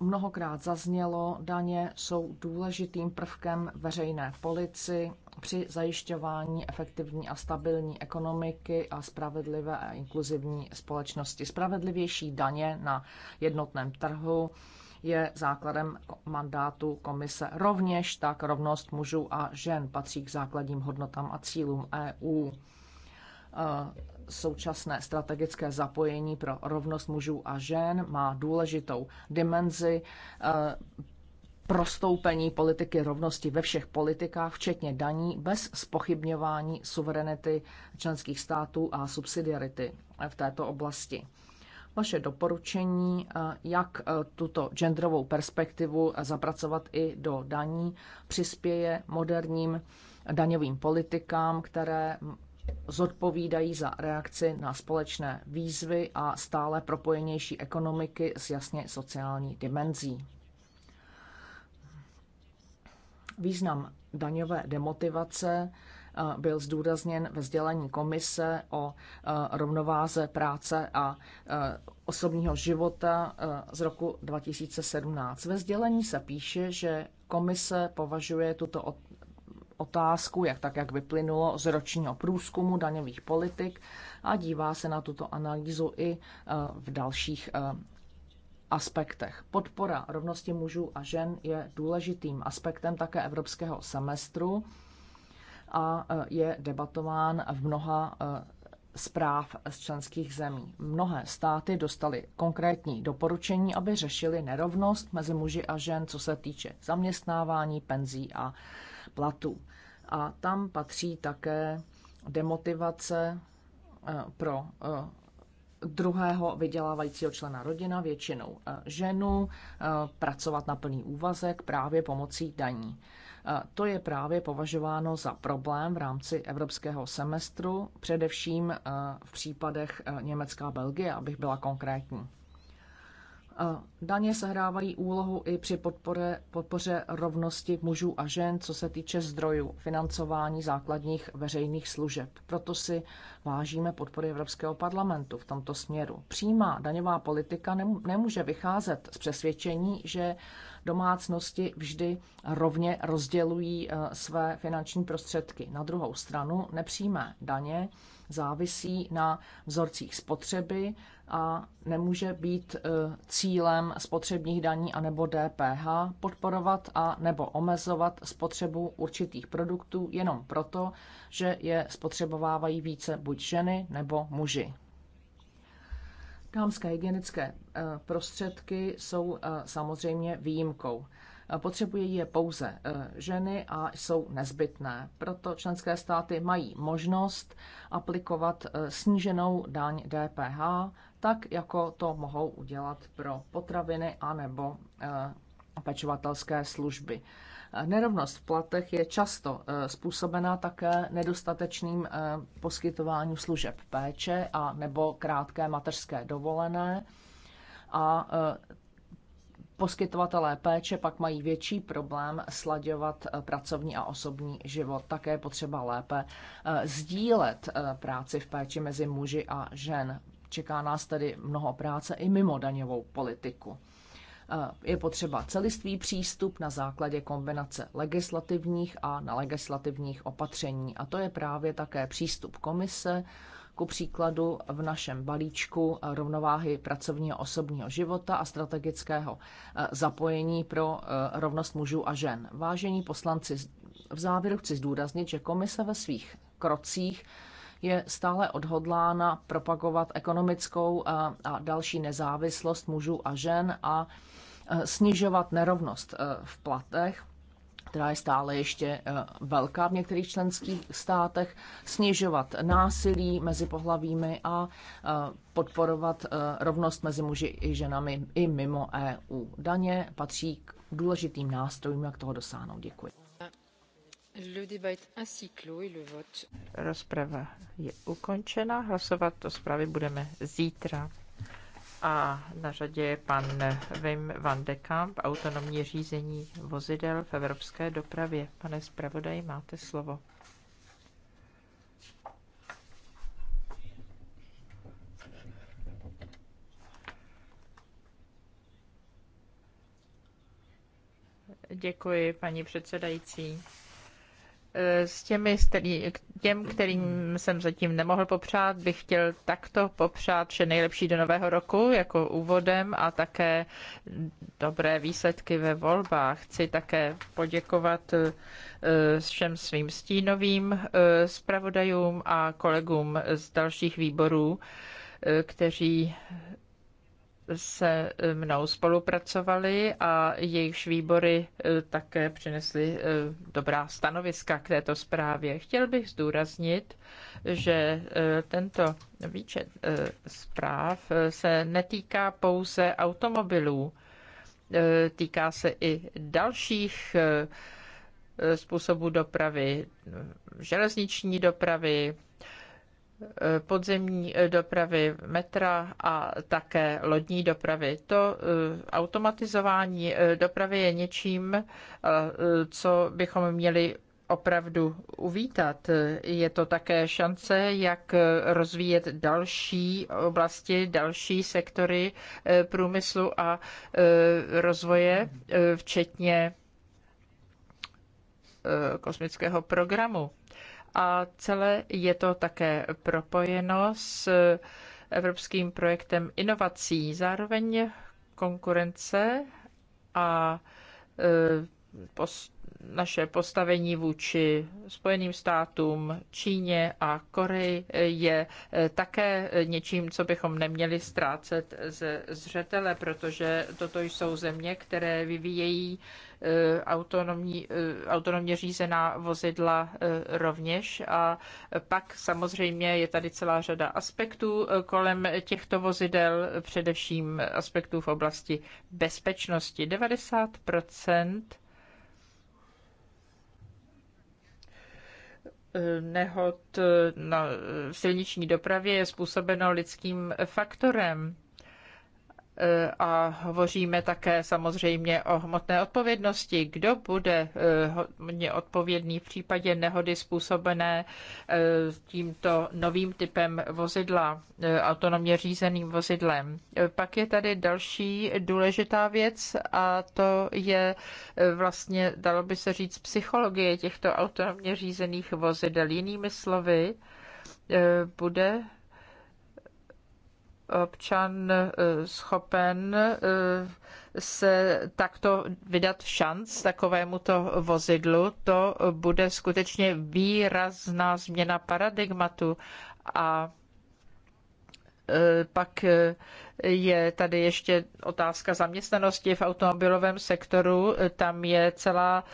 mnohokrát zaznělo, daně jsou důležitým prvkem veřejné polici, při zajišťování efektivní a stabilní ekonomiky a spravedlivé a inkluzivní společnosti. Spravedlivější daně na jednotném trhu je základem mandátu komise. Rovněž tak rovnost mužů a žen patří k základním hodnotám a cílům EU. E, současné strategické zapojení pro rovnost mužů a žen má důležitou dimenzi e, prostoupení politiky rovnosti ve všech politikách, včetně daní, bez spochybňování suverenity členských států a subsidiarity v této oblasti. Vaše doporučení, eh, jak eh, tuto genderovou perspektivu eh, zapracovat i do daní, přispěje moderním daňovým politikám, které zodpovídají za reakci na společné výzvy a stále propojenější ekonomiky s jasně sociální dimenzí. Význam daňové demotivace eh, byl zdůrazněn ve sdělení komise o eh, rovnováze práce a eh, osobního života z roku 2017. Ve sdělení se píše, že komise považuje tuto otázku, jak tak, jak vyplynulo z ročního průzkumu daňových politik a dívá se na tuto analýzu i v dalších aspektech. Podpora rovnosti mužů a žen je důležitým aspektem také evropského semestru a e, je debatován v mnoha e, zpráv z členských zemí. Mnohé státy dostaly konkrétní doporučení, aby řešili nerovnost mezi muži a žen, co se týče zaměstnávání, penzí a platů. A tam patří také demotivace e, pro druhého vydělávajícího člena rodina, většinou eh, ženu, eh, pracovat na plný úvazek právě pomocí daní. Eh, to je právě považováno za problém v rámci evropského semestru, především v případech Německa a Belgie, abych byla konkrétní. Daně sehrávají úlohu i při podpore, podpoře rovnosti mužů a žen, co se týče zdrojů financování základních veřejných služeb. Proto si vážíme podpory Evropského parlamentu v tomto směru. Přímá daňová politika nemůže vycházet z přesvědčení, že domácnosti vždy rovně rozdělují eh, své finanční prostředky. Na druhou stranu nepřímé daně závisí na vzorcích spotřeby a nemůže být e, cílem spotřebních daní anebo DPH podporovat a nebo omezovat spotřebu určitých produktů jenom proto, že je spotřebovávají více buď ženy nebo muži. Dámské hygienické e, prostředky jsou e, samozřejmě výjimkou. Eh, potřebují je pouze eh, ženy a jsou nezbytné. Proto členské státy mají možnost aplikovat eh, sníženou daň DPH, tak jako to mohou udělat pro potraviny a nebo pečovatelské služby. Nerovnost v platech je často způsobená také nedostatečným poskytováním služeb péče a nebo krátké mateřské dovolené a Poskytovatelé péče pak mají větší problém slaďovat eh, pracovní a osobní život. Také je potřeba lépe eh, sdílet eh, práci v péči mezi muži a žen. Čeká nás tedy mnoho práce i mimo daňovou politiku. Je potřeba celistvý přístup na základě kombinace legislativních a na legislativních opatření. A to je právě také přístup komise, ku příkladu v našem balíčku eh, rovnováhy pracovního osobního života a strategického eh, zapojení pro eh, rovnost mužů a žen. Vážení poslanci, v závěru chci zdůraznit, že komise ve svých krocích je stále odhodlána propagovat ekonomickou a další nezávislost mužů a žen a snižovat nerovnost v platech která je stále ještě eh, velká v některých členských státech, snižovat násilí mezi pohlavími a eh, podporovat eh, rovnost mezi muži i ženami i mimo EU. Daně patří k důležitým nástrojům, jak toho dosáhnout. Děkuji. Rozprava je ukončena. Hlasovat o zprávě budeme zítra. A na řadě je pan Wim van de Kamp, autonomní řízení vozidel v evropské dopravě. Pane zpravodaj, máte slovo. Děkuji, paní předsedající. Eh, s těmi, který, těm, kterým jsem zatím nemohl popřát, bych chtěl takto popřát vše nejlepší do nového roku jako úvodem a také dobré výsledky ve volbách. Chci také poděkovat eh, všem svým stínovým eh, zpravodajům a kolegům z dalších výborů, kteří se eh, mnou spolupracovali a jejichž výbory eh, také přinesly eh, dobrá stanoviska k této zprávě. Chtěl bych zdůraznit, že tento výčet zpráv se netýká pouze automobilů, týká se i dalších způsobů dopravy, železniční dopravy, Eh, podzemní eh, dopravy, metra a také lodní dopravy. To eh, automatizování dopravy je něčím, co bychom měli opravdu uvítat. Je to také šance, jak rozvíjet další oblasti, další sektory průmyslu a rozvoje, včetně kosmického programu a celé je to také propojeno s eh, evropským projektem inovací. Zároveň konkurence a eh, post naše postavení vůči Spojeným státům, Číně a Koreji je eh, také něčím, co bychom neměli ztrácet ze zřetele, protože toto jsou země, které vyvíjejí eh, autonomní, eh, autonomně řízená vozidla rovněž. A pak samozřejmě je tady celá řada aspektů kolem těchto vozidel, především aspektů v oblasti bezpečnosti. 90 nehod na silniční dopravě je způsobeno lidským faktorem. E, a hovoříme také samozřejmě o hmotné odpovědnosti. Kdo bude e, hodně odpovědný v případě nehody způsobené e, tímto novým typem vozidla, autonomně řízeným vozidlem? Pak je tady další důležitá věc a to je vlastně, dalo by se říct, psychologie těchto autonomně řízených vozidel. Jinými slovy, bude občan eh, schopen eh, se takto vydat šanc takovémuto vozidlu, to bude skutečně výrazná změna paradigmatu a Eh, pak eh, je tady ještě otázka zaměstnanosti v automobilovém sektoru. Eh, tam je celá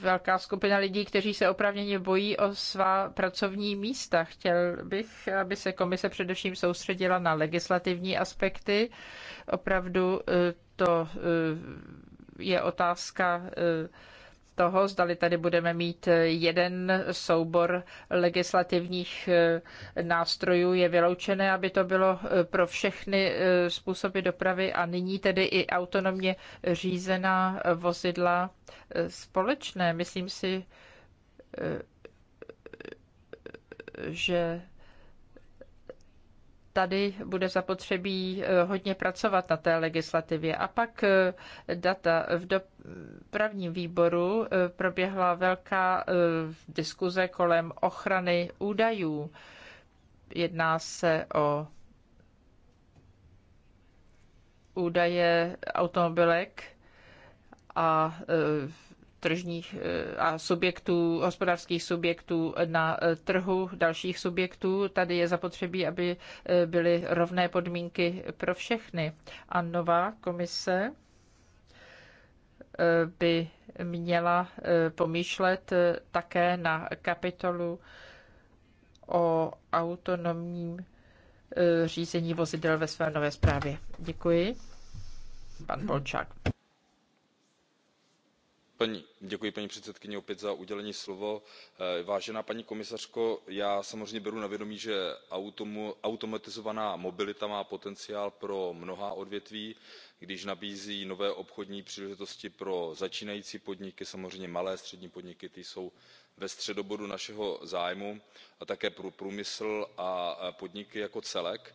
velká skupina lidí, kteří se opravněně bojí o svá pracovní místa. Chtěl bych, aby se komise především soustředila na legislativní aspekty. Opravdu to je otázka toho, zdali tady budeme mít eh, jeden soubor legislativních eh, nástrojů, je vyloučené, aby to bylo eh, pro všechny způsoby dopravy a nyní tedy i autonomně řízená vozidla společné. Myslím si, že tady bude zapotřebí eh, hodně pracovat na té legislativě. A pak eh, data v dopravním výboru eh, proběhla velká diskuze kolem ochrany údajů. Jedná se o údaje automobilek a tržních eh, a subjektů, hospodářských subjektů na eh, trhu dalších subjektů. Tady je zapotřebí, aby eh, byly rovné podmínky pro všechny. A nová komise by měla pomýšlet také na kapitolu o autonomním řízení vozidel ve své nové zprávě. Děkuji. Pan Polčák paní předsedající eh, vážená paní komisařko já samozřejmě beru na vědomí že automatizovaná mobilita má potenciál pro mnohá odvětví když nabízí nové obchodní příležitosti pro začínající podniky samozřejmě malé a střední podniky ty jsou ve středobodu našeho zájmu a také pro průmysl a eh, podniky jako celek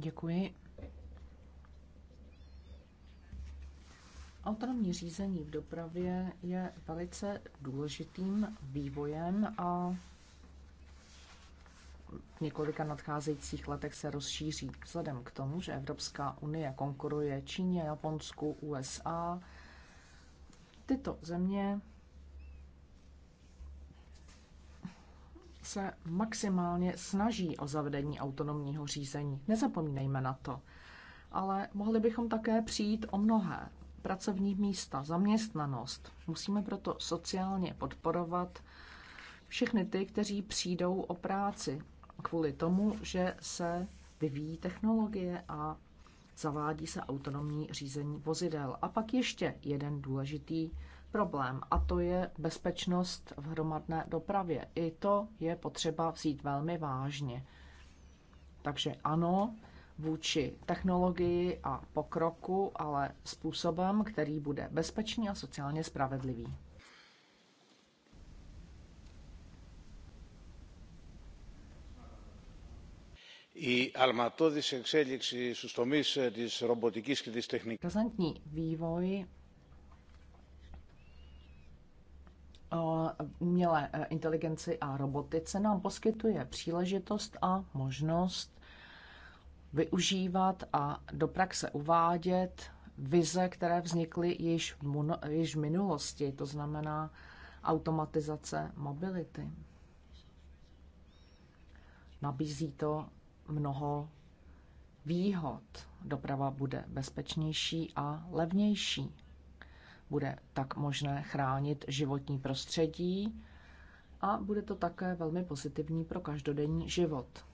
Děkuji. Autonomní řízení v dopravě je velice důležitým vývojem a v několika nadcházejících letech se rozšíří. Vzhledem k tomu, že Evropská unie konkuruje Číně, Japonsku, USA, tyto země se maximálně snaží o zavedení autonomního řízení. Nezapomínejme na to. Ale mohli bychom také přijít o mnohé. Pracovní místa, zaměstnanost. Musíme proto sociálně podporovat všechny ty, kteří přijdou o práci kvůli tomu, že se vyvíjí technologie a zavádí se autonomní řízení vozidel. A pak ještě jeden důležitý problém a to je bezpečnost v hromadné dopravě. I to je potřeba vzít velmi vážně. Takže ano, vůči technologii a pokroku, ale způsobem, který bude bezpečný a sociálně spravedlivý. η αλματώδης εξέλιξη στους τομείς της ρομποτικής και της τεχνικής. Razantní vývoj Eh, umělé eh, inteligenci a robotice nám poskytuje příležitost a možnost využívat a do praxe uvádět vize, které vznikly již v minulosti, to znamená automatizace mobility. Nabízí to mnoho výhod. Doprava bude bezpečnější a levnější. Bude tak možné chránit životní prostředí a bude to také velmi pozitivní pro každodenní život.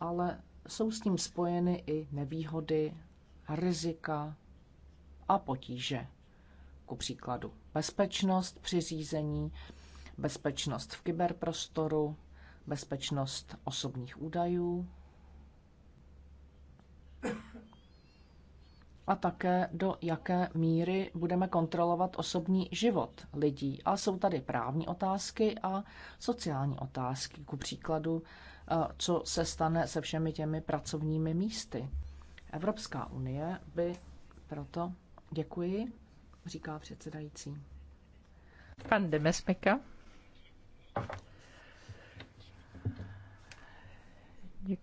Ale jsou s tím spojeny i nevýhody, rizika a potíže. Ku příkladu bezpečnost při řízení, bezpečnost v kyberprostoru, bezpečnost osobních údajů, a také do jaké míry budeme kontrolovat osobní život lidí. A jsou tady právní otázky a sociální otázky, ku příkladu, eh, co se stane se všemi těmi pracovními místy. Evropská unie by proto děkuji, říká předsedající. Pan Demesmeka.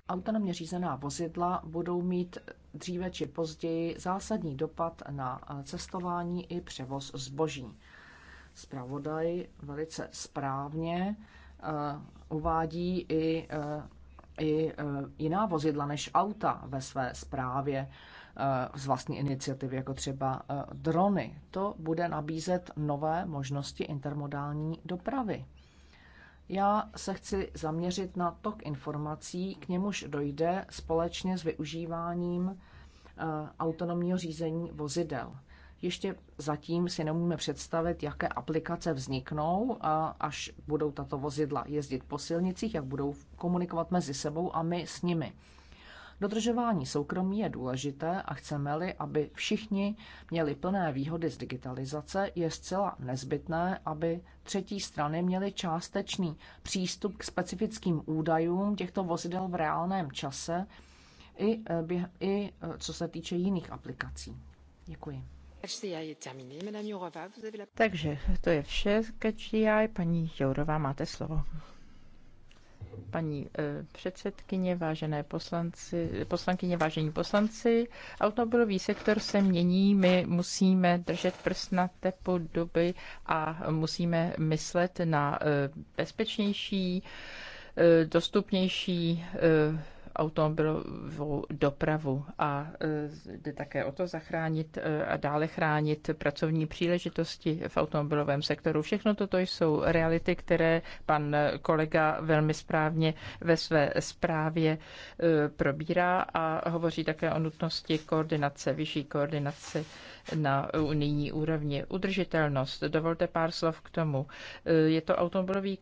Autonomně řízená vozidla budou mít dříve či později zásadní dopad na cestování i převoz zboží. Spravodaj velice správně eh, uvádí i, eh, i eh, jiná vozidla než auta ve své zprávě z vlastní iniciativy, jako třeba drony. To bude nabízet nové možnosti intermodální dopravy. Já se chci zaměřit na tok informací, k němuž dojde společně s využíváním eh, autonomního řízení vozidel. Ještě zatím si nemůžeme představit, jaké aplikace vzniknou, až budou tato vozidla jezdit po silnicích, jak budou komunikovat mezi sebou a my s nimi. Dodržování soukromí je důležité a chceme-li, aby všichni měli plné výhody z digitalizace, je zcela nezbytné, aby třetí strany měly částečný přístup k specifickým údajům těchto vozidel v reálném čase i, e, i e, co se týče jiných aplikací. Děkuji. Takže to je vše z KGI. Paní Jourová, máte slovo paní eh, předsedkyně, vážené poslanci, poslankyně, vážení poslanci. Automobilový sektor se mění, my musíme držet prst na tepu doby a musíme myslet na eh, bezpečnější, eh, dostupnější automobilovou dopravu a e, jde také o to zachránit e, a dále chránit pracovní příležitosti v automobilovém sektoru. Všechno toto jsou reality, které pan kolega velmi správně ve své zprávě e, probírá a hovoří také o nutnosti koordinace, vyšší koordinace na unijní úrovni. Udržitelnost, dovolte pár slov k tomu. Je to automobilový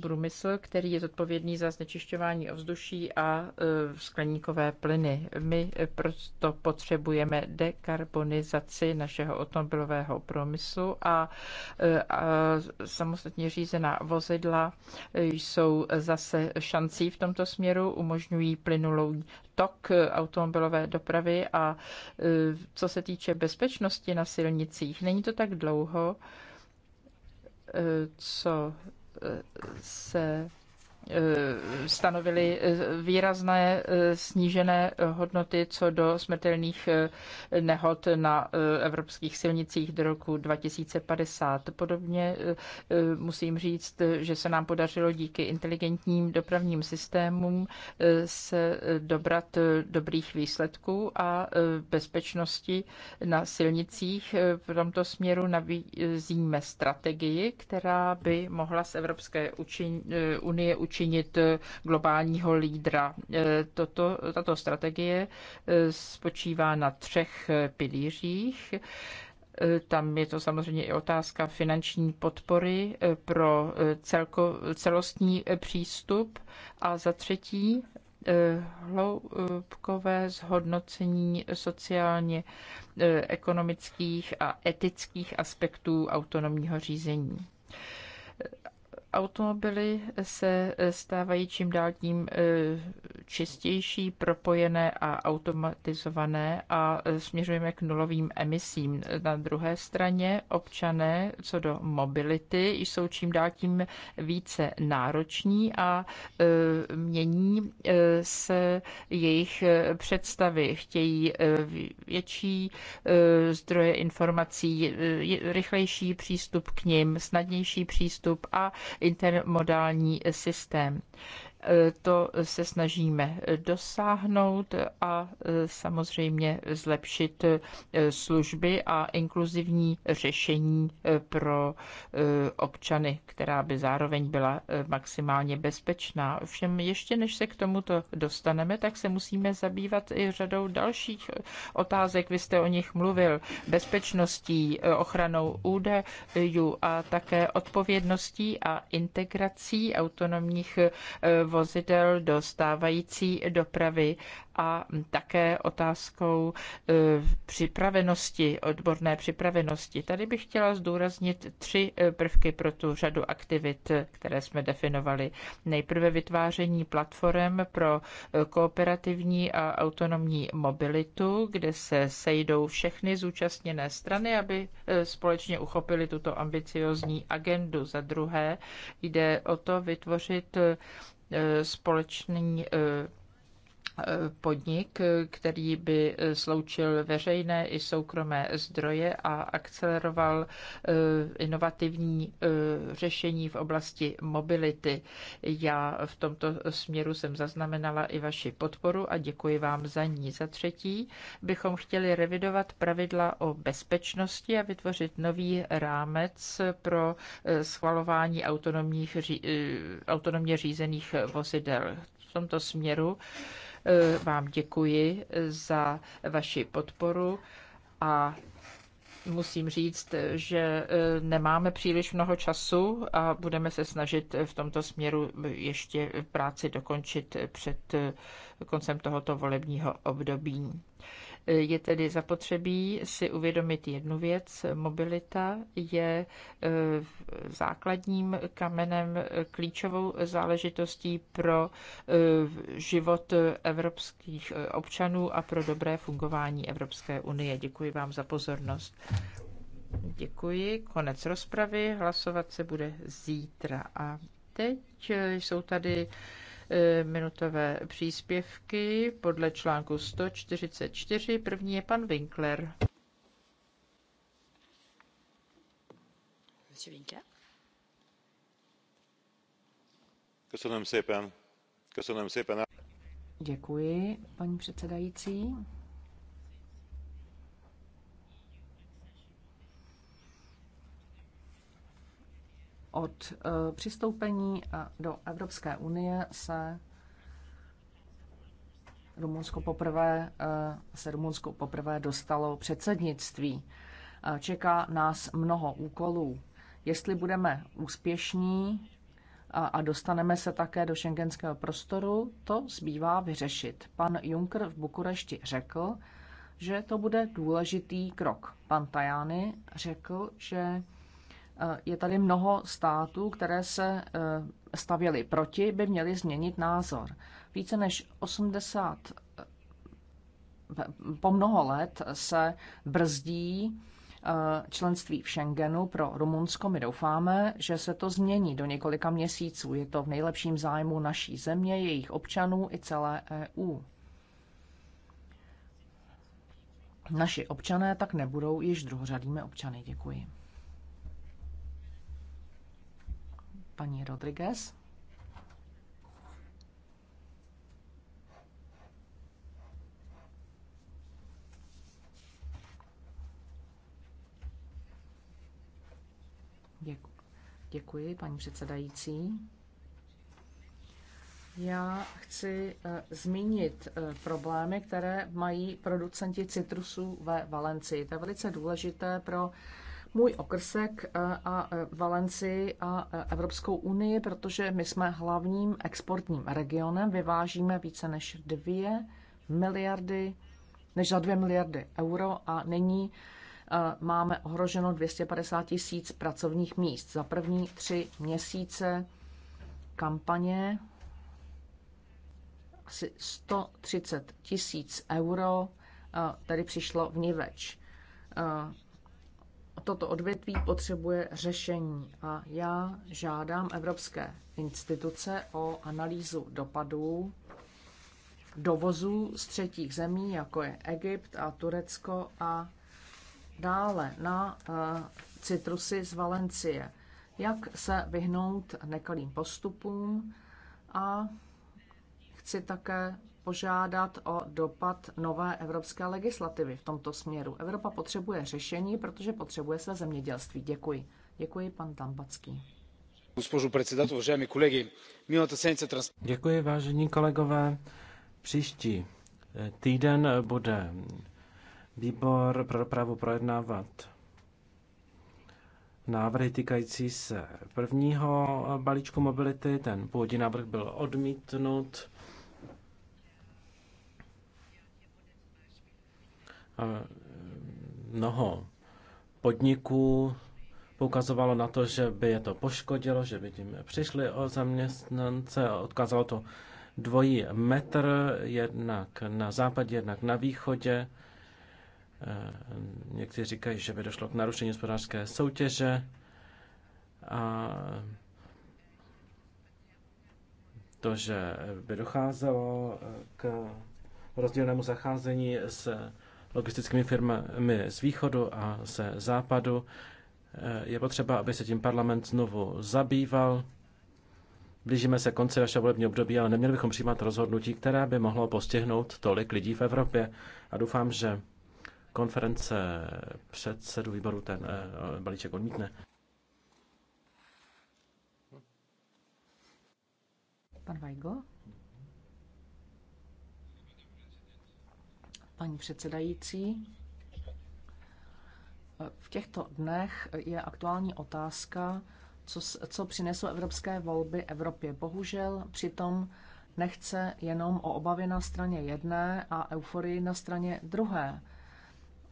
průmysl, který je zodpovědný za znečišťování ovzduší a e, skleníkové plyny. My proto potřebujeme dekarbonizaci našeho automobilového průmyslu a, e, a samostatně řízená vozidla jsou zase šancí v tomto směru, umožňují plynulou tok automobilové dopravy a e, co se týče bezpečnosti na silnicích, není to tak dlouho, e, co e, se Eh, stanovili eh, výrazné eh, snížené hodnoty co do smrtelných nehod na evropských silnicích do roku 2050. Podobně musím říct, že se nám podařilo díky inteligentním dopravním systémům se dobrat dobrých výsledků a bezpečnosti na silnicích. V tomto směru nabízíme strategii, která by mohla z Evropské unie učinit učinit eh, globálního lídra. Eh, toto, tato strategie eh, spočívá na třech pilířích. Tam je to samozřejmě i otázka finanční podpory pro celko, celostní přístup. A za třetí, hloubkové zhodnocení sociálně ekonomických a etických aspektů autonomního řízení. Automobily se eh, stávají čím dál tím eh, čistější, propojené a automatizované a eh, směřujeme k nulovým emisím. Na druhé straně občané co do mobility jsou čím dál tím více nároční a mění se jejich představy. Chtějí větší zdroje informací, rychlejší přístup k ním, snadnější přístup a intermodální systém. To se snažíme dosáhnout a e, samozřejmě zlepšit e, služby a inkluzivní řešení e, pro občany, která by zároveň byla maximálně bezpečná. Všem ještě než se k tomuto dostaneme, tak se musíme zabývat i řadou dalších otázek. Vy jste o nich mluvil. Bezpečností, ochranou údajů a také odpovědností a integrací autonomních vozidel do stávající dopravy a také otázkou eh, připravenosti, odborné připravenosti. Tady bych chtěla zdůraznit tři eh, prvky pro tu řadu aktivit, které jsme definovali. Nejprve vytváření platform pro eh, kooperativní a autonomní mobilitu, kde se sejdou všechny zúčastněné strany, aby společně uchopili tuto ambiciozní agendu. Za druhé jde o to vytvořit společný eh, podnik, který by sloučil veřejné i soukromé zdroje a akceleroval eh, inovativní eh, řešení v oblasti mobility. Já v tomto směru jsem zaznamenala i vaši podporu a děkuji vám za ní. Za třetí bychom chtěli revidovat pravidla o bezpečnosti a vytvořit nový rámec pro eh, schvalování autonomních, autonomně řízených vozidel. V tomto směru Eh, vám děkuji eh, za vaši podporu a musím říct, že eh, nemáme příliš mnoho času a budeme se snažit v tomto směru ještě práci dokončit před koncem tohoto volebního období. Je tedy zapotřebí si uvědomit jednu věc. Mobilita je e, základním kamenem, e, klíčovou záležitostí pro e, život evropských občanů a pro dobré fungování Evropské unie. Děkuji vám za pozornost. Děkuji. Konec rozpravy. Hlasovat se bude zítra. A teď jsou tady Eh, minutové příspěvky podle článku 144. První je pan Winkler. Děkuji, paní předsedající. Od e, přistoupení e, do Evropské unie se Rumunsko poprvé, e, se Rumunsko poprvé dostalo předsednictví. Čeká nás mnoho úkolů. Jestli budeme úspěšní a dostaneme se také do šengenského prostoru, to zbývá vyřešit. Pan Juncker v Bukurešti řekl, že to bude důležitý krok. Pan Tajany řekl, že Eh, je tady mnoho států, které se eh, stavěly proti, by měly změnit názor. Více než 80 eh, po mnoho let se brzdí členství v Schengenu pro Rumunsko. My doufáme, že se to změní do několika měsíců. Je to v nejlepším zájmu naší země, jejich občanů i celé EU. Naši občané tak nebudou již druhořadými občany. Děkuji. paní Rodriguez. Děkuji, paní předsedající. Já chci eh, zmínit eh, problémy, které mají producenti citrusů ve Valencii. To je velice důležité pro můj okrsek eh, a eh, Valenci a eh, Evropskou unii, protože my jsme hlavním exportním regionem, vyvážíme více než 2 miliardy, než za 2 miliardy euro a nyní máme ohroženo 250 tisíc pracovních míst. Za první tři měsíce kampaně asi 130 tisíc euro tedy přišlo v Niveč toto odvětví potřebuje řešení a já žádám evropské instituce o analýzu dopadů dovozů z třetích zemí, jako je Egypt a Turecko a dále na e, citrusy z Valencie. Jak se vyhnout nekalým postupům a chci také požádat o dopad nové evropské legislativy v tomto směru. Evropa potřebuje řešení, protože potřebuje své zemědělství. Děkuji. Děkuji, pan Tambacký. Děkuji, vážení kolegové. Příští eh, týden bude výbor pro dopravu projednávat návrhy týkající se prvního balíčku mobility. Ten původní návrh byl odmítnut Eh, mnoho podniků poukazovalo na to, že by je to poškodilo, že by tím přišli o zaměstnance, odkázalo to dvojí metr, jednak na západě, jednak na východě. Eh, někteří říkají, že by došlo k narušení hospodářské soutěže a to, že by docházelo eh, k rozdílnému zacházení s logistickými firmami z východu a ze západu. Eh, je potřeba, aby se tím parlament znovu zabýval. Blížíme se konci našeho volebního období, ale neměli bychom přijímat rozhodnutí, které by mohlo postihnout tolik lidí v Evropě. A doufám, že konference předsedu výboru ten eh, balíček odmítne. Pan Vajgo? paní předsedající. V těchto dnech je aktuální otázka, co, co přinesou evropské volby Evropě. Bohužel přitom nechce jenom o obavě na straně jedné a euforii na straně druhé.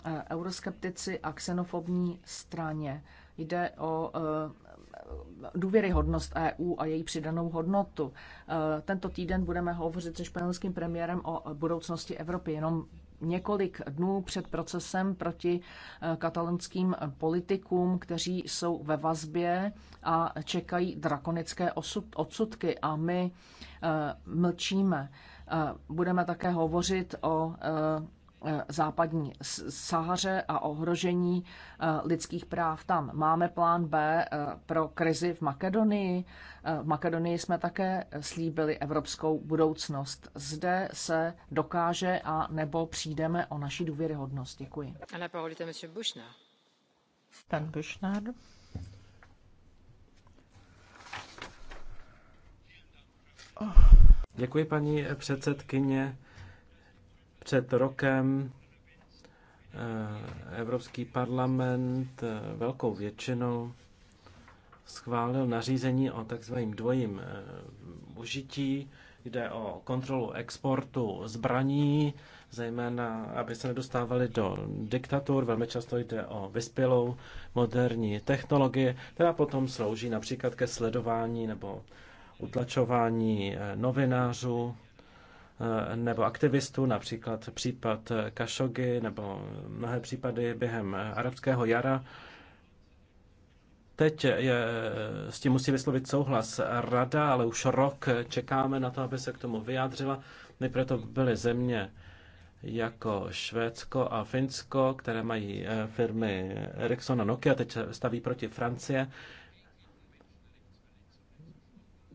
E, euroskeptici a xenofobní straně. Jde o e, důvěryhodnost EU a její přidanou hodnotu. E, tento týden budeme hovořit se španělským premiérem o budoucnosti Evropy. Jenom několik dnů před procesem proti eh, katalonským politikům, kteří jsou ve vazbě a čekají drakonické odsudky a my eh, mlčíme. Eh, budeme také hovořit o Eh, západní Sahaře a ohrožení eh, lidských práv tam. Máme plán B eh, pro krizi v Makedonii. V Makedonii jsme také slíbili evropskou budoucnost. Zde se dokáže a nebo přijdeme o naši důvěryhodnost. Děkuji. A na monsieur Buchner. Pan Buchner. Děkuji, paní předsedkyně. Před rokem eh, Evropský parlament eh, velkou většinou schválil nařízení o takzvaném dvojím eh, užití. Jde o kontrolu exportu zbraní, zejména aby se nedostávali do diktatur. Velmi často jde o vyspělou moderní technologii, která potom slouží například ke sledování nebo utlačování novinářů Eh, nebo aktivistů, například případ Kašogy nebo mnohé případy během arabského jara. Teď je, eh, s tím musí vyslovit souhlas rada, ale už rok čekáme na to, aby se k tomu vyjádřila. Nejprve to byly země jako Švédsko a Finsko, které mají eh, firmy Ericsson a Nokia, teď staví proti Francie.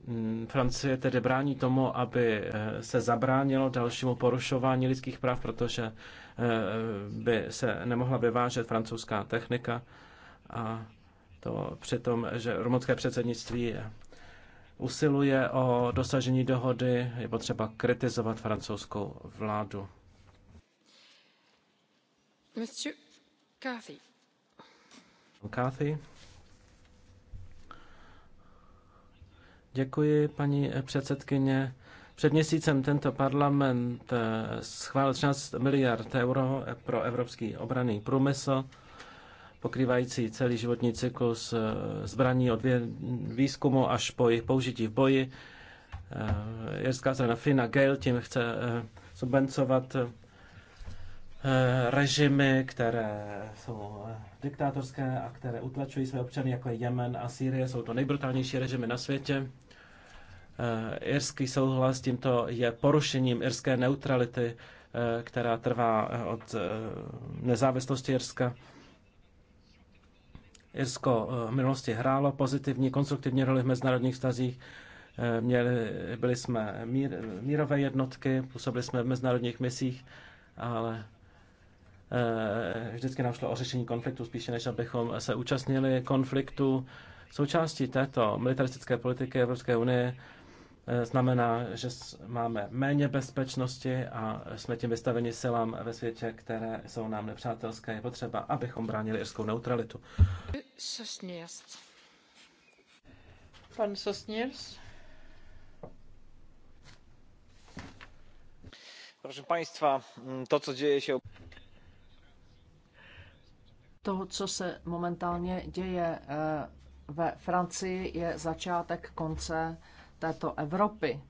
Mm, Francie tedy brání tomu, aby eh, se zabránilo dalšímu porušování lidských práv, protože eh, by se nemohla vyvážet francouzská technika a to přitom, že rumunské předsednictví eh, usiluje o dosažení dohody, je potřeba kritizovat francouzskou vládu. Mr. Cathy. Cathy. Děkuji, paní předsedkyně. Před měsícem tento parlament eh, schválil 13 miliard euro pro evropský obraný průmysl, pokrývající celý životní cyklus eh, zbraní od výzkumu až po jejich použití v boji. Eh, Jirská strana Fina Gale tím chce subvencovat Eh, režimy, které jsou eh, diktátorské a které utlačují své občany, jako je Jemen a Sýrie. Jsou to nejbrutálnější režimy na světě. Eh, irský souhlas s tímto je porušením irské neutrality, která trvá od nezávislosti Irska. Irsko v minulosti hrálo pozitivní, konstruktivní roli v mezinárodních vztazích. Měli, byli jsme mír, mírové jednotky, působili jsme v mezinárodních misích, ale Eh, vždycky nám šlo o řešení konfliktu spíše, než abychom se účastnili konfliktu. Součástí této militaristické politiky Evropské unie eh, znamená, že máme méně bezpečnosti a jsme tím vystaveni silám ve světě, které jsou nám nepřátelské. Je potřeba, abychom bránili irskou neutralitu. Sosněst. Pan Sosniers. Proszę Państwa, to co dzieje się... Toho, co se momentálně děje eh, ve Francii, je začátek konce této Evropy,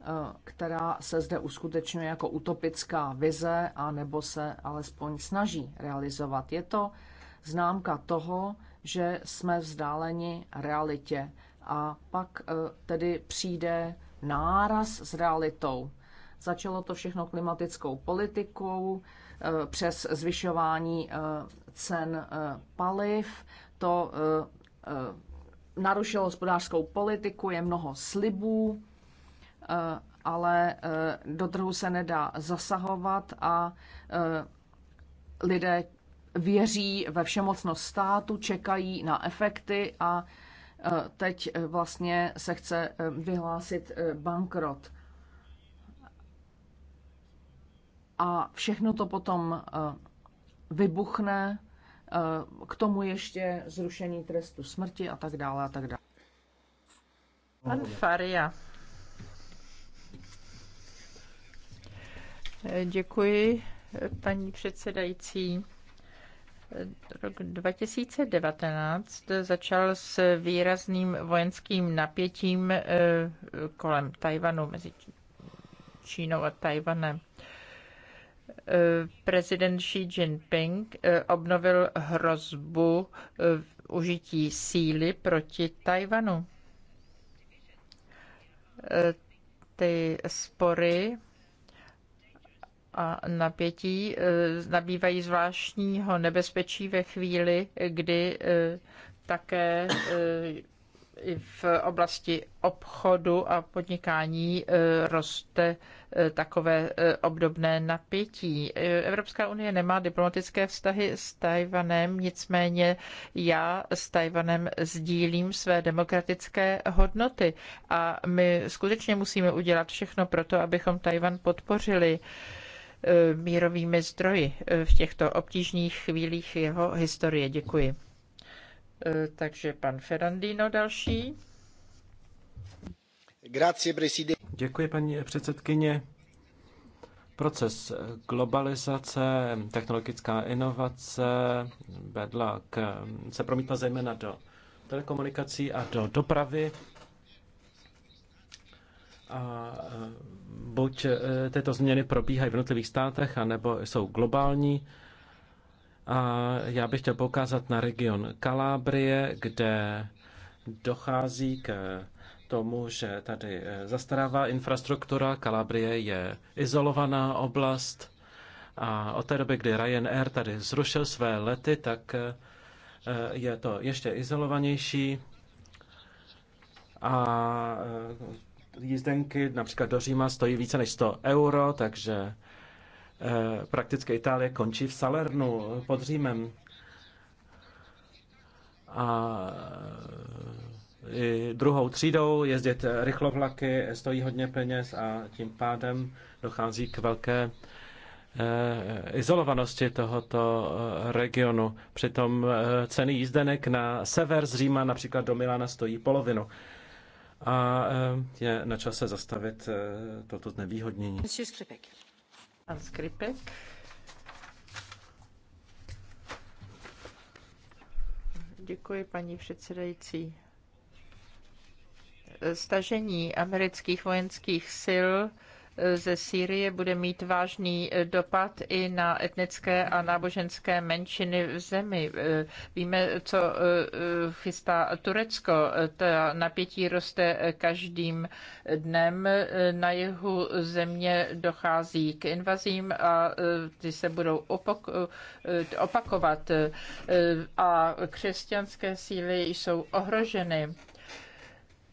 eh, která se zde uskutečňuje jako utopická vize, a nebo se alespoň snaží realizovat. Je to známka toho, že jsme vzdáleni realitě. A pak eh, tedy přijde náraz s realitou. Začalo to všechno klimatickou politikou přes zvyšování cen eh, paliv. To eh, eh, narušilo hospodářskou politiku, je mnoho slibů, ale do trhu se nedá zasahovat a lidé věří ve všemocnost státu, čekají na efekty a teď vlastně se chce vyhlásit bankrot. A všechno to potom vybuchne Eh, k tomu ještě zrušení trestu smrti a tak dále a tak dále. Pan Faria. Eh, děkuji, paní předsedající. Eh, rok 2019 začal s výrazným vojenským napětím kolem Tajvanu mezi Čínou a Tajvanem. Eh, prezident Xi Jinping eh, obnovil hrozbu eh, užití síly proti Tajvanu. Ty spory a napětí nabývají zvláštního nebezpečí ve chvíli, kdy také v oblasti obchodu a podnikání roste Eh, takové eh, obdobné napětí. Eh, Evropská unie nemá diplomatické vztahy s Tajvanem, nicméně já s Tajvanem sdílím své demokratické hodnoty a my skutečně musíme udělat všechno pro to, abychom Tajvan podpořili mírovými zdroji v těchto obtížných chvílích jeho historie. Děkuji. Takže pan Ferrandino další. Děkuji, paní předsedkyně. Proces globalizace, technologická inovace vedla k, se promítla zejména do telekomunikací a do dopravy. A e, buď e, tyto změny probíhají v jednotlivých státech, anebo jsou globální. A já bych chtěl poukázat na region Kalábrie, kde dochází k tomu, že tady eh, zastarává infrastruktura, Kalabrie je izolovaná oblast a od té doby, kdy Ryanair tady zrušil své lety, tak eh, eh, je to ještě izolovanější a jízdenky například do Říma stojí více než 100 euro, takže prakticky Itálie končí v Salernu pod Římem. A druhou třídou, jezdit rychlovlaky stojí hodně peněz a tím pádem dochází k velké eh, izolovanosti tohoto eh, regionu. Přitom eh, ceny jízdenek na sever z Říma, například do Milána, stojí polovinu. A je na čase zastavit toto znevýhodnění. Skripek. Pan Skripek. Děkuji, paní předsedající stažení amerických vojenských sil eh, ze Sýrie bude mít vážný eh, dopad i na etnické a náboženské menšiny v zemi. Eh, víme, co chystá Turecko. Ta napětí roste každým dnem. Na jihu země dochází k invazím a ty se budou opakovat. A křesťanské síly jsou ohroženy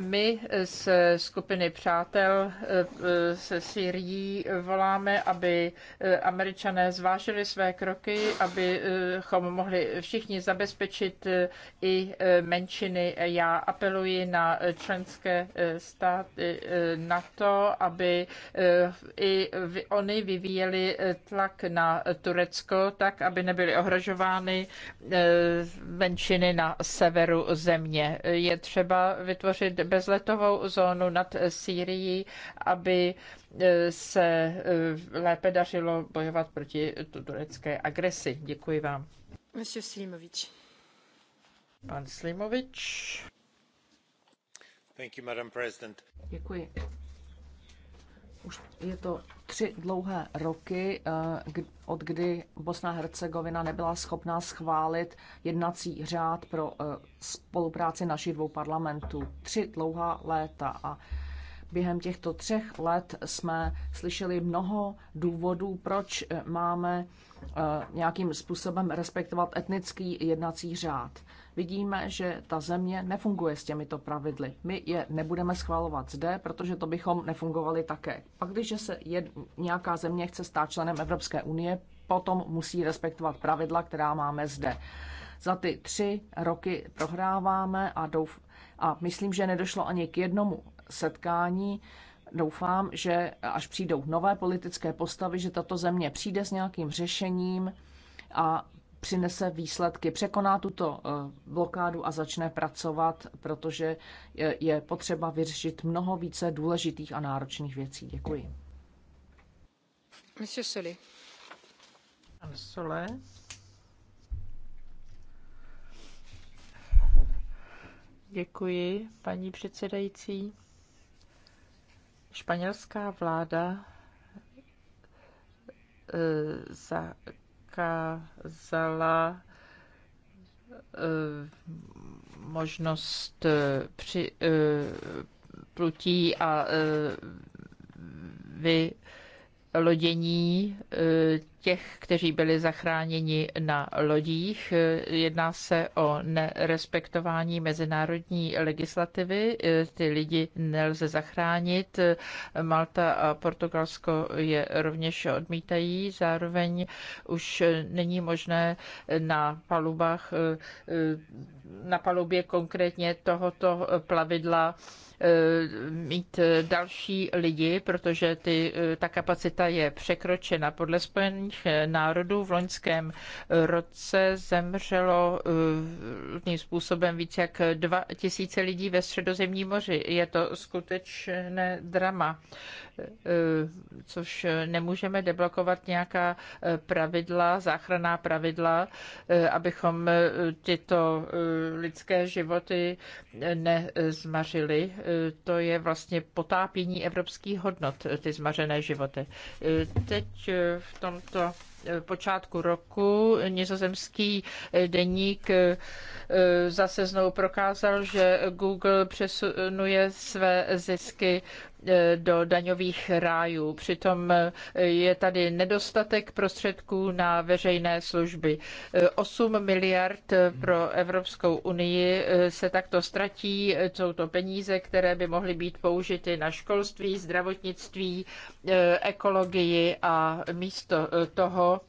My z skupiny přátel eh, se Syrií voláme, aby eh, američané zvážili své kroky, abychom eh, mohli všichni zabezpečit i menšiny. Já apeluji na členské státy na to, aby i oni vyvíjeli tlak na Turecko, tak, aby nebyly ohrožovány menšiny na severu země. Je třeba vytvořit bezletovou zónu nad Sýrií, aby eh, se eh, lépe dařilo bojovat proti turecké agresi. Děkuji vám. Monsieur Slimovič. Pan Slimovič. Thank you, Madam President. Děkuji, už je to tři dlouhé roky, eh, od kdy Bosna Hercegovina nebyla schopná schválit jednací řád pro eh, spolupráci našich dvou parlamentů. Tři dlouhá léta a během těchto třech let jsme slyšeli mnoho důvodů, proč eh, máme nějakým způsobem respektovat etnický jednací řád vidíme, že ta země nefunguje s těmito pravidly. My je nebudeme schvalovat zde, protože to bychom nefungovali také. Pak, když se jed, nějaká země chce stát členem Evropské unie, potom musí respektovat pravidla, která máme zde. Za ty tři roky prohráváme a, douf, a myslím, že nedošlo ani k jednomu setkání, doufám, že až přijdou nové politické postavy, že tato země přijde s nějakým řešením a přinese výsledky, překoná tuto eh, blokádu a začne pracovat, protože je potřeba vyřešit mnoho více důležitých a náročných věcí. Děkuji. Monsieur Pan Děkuji, paní předsedající. Španělská vláda eh, za zakázala eh, možnost eh, při, eh, plutí a vy lodění eh, těch, kteří byli zachráněni na lodích. Eh, jedná se o nerespektování mezinárodní legislativy. Eh, ty lidi nelze zachránit. Malta a Portugalsko je rovněž odmítají. Zároveň už není možné na palubách, na palubě konkrétně tohoto plavidla Eh, mít eh, další lidi, protože ty, eh, ta kapacita je překročena. Podle Spojených národů v loňském roce zemřelo tím způsobem více jak 2 lidí ve středozemní moři. Je to skutečné drama. Eh, což nemůžeme deblokovat nějaká eh, pravidla, záchranná pravidla, eh, abychom tyto lidské životy nezmařili. To je vlastně potápění evropských hodnot, ty zmařené životy. Teď v tomto počátku roku nizozemský deník zase znovu prokázal, že Google přesunuje své zisky E, do daňových rájů. Přitom e, je tady nedostatek prostředků na veřejné služby. 8 e, miliard pro Evropskou unii se takto ztratí. Jsou to peníze, které by mohly být použity na školství, zdravotnictví, ekologii a místo toho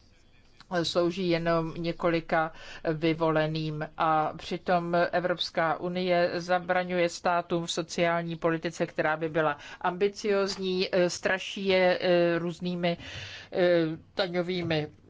slouží jenom několika vyvoleným. A přitom Evropská unie zabraňuje státům v sociální politice, která by byla ambiciozní, e, straší je e, různými e, daňovými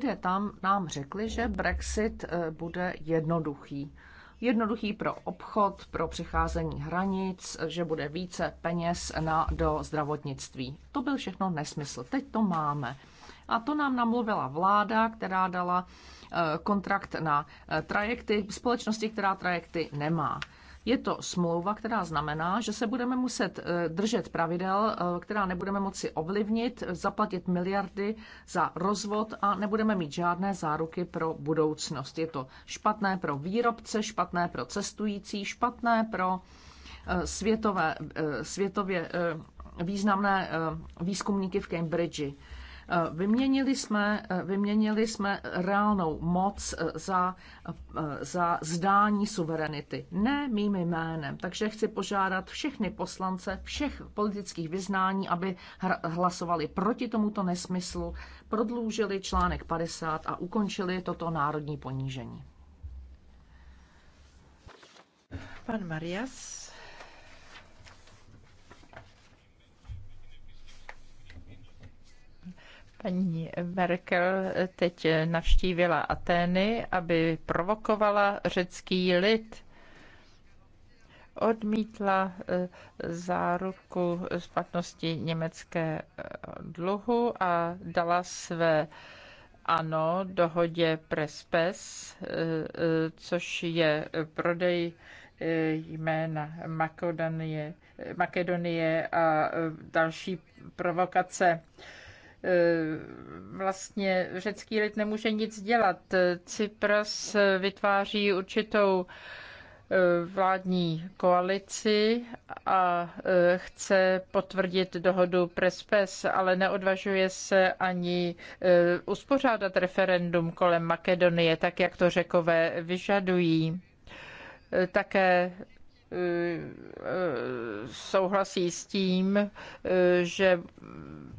Tedy tam nám řekli, že Brexit eh, bude jednoduchý. Jednoduchý pro obchod, pro přecházení hranic, eh, že bude více peněz na, do zdravotnictví. To byl všechno nesmysl. Teď to máme. A to nám namluvila vláda, která dala eh, kontrakt na trajekty, společnosti, která trajekty nemá. Je to smlouva, která znamená, že se budeme muset eh, držet pravidel, eh, která nebudeme moci ovlivnit, zaplatit miliardy za rozvod a nebudeme mít žádné záruky pro budoucnost. Je to špatné pro výrobce, špatné pro cestující, špatné pro eh, světové, světově významné výzkumníky v Cambridge. Eh, vyměnili jsme, eh, vyměnili jsme reálnou moc eh, za, za zdání suverenity, ne mým jménem. Takže chci požádat všechny poslance všech politických vyznání, aby hlasovali proti tomuto nesmyslu, prodloužili článek 50 a ukončili toto národní ponížení. Pan Marias Paní Merkel teď navštívila Atény, aby provokovala řecký lid. Odmítla eh, záruku splatnosti německé eh, dluhu a dala své ano dohodě Prespes, eh, což je prodej jména Makedonie, Makedonie a další provokace Eh, vlastně řecký lid nemůže nic dělat. Cypras vytváří určitou eh, vládní koalici a eh, chce potvrdit dohodu Prespes, ale neodvažuje se ani uspořádat referendum kolem Makedonie, tak jak to řekové vyžadují. Také souhlasí s tím, že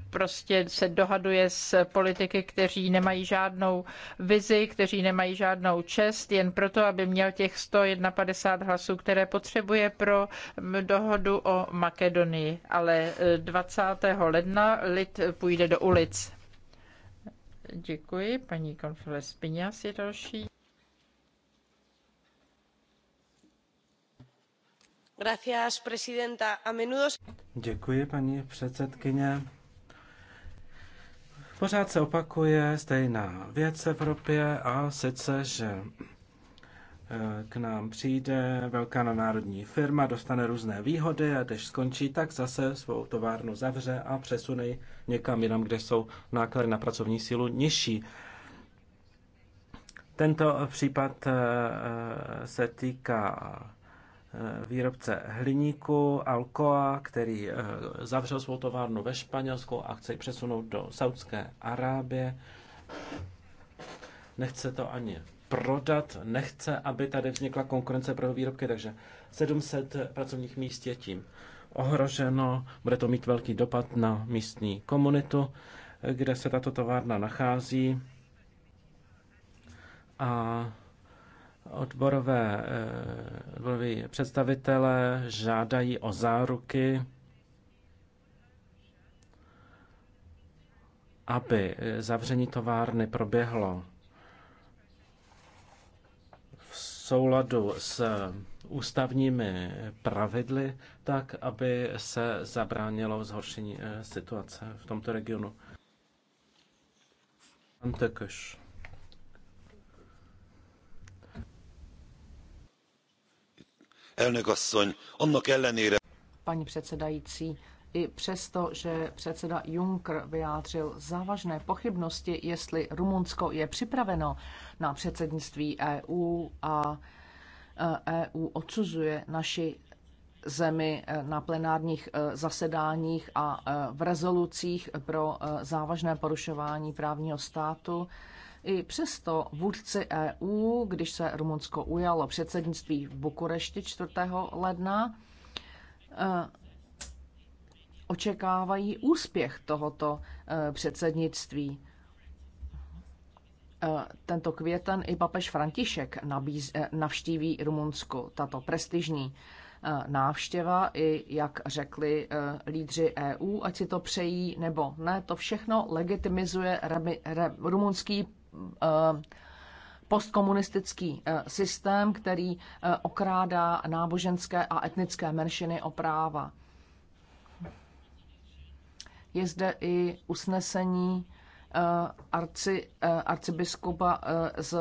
prostě se dohaduje s politiky, kteří nemají žádnou vizi, kteří nemají žádnou čest, jen proto, aby měl těch 151 hlasů, které potřebuje pro dohodu o Makedonii. Ale 20. ledna lid půjde do ulic. Děkuji. Paní Konfiles Piňas je další. Děkuji, paní předsedkyně. Pořád se opakuje stejná věc v Evropě a sice, že eh, k nám přijde velká nadnárodní firma, dostane různé výhody a když skončí, tak zase svou továrnu zavře a přesune někam jinam, kde jsou náklady na pracovní sílu nižší. Tento případ eh, eh, se týká Eh, výrobce hliníku Alcoa, který eh, zavřel svou továrnu ve Španělsku a chce ji přesunout do Saudské Arábie. Nechce to ani prodat, nechce, aby tady vznikla konkurence pro výrobky, takže 700 pracovních míst je tím ohroženo, bude to mít velký dopad na místní komunitu, kde se tato továrna nachází. A Odborové, eh, odborové představitelé žádají o záruky, aby eh, zavření továrny proběhlo v souladu s eh, ústavními pravidly, tak aby se zabránilo zhoršení situace v tomto regionu. Antekoš. elnök asszony, annak ellenére... Paní předsedající, i přesto, že předseda Juncker vyjádřil závažné pochybnosti, jestli Rumunsko je připraveno na předsednictví EU a EU e odsuzuje naši zemi e, na plenárních e, zasedáních a v rezolucích pro závažné porušování právního státu, i přesto vůdci EU, když se Rumunsko ujalo předsednictví v Bukurešti 4. ledna, eh, očekávají úspěch tohoto eh, předsednictví. Eh, tento květen i papež František nabíz, navštíví Rumunsko. Tato prestižní návštěva i, jak řekli lídři EU, ať si to přejí nebo ne, to všechno legitimizuje rumunský Eh, postkomunistický eh, systém, který eh, okrádá náboženské a etnické menšiny o práva. Je zde i usnesení arci, arcibiskupa z,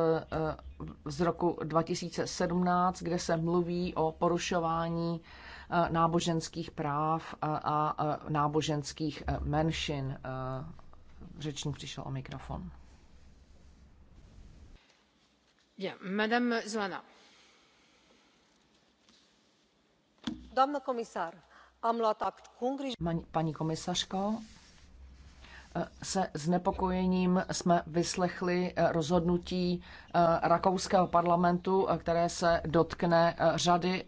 z roku 2017, kde se mluví o porušování náboženských práv a náboženských menšin. Řečník přišel o mikrofon doamnă comisar am luat act cu îngrijorare. paní komisařko eh, se znepokojením jsme vyslechli eh, rozhodnutí eh, rakouského parlamentu, které se dotkne řady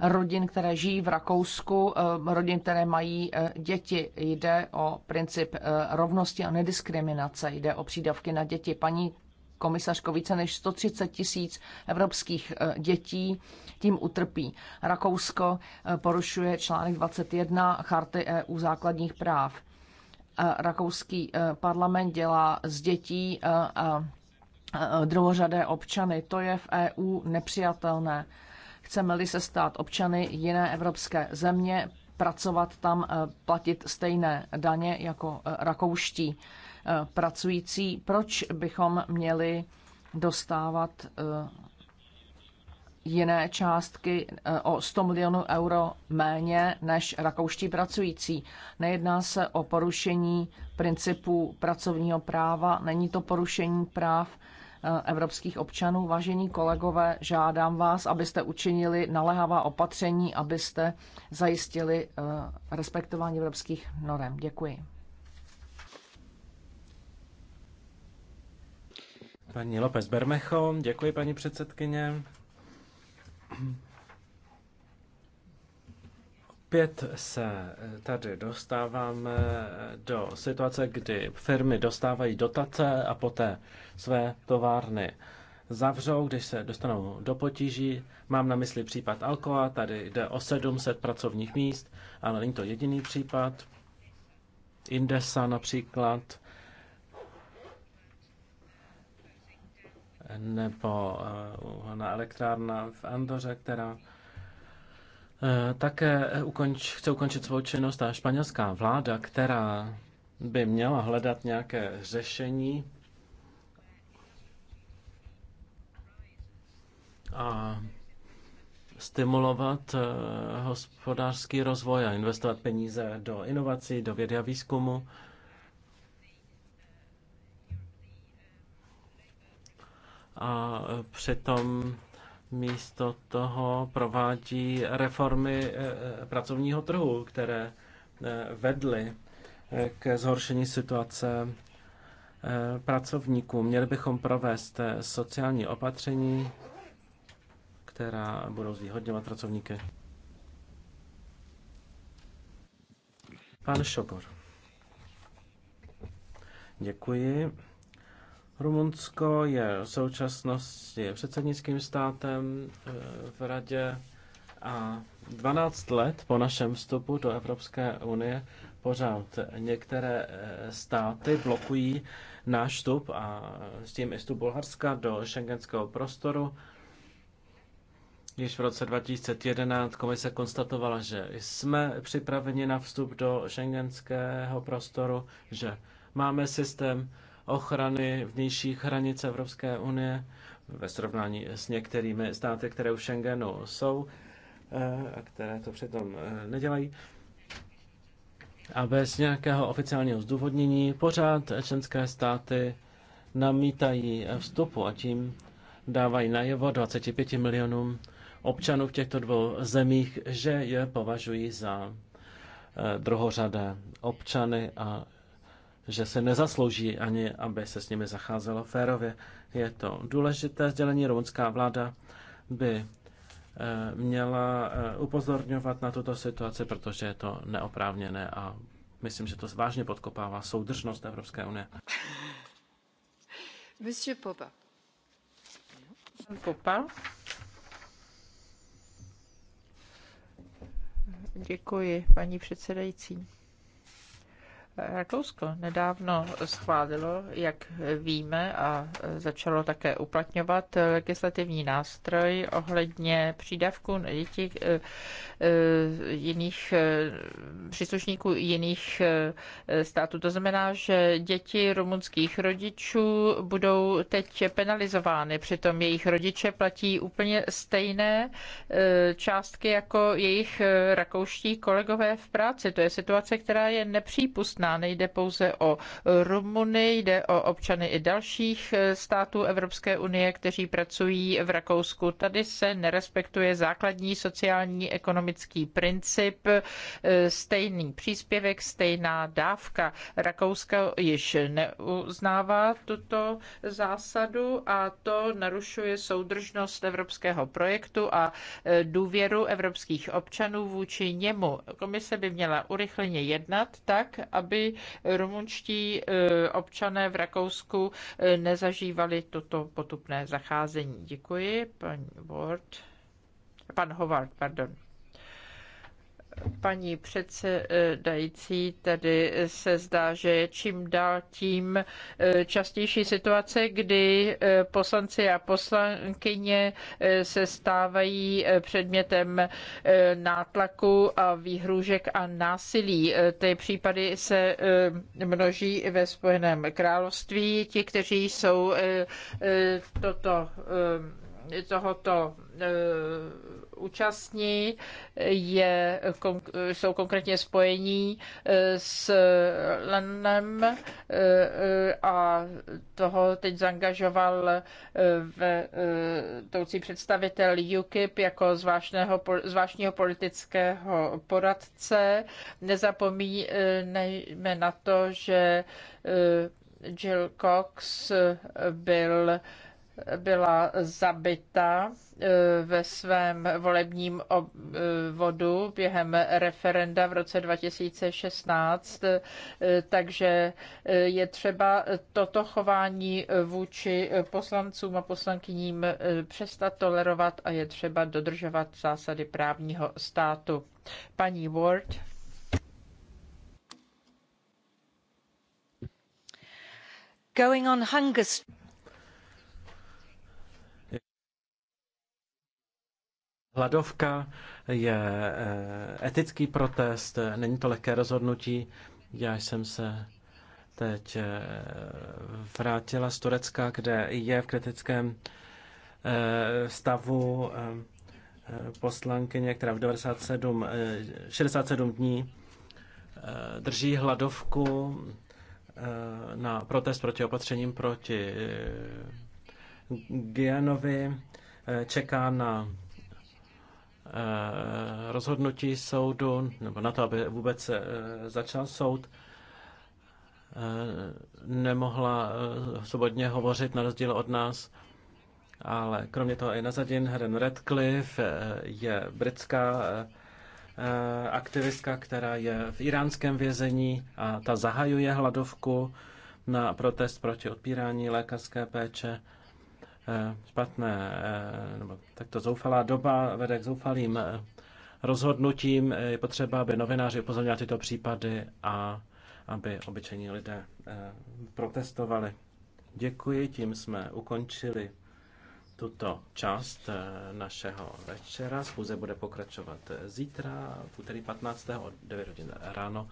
rodin, které žijí v Rakousku, rodin, které mají děti. Jde o princip rovnosti a nediskriminace, jde o přídavky na děti. Paní komisařko, více než 130 tisíc evropských eh, dětí tím utrpí. Rakousko eh, porušuje článek 21 Charty EU základních práv. Eh, rakouský parlament dělá z dětí druhořadé občany. To je v EU nepřijatelné. Chceme-li se stát občany jiné evropské země, pracovat tam, platit stejné daně jako rakouští Eh, pracující, proč bychom měli dostávat eh, jiné částky eh, o 100 milionů euro méně než rakouští pracující. Nejedná se o porušení principů pracovního práva, není to porušení práv evropských občanů. Vážení kolegové, žádám vás, abyste učinili naléhavá opatření, abyste zajistili respektování evropských norem. Děkuji. Paní López Bermecho, děkuji paní předsedkyně. Opět se tady dostáváme do situace, kdy firmy dostávají dotace a poté své továrny zavřou, když se dostanou do potíží. Mám na mysli případ Alcoa, tady jde o 700 pracovních míst, ale není to jediný případ. Indesa například nebo eh, uhelná elektrárna v Andoře, která eh, také ukonč, chce ukončit svou činnost a španělská vláda, která by měla hledat nějaké řešení a stimulovat eh, hospodářský rozvoj a investovat peníze do inovací, do vědy a výzkumu. a e, přitom místo toho provádí reformy e, e, pracovního trhu, které vedly k zhoršení situace pracovníků. Měli bychom provést sociální opatření, která budou zvýhodňovat pracovníky. Pan Šobor. Děkuji. Rumunsko je v současnosti předsednickým státem eh, v radě a 12 let po našem vstupu do Evropské unie pořád některé eh, státy blokují náš vstup a s tím i vstup Bulharska do šengenského prostoru. Již v roce 2011 komise konstatovala, že jsme připraveni na vstup do šengenského prostoru, že máme systém ochrany vnějších hranic Evropské unie ve srovnání s některými státy, které v Schengenu jsou eh, a které to přitom eh, nedělají. A bez nějakého oficiálního zdůvodnění pořád členské státy namítají vstupu a tím dávají najevo 25 milionům občanů v těchto dvou zemích, že je považují za eh, druhořadé občany a že se nezaslouží ani, aby se s nimi zacházelo férově. Je to důležité sdělení. Rumunská vláda by eh, měla eh, upozorňovat na tuto situaci, protože je to neoprávněné a myslím, že to vážně podkopává soudržnost Evropské unie. Monsieur Popa. Popa. Děkuji, paní předsedající. Rakousko nedávno schválilo, jak víme, a začalo také uplatňovat legislativní nástroj ohledně přídavku na děti eh, eh, jiných eh, příslušníků jiných států. To znamená, že děti rumunských rodičů budou teď penalizovány, přitom jejich rodiče platí úplně stejné částky jako jejich rakouští kolegové v práci. To je situace, která je nepřípustná jedná. Nejde pouze o Rumuny, jde o občany i dalších eh, států Evropské unie, kteří pracují v Rakousku. Tady se nerespektuje základní sociální ekonomický princip, eh, stejný příspěvek, stejná dávka. Rakousko již neuznává tuto zásadu a to narušuje soudržnost evropského projektu a eh, důvěru evropských občanů vůči němu. Komise by měla urychleně jednat tak, aby aby rumunští eh, občané v Rakousku eh, nezažívali toto potupné zacházení. Děkuji, pan Ward. Pan Howard, pardon paní předsedající, tedy se zdá, že je čím dál tím eh, častější situace, kdy eh, poslanci a poslankyně eh, se stávají předmětem nátlaku a výhrůžek a násilí. Ty případy se množí ve Spojeném království. Ti, kteří jsou toto tohoto účastní, je, jsou konkrétně spojení eh, s Lenem eh, eh, a toho teď zangažoval v toucí představitel UKIP jako zvláštního, zvláštního politického poradce. Nezapomínejme na to, že Jill Cox byl byla zabita e, ve svém volebním obvodu e, během referenda v roce 2016, e, takže je třeba toto chování vůči poslancům a poslankyním přestat tolerovat a je třeba dodržovat zásady právního státu. Paní Ward. Going on hunger Hladovka je eh, etický protest, není to lehké rozhodnutí. Já jsem se teď eh, vrátila z Turecka, kde je v kritickém eh, stavu poslankyně, která v 97, 67 dní drží hladovku na protest proti opatřením proti Gianovi, čeká na Eh, rozhodnutí soudu, nebo na to, aby vůbec eh, začal soud, eh, nemohla svobodně hovořit na rozdíl od nás. Ale kromě toho i Nazadin Helen Radcliffe je britská aktivistka, která je v iránském vězení a ta zahajuje hladovku na protest proti odpírání lékařské péče. Eh, špatné, eh, nebo takto zoufalá doba vede k zoufalým eh, rozhodnutím. Je potřeba, aby novináři upozornili tyto případy a aby obyčejní lidé protestovali. Děkuji, tím jsme ukončili tuto část našeho večera. Schůze bude pokračovat zítra, v úterý 15. od 9 hodin ráno.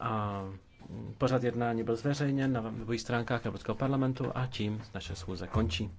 A Pořad jednání byl zveřejněn na webových stránkách Evropského parlamentu a tím naše schůze končí.